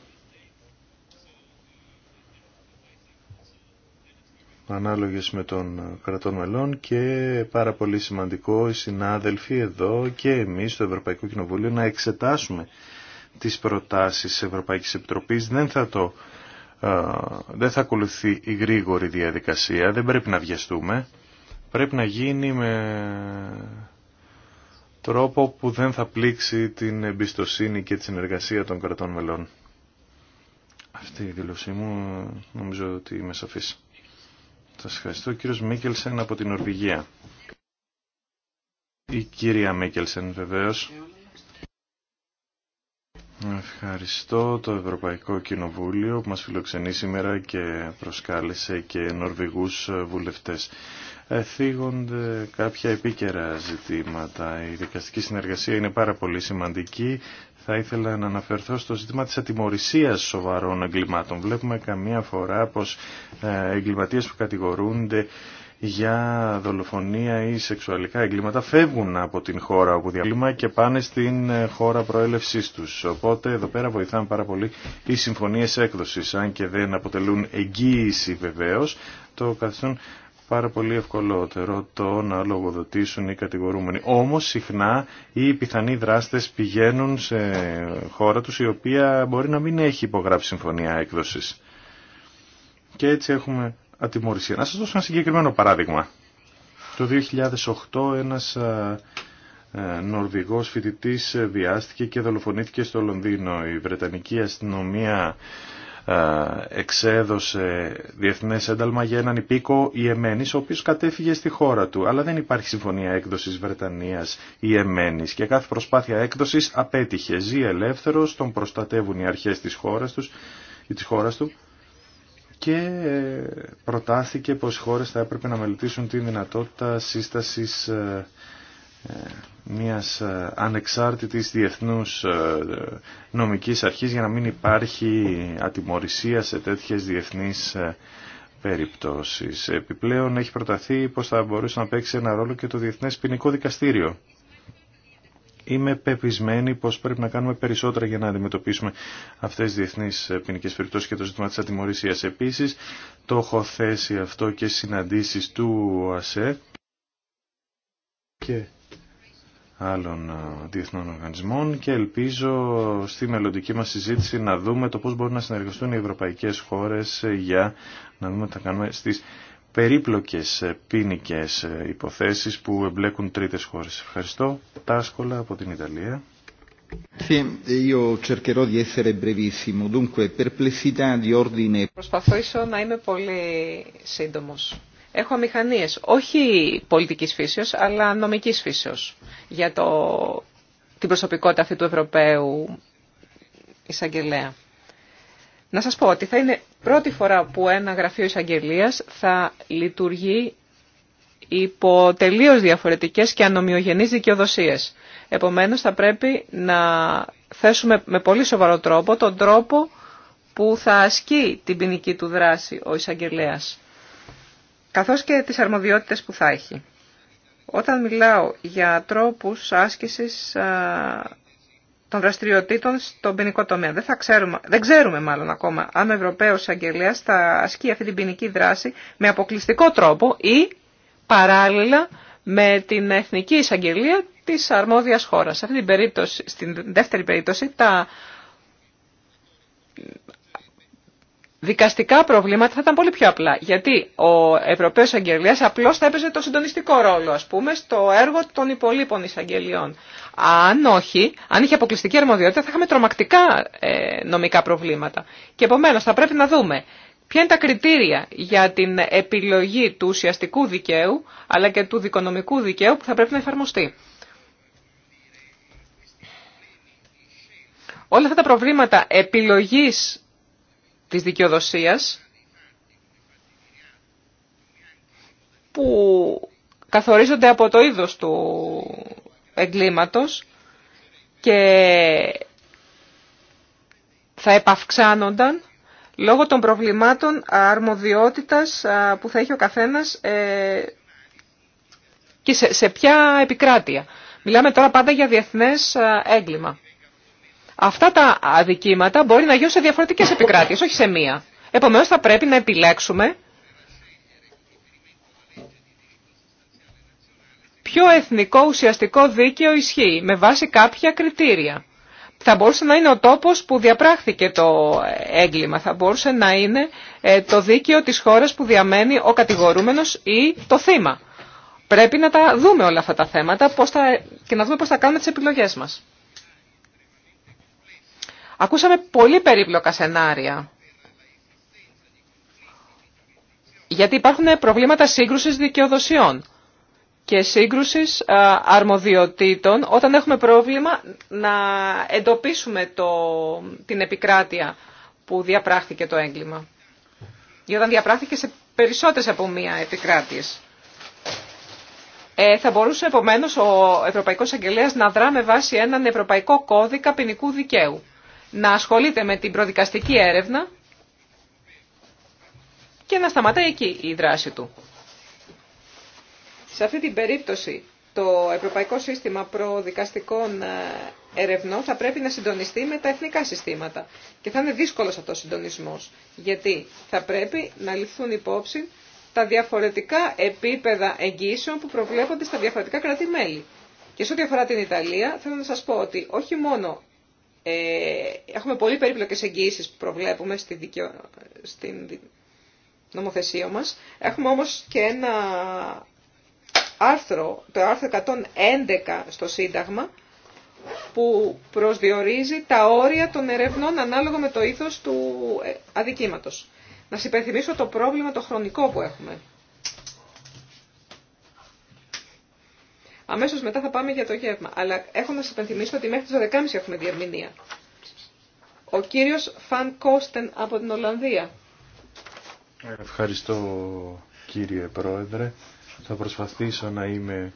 ανάλογες με των κρατών μελών και πάρα πολύ σημαντικό οι συνάδελφοι εδώ και εμείς στο Ευρωπαϊκό Κοινοβούλιο να εξετάσουμε τις προτάσεις της Ευρωπαϊκής Επιτροπής. Δεν θα, το, ε, δεν θα ακολουθεί η γρήγορη διαδικασία, δεν πρέπει να βιαστούμε. Πρέπει να γίνει με τρόπο που δεν θα πλήξει την εμπιστοσύνη και τη συνεργασία των κρατών μελών. Αυτή η δήλωσή μου νομίζω ότι είμαι σαφής. Σας ευχαριστώ. Ο κύριος Μίκελσεν από την Ορβηγία. Η κυρία Μίκελσεν βεβαίως. Ευχαριστώ το Ευρωπαϊκό Κοινοβούλιο που μας φιλοξενεί σήμερα και προσκάλεσε και Νορβηγούς βουλευτές θίγονται κάποια επίκαιρα ζητήματα. Η δικαστική συνεργασία είναι πάρα πολύ σημαντική. Θα ήθελα να αναφερθώ στο ζήτημα της ατιμορρησίας σοβαρών εγκλημάτων. Βλέπουμε καμία φορά πως ε, εγκληματίες που κατηγορούνται για δολοφονία ή σεξουαλικά εγκλήματα φεύγουν από την χώρα όπου διαλύμα και πάνε στην ε, χώρα προέλευσής τους. Οπότε εδώ πέρα βοηθάνε πάρα πολύ οι συμφωνίες έκδοσης, αν και δεν αποτελούν εγγύηση βεβαίως, το καθιστούν πάρα πολύ ευκολότερο το να λογοδοτήσουν οι κατηγορούμενοι. Όμως συχνά οι πιθανοί δράστες πηγαίνουν σε χώρα τους η οποία μπορεί να μην έχει υπογράψει συμφωνία έκδοσης. Και έτσι έχουμε ατιμωρησία. Να σας δώσω ένα συγκεκριμένο παράδειγμα. Το 2008 ένας ε, Νορβηγός φοιτητής ε, βιάστηκε και δολοφονήθηκε στο Λονδίνο. Η Βρετανική αστυνομία ε, εξέδωσε διεθνές ένταλμα για έναν υπήκο Ιεμένης ο οποίος κατέφυγε στη χώρα του αλλά δεν υπάρχει συμφωνία έκδοσης Βρετανίας Ιεμένης και κάθε προσπάθεια έκδοσης απέτυχε ζει ελεύθερος, τον προστατεύουν οι αρχές της χώρας, τους, της χώρας του και ε, προτάθηκε πως οι χώρες θα έπρεπε να μελετήσουν τη δυνατότητα σύστασης ε, μιας ε, ανεξάρτητης διεθνούς ε, νομικής αρχής για να μην υπάρχει ατιμορρησία σε τέτοιες διεθνείς ε, περιπτώσεις. Επιπλέον έχει προταθεί πως θα μπορούσε να παίξει ένα ρόλο και το Διεθνές Ποινικό Δικαστήριο. Είμαι πεπισμένη πως πρέπει να κάνουμε περισσότερα για να αντιμετωπίσουμε αυτές τις διεθνείς ποινικέ περιπτώσεις και το ζήτημα της ατιμορρησίας. Επίσης, το έχω θέσει αυτό και στις συναντήσεις του ΟΑΣΕ άλλων διεθνών οργανισμών και ελπίζω στη μελλοντική μας συζήτηση να δούμε το πώς μπορούν να συνεργαστούν οι ευρωπαϊκές χώρες ε, για να δούμε τι θα κάνουμε στις περίπλοκες ε, ποινικέ ε, υποθέσεις που εμπλέκουν τρίτες χώρες. Ευχαριστώ. Τάσκολα από την Ιταλία. Προσπαθήσω να είμαι πολύ σύντομος έχω αμηχανίες, όχι πολιτικής φύσεως, αλλά νομικής φύσεως, για το, την προσωπικότητα αυτή του Ευρωπαίου εισαγγελέα. Να σας πω ότι θα είναι πρώτη φορά που ένα γραφείο εισαγγελία θα λειτουργεί υπό τελείως διαφορετικές και ανομοιογενείς δικαιοδοσίες. Επομένως θα πρέπει να θέσουμε με πολύ σοβαρό τρόπο τον τρόπο που θα ασκεί την ποινική του δράση ο εισαγγελέα καθώς και τις αρμοδιότητες που θα έχει. Όταν μιλάω για τρόπους άσκησης των δραστηριοτήτων στον ποινικό τομέα. Δεν, θα ξέρουμε, δεν ξέρουμε μάλλον ακόμα αν ο Ευρωπαίος Αγγελέας θα ασκεί αυτή την ποινική δράση με αποκλειστικό τρόπο ή παράλληλα με την Εθνική Εισαγγελία της αρμόδιας χώρας. αυτή την περίπτωση, στην δεύτερη περίπτωση τα δικαστικά προβλήματα θα ήταν πολύ πιο απλά. Γιατί ο Ευρωπαίο αγγελία απλώ θα έπαιζε το συντονιστικό ρόλο, α πούμε, στο έργο των υπολείπων εισαγγελιών. Αν όχι, αν είχε αποκλειστική αρμοδιότητα, θα είχαμε τρομακτικά ε, νομικά προβλήματα. Και επομένω θα πρέπει να δούμε ποια είναι τα κριτήρια για την επιλογή του ουσιαστικού δικαίου, αλλά και του δικονομικού δικαίου που θα πρέπει να εφαρμοστεί. Όλα αυτά τα προβλήματα επιλογής της δικαιοδοσίας που καθορίζονται από το είδος του εγκλήματος και θα επαυξάνονταν λόγω των προβλημάτων αρμοδιότητας που θα έχει ο καθένας ε, και σε ποια επικράτεια. Μιλάμε τώρα πάντα για διεθνές έγκλημα αυτά τα αδικήματα μπορεί να γίνουν σε διαφορετικές επικράτειες, όχι σε μία. Επομένως θα πρέπει να επιλέξουμε ποιο εθνικό ουσιαστικό δίκαιο ισχύει με βάση κάποια κριτήρια. Θα μπορούσε να είναι ο τόπος που διαπράχθηκε το έγκλημα, θα μπορούσε να είναι ε, το δίκαιο της χώρας που διαμένει ο κατηγορούμενος ή το θύμα. Πρέπει να τα δούμε όλα αυτά τα θέματα και να δούμε πώς θα κάνουμε τις επιλογές μας. Ακούσαμε πολύ περίπλοκα σενάρια. Γιατί υπάρχουν προβλήματα σύγκρουσης δικαιοδοσιών και σύγκρουσης αρμοδιοτήτων όταν έχουμε πρόβλημα να εντοπίσουμε το, την επικράτεια που διαπράχθηκε το έγκλημα. Ή όταν διαπράχθηκε σε περισσότερες από μία επικράτειες. Ε, θα μπορούσε επομένως ο Ευρωπαϊκός Αγγελέας να δρά με βάση έναν Ευρωπαϊκό Κώδικα Ποινικού Δικαίου να ασχολείται με την προδικαστική έρευνα και να σταματάει εκεί η δράση του. Σε αυτή την περίπτωση το Ευρωπαϊκό Σύστημα Προδικαστικών ε, Ερευνών θα πρέπει να συντονιστεί με τα εθνικά συστήματα. Και θα είναι δύσκολος αυτός ο συντονισμός, γιατί θα πρέπει να ληφθούν υπόψη τα διαφορετικά επίπεδα εγγύσεων που προβλέπονται στα διαφορετικά κράτη-μέλη. Και σε ό,τι αφορά την Ιταλία, θέλω να σας πω ότι όχι μόνο ε, έχουμε πολύ περίπλοκες εγγύησεις που προβλέπουμε στη δικαιο... στην νομοθεσία μας. Έχουμε όμως και ένα άρθρο, το άρθρο 111 στο Σύνταγμα, που προσδιορίζει τα όρια των ερευνών ανάλογα με το ήθος του ε, αδικήματος. Να σας το πρόβλημα το χρονικό που έχουμε. Αμέσω μετά θα πάμε για το γεύμα. Αλλά έχω να σα υπενθυμίσω ότι μέχρι τι 12.30 έχουμε διερμηνία. Ο κύριο Φαν Κόστεν από την Ολλανδία. Ευχαριστώ κύριε Πρόεδρε. Θα προσπαθήσω να είμαι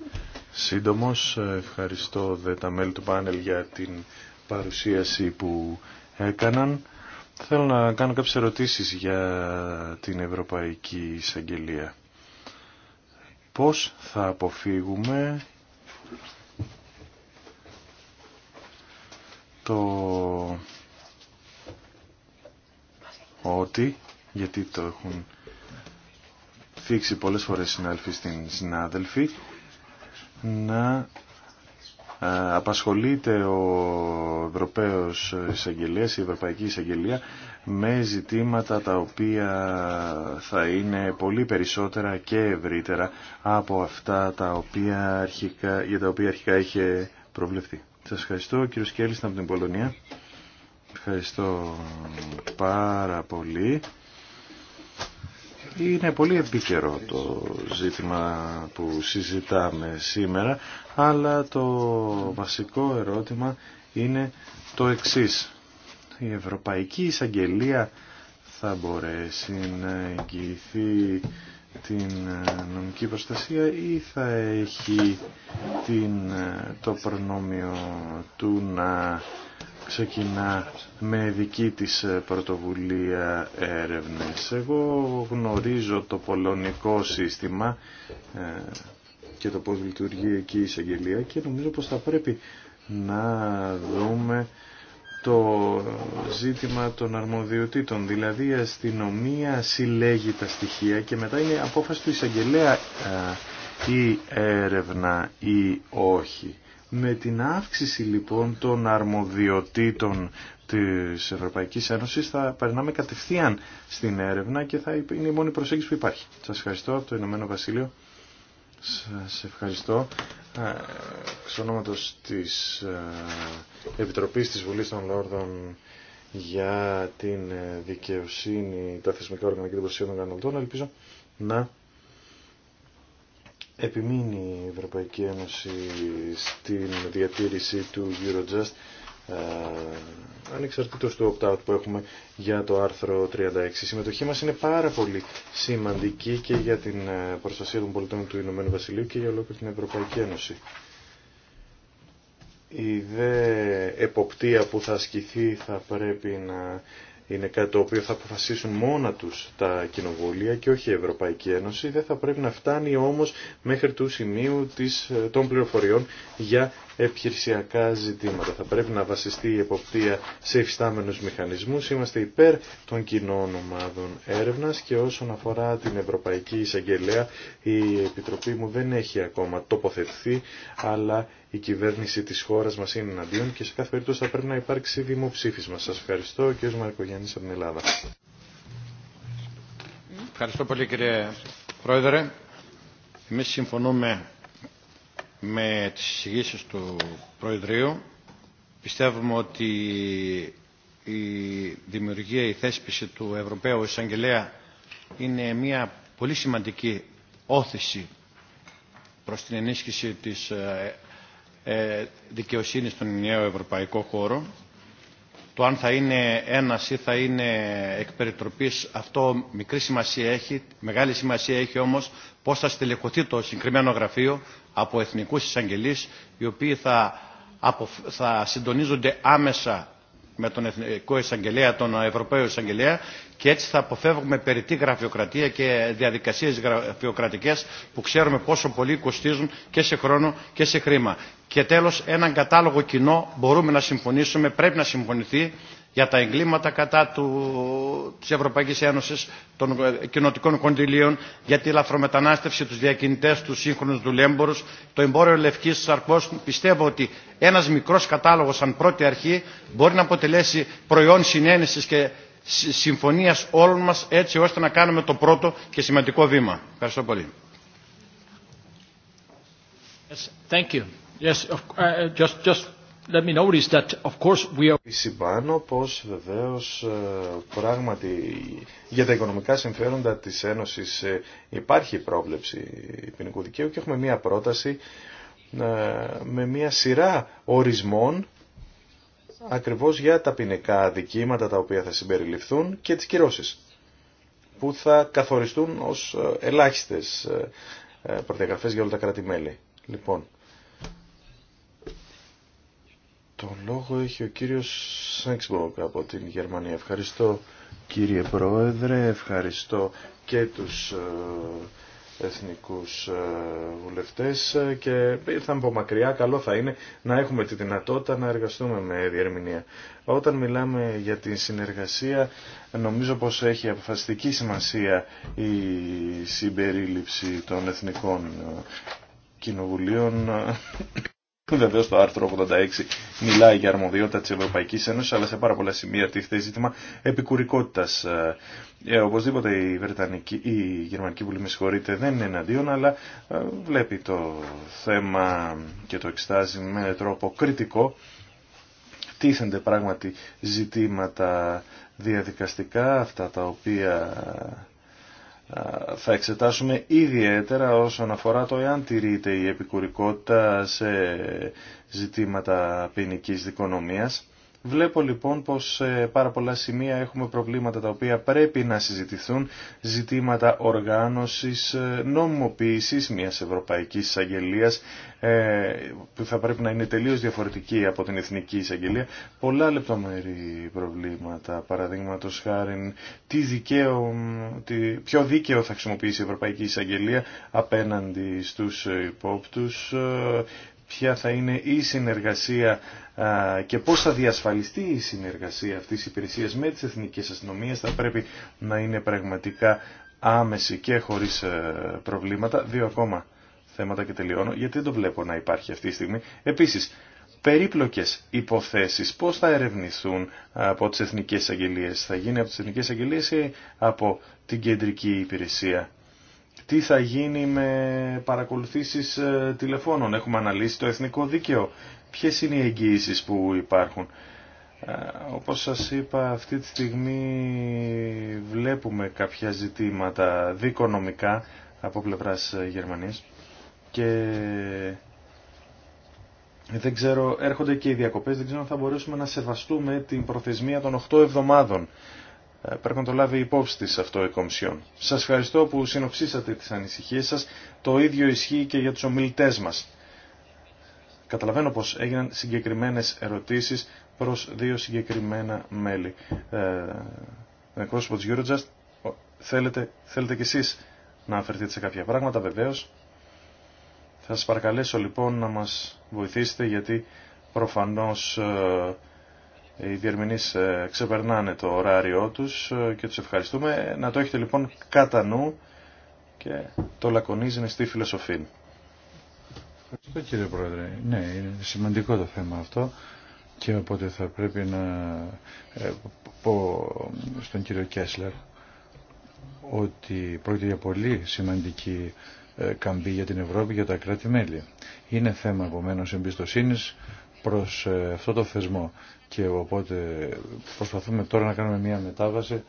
σύντομος. Ευχαριστώ δε τα μέλη του πάνελ για την παρουσίαση που έκαναν. Θέλω να κάνω κάποιες ερωτήσεις για την Ευρωπαϊκή Εισαγγελία. Πώς θα αποφύγουμε το ότι, γιατί το έχουν θίξει πολλές φορές συνάδελφοι στην συνάδελφη, να ε, απασχολείται ο Ευρωπαίος Εισαγγελίας η Ευρωπαϊκή Εισαγγελία με ζητήματα τα οποία θα είναι πολύ περισσότερα και ευρύτερα από αυτά τα οποία αρχικά, για τα οποία αρχικά είχε προβλεφθεί. Σας ευχαριστώ κύριο Σκέλης από την Πολωνία. Ευχαριστώ πάρα πολύ. Είναι πολύ επίκαιρο το ζήτημα που συζητάμε σήμερα, αλλά το βασικό ερώτημα είναι το εξής η Ευρωπαϊκή Εισαγγελία θα μπορέσει να εγγυηθεί την ε, νομική προστασία ή θα έχει την, ε, το προνόμιο του να ξεκινά με δική της ε, πρωτοβουλία έρευνες. Εγώ γνωρίζω το πολωνικό σύστημα και το πώς λειτουργεί εκεί η εισαγγελία και νομίζω πως θα πρέπει να δούμε το ζήτημα των αρμοδιοτήτων. Δηλαδή η αστυνομία συλλέγει τα στοιχεία και μετά είναι απόφαση του εισαγγελέα ή έρευνα ή όχι. Με την αύξηση λοιπόν των αρμοδιοτήτων της Ευρωπαϊκής Ένωσης θα περνάμε κατευθείαν στην έρευνα και θα είναι η μόνη προσέγγιση που υπάρχει. Σας ευχαριστώ από το Ηνωμένο Βασίλειο. Σας ευχαριστώ εξ της Επιτροπής της Βουλής των Λόρδων για την ε, δικαιοσύνη, τα θεσμικά όργανα και την προστασία των ελπίζω να επιμείνει η Ευρωπαϊκή Ένωση στην διατήρηση του Eurojust ε, ανεξαρτήτως του opt-out που έχουμε για το άρθρο 36. Η συμμετοχή μας είναι πάρα πολύ σημαντική και για την ε, προστασία των πολιτών του Ηνωμένου Βασιλείου και για ολόκληρη την Ευρωπαϊκή Ένωση. Η δε εποπτεία που θα ασκηθεί θα πρέπει να είναι κάτι το οποίο θα αποφασίσουν μόνα τους τα κοινοβούλια και όχι η Ευρωπαϊκή Ένωση. Δεν θα πρέπει να φτάνει όμως μέχρι του σημείου της, ε, των πληροφοριών για επιχειρησιακά ζητήματα. Θα πρέπει να βασιστεί η εποπτεία σε υφιστάμενους μηχανισμούς. Είμαστε υπέρ των κοινών ομάδων έρευνας και όσον αφορά την Ευρωπαϊκή Εισαγγελέα η Επιτροπή μου δεν έχει ακόμα τοποθετηθεί αλλά η κυβέρνηση της χώρας μας είναι εναντίον και σε κάθε περίπτωση θα πρέπει να υπάρξει δημοψήφισμα. Σας ευχαριστώ και ο από την Ελλάδα. Ευχαριστώ πολύ κύριε Πρόεδρε. Εμείς συμφωνούμε με τις εισηγήσεις του Προεδρείου. Πιστεύουμε ότι η δημιουργία, η θέσπιση του Ευρωπαίου Εισαγγελέα είναι μια πολύ σημαντική όθηση προς την ενίσχυση της ε, ε, δικαιοσύνη στον νέο ευρωπαϊκό χώρο. Το αν θα είναι ένα ή θα είναι εκ αυτό μικρή σημασία έχει. Μεγάλη σημασία έχει όμως πώς θα στελεχωθεί το συγκεκριμένο γραφείο από εθνικούς εισαγγελείς, οι οποίοι θα, θα συντονίζονται άμεσα με τον Εθνικό Εισαγγελέα, τον Ευρωπαίο Εισαγγελέα και έτσι θα αποφεύγουμε περιττή γραφειοκρατία και διαδικασίε γραφειοκρατικές που ξέρουμε πόσο πολύ κοστίζουν και σε χρόνο και σε χρήμα. Και τέλο, έναν κατάλογο κοινό μπορούμε να συμφωνήσουμε, πρέπει να συμφωνηθεί για τα εγκλήματα κατά του, της Ευρωπαϊκής Ένωσης, των κοινοτικών κοντιλίων, για τη λαφρομετανάστευση, τους διακινητές, του σύγχρονους δουλέμπορους, το εμπόριο λευκής σαρκός. Πιστεύω ότι ένας μικρός κατάλογος σαν πρώτη αρχή μπορεί να αποτελέσει προϊόν συνένεση και συμφωνίας όλων μας έτσι ώστε να κάνουμε το πρώτο και σημαντικό βήμα. Ευχαριστώ πολύ. Uh, Συμπάνω πως βεβαίως ε, πράγματι για τα οικονομικά συμφέροντα της Ένωσης ε, υπάρχει πρόβλεψη ποινικού δικαίου και έχουμε μία πρόταση ε, με μία σειρά ορισμών ακριβώς για τα ποινικά αδικήματα τα οποία θα συμπεριληφθούν και τις κυρώσεις που θα καθοριστούν ως ε, ελάχιστες ε, ε, προδιαγραφές για όλα τα κρατη Λοιπόν, το λόγο έχει ο κύριος Σέξμπορκ από την Γερμανία. Ευχαριστώ κύριε Πρόεδρε, ευχαριστώ και τους εθνικούς ε, βουλευτές ε, και ήρθαμε από μακριά, καλό θα είναι να έχουμε τη δυνατότητα να εργαστούμε με διερμηνία. Όταν μιλάμε για τη συνεργασία νομίζω πως έχει αποφασιστική σημασία η συμπερίληψη των εθνικών ε, κοινοβουλίων Βεβαίω το άρθρο 86 μιλάει για αρμοδιότητα τη Ευρωπαϊκή Ένωση, αλλά σε πάρα πολλά σημεία τίθεται ζήτημα επικουρικότητα. Ε, ε, οπωσδήποτε η, Βρετανική, η Γερμανική Βουλή, με συγχωρείτε, δεν είναι εναντίον, αλλά ε, βλέπει το θέμα και το εξτάζει με τρόπο κριτικό. Τίθενται πράγματι ζητήματα διαδικαστικά, αυτά τα οποία θα εξετάσουμε ιδιαίτερα όσον αφορά το εάν τηρείται η επικουρικότητα σε ζητήματα ποινική δικονομίας Βλέπω λοιπόν πως σε πάρα πολλά σημεία έχουμε προβλήματα τα οποία πρέπει να συζητηθούν, ζητήματα οργάνωσης, ε, νομιμοποίησης μιας Ευρωπαϊκής εισαγγελία ε, που θα πρέπει να είναι τελείως διαφορετική από την Εθνική Εισαγγελία, πολλά λεπτομερή προβλήματα, παραδείγματο χάρη τι δικαίω, τι, ποιο δίκαιο θα χρησιμοποιήσει η Ευρωπαϊκή Εισαγγελία απέναντι στους υπόπτους, ε, ποια θα είναι η συνεργασία και πώς θα διασφαλιστεί η συνεργασία αυτής της υπηρεσίας με τις εθνικές αστυνομίες θα πρέπει να είναι πραγματικά άμεση και χωρίς ε, προβλήματα. Δύο ακόμα θέματα και τελειώνω, γιατί δεν το βλέπω να υπάρχει αυτή τη στιγμή. Επίσης, περίπλοκες υποθέσεις, πώς θα ερευνηθούν από τις εθνικές αγγελίες, θα γίνει από τις εθνικές αγγελίες ή από την κεντρική υπηρεσία τι θα γίνει με παρακολουθήσεις ε, τηλεφώνων. Έχουμε αναλύσει το εθνικό δίκαιο. Ποιες είναι οι εγγύησεις που υπάρχουν. Ε, όπως σας είπα αυτή τη στιγμή βλέπουμε κάποια ζητήματα δικονομικά από πλευράς ε, Γερμανίας και δεν ξέρω, έρχονται και οι διακοπές, δεν ξέρω αν θα μπορέσουμε να σεβαστούμε την προθεσμία των 8 εβδομάδων ε, πρέπει να το λάβει υπόψη της αυτό η Κομισιόν. Σας ευχαριστώ που συνοψίσατε τις ανησυχίες σας. Το ίδιο ισχύει και για τους ομιλητές μας. Καταλαβαίνω πως έγιναν συγκεκριμένες ερωτήσεις προς δύο συγκεκριμένα μέλη. Ε, εκπρόσωπο της Eurojust θέλετε, θέλετε κι εσείς να αφαιρθείτε σε κάποια πράγματα βεβαίως. Θα σας παρακαλέσω λοιπόν να μας βοηθήσετε γιατί προφανώς... Ε, οι διερμηνείς ε, ξεπερνάνε το ωράριό τους ε, και τους ευχαριστούμε. Να το έχετε λοιπόν κατά νου και το λακωνίζει στη φιλοσοφή. Ευχαριστώ κύριε Πρόεδρε. Ναι, είναι σημαντικό το θέμα αυτό και οπότε θα πρέπει να ε, πω στον κύριο Κέσλερ ότι πρόκειται για πολύ σημαντική καμπή για την Ευρώπη, για τα κράτη-μέλη. Είναι θέμα επομένω εμπιστοσύνη προς ε, αυτό το θεσμό και οπότε προσπαθούμε τώρα να κάνουμε μια μετάβαση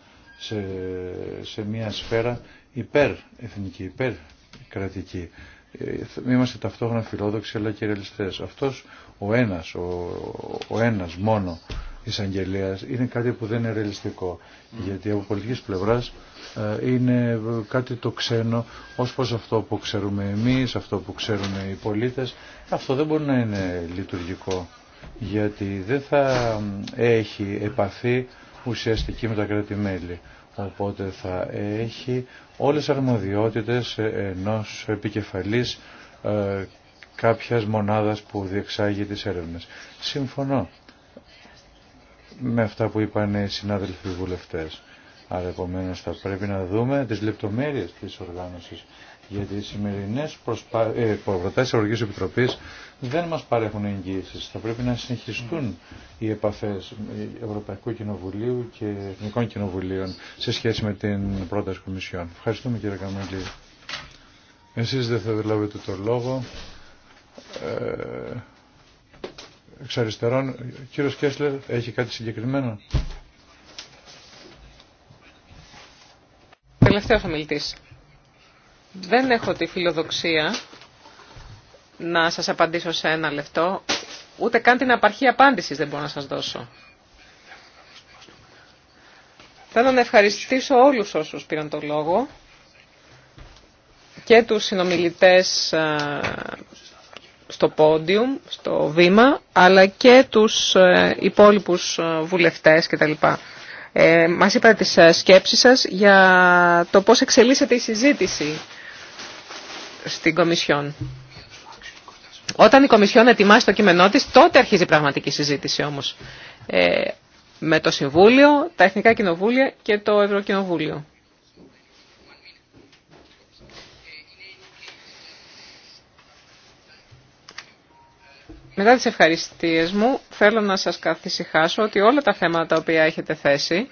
σε, μια σφαίρα υπερ-εθνική, υπερ-κρατική. Ε, είμαστε ταυτόχρονα φιλόδοξοι αλλά και ρεαλιστές. Αυτός ο ένας, ο ένας μόνο εισαγγελία είναι κάτι που δεν είναι ρεαλιστικό. Γιατί από πολιτική πλευρά ε, είναι κάτι το ξένο ω προ αυτό που ξέρουμε εμεί, αυτό που ξέρουν οι πολίτε. Αυτό δεν μπορεί να είναι λειτουργικό. Γιατί δεν θα έχει επαφή ουσιαστική με τα κράτη-μέλη. Οπότε θα έχει όλες τι αρμοδιότητες ενός επικεφαλής ε, κάποιας μονάδας που διεξάγει τις έρευνες. Συμφωνώ με αυτά που είπαν οι συνάδελφοι βουλευτές. Άρα επομένω θα πρέπει να δούμε τις λεπτομέρειες της οργάνωσης. Γιατί οι σημερινές προσπα... ε, προτάσεις Ευρωπαϊκής Επιτροπής δεν μας παρέχουν εγγύησεις. Θα πρέπει να συνεχιστούν οι επαφές Ευρωπαϊκού Κοινοβουλίου και Εθνικών Κοινοβουλίων σε σχέση με την πρόταση Κομισιόν. Ευχαριστούμε κύριε Καμέλη. Εσείς δεν θα λάβετε το λόγο. Ε, εξ αριστερών, Κέσλερ έχει κάτι συγκεκριμένο. Τελευταίος ομιλητής. Δεν έχω τη φιλοδοξία να σας απαντήσω σε ένα λεπτό, ούτε καν την απαρχή απάντησης δεν μπορώ να σας δώσω. Θέλω να ευχαριστήσω όλους όσους πήραν το λόγο και τους συνομιλητές ε, στο πόντιουμ, στο βήμα, αλλά και τους ε, υπόλοιπους ε, βουλευτές κτλ. Ε, μας είπατε τις ε, σκέψεις σας για το πώς εξελίσσεται η συζήτηση στην Κομισιόν. Όταν η Κομισιόν ετοιμάσει το κείμενό της, τότε αρχίζει η πραγματική συζήτηση όμως. με το Συμβούλιο, τα Εθνικά Κοινοβούλια και το Ευρωκοινοβούλιο. Μετά τις ευχαριστίες μου θέλω να σας καθησυχάσω ότι όλα τα θέματα τα οποία έχετε θέσει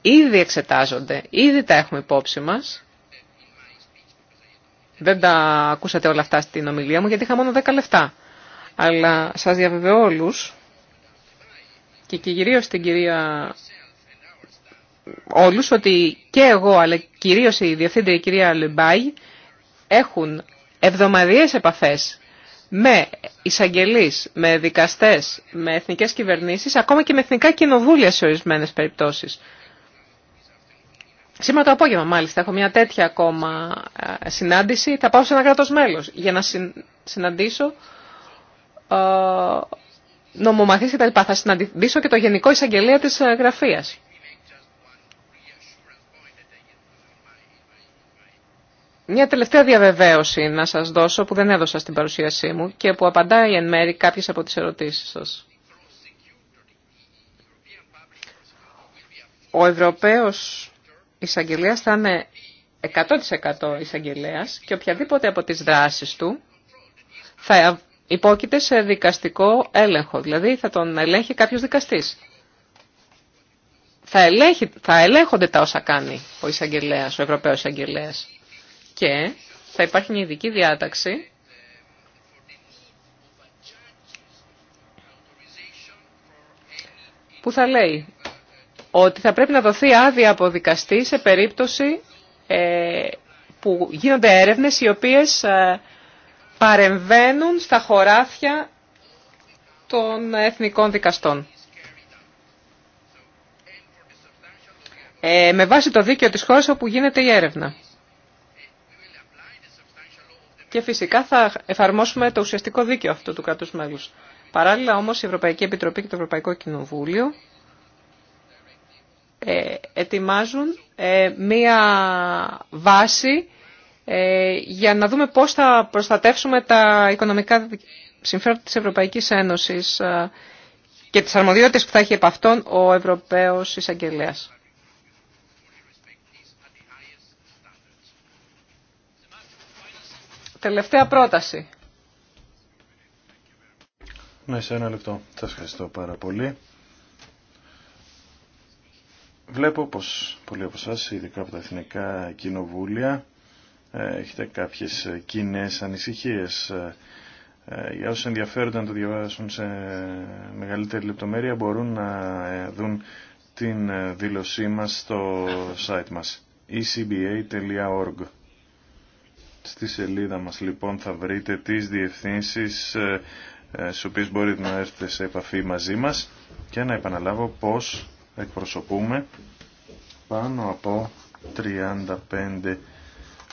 ήδη εξετάζονται, ήδη τα έχουμε υπόψη μας. Δεν τα ακούσατε όλα αυτά στην ομιλία μου γιατί είχα μόνο 10 λεφτά. Αλλά σας διαβεβαιώ όλους και κυρίως την κυρία όλους ότι και εγώ αλλά κυρίως η διευθύντρια η κυρία Λεμπάι έχουν εβδομαδιαίες επαφές με εισαγγελεί, με δικαστές, με εθνικές κυβερνήσεις, ακόμα και με εθνικά κοινοβούλια σε ορισμένε περιπτώσει. Σήμερα το απόγευμα μάλιστα έχω μια τέτοια ακόμα ε, συνάντηση. Θα πάω σε ένα κράτο μέλο, για να συναντήσω ε, νομομαθεί Θα συναντήσω και το Γενικό Εισαγγελία της ε, Γραφείας. Μια τελευταία διαβεβαίωση να σας δώσω που δεν έδωσα στην παρουσίασή μου και που απαντάει εν μέρη κάποιες από τις ερωτήσεις σας. Ο Ευρωπαίος εισαγγελέας θα είναι 100% εισαγγελέας και οποιαδήποτε από τις δράσεις του θα υπόκειται σε δικαστικό έλεγχο. Δηλαδή θα τον ελέγχει κάποιος δικαστής. Θα, θα ελέγχονται τα όσα κάνει ο εισαγγελέας, ο Ευρωπαίος και θα υπάρχει μια ειδική διάταξη που θα λέει ότι θα πρέπει να δοθεί άδεια από δικαστή σε περίπτωση ε, που γίνονται έρευνες οι οποίες ε, παρεμβαίνουν στα χωράφια των εθνικών δικαστών. Ε, με βάση το δίκαιο της χώρας όπου γίνεται η έρευνα και φυσικά θα εφαρμόσουμε το ουσιαστικό δίκαιο αυτό του κρατούς μέλους. Παράλληλα όμως η Ευρωπαϊκή Επιτροπή και το Ευρωπαϊκό Κοινοβούλιο ε, ετοιμάζουν ε, μία βάση ε, για να δούμε πώς θα προστατεύσουμε τα οικονομικά συμφέροντα της Ευρωπαϊκής Ένωσης και τις αρμοδιότητες που θα έχει επ' αυτόν ο Ευρωπαίος Εισαγγελέας. Τελευταία πρόταση. Ναι, σε ένα λεπτό. Σας ευχαριστώ πάρα πολύ. Βλέπω πως πολλοί από εσάς, ειδικά από τα εθνικά κοινοβούλια, ε, έχετε κάποιες κοινέ ανησυχίες. Ε, ε, για όσους ενδιαφέρονται να το διαβάσουν σε μεγαλύτερη λεπτομέρεια μπορούν να δουν την δήλωσή μας στο site μας ecba.org. Στη σελίδα μας λοιπόν θα βρείτε τις διευθύνσεις ε, ε, στις οποίες μπορείτε να έρθετε σε επαφή μαζί μας και να επαναλάβω πως εκπροσωπούμε πάνω από 35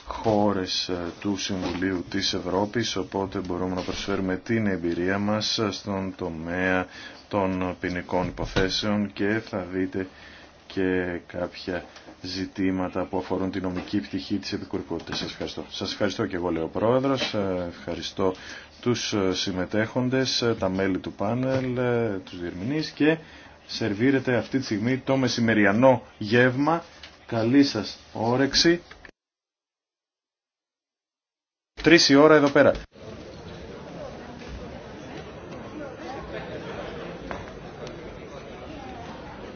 χώρες ε, του Συμβουλίου της Ευρώπης, οπότε μπορούμε να προσφέρουμε την εμπειρία μας στον τομέα των ποινικών υποθέσεων και θα δείτε και κάποια ζητήματα που αφορούν τη νομική πτυχή της επικουρικότητας. Σας ευχαριστώ. Σας ευχαριστώ και εγώ λέω πρόεδρος, ε, ευχαριστώ τους ε, συμμετέχοντες, ε, τα μέλη του πάνελ, τους διερμηνείς και σερβίρεται αυτή τη στιγμή το μεσημεριανό γεύμα. Καλή σας όρεξη. Τρεις η ώρα εδώ πέρα.